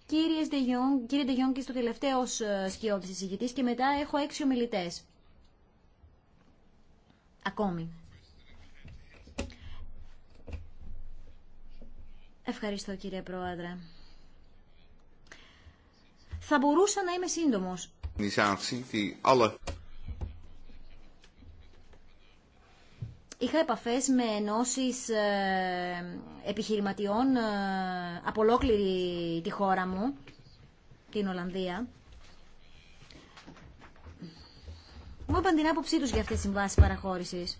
Κύριε Ντεγιόν, κύριε στο τελευταίο ε, σκιώδη συζητή και μετά έχω έξι ομιλητέ. Ακόμη. Ευχαριστώ κύριε Πρόεδρε. Θα μπορούσα να είμαι σύντομος. Είχα επαφές με ενώσεις ε, επιχειρηματιών ε, από ολόκληρη τη χώρα μου, την Ολλανδία. Μου είπαν την άποψή τους για αυτές τις συμβάσεις παραχώρησης.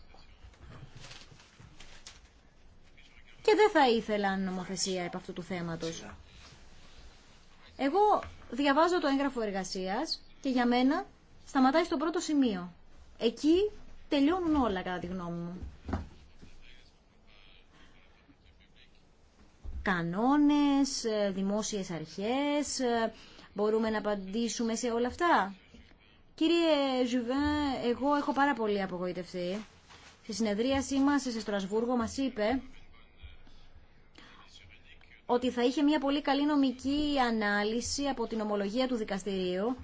και δεν θα ήθελαν νομοθεσία επ' αυτού του θέματος. Εγώ διαβάζω το έγγραφο εργασίας και για μένα σταματάει στο πρώτο σημείο. Εκεί τελειώνουν όλα κατά τη γνώμη μου. Κανόνες, ε, δημόσιες αρχές, ε, μπορούμε να απαντήσουμε σε όλα αυτά. Κύριε Ζουβέν, εγώ έχω πάρα πολύ απογοητευτεί. Στη συνεδρίασή μας σε Στρασβούργο μας είπε ότι θα είχε μια πολύ καλή νομική ανάλυση από την ομολογία του δικαστηρίου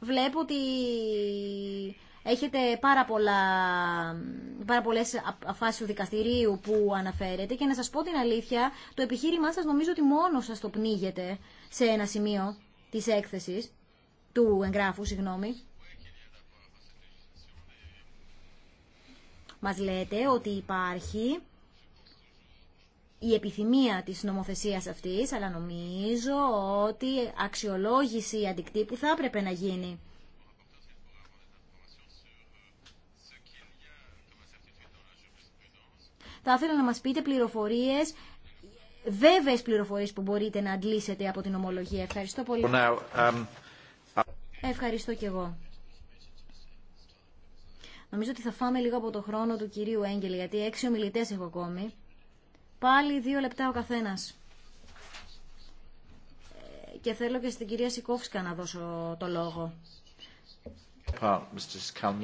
βλέπω ότι έχετε πάρα, πολλά, πάρα πολλές αφάσεις του δικαστηρίου που αναφέρετε και να σας πω την αλήθεια, το επιχείρημά σας νομίζω ότι μόνο σας το πνίγεται σε ένα σημείο της έκθεσης, του εγγράφου, συγγνώμη. Μας λέτε ότι υπάρχει η επιθυμία της νομοθεσίας αυτής, αλλά νομίζω ότι αξιολόγηση αντικτύπου θα έπρεπε να γίνει. Θα ήθελα να μας πείτε πληροφορίες, βέβαιες πληροφορίες που μπορείτε να αντλήσετε από την ομολογία. Ευχαριστώ πολύ. Um, Ευχαριστώ και εγώ. Νομίζω ότι θα φάμε λίγο από το χρόνο του κυρίου Έγγελ, γιατί έξι ομιλητές έχω ακόμη. Πάλι δύο λεπτά ο καθένας. Ε, και θέλω και στην κυρία Σικόφσκα να δώσω το λόγο. Mrs.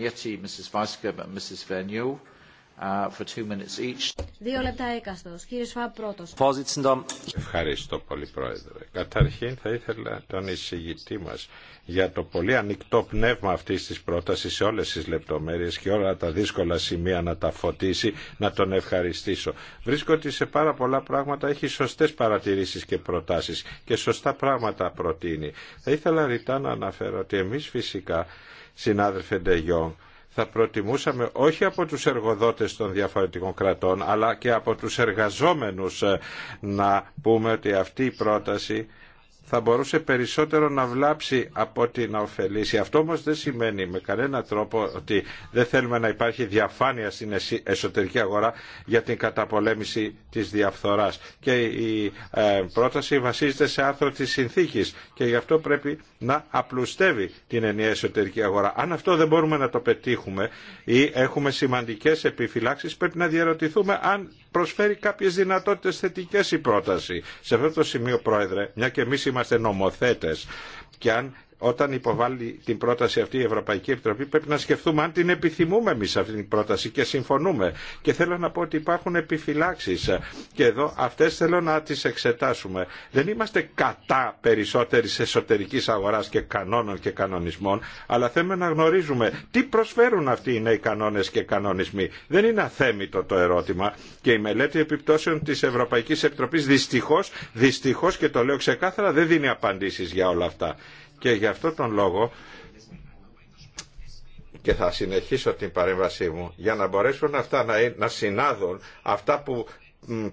Mrs. Uh, Δύο λεπτά έκαστος. Κύριε πρώτος. Ευχαριστώ πολύ, Πρόεδρε. Καταρχήν θα ήθελα τον εισηγητή μας για το πολύ ανοιχτό πνεύμα αυτής της πρότασης σε όλες τις λεπτομέρειες και όλα τα δύσκολα σημεία να τα φωτίσει, να τον ευχαριστήσω. Βρίσκω ότι σε πάρα πολλά πράγματα έχει σωστές παρατηρήσεις και προτάσεις και σωστά πράγματα προτείνει. Θα ήθελα ρητά να αναφέρω ότι εμείς φυσικά, συνάδελφε Ντεγιόν, θα προτιμούσαμε όχι από τους εργοδότες των διαφορετικών κρατών αλλά και από τους εργαζόμενους ε, να πούμε ότι αυτή η πρόταση θα μπορούσε περισσότερο να βλάψει από ότι να ωφελήσει. Αυτό όμως δεν σημαίνει με κανένα τρόπο ότι δεν θέλουμε να υπάρχει διαφάνεια στην εσωτερική αγορά για την καταπολέμηση της διαφθοράς. Και η ε, πρόταση βασίζεται σε άρθρο της συνθήκης και γι' αυτό πρέπει να απλουστεύει την ενιαία εσωτερική αγορά. Αν αυτό δεν μπορούμε να το πετύχουμε ή έχουμε σημαντικές επιφυλάξεις πρέπει να διαρωτηθούμε αν προσφέρει κάποιες δυνατότητες θετικές η πρόταση. Σε αυτό το σημείο, Πρόεδρε, μια και εμείς είμαστε νομοθέτες και αν όταν υποβάλλει την πρόταση αυτή η Ευρωπαϊκή Επιτροπή πρέπει να σκεφτούμε αν την επιθυμούμε εμεί αυτή την πρόταση και συμφωνούμε. Και θέλω να πω ότι υπάρχουν επιφυλάξει και εδώ αυτέ θέλω να τι εξετάσουμε. Δεν είμαστε κατά περισσότερη εσωτερική αγορά και κανόνων και κανονισμών, αλλά θέλουμε να γνωρίζουμε τι προσφέρουν αυτοί οι νέοι κανόνε και κανονισμοί. Δεν είναι αθέμητο το ερώτημα και η μελέτη επιπτώσεων τη Ευρωπαϊκή Επιτροπή δυστυχώ, και το λέω ξεκάθαρα, δεν δίνει απαντήσει για όλα αυτά. Και γι' αυτό τον λόγο και θα συνεχίσω την παρέμβασή μου για να μπορέσουν αυτά να, να συνάδουν αυτά που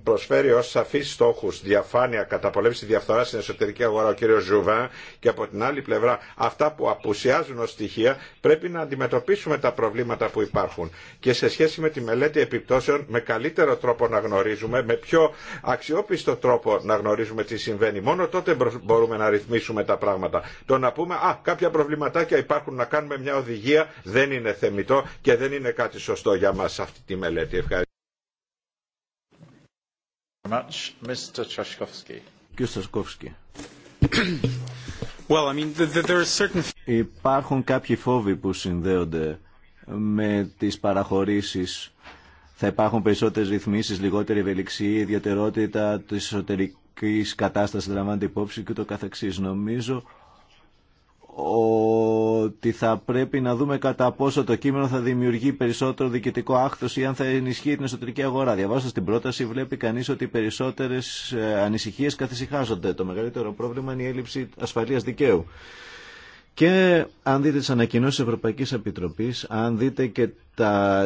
προσφέρει ως σαφείς στόχους διαφάνεια, καταπολέμηση διαφθορά στην εσωτερική αγορά ο κύριος Ζουβά και από την άλλη πλευρά αυτά που απουσιάζουν ως στοιχεία πρέπει να αντιμετωπίσουμε τα προβλήματα που υπάρχουν και σε σχέση με τη μελέτη επιπτώσεων με καλύτερο τρόπο να γνωρίζουμε, με πιο αξιόπιστο τρόπο να γνωρίζουμε τι συμβαίνει. Μόνο τότε μπορούμε να ρυθμίσουμε τα πράγματα. Το να πούμε «Α, κάποια προβληματάκια υπάρχουν να κάνουμε μια οδηγία» δεν είναι θεμητό και δεν είναι κάτι σωστό για μα αυτή τη μελέτη. Ευχαριστώ. Υπάρχουν κάποιοι φόβοι που συνδέονται με τις παραχωρήσεις. Θα υπάρχουν περισσότερες ρυθμίσεις, λιγότερη ευελιξία, ιδιαιτερότητα της εσωτερικής κατάστασης λαμβάνεται υπόψη και το καθεξής. Νομίζω ότι θα πρέπει να δούμε κατά πόσο το κείμενο θα δημιουργεί περισσότερο διοικητικό άκτο ή αν θα ενισχύει την εσωτερική αγορά. Διαβάζοντα την πρόταση βλέπει κανείς ότι οι περισσότερες ε, ανησυχίες καθησυχάζονται. Το μεγαλύτερο πρόβλημα είναι η έλλειψη ασφαλείας δικαίου. Και αν δείτε τι ανακοινώσει τη Ευρωπαϊκή Επιτροπή, αν δείτε και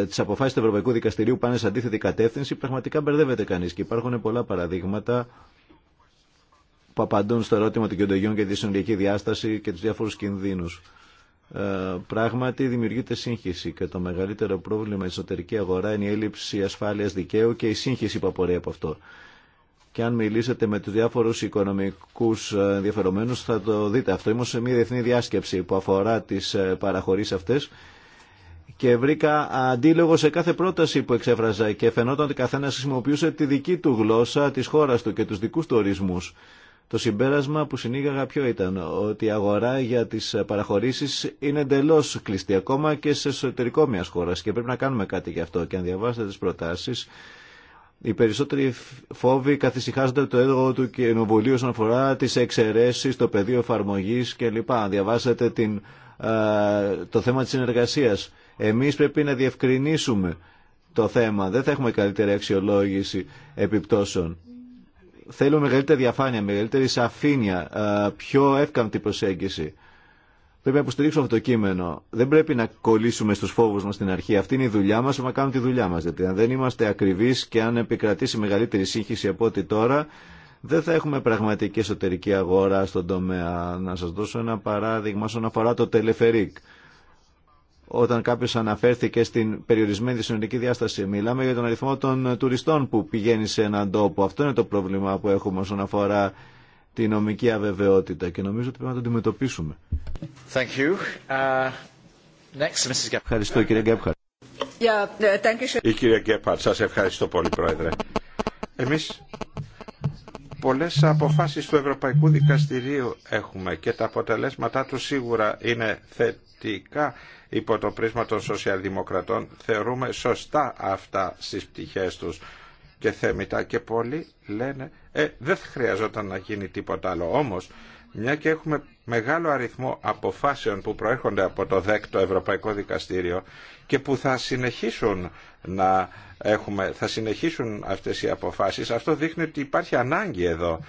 τι αποφάσει του Ευρωπαϊκού Δικαστηρίου πάνε σε αντίθετη κατεύθυνση, πραγματικά μπερδεύεται κανεί. Και υπάρχουν πολλά παραδείγματα που απαντούν στο ερώτημα του κεντογιών και τη συνολική διάσταση και του διάφορου κινδύνους. Ε, πράγματι δημιουργείται σύγχυση και το μεγαλύτερο πρόβλημα η εσωτερική αγορά είναι η έλλειψη ασφάλειας δικαίου και η σύγχυση που απορρέει από αυτό. Και αν μιλήσετε με τους διάφορους οικονομικούς ε, ενδιαφερομένους θα το δείτε αυτό. Είμαστε σε μια διεθνή διάσκεψη που αφορά τις ε, παραχωρήσεις αυτές και βρήκα αντίλογο σε κάθε πρόταση που εξέφραζα και φαινόταν ότι καθένα χρησιμοποιούσε τη δική του γλώσσα, τη χώρα του και τους δικούς του ορισμού. Το συμπέρασμα που συνήγαγα ποιο ήταν, ότι η αγορά για τις παραχωρήσεις είναι εντελώ κλειστή ακόμα και σε εσωτερικό μιας χώρας και πρέπει να κάνουμε κάτι γι' αυτό. Και αν διαβάσετε τις προτάσεις, οι περισσότεροι φόβοι καθησυχάζονται από το έργο του Κοινοβουλίου όσον αφορά τις εξαιρέσεις, το πεδίο εφαρμογή κλπ. Αν διαβάσετε την, το θέμα της συνεργασίας, εμείς πρέπει να διευκρινίσουμε το θέμα. Δεν θα έχουμε καλύτερη αξιολόγηση επιπτώσεων. Θέλω μεγαλύτερη διαφάνεια, μεγαλύτερη σαφήνεια, ε, πιο εύκαμπτη προσέγγιση. Πρέπει να υποστηρίξουμε αυτό το κείμενο. Δεν πρέπει να κολλήσουμε στου φόβου μα στην αρχή. Αυτή είναι η δουλειά μα, να κάνουμε τη δουλειά μα. Γιατί αν δεν είμαστε ακριβεί και αν επικρατήσει μεγαλύτερη σύγχυση από ό,τι τώρα, δεν θα έχουμε πραγματική εσωτερική αγορά στον τομέα. Να σα δώσω ένα παράδειγμα όσον αφορά το τελεφερίκ όταν κάποιος αναφέρθηκε στην περιορισμένη συνολική διάσταση. Μιλάμε για τον αριθμό των τουριστών που πηγαίνει σε έναν τόπο. Αυτό είναι το πρόβλημα που έχουμε όσον αφορά τη νομική αβεβαιότητα και νομίζω ότι πρέπει να το αντιμετωπίσουμε. Thank you. Uh, next, Mrs. Ευχαριστώ κύριε Γκέπχαρτ. Yeah, Η κυρία Γκέπχαρτ, σας ευχαριστώ πολύ πρόεδρε. Εμείς πολλές αποφάσεις του Ευρωπαϊκού Δικαστηρίου έχουμε και τα αποτελέσματά του σίγουρα είναι θετικά υπό το πρίσμα των σοσιαλδημοκρατών θεωρούμε σωστά αυτά στις πτυχές τους και θέμητα και πολλοί λένε ε, δεν χρειαζόταν να γίνει τίποτα άλλο όμως μια και έχουμε μεγάλο αριθμό αποφάσεων που προέρχονται από το δέκτο Ευρωπαϊκό Δικαστήριο και που θα συνεχίσουν να έχουμε, θα συνεχίσουν αυτές οι αποφάσεις. Αυτό δείχνει ότι υπάρχει ανάγκη εδώ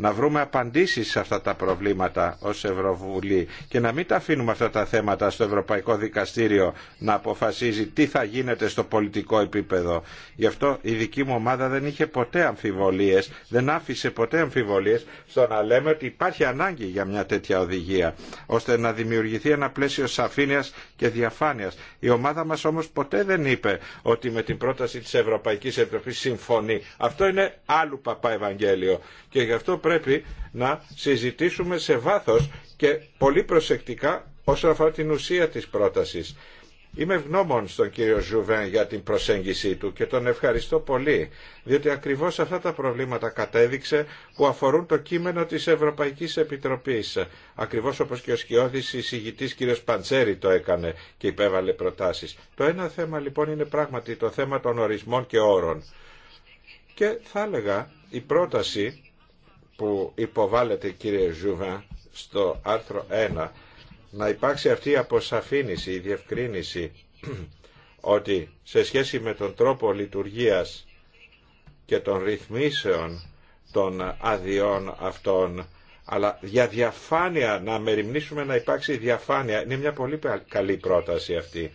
να βρούμε απαντήσεις σε αυτά τα προβλήματα ως Ευρωβουλή και να μην τα αφήνουμε αυτά τα θέματα στο Ευρωπαϊκό Δικαστήριο να αποφασίζει τι θα γίνεται στο πολιτικό επίπεδο. Γι' αυτό η δική μου ομάδα δεν είχε ποτέ αμφιβολίες, δεν άφησε ποτέ αμφιβολίες στο να λέμε ότι υπάρχει ανάγκη για μια τέτοια οδηγία, ώστε να δημιουργηθεί ένα πλαίσιο σαφήνειας και διαφάνειας. Η ομάδα μας όμως ποτέ δεν είπε ότι με την πρόταση της Ευρωπαϊκής Επιτροπής συμφωνεί. Αυτό είναι άλλου παπά Ευαγγέλιο και γι' αυτό πρέπει να συζητήσουμε σε βάθος και πολύ προσεκτικά όσον αφορά την ουσία της πρότασης. Είμαι ευγνώμων στον κύριο Ζουβέν για την προσέγγιση του και τον ευχαριστώ πολύ, διότι ακριβώς αυτά τα προβλήματα κατέδειξε που αφορούν το κείμενο της Ευρωπαϊκής Επιτροπής. Ακριβώς όπως και ο σκιώδης εισηγητής κύριος Παντσέρη το έκανε και υπέβαλε προτάσεις. Το ένα θέμα λοιπόν είναι πράγματι το θέμα των ορισμών και όρων. Και θα έλεγα η πρόταση που υποβάλλεται κύριε Ζούβα στο άρθρο 1 να υπάρξει αυτή η αποσαφήνιση, η διευκρίνηση ότι σε σχέση με τον τρόπο λειτουργίας και των ρυθμίσεων των αδειών αυτών αλλά για διαφάνεια να μεριμνήσουμε να υπάρξει διαφάνεια είναι μια πολύ καλή πρόταση αυτή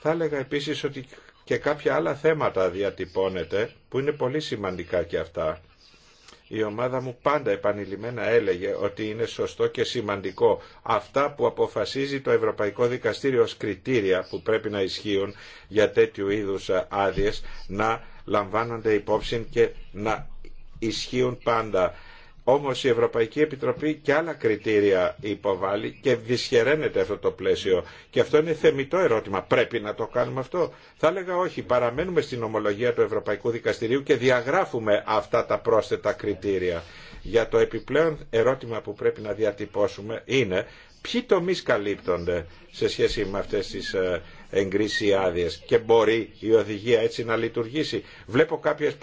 θα έλεγα επίσης ότι και κάποια άλλα θέματα διατυπώνεται που είναι πολύ σημαντικά και αυτά η ομάδα μου πάντα επανειλημμένα έλεγε ότι είναι σωστό και σημαντικό αυτά που αποφασίζει το Ευρωπαϊκό Δικαστήριο ως κριτήρια που πρέπει να ισχύουν για τέτοιου είδους άδειες να λαμβάνονται υπόψη και να ισχύουν πάντα όμως η Ευρωπαϊκή Επιτροπή και άλλα κριτήρια υποβάλλει και δυσχεραίνεται αυτό το πλαίσιο. Και αυτό είναι θεμητό ερώτημα. Πρέπει να το κάνουμε αυτό. Θα έλεγα όχι. Παραμένουμε στην ομολογία του Ευρωπαϊκού Δικαστηρίου και διαγράφουμε αυτά τα πρόσθετα κριτήρια. Για το επιπλέον ερώτημα που πρέπει να διατυπώσουμε είναι ποιοι τομείς καλύπτονται σε σχέση με αυτές τις ε, εγκρίσει άδειε και μπορεί η οδηγία έτσι να λειτουργήσει. Βλέπω κάποιες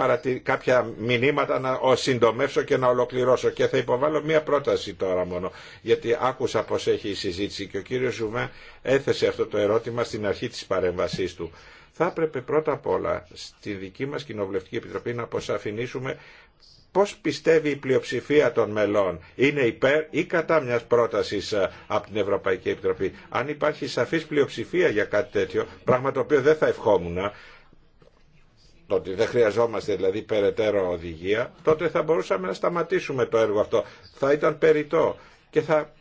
κάποια μηνύματα να συντομεύσω και να ολοκληρώσω και θα υποβάλω μία πρόταση τώρα μόνο γιατί άκουσα πως έχει η συζήτηση και ο κύριος Ζουμέ έθεσε αυτό το ερώτημα στην αρχή της παρεμβασή του θα έπρεπε πρώτα απ' όλα στη δική μας Κοινοβουλευτική Επιτροπή να αποσαφηνίσουμε πώς πιστεύει η πλειοψηφία των μελών είναι υπέρ ή κατά μιας πρότασης ε, από την Ευρωπαϊκή Επιτροπή. Αν υπάρχει σαφής πλειοψηφία για κάτι τέτοιο, πράγμα το οποίο δεν θα ευχόμουν, ε, το ότι δεν χρειαζόμαστε δηλαδή περαιτέρω οδηγία, τότε θα μπορούσαμε να σταματήσουμε το έργο αυτό. Θα ήταν περιττό και θα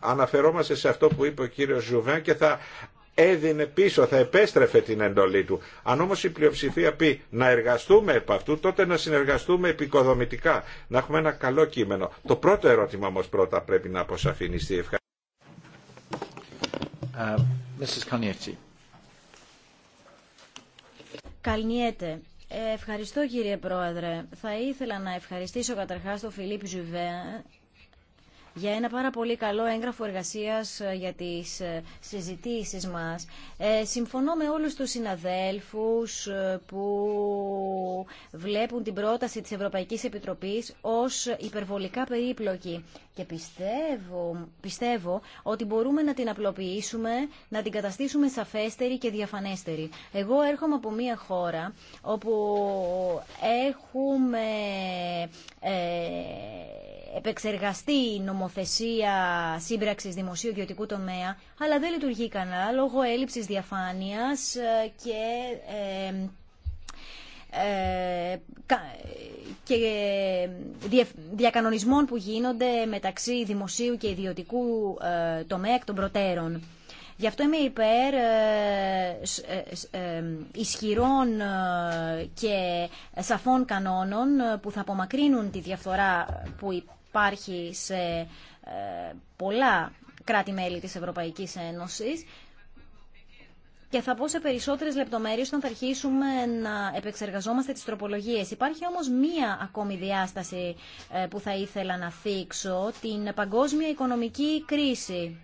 αναφερόμαστε σε αυτό που είπε ο κύριος Ζουβέν και θα έδινε πίσω, θα επέστρεφε την εντολή του. Αν όμως η πλειοψηφία πει να εργαστούμε επ' αυτού, τότε να συνεργαστούμε επικοδομητικά, να έχουμε ένα καλό κείμενο. Το πρώτο ερώτημα όμως πρώτα πρέπει να αποσαφινιστεί. Ευχαριστώ. Uh, ε, Καλνιέτε. Ευχαριστώ κύριε Πρόεδρε. Θα ήθελα να ευχαριστήσω καταρχάς τον Φιλίπ Ζουβέ για ένα πάρα πολύ καλό έγγραφο εργασίας ε, για τις ε, συζητήσεις μας. Ε, συμφωνώ με όλους τους συναδέλφους που βλέπουν την πρόταση της Ευρωπαϊκής Επιτροπής ως υπερβολικά περίπλοκη και πιστεύω, πιστεύω ότι μπορούμε να την απλοποιήσουμε, να την καταστήσουμε σαφέστερη και διαφανέστερη. Εγώ έρχομαι από μια χώρα όπου έχουμε επεξεργαστεί η νομοθεσία σύμπραξη δημοσίου ιδιωτικού τομέα, αλλά δεν λειτουργεί κανένα λόγω έλλειψη διαφάνεια ε, και. Ε, ε διακανονισμών που γίνονται μεταξύ δημοσίου και ιδιωτικού ε, τομέα εκ των προτέρων. Γι' αυτό είμαι υπέρ ισχυρών και σαφών κανόνων που θα απομακρύνουν τη διαφθορά που υπάρχει σε ε, πολλά κράτη-μέλη της Ευρωπαϊκής Ένωσης και θα πω σε περισσότερες λεπτομέρειες όταν θα αρχίσουμε να επεξεργαζόμαστε τις τροπολογίες. Υπάρχει όμως μία ακόμη διάσταση ε, που θα ήθελα να θίξω, την παγκόσμια οικονομική κρίση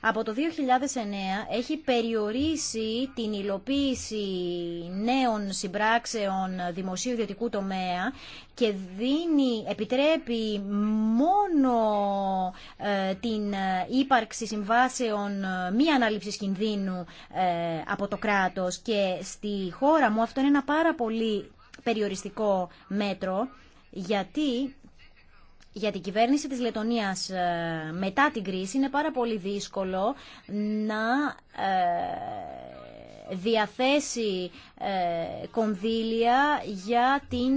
από το 2009 έχει περιορίσει την υλοποίηση νέων συμπράξεων δημοσίου ιδιωτικού τομέα και δίνει, επιτρέπει μόνο ε, την ε, ύπαρξη συμβάσεων ε, μη ανάληψης κινδύνου από το κράτος και στη χώρα μου αυτό είναι ένα πάρα πολύ περιοριστικό μέτρο γιατί για την κυβέρνηση της Λετωνίας ε, μετά την κρίση είναι πάρα πολύ δύσκολο να ε, διαθέσει ε, κονδύλια για την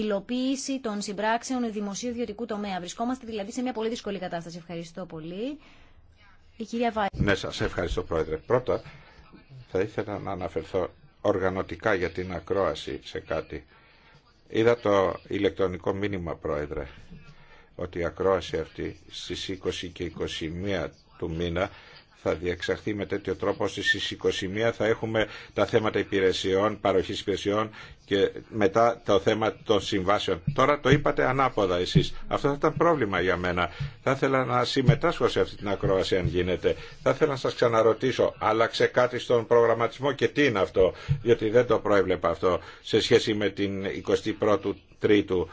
υλοποίηση των συμπράξεων δημοσίου ιδιωτικού τομέα. Βρισκόμαστε δηλαδή σε μια πολύ δύσκολη κατάσταση. Ευχαριστώ πολύ. Η κυρία Βάη. Ναι, σας ευχαριστώ Πρόεδρε. Πρώτα θα ήθελα να αναφερθώ οργανωτικά για την ακρόαση σε κάτι. Είδα το ηλεκτρονικό μήνυμα, Πρόεδρε, ότι η ακρόαση αυτή στις 20 και 21 του μήνα θα διεξαχθεί με τέτοιο τρόπο στις 21 θα έχουμε τα θέματα υπηρεσιών, παροχής υπηρεσιών και μετά το θέμα των συμβάσεων. Τώρα το είπατε ανάποδα εσείς. Αυτό θα ήταν πρόβλημα για μένα. Θα ήθελα να συμμετάσχω σε αυτή την ακρόαση αν γίνεται. Θα ήθελα να σας ξαναρωτήσω, άλλαξε κάτι στον προγραμματισμό και τι είναι αυτό, διότι δεν το προέβλεπα αυτό σε σχέση με την 21η Τρίτου,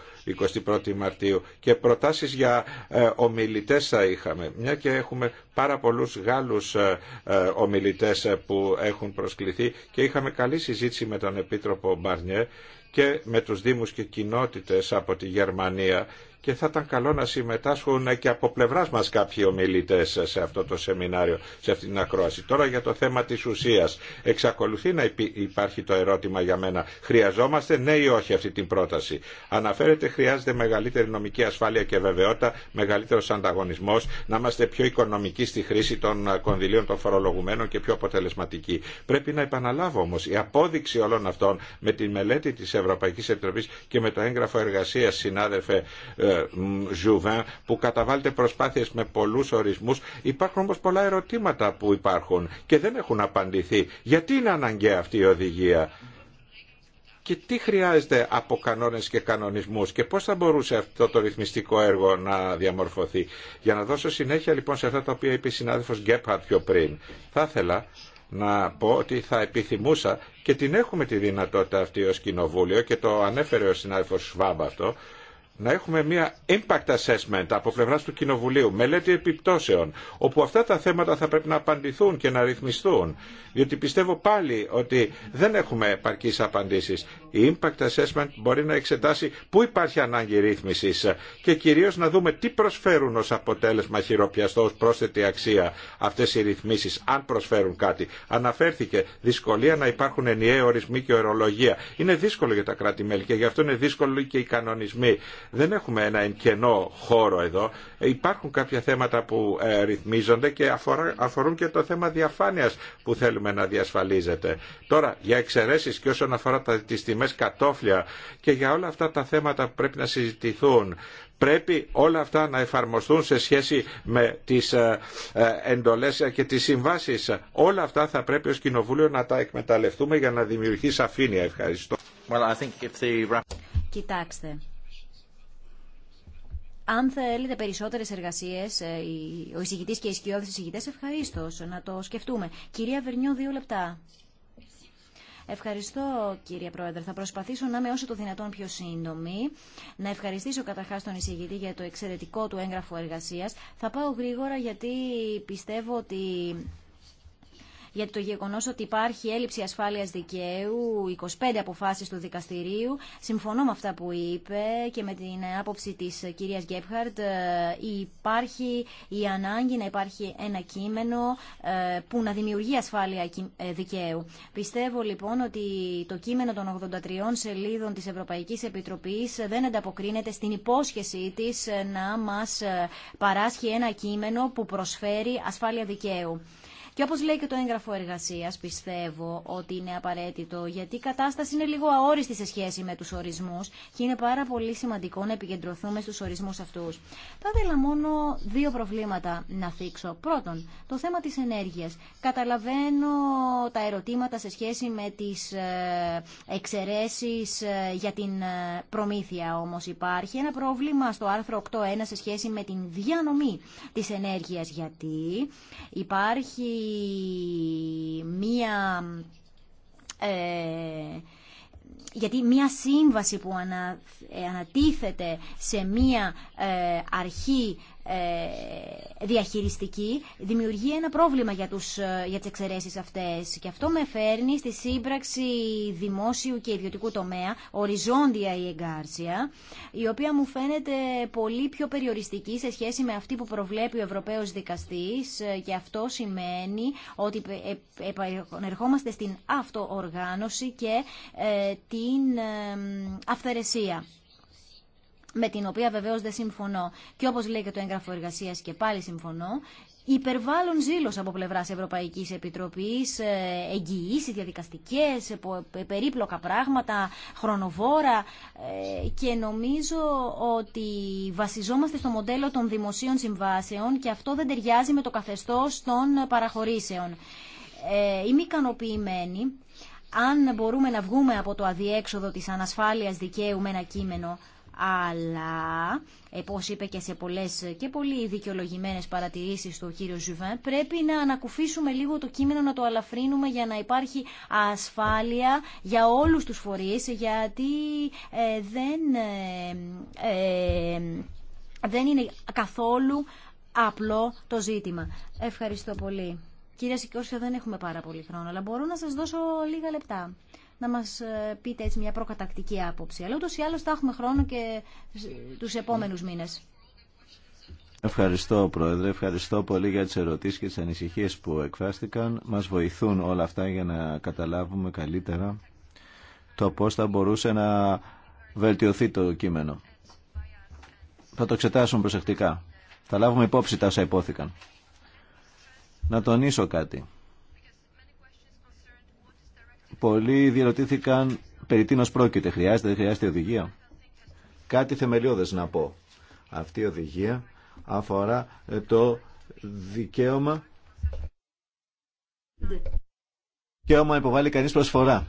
21η Μαρτίου και προτάσεις για ε, ομιλητές θα είχαμε. Μια και έχουμε πάρα πολλούς Γάλλους ε, ε ομιλητές ε, που έχουν προσκληθεί και είχαμε καλή συζήτηση με τον Επίτροπο Μπαρνιέ και με τους Δήμους και κοινότητες από τη Γερμανία και θα ήταν καλό να συμμετάσχουν και από πλευρά μα κάποιοι ομιλητέ σε αυτό το σεμινάριο, σε αυτή την ακρόαση. Τώρα για το θέμα τη ουσία. Εξακολουθεί να υπάρχει το ερώτημα για μένα. Χρειαζόμαστε ναι ή όχι αυτή την πρόταση. Αναφέρεται χρειάζεται μεγαλύτερη νομική ασφάλεια και βεβαιότητα, μεγαλύτερο ανταγωνισμό, να είμαστε πιο οικονομικοί στη χρήση των κονδυλίων των φορολογουμένων και πιο αποτελεσματικοί. Πρέπει να επαναλάβω όμω η απόδειξη όλων αυτών με τη μελέτη τη Ευρωπαϊκή Επιτροπή και με το έγγραφο εργασία, συνάδελφε ε, ε, Ζουβέν που καταβάλλεται προσπάθειες με πολλούς ορισμούς. Υπάρχουν όμως πολλά ερωτήματα που υπάρχουν και δεν έχουν απαντηθεί. Γιατί είναι αναγκαία αυτή η οδηγία και τι χρειάζεται από κανόνες και κανονισμούς και πώς θα μπορούσε αυτό το ρυθμιστικό έργο να διαμορφωθεί. Για να δώσω συνέχεια λοιπόν σε αυτά τα οποία είπε η συνάδελφος Γκέπχαρτ πιο πριν. Θα ήθελα να πω ότι θα επιθυμούσα και την έχουμε τη δυνατότητα αυτή ως κοινοβούλιο και το ανέφερε ο συνάδελφος Σβάμπ αυτό να έχουμε μια impact assessment από πλευρά του Κοινοβουλίου, μελέτη επιπτώσεων, όπου αυτά τα θέματα θα πρέπει να απαντηθούν και να ρυθμιστούν. Διότι πιστεύω πάλι ότι δεν έχουμε επαρκεί απαντήσει. Η impact assessment μπορεί να εξετάσει πού υπάρχει ανάγκη ρύθμισης και κυρίω να δούμε τι προσφέρουν ω αποτέλεσμα χειροπιαστό, ω πρόσθετη αξία αυτέ οι ρυθμίσει. αν προσφέρουν κάτι. Αναφέρθηκε δυσκολία να υπάρχουν ενιαίοι ορισμοί και ορολογία. Είναι δύσκολο για τα κράτη-μέλη και γι' αυτό είναι δύσκολο και οι κανονισμοί δεν έχουμε ένα κενό χώρο εδώ. Υπάρχουν κάποια θέματα που ε, ρυθμίζονται και αφορούν και το θέμα διαφάνειας που θέλουμε να διασφαλίζεται. Τώρα, για εξαιρέσεις και όσον αφορά τις τιμές κατόφλια και για όλα αυτά τα θέματα που πρέπει να συζητηθούν, πρέπει όλα αυτά να εφαρμοστούν σε σχέση με τις ε, ε, εντολές και τις συμβάσεις. Όλα αυτά θα πρέπει ως Κοινοβούλιο να τα εκμεταλλευτούμε για να δημιουργήσει σαφήνεια. Ευχαριστώ. Well, Κοιτάξτε, αν θέλετε περισσότερε εργασίε, ε, ο εισηγητή και οι σκιώδε εισηγητέ, ευχαρίστω να το σκεφτούμε. Κυρία Βερνιό, δύο λεπτά. Ευχαριστώ κύριε Πρόεδρε. Θα προσπαθήσω να είμαι όσο το δυνατόν πιο σύντομη. Να ευχαριστήσω καταρχά τον εισηγητή για το εξαιρετικό του έγγραφο εργασία. Θα πάω γρήγορα γιατί πιστεύω ότι για το γεγονός ότι υπάρχει έλλειψη ασφάλειας δικαίου, 25 αποφάσεις του δικαστηρίου. Συμφωνώ με αυτά που είπε και με την άποψη της κυρίας Γκέπχαρτ. Ε, υπάρχει η ανάγκη να υπάρχει ένα κείμενο ε, που να δημιουργεί ασφάλεια ε, δικαίου. Πιστεύω λοιπόν ότι το κείμενο των 83 σελίδων της Ευρωπαϊκής Επιτροπής δεν ανταποκρίνεται στην υπόσχεσή της να μας παράσχει ένα κείμενο που προσφέρει ασφάλεια δικαίου. Και όπως λέει και το έγγραφο εργασίας, πιστεύω ότι είναι απαραίτητο, γιατί η κατάσταση είναι λίγο αόριστη σε σχέση με τους ορισμούς και είναι πάρα πολύ σημαντικό να επικεντρωθούμε στους ορισμούς αυτούς. Θα ήθελα μόνο δύο προβλήματα να θίξω. Πρώτον, το θέμα της ενέργειας. Καταλαβαίνω τα ερωτήματα σε σχέση με τις ε, εξαιρέσει ε, για την ε, προμήθεια, όμως υπάρχει ένα πρόβλημα στο άρθρο 8.1 σε σχέση με την διανομή τη ενέργεια γιατί υπάρχει μία ε, γιατί μία σύμβαση που ανα, ε, ανατίθεται σε μία ε, αρχή ε, διαχειριστική δημιουργεί ένα πρόβλημα για, τους, ε, για τις εξαιρέσεις αυτές. Και αυτό με φέρνει στη σύμπραξη δημόσιου και ιδιωτικού τομέα, οριζόντια η εγκάρσια, η οποία μου φαίνεται πολύ πιο περιοριστική σε σχέση με αυτή που προβλέπει ο Ευρωπαίος Δικαστής ε, και αυτό σημαίνει ότι ερχόμαστε στην αυτοοργάνωση και την αυθαιρεσία με την οποία βεβαίως δεν συμφωνώ και όπως λέει και το έγγραφο εργασίας και πάλι συμφωνώ, υπερβάλλουν ζήλος από πλευρά Ευρωπαϊκής Επιτροπής, ε, εγγυήσει διαδικαστικέ, ε, ε, περίπλοκα πράγματα, χρονοβόρα και νομίζω ότι βασιζόμαστε στο μοντέλο των δημοσίων συμβάσεων και αυτό δεν ταιριάζει με το καθεστώ των παραχωρήσεων. Είμαι ικανοποιημένη αν μπορούμε να βγούμε από το αδιέξοδο της ανασφάλειας δικαίου με ένα κείμενο αλλά, ε, όπως είπε και σε πολλές και πολύ δικαιολογημένες παρατηρήσεις του κύριο Ζουβέν, πρέπει να ανακουφίσουμε λίγο το κείμενο, να το αλαφρύνουμε για να υπάρχει ασφάλεια για όλους τους φορείς, γιατί ε, δεν, ε, δεν είναι καθόλου απλό το ζήτημα. Ευχαριστώ πολύ. Κυρία Σικώσια, δεν έχουμε πάρα πολύ χρόνο, αλλά μπορώ να σας δώσω λίγα λεπτά να μας ε, πείτε έτσι μια προκατακτική άποψη. Αλλά ούτω ή άλλω θα έχουμε χρόνο και τους επόμενους μήνες. Ευχαριστώ Πρόεδρε, ευχαριστώ πολύ για τις ερωτήσεις και τις ανησυχίες που εκφράστηκαν. Μας βοηθούν όλα αυτά για να καταλάβουμε καλύτερα το πώ θα μπορούσε να βελτιωθεί το κείμενο. Θα το εξετάσουμε προσεκτικά. Θα λάβουμε υπόψη τα όσα υπόθηκαν. Να τονίσω κάτι. Πολλοί διερωτήθηκαν περί τίνος πρόκειται. Χρειάζεται, δεν χρειάζεται οδηγία. Κάτι θεμελιώδες να πω. Αυτή η οδηγία αφορά ε, το δικαίωμα δικαίωμα υποβάλλει κανείς προσφορά.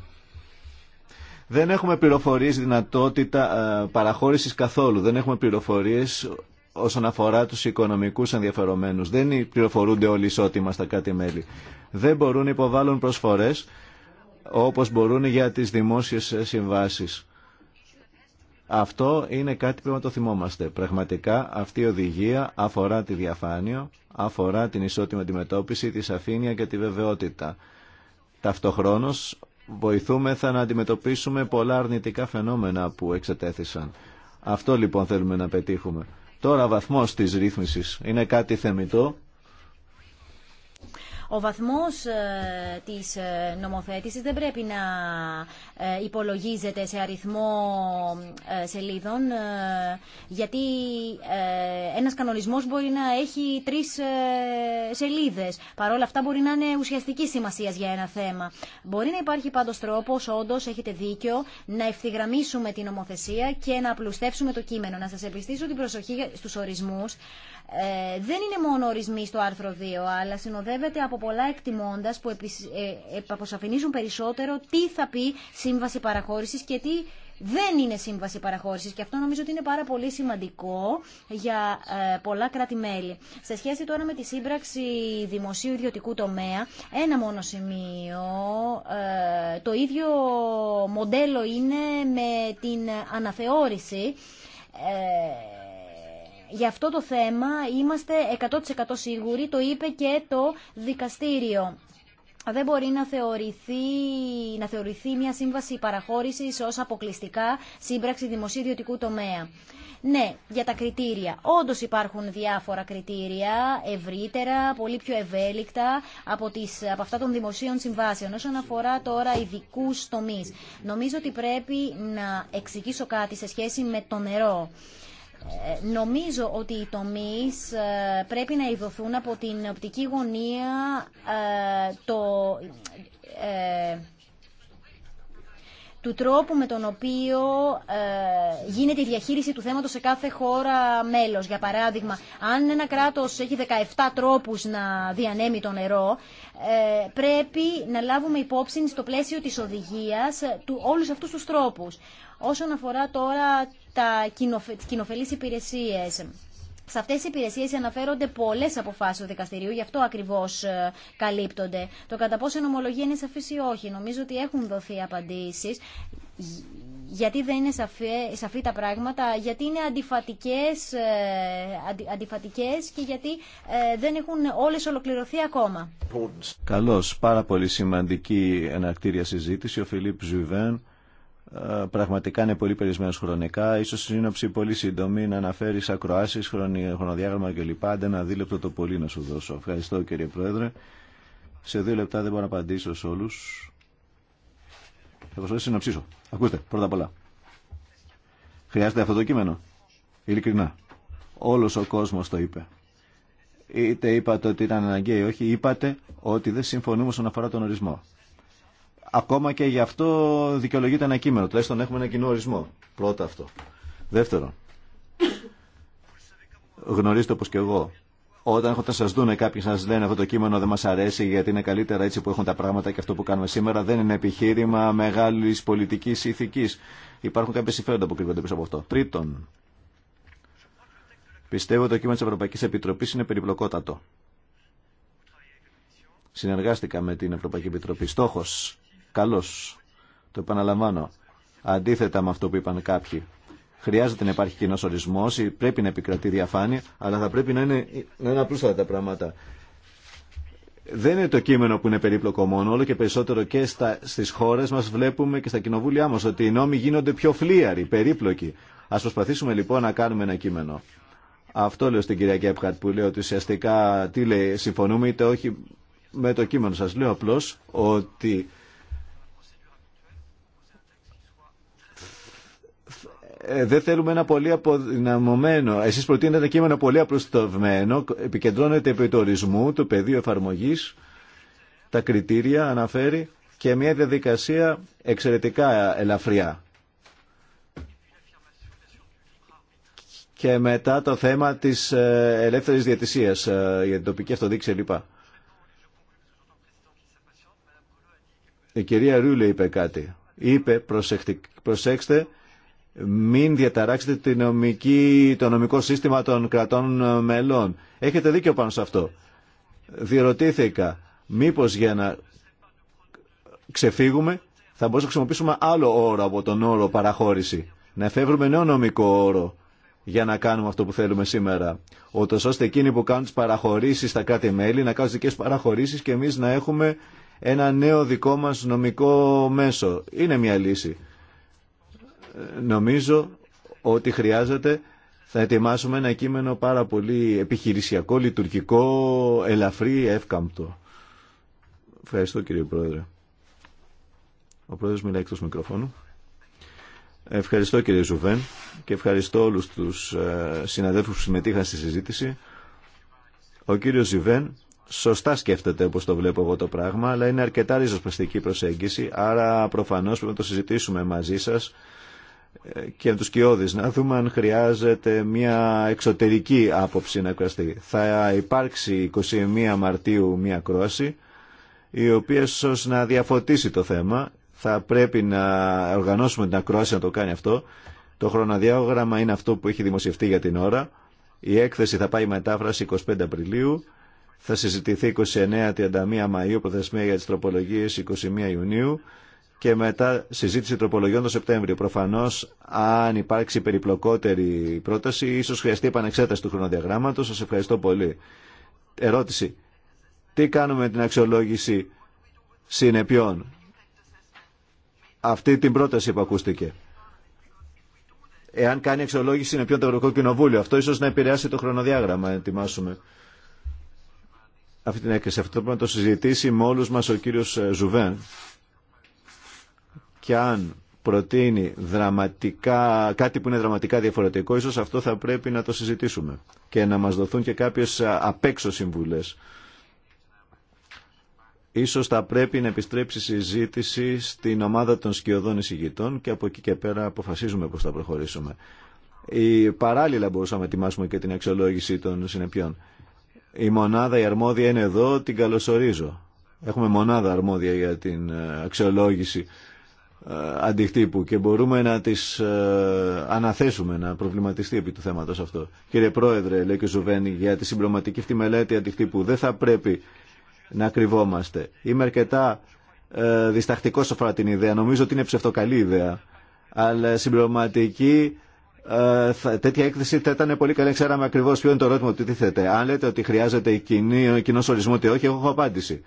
Δεν έχουμε πληροφορίες δυνατότητα ε, παραχώρησης καθόλου. Δεν έχουμε πληροφορίες όσον αφορά τους οικονομικούς ενδιαφερομένους. Δεν πληροφορούνται όλοι ισότιμα στα κάτι μέλη. Δεν μπορούν να υποβάλλουν προσφορές όπως μπορούν για τις δημόσιες συμβάσεις. Αυτό είναι κάτι που το θυμόμαστε. Πραγματικά αυτή η οδηγία αφορά τη διαφάνεια, αφορά την ισότιμη αντιμετώπιση, τη σαφήνεια και τη βεβαιότητα. Ταυτοχρόνως βοηθούμεθα να αντιμετωπίσουμε πολλά αρνητικά φαινόμενα που εξετέθησαν. Αυτό λοιπόν θέλουμε να πετύχουμε. Τώρα βαθμός της ρύθμισης είναι κάτι θεμητό ο βαθμός ε, της ε, νομοθέτησης δεν πρέπει να ε, υπολογίζεται σε αριθμό σελίδων γιατί ένας κανονισμός μπορεί να έχει τρεις σελίδες. Παρόλα αυτά μπορεί να είναι ουσιαστική σημασία για ένα θέμα. Μπορεί να υπάρχει πάντως τρόπος, όντως έχετε δίκιο, να ευθυγραμμίσουμε την νομοθεσία και να απλουστεύσουμε το κείμενο. Να σας επιστήσω την προσοχή στους ορισμούς. δεν είναι μόνο ορισμοί στο άρθρο 2, αλλά συνοδεύεται από πολλά εκτιμώντας που ε, αποσαφηνίζουν περισσότερο τι θα πει σύμβαση παραχώρησης και τι δεν είναι σύμβαση παραχώρησης και αυτό νομίζω ότι είναι πάρα πολύ σημαντικό για ε, πολλά κράτη-μέλη. Σε σχέση τώρα με τη σύμπραξη δημοσίου ιδιωτικού τομέα, ένα μόνο σημείο, ε, το ίδιο μοντέλο είναι με την αναθεώρηση για αυτό το θέμα είμαστε 100% σίγουροι, το είπε και το δικαστήριο. Δεν μπορεί να θεωρηθεί, να θεωρηθεί μια σύμβαση παραχώρησης ως αποκλειστικά σύμπραξη δημοσίου τομέα. Ναι, για τα κριτήρια. Όντω υπάρχουν διάφορα κριτήρια, ευρύτερα, πολύ πιο ευέλικτα από, τις, από αυτά των δημοσίων συμβάσεων. Όσον αφορά τώρα ειδικού τομεί, νομίζω ότι πρέπει να εξηγήσω κάτι σε σχέση με το νερό. Ε, νομίζω ότι οι τομείς ε, πρέπει να ειδωθούν από την οπτική γωνία ε, το του τρόπου με τον οποίο ε, γίνεται η διαχείριση του θέματος σε κάθε χώρα μέλος. Για παράδειγμα, αν ένα κράτος έχει 17 τρόπους να διανέμει το νερό, ε, πρέπει να λάβουμε υπόψη στο πλαίσιο της οδηγίας ε, του, όλους αυτούς τους τρόπους. Όσον αφορά τώρα τα κοινοφελείς υπηρεσίες... Σε αυτέ τι υπηρεσίε αναφέρονται πολλέ αποφάσει του δικαστηρίου, γι' αυτό ακριβώ ε, καλύπτονται. Το κατά πόσο η νομολογία είναι σαφή ή όχι, νομίζω ότι έχουν δοθεί απαντήσει. Γιατί δεν είναι σαφή, σαφή τα πράγματα, γιατί είναι αντιφατικές, ε, αντιφατικές και γιατί ε, δεν έχουν όλες ολοκληρωθεί ακόμα. Καλώς, πάρα πολύ σημαντική ενακτήρια συζήτηση. Ο Φιλίπ Ζουβέν πραγματικά είναι πολύ περισμένος χρονικά. Ίσως σύνοψη πολύ σύντομη να αναφέρει ακροάσεις, χρονοδιάγραμμα κλπ. Άντε ένα δίλεπτο το πολύ να σου δώσω. Ευχαριστώ κύριε Πρόεδρε. Σε δύο λεπτά δεν μπορώ να απαντήσω σε όλους. Θα προσπαθήσω να ψήσω. Ακούστε, πρώτα απ' όλα. Χρειάζεται αυτό το κείμενο. Ειλικρινά. ολο ο είπατε το είπε. Είτε είπατε ότι ήταν αναγκαίο ή όχι, είπατε ότι δεν συμφωνούμε όσον αφορά τον ορισμό. Ακόμα και γι' αυτό δικαιολογείται ένα κείμενο. Τουλάχιστον έχουμε ένα κοινό ορισμό. Πρώτο αυτό. Δεύτερο. γνωρίζετε όπω και εγώ, όταν έχω, σα δούνε κάποιοι σα λένε αυτό το κείμενο δεν μα αρέσει γιατί είναι καλύτερα έτσι που έχουν τα πράγματα και αυτό που κάνουμε σήμερα δεν είναι επιχείρημα μεγάλη πολιτική ηθική. Υπάρχουν κάποιε συμφέροντα που κρύβονται πίσω από αυτό. Τρίτον, πιστεύω ότι το κείμενο τη Ευρωπαϊκή Επιτροπή είναι περιπλοκότατο. Συνεργάστηκα με την Ευρωπαϊκή Επιτροπή. Στόχο καλός. Το επαναλαμβάνω. Αντίθετα με αυτό που είπαν κάποιοι. Χρειάζεται να υπάρχει κοινό ορισμό, ή πρέπει να επικρατεί διαφάνεια, αλλά θα πρέπει να είναι, να είναι απλούστατα τα πράγματα. Δεν είναι το κείμενο που είναι περίπλοκο μόνο, όλο και περισσότερο και στα, στις χώρες μας βλέπουμε και στα κοινοβούλια μας ότι οι νόμοι γίνονται πιο φλίαροι, περίπλοκοι. Ας προσπαθήσουμε λοιπόν να κάνουμε ένα κείμενο. Αυτό λέω στην κυρία Κέπχαρτ που λέει ότι ουσιαστικά τι λέει, συμφωνούμε είτε όχι με το κείμενο. Σας λέω απλώ ότι Ε, δεν θέλουμε ένα πολύ αποδυναμωμένο. Εσεί προτείνετε ένα κείμενο πολύ απλουστευμένο, επικεντρώνεται επί του ορισμού, του πεδίου εφαρμογή, τα κριτήρια αναφέρει και μια διαδικασία εξαιρετικά ελαφριά. Και μετά το θέμα της ε, ελεύθερης διατησίας ε, για την τοπική αυτοδίκηση λοιπά. Η κυρία Ρούλε είπε κάτι. Είπε, προσέξτε, μην διαταράξετε το νομικό σύστημα των κρατών μελών. Έχετε δίκιο πάνω σε αυτό. Διερωτήθηκα, μήπως για να ξεφύγουμε θα μπορούσαμε να χρησιμοποιήσουμε άλλο όρο από τον όρο παραχώρηση. Να εφεύρουμε νέο νομικό όρο για να κάνουμε αυτό που θέλουμε σήμερα. Ότω ώστε εκείνοι που κάνουν τι παραχωρήσει στα κράτη-μέλη να κάνουν δικέ παραχωρήσει και εμεί να έχουμε ένα νέο δικό μα νομικό μέσο. Είναι μια λύση νομίζω ότι χρειάζεται θα ετοιμάσουμε ένα κείμενο πάρα πολύ επιχειρησιακό, λειτουργικό, ελαφρύ, εύκαμπτο. Ευχαριστώ κύριε Πρόεδρε. Ο Πρόεδρος μιλάει εκτός μικροφώνου. Ευχαριστώ κύριε Ζουβέν και ευχαριστώ όλους τους ε, συναδέλφους που συμμετείχαν στη συζήτηση. Ο κύριος Ζουβέν σωστά σκέφτεται όπως το βλέπω εγώ το πράγμα, αλλά είναι αρκετά ριζοσπαστική προσέγγιση, άρα προφανώς πρέπει να το συζητήσουμε μαζί σας ε, και τους κοιόδης να δούμε αν χρειάζεται μια εξωτερική άποψη να εκφραστεί. Θα υπάρξει 21 Μαρτίου μια ακρόαση η οποία ίσω να διαφωτίσει το θέμα. Θα πρέπει να οργανώσουμε την ακρόαση να το κάνει αυτό. Το χρονοδιάγραμμα είναι αυτό που έχει δημοσιευτεί για την ώρα. Η έκθεση θα πάει μετάφραση 25 Απριλίου. Θα συζητηθεί 29-31 Μαΐου, προθεσμία για τις τροπολογίες 21 Ιουνίου και μετά συζήτηση τροπολογιών το Σεπτέμβριο. Προφανώ, αν υπάρξει περιπλοκότερη πρόταση, ίσω χρειαστεί επανεξέταση του χρονοδιαγράμματο. Σα ευχαριστώ πολύ. Ερώτηση. Τι κάνουμε με την αξιολόγηση συνεπειών. Αυτή την πρόταση που ακούστηκε. Εάν κάνει αξιολόγηση συνεπιών το Ευρωπαϊκό Κοινοβούλιο, αυτό ίσω να επηρεάσει το χρονοδιάγραμμα, ετοιμάσουμε. Αυτή την έκθεση. Αυτό πρέπει να το συζητήσει με όλου μα ο κύριο Ζουβέν και αν προτείνει δραματικά, κάτι που είναι δραματικά διαφορετικό, ίσως αυτό θα πρέπει να το συζητήσουμε και να μας δοθούν και κάποιες απέξω συμβουλές. Ίσως θα πρέπει να επιστρέψει συζήτηση στην ομάδα των σκιωδών εισηγητών και από εκεί και πέρα αποφασίζουμε πώς θα προχωρήσουμε. Η παράλληλα μπορούσαμε να ετοιμάσουμε και την αξιολόγηση των συνεπιών. Η μονάδα η αρμόδια είναι εδώ, την καλωσορίζω. Έχουμε μονάδα αρμόδια για την ε, αξιολόγηση ε, αντιχτύπου και μπορούμε να τις ε, αναθέσουμε να προβληματιστεί επί του θέματος αυτό. Κύριε Πρόεδρε, λέει και ο Ζουβένι, για τη συμπληρωματική αυτή μελέτη αντιχτύπου δεν θα πρέπει να κρυβόμαστε. Είμαι αρκετά ε, διστακτικός αφορά την ιδέα. Νομίζω ότι είναι ψευτοκαλή ιδέα. Αλλά συμπληρωματική ε, θα, τέτοια έκθεση θα ήταν πολύ καλή. Ξέραμε ακριβώ ποιο είναι το ερώτημα που τίθεται. Αν λέτε ότι χρειάζεται κοινό ορισμό ότι όχι, εγώ έχω απάντηση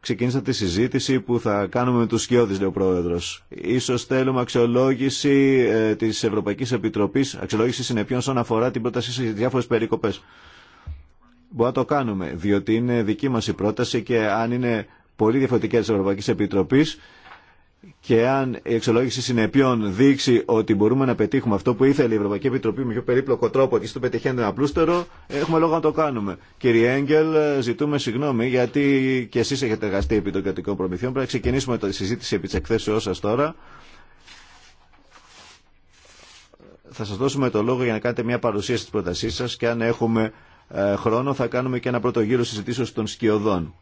ξεκίνησα τη συζήτηση που θα κάνουμε με τους σκιώδεις, λέει ο Πρόεδρος. Ίσως θέλουμε αξιολόγηση ε, της Ευρωπαϊκής Επιτροπής, αξιολόγηση συνεπιών όσον αφορά την πρόταση σε διάφορες περίκοπες. Μπορούμε να το κάνουμε, διότι είναι δική μας η πρόταση και αν είναι πολύ διαφορετική της Ευρωπαϊκής Επιτροπής, και αν η εξολόγηση συνεπειών δείξει ότι μπορούμε να πετύχουμε αυτό που ήθελε η Ευρωπαϊκή Επιτροπή με πιο περίπλοκο τρόπο και στο πετυχαίνεται ένα πλούστερο, έχουμε λόγο να το κάνουμε. Κύριε Έγκελ, ζητούμε συγγνώμη γιατί και εσεί έχετε εργαστεί επί των κρατικών προμηθειών. Πρέπει να ξεκινήσουμε τη συζήτηση επί τη εκθέσεώ σα τώρα. Θα σα δώσουμε το λόγο για να κάνετε μια παρουσίαση τη πρότασή σα και αν έχουμε ε, χρόνο θα κάνουμε και ένα πρώτο γύρο συζητήσεω των σκιωδών.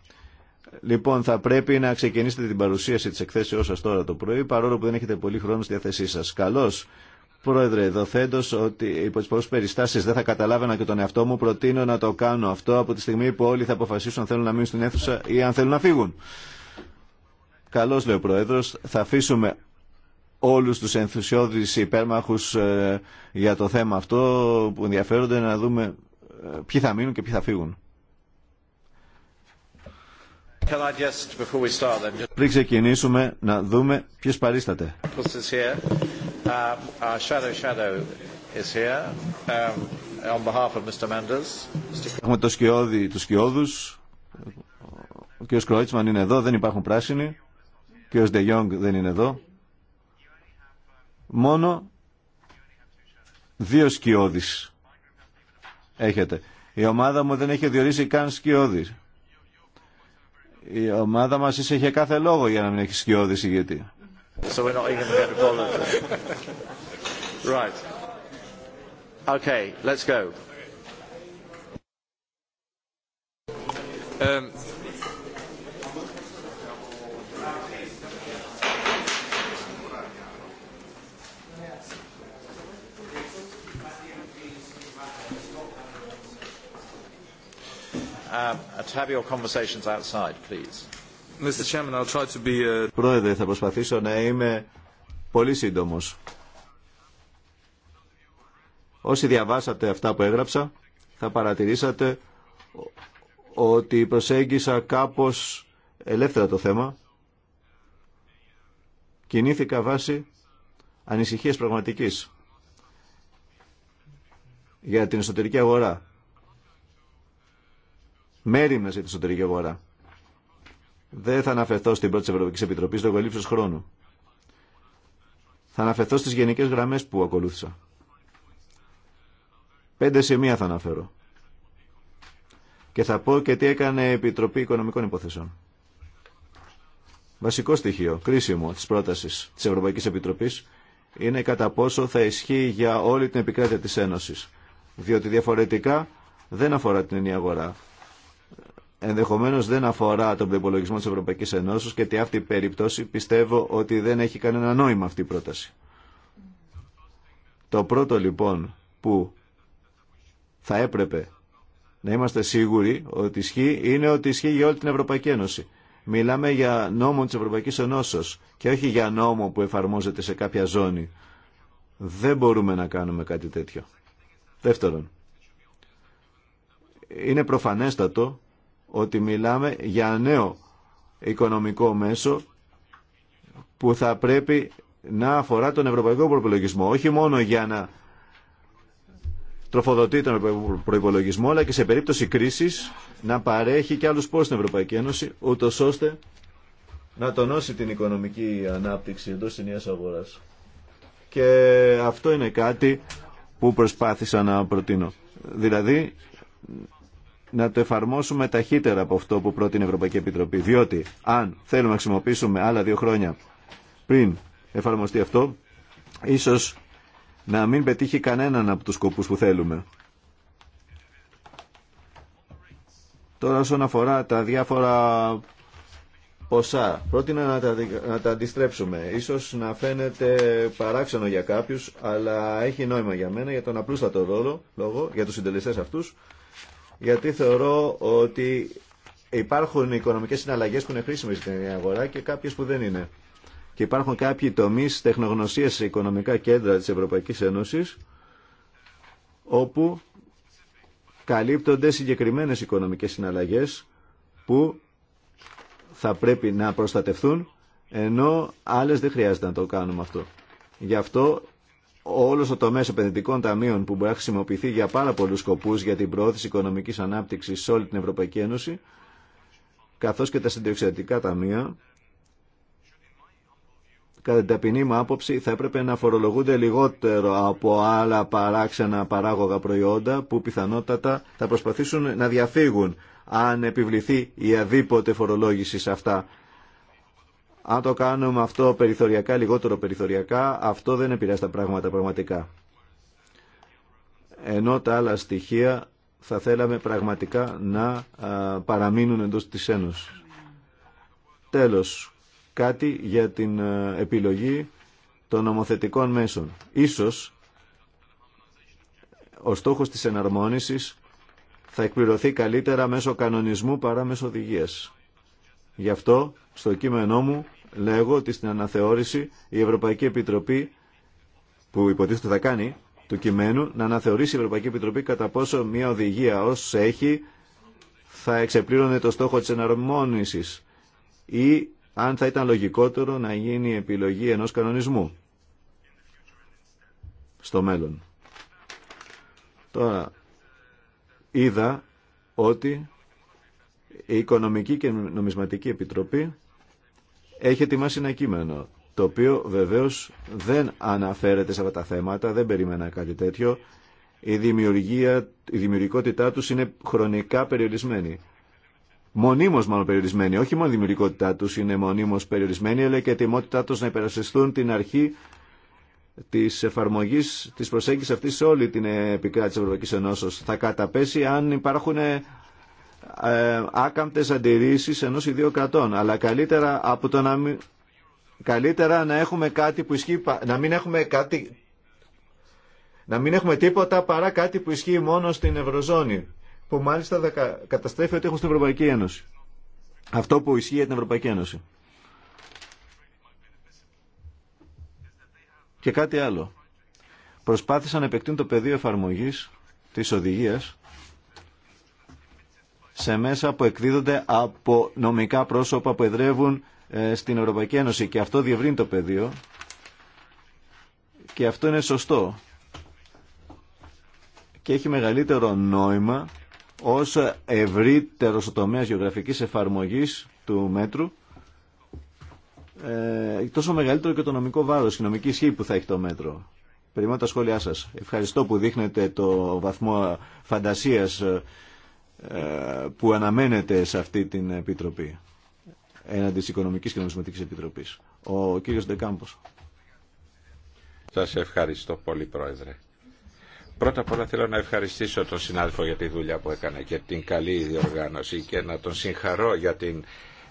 Λοιπόν, θα πρέπει να ξεκινήσετε την παρουσίαση της εκθέσεώς σας τώρα το πρωί, παρόλο που δεν έχετε πολύ χρόνο στη διάθεσή σας. Καλώς. Πρόεδρε, δοθέντω ότι υπό τι πολλέ περιστάσει δεν θα καταλάβαινα και τον εαυτό μου, προτείνω να το κάνω αυτό από τη στιγμή που όλοι θα αποφασίσουν αν θέλουν να μείνουν στην αίθουσα ή αν θέλουν να φύγουν. Καλώ, λέει ο Πρόεδρο, θα αφήσουμε όλου του ενθουσιώδει υπέρμαχου ε, για το θέμα αυτό που ενδιαφέρονται να δούμε ε, ποιοι θα μείνουν και ποιοι θα φύγουν. Πριν ξεκινήσουμε, να δούμε ποιο παρίσταται. Έχουμε το σκιώδη, του σκιώδου. Ο κ. Κρόιτσμαν είναι εδώ, δεν υπάρχουν πράσινοι. Ο κ. Ντε δεν είναι εδώ. Μόνο δύο σκιώδεις έχετε. Η ομάδα μου δεν έχει διορίσει καν σκιώδη η ομάδα μας είσαι είχε κάθε λόγο για να μην έχει σκιώδη ηγετή. So we're not even going to bother. right. Okay, let's go. Um... Πρόεδρε, θα προσπαθήσω να είμαι πολύ σύντομος. Όσοι διαβάσατε αυτά που έγραψα, θα παρατηρήσατε ότι προσέγγισα κάπως ελεύθερα το θέμα. Κινήθηκα βάσει ανησυχίες πραγματικής για την εσωτερική αγορά μερει για την εσωτερική αγορά. Δεν θα αναφερθώ στην πρώτη Ευρωπαϊκή Επιτροπή στο ελλείψεω χρόνου. Θα αναφερθώ στι γενικέ γραμμέ που ακολούθησα. Πέντε σημεία θα αναφέρω. Και θα πω και τι έκανε η Επιτροπή Οικονομικών Υποθέσεων. Βασικό στοιχείο, κρίσιμο τη πρόταση τη Ευρωπαϊκή Επιτροπή είναι κατά πόσο θα ισχύει για όλη την επικράτεια τη Ένωση. Διότι διαφορετικά δεν αφορά την ενιαία αγορά ενδεχομένως δεν αφορά τον προπολογισμό της Ευρωπαϊκής Ενώσης και τη αυτή η περίπτωση πιστεύω ότι δεν έχει κανένα νόημα αυτή η πρόταση. Το πρώτο λοιπόν που θα έπρεπε να είμαστε σίγουροι ότι ισχύει είναι ότι ισχύει για όλη την Ευρωπαϊκή Ένωση. Μιλάμε για νόμο της Ευρωπαϊκής Ένωσης και όχι για νόμο που εφαρμόζεται σε κάποια ζώνη. Δεν μπορούμε να κάνουμε κάτι τέτοιο. Δεύτερον, είναι προφανέστατο ότι μιλάμε για νέο οικονομικό μέσο που θα πρέπει να αφορά τον ευρωπαϊκό προπολογισμό. Όχι μόνο για να τροφοδοτεί τον προπολογισμό, αλλά και σε περίπτωση κρίσης να παρέχει και άλλους πόρους στην Ευρωπαϊκή Ένωση, ούτω ώστε να τονώσει την οικονομική ανάπτυξη εντός της νέας αγοράς. Και αυτό είναι κάτι που προσπάθησα να προτείνω. Δηλαδή, να το εφαρμόσουμε ταχύτερα από αυτό που πρότεινε η Ευρωπαϊκή Επιτροπή. Διότι αν θέλουμε να χρησιμοποιήσουμε άλλα δύο χρόνια πριν εφαρμοστεί αυτό, ίσως να μην πετύχει κανέναν από τους σκοπούς που θέλουμε. Τώρα όσον αφορά τα διάφορα ποσά, πρότεινα να τα, να αντιστρέψουμε. Ίσως να φαίνεται παράξενο για κάποιους, αλλά έχει νόημα για μένα, για τον απλούστατο λόγο, για τους συντελεστές αυτούς, γιατί θεωρώ ότι υπάρχουν οικονομικές συναλλαγές που είναι χρήσιμες στην αγορά και κάποιες που δεν είναι. Και υπάρχουν κάποιοι τομείς τεχνογνωσίας σε οικονομικά κέντρα της Ευρωπαϊκής Ένωσης όπου καλύπτονται συγκεκριμένες οικονομικές συναλλαγές που θα πρέπει να προστατευτούν ενώ άλλες δεν χρειάζεται να το κάνουμε αυτό. Γι' αυτό όλο ο τομέα επενδυτικών ταμείων που μπορεί να χρησιμοποιηθεί για πάρα πολλού σκοπού για την προώθηση οικονομική ανάπτυξη σε όλη την Ευρωπαϊκή Ένωση, καθώ και τα συντεξιατικά ταμεία, κατά την ταπεινή μου άποψη, θα έπρεπε να φορολογούνται λιγότερο από άλλα παράξενα παράγωγα προϊόντα που πιθανότατα θα προσπαθήσουν να διαφύγουν αν επιβληθεί η αδίποτε φορολόγηση σε αυτά αν το κάνουμε αυτό περιθωριακά, λιγότερο περιθωριακά, αυτό δεν επηρεάζει τα πράγματα πραγματικά. Ενώ τα άλλα στοιχεία θα θέλαμε πραγματικά να παραμείνουν εντός της Ένωσης. Τέλος, κάτι για την επιλογή των νομοθετικών μέσων. Ίσως ο στόχος της εναρμόνισης θα εκπληρωθεί καλύτερα μέσω κανονισμού παρά μέσω οδηγίας. Γι' αυτό στο κείμενό μου Λέγω ότι στην αναθεώρηση η Ευρωπαϊκή Επιτροπή που υποτίθεται θα κάνει του κειμένου να αναθεωρήσει η Ευρωπαϊκή Επιτροπή κατά πόσο μια οδηγία ως έχει θα εξεπλήρωνε το στόχο της εναρμόνισης ή αν θα ήταν λογικότερο να γίνει η επιλογή ενός κανονισμού στο μέλλον. Τώρα, είδα ότι η Οικονομική και Νομισματική Επιτροπή έχει ετοιμάσει ένα κείμενο το οποίο βεβαίως δεν αναφέρεται σε αυτά τα θέματα, δεν περίμενα κάτι τέτοιο. Η, δημιουργία, η δημιουργικότητά τους είναι χρονικά περιορισμένη. Μονίμως μάλλον περιορισμένη. Όχι μόνο η δημιουργικότητά τους είναι μονίμως περιορισμένη, αλλά και η ετοιμότητά τους να υπερασπιστούν την αρχή της εφαρμογής της προσέγγισης αυτής σε όλη την επικράτηση της Ευρωπαϊκής Ενώσεως. Θα καταπέσει αν υπάρχουν ε, άκαμπτες αντιρρήσεις ενός ή δύο κρατών. Αλλά καλύτερα από το να Καλύτερα να έχουμε κάτι που ισχύει, να μην έχουμε κάτι να μην έχουμε τίποτα παρά κάτι που ισχύει μόνο στην Ευρωζώνη, που μάλιστα καταστρέφει ότι έχουν στην Ευρωπαϊκή Ένωση. Αυτό που ισχύει για την Ευρωπαϊκή Ένωση. Και κάτι άλλο. Προσπάθησαν να επεκτείνουν το πεδίο εφαρμογής της οδηγίας σε μέσα που εκδίδονται από νομικά πρόσωπα που εδρεύουν ε, στην Ευρωπαϊκή Ένωση και αυτό διευρύνει το πεδίο και αυτό είναι σωστό και έχει μεγαλύτερο νόημα όσο ευρύτερος ο τομέας γεωγραφικής εφαρμογής του μέτρου ε, τόσο μεγαλύτερο και το νομικό βάρος, η νομική ισχύ που θα έχει το μέτρο. Περιμένω τα σχόλιά σας. Ευχαριστώ που δείχνετε το βαθμό φαντασίας ε, ε, που αναμένεται σε αυτή την Επιτροπή έναντι της Οικονομικής και Νομισματικής Επιτροπής. Ο κύριος Ντεκάμπος. Σας ευχαριστώ πολύ Πρόεδρε. Πρώτα απ' όλα θέλω να ευχαριστήσω τον συνάδελφο για τη δουλειά που έκανε και την καλή διοργάνωση και να τον συγχαρώ για την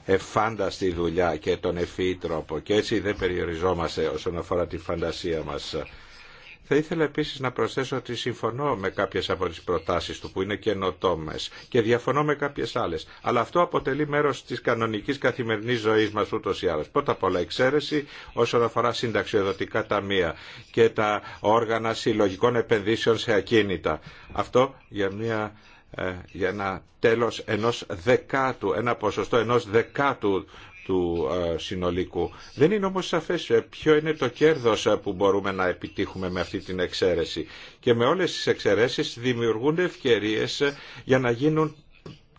εφάνταστη δουλειά και τον ευφυή τρόπο. Και έτσι δεν περιοριζόμαστε όσον αφορά τη φαντασία μας θα ήθελα επίση να προσθέσω ότι συμφωνώ με κάποιες από τι προτάσεις του που είναι καινοτόμε και διαφωνώ με κάποιες άλλες. Αλλά αυτό αποτελεί μέρος της κανονικής καθημερινής ζωής μας ούτως ή άλλως. Πρώτα απ' όλα εξαίρεση όσον αφορά συνταξιοδοτικά ταμεία και τα όργανα συλλογικών επενδύσεων σε ακίνητα. Αυτό για ε, για ένα τέλος ενός δεκάτου, ένα ποσοστό ενός δεκάτου του ε, συνολικού. Δεν είναι όμως σαφές ε, ποιο είναι το κέρδος ε, που μπορούμε να επιτύχουμε με αυτή την εξαίρεση. Και με όλες τις εξαιρέσεις δημιουργούνται ευκαιρίες για να γίνουν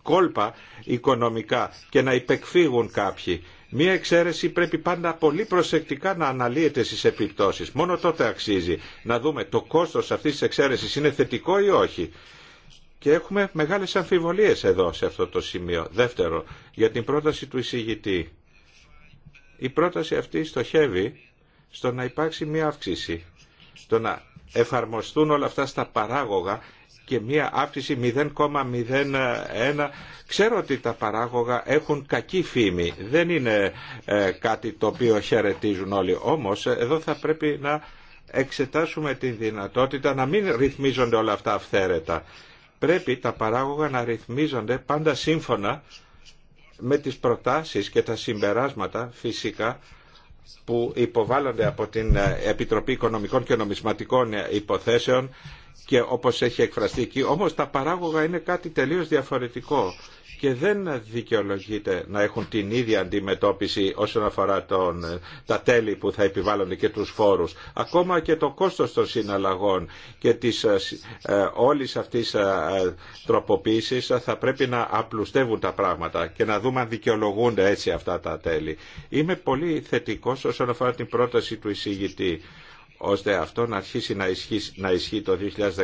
κόλπα οικονομικά και να υπεκφύγουν κάποιοι. Μία εξαίρεση πρέπει πάντα πολύ προσεκτικά να αναλύεται στις επιπτώσεις. Μόνο τότε αξίζει να δούμε το κόστος αυτής της εξαίρεσης είναι θετικό ή όχι. Και έχουμε μεγάλες αμφιβολίες εδώ σε αυτό το σημείο. Δεύτερο, για την πρόταση του εισηγητή. Η πρόταση αυτή στοχεύει στο να υπάρξει μία αύξηση, στο να εφαρμοστούν όλα αυτά στα παράγωγα και μία αύξηση 0,01. Ξέρω ότι τα παράγωγα έχουν κακή φήμη. Δεν είναι ε, κάτι το οποίο χαιρετίζουν όλοι. Όμως ε, εδώ θα πρέπει να εξετάσουμε τη δυνατότητα να μην ρυθμίζονται όλα αυτά αυθαίρετα πρέπει τα παράγωγα να ρυθμίζονται πάντα σύμφωνα με τις προτάσεις και τα συμπεράσματα φυσικά που υποβάλλονται από την Επιτροπή Οικονομικών και Νομισματικών Υποθέσεων και όπως έχει εκφραστεί εκεί. Όμως τα παράγωγα είναι κάτι τελείως διαφορετικό και δεν δικαιολογείται να έχουν την ίδια αντιμετώπιση όσον αφορά τον, τα τέλη που θα επιβάλλονται και τους φόρους. Ακόμα και το κόστος των συναλλαγών και της ε, ε όλης αυτής ε, θα πρέπει να απλουστεύουν τα πράγματα και να δούμε αν δικαιολογούνται έτσι αυτά τα τέλη. Είμαι πολύ θετικός όσον αφορά την πρόταση του εισηγητή ώστε αυτό να αρχίσει να ισχύει, να ισχύει το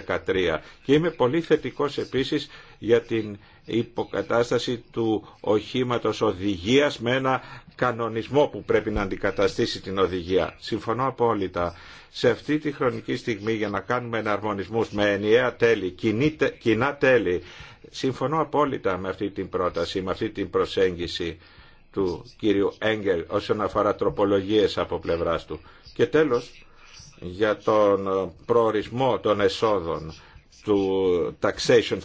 2013. Και είμαι πολύ θετικός επίσης για την υποκατάσταση του οχήματος οδηγίας με ένα κανονισμό που πρέπει να αντικαταστήσει την οδηγία. Συμφωνώ απόλυτα. Σε αυτή τη χρονική στιγμή για να κάνουμε εναρμονισμούς με ενιαία τέλη, κοινά τέλη, συμφωνώ απόλυτα με αυτή την πρόταση, με αυτή την προσέγγιση του κύριου Έγκελ όσον αφορά τροπολογίες από πλευράς του. Και τέλος, για τον ε, προορισμό των εσόδων του taxation,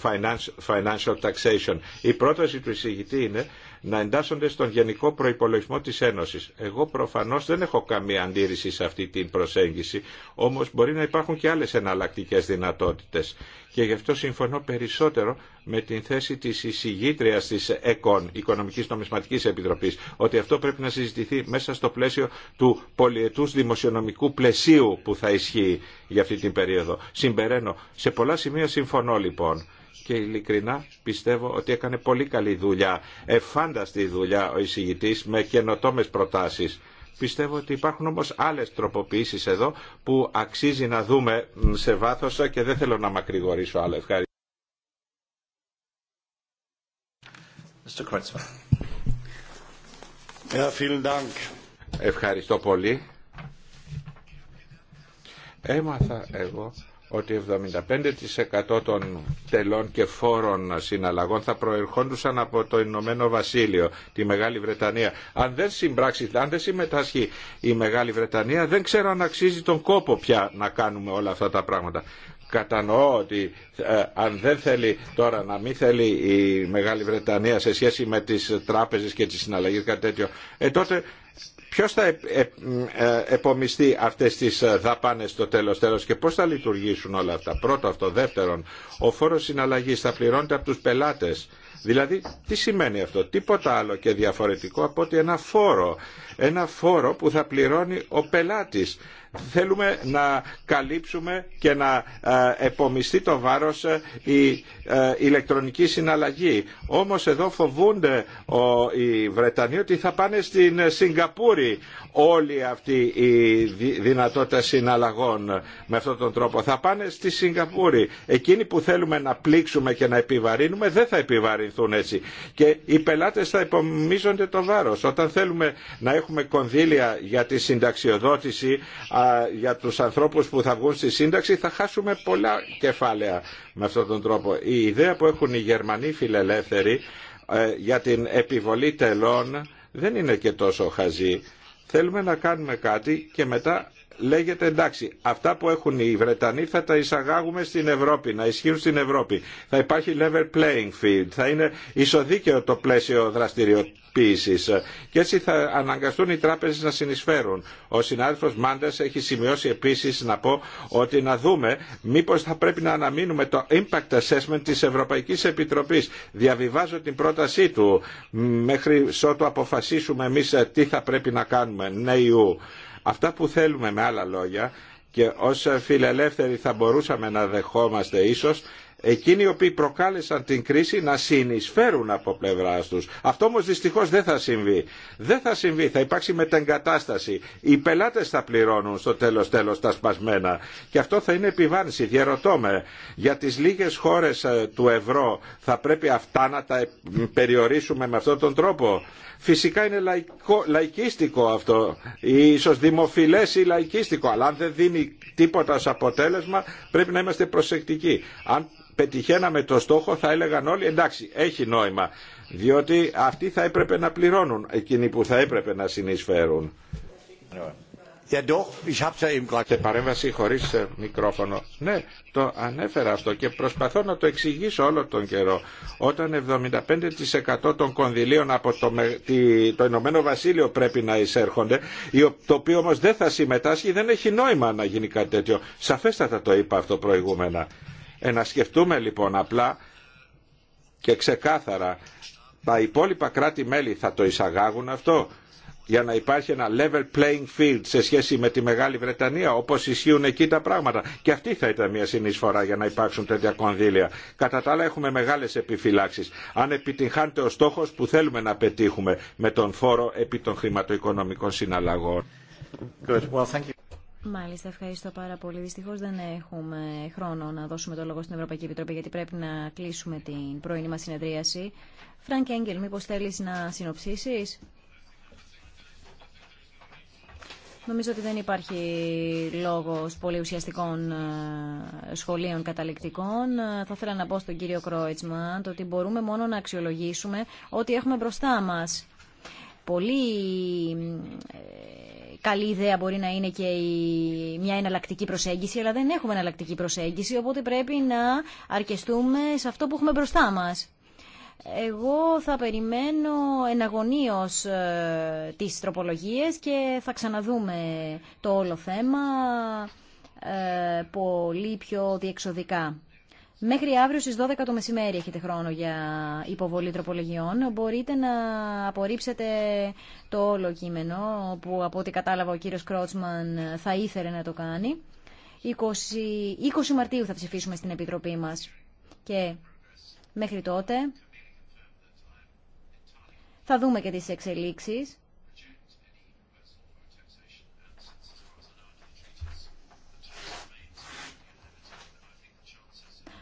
financial taxation. Η πρόταση του εισηγητή είναι να εντάσσονται στον γενικό προπολογισμό τη Ένωση. Εγώ προφανώ δεν έχω καμία αντίρρηση σε αυτή την προσέγγιση, Όμω μπορεί να υπάρχουν και άλλε εναλλακτικέ δυνατότητε. Και γι' αυτό συμφωνώ περισσότερο με την θέση τη εισηγήτρια τη ΕΚΟΝ, οικονομική Νομισματικής επιτροπή, ότι αυτό πρέπει να συζητηθεί μέσα στο πλαίσιο του πολιετού δημοσιονομικού πλαισίου που θα ισχύει για αυτή την περίοδο. Συμπεραίνω, σε πολλά σημεία συμφωνώ λοιπόν και ειλικρινά πιστεύω ότι έκανε πολύ καλή δουλειά, εφάνταστη δουλειά ο εισηγητής με καινοτόμες προτάσεις. Πιστεύω ότι υπάρχουν όμως άλλες τροποποιήσεις εδώ που αξίζει να δούμε σε βάθος και δεν θέλω να μακρηγορήσω άλλο. Ευχαριστώ. Ευχαριστώ πολύ. Έμαθα εγώ ότι 75% των τελών και φόρων συναλλαγών θα προερχόντουσαν από το Ηνωμένο Βασίλειο, τη Μεγάλη Βρετανία. Αν δεν συμπράξει, αν δεν συμμετάσχει η Μεγάλη Βρετανία, δεν ξέρω αν αξίζει τον κόπο πια να κάνουμε όλα αυτά τα πράγματα. Κατανοώ ότι ε, αν δεν θέλει τώρα να μην θέλει η Μεγάλη Βρετανία σε σχέση με τις τράπεζες και τις συναλλαγές κάτι τέτοιο, ε, τότε ποιος θα ε, επομιστεί αυτές τις ε, δαπάνες στο τέλος τέλος και πώς θα λειτουργήσουν όλα αυτά. Πρώτο αυτό. Δεύτερον, ο φόρος συναλλαγής θα πληρώνεται από τους πελάτες. Δηλαδή, τι σημαίνει αυτό, τίποτα άλλο και διαφορετικό από ότι ένα φόρο. Ένα φόρο που θα πληρώνει ο πελάτης θέλουμε να καλύψουμε και να ε, επομιστεί το βάρος ε, η ε, ηλεκτρονική συναλλαγή. Όμως εδώ φοβούνται οι Βρετανοί ότι θα πάνε στην Σιγκαπούρη όλη αυτή η δυνατότητα συναλλαγών με αυτόν τον τρόπο. Θα πάνε στη Σιγκαπούρη. Εκείνοι που θέλουμε να πλήξουμε και να επιβαρύνουμε δεν θα επιβαρυνθούν έτσι. Και οι πελάτες θα υπομίζονται το βάρος. Όταν θέλουμε να έχουμε κονδύλια για τη συνταξιοδότηση για τους ανθρώπους που θα βγουν στη σύνταξη θα χάσουμε πολλά κεφάλαια με αυτόν τον τρόπο. Η ιδέα που έχουν οι Γερμανοί φιλελεύθεροι ε, για την επιβολή τελών δεν είναι και τόσο χαζή. Θέλουμε να κάνουμε κάτι και μετά λέγεται εντάξει αυτά που έχουν οι Βρετανοί θα τα εισαγάγουμε στην Ευρώπη, να ισχύουν στην Ευρώπη. Θα υπάρχει level playing field, θα είναι ισοδίκαιο το πλαίσιο δραστηριοποίησης και έτσι θα αναγκαστούν οι τράπεζες να συνεισφέρουν. Ο συνάδελφος Μάντας έχει σημειώσει επίσης να πω ότι να δούμε μήπως θα πρέπει να αναμείνουμε το impact assessment της Ευρωπαϊκής Επιτροπής. Διαβιβάζω την πρότασή του μέχρι ότου αποφασίσουμε εμείς τι θα πρέπει να κάνουμε. Ναι, Αυτά που θέλουμε με άλλα λόγια και ως φιλελεύθεροι θα μπορούσαμε να δεχόμαστε ίσως εκείνοι οι οποίοι προκάλεσαν την κρίση να συνεισφέρουν από πλευρά τους. Αυτό όμως δυστυχώς δεν θα συμβεί. Δεν θα συμβεί, θα υπάρξει μετεγκατάσταση. Οι πελάτες θα πληρώνουν στο τέλος τέλος τα σπασμένα. Και αυτό θα είναι επιβάρυνση. Διαρωτώ με, για τις λίγες χώρες ε, του ευρώ θα πρέπει αυτά να τα ε, περιορίσουμε με αυτόν τον τρόπο. Φυσικά είναι λαϊκίστικο αυτό, ίσως δημοφιλές ή λαϊκίστικο, αλλά αν δεν δίνει τίποτα ως αποτέλεσμα πρέπει να είμαστε προσεκτικοί. Αν πετυχαίναμε το στόχο θα έλεγαν όλοι εντάξει έχει νόημα, διότι αυτοί θα έπρεπε να πληρώνουν εκείνοι που θα έπρεπε να συνεισφέρουν. Ναι. Και ε, Παρέμβαση χωρί ε, μικρόφωνο. Ναι, το ανέφερα αυτό και προσπαθώ να το εξηγήσω όλο τον καιρό. Όταν 75% των κονδυλίων από το, το Ηνωμένο Βασίλειο πρέπει να εισέρχονται, το οποίο όμω δεν θα συμμετάσχει, δεν έχει νόημα να γίνει κάτι τέτοιο. Σαφέστατα το είπα αυτό προηγούμενα. Ε, να σκεφτούμε λοιπόν απλά και ξεκάθαρα τα υπόλοιπα κράτη-μέλη θα το εισαγάγουν αυτό για να υπάρχει ένα level playing field σε σχέση με τη Μεγάλη Βρετανία όπω ισχύουν εκεί τα πράγματα. Και αυτή θα ήταν μια συνεισφορά για να υπάρξουν τέτοια κονδύλια. Κατά τα άλλα έχουμε μεγάλε επιφυλάξει. Αν επιτυγχάνεται ο στόχο που θέλουμε να πετύχουμε με τον φόρο επί των χρηματοοικονομικών συναλλαγών. Μάλιστα, ευχαριστώ πάρα πολύ. Δυστυχώ δεν έχουμε χρόνο να δώσουμε το λόγο στην Ευρωπαϊκή Επιτροπή, γιατί πρέπει να κλείσουμε την πρωινή μα συνεδρίαση. Φρανκ Έγκελ, μήπω θέλει να συνοψίσει. Νομίζω ότι δεν υπάρχει λόγος πολύ ουσιαστικών ε, σχολείων καταληκτικών. Ε, θα ήθελα να πω στον κύριο Κρόιτσμαντ το ότι μπορούμε μόνο να αξιολογήσουμε ό,τι έχουμε μπροστά μας. Πολύ ε, καλή ιδέα μπορεί να είναι και μια εναλλακτική προσέγγιση, αλλά δεν έχουμε εναλλακτική προσέγγιση, οπότε πρέπει να αρκεστούμε σε αυτό που έχουμε μπροστά μας. Εγώ θα περιμένω εναγωνίως ε, τις τροπολογίες και θα ξαναδούμε το όλο θέμα ε, πολύ πιο διεξοδικά. Μέχρι αύριο στις 12 το μεσημέρι έχετε χρόνο για υποβολή τροπολογιών. Μπορείτε να απορρίψετε το όλο κείμενο που από ό,τι κατάλαβα ο κύριος Κρότσμαν θα ήθελε να το κάνει. 20, 20 Μαρτίου θα ψηφίσουμε στην Επιτροπή μας και μέχρι τότε θα δούμε και τις εξελίξεις.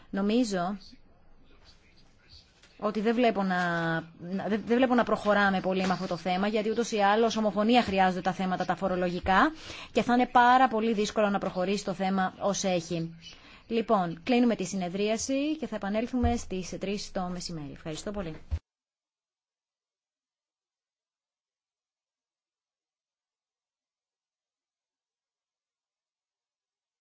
Νομίζω ότι δεν βλέπω, να, δεν βλέπω να προχωράμε πολύ με αυτό το θέμα, γιατί ούτως ή άλλως ομοφωνία χρειάζονται τα θέματα τα φορολογικά και θα είναι πάρα πολύ δύσκολο να προχωρήσει το θέμα ως έχει. Λοιπόν, κλείνουμε τη συνεδρίαση και θα επανέλθουμε στις 3 το μεσημέρι. Ευχαριστώ πολύ.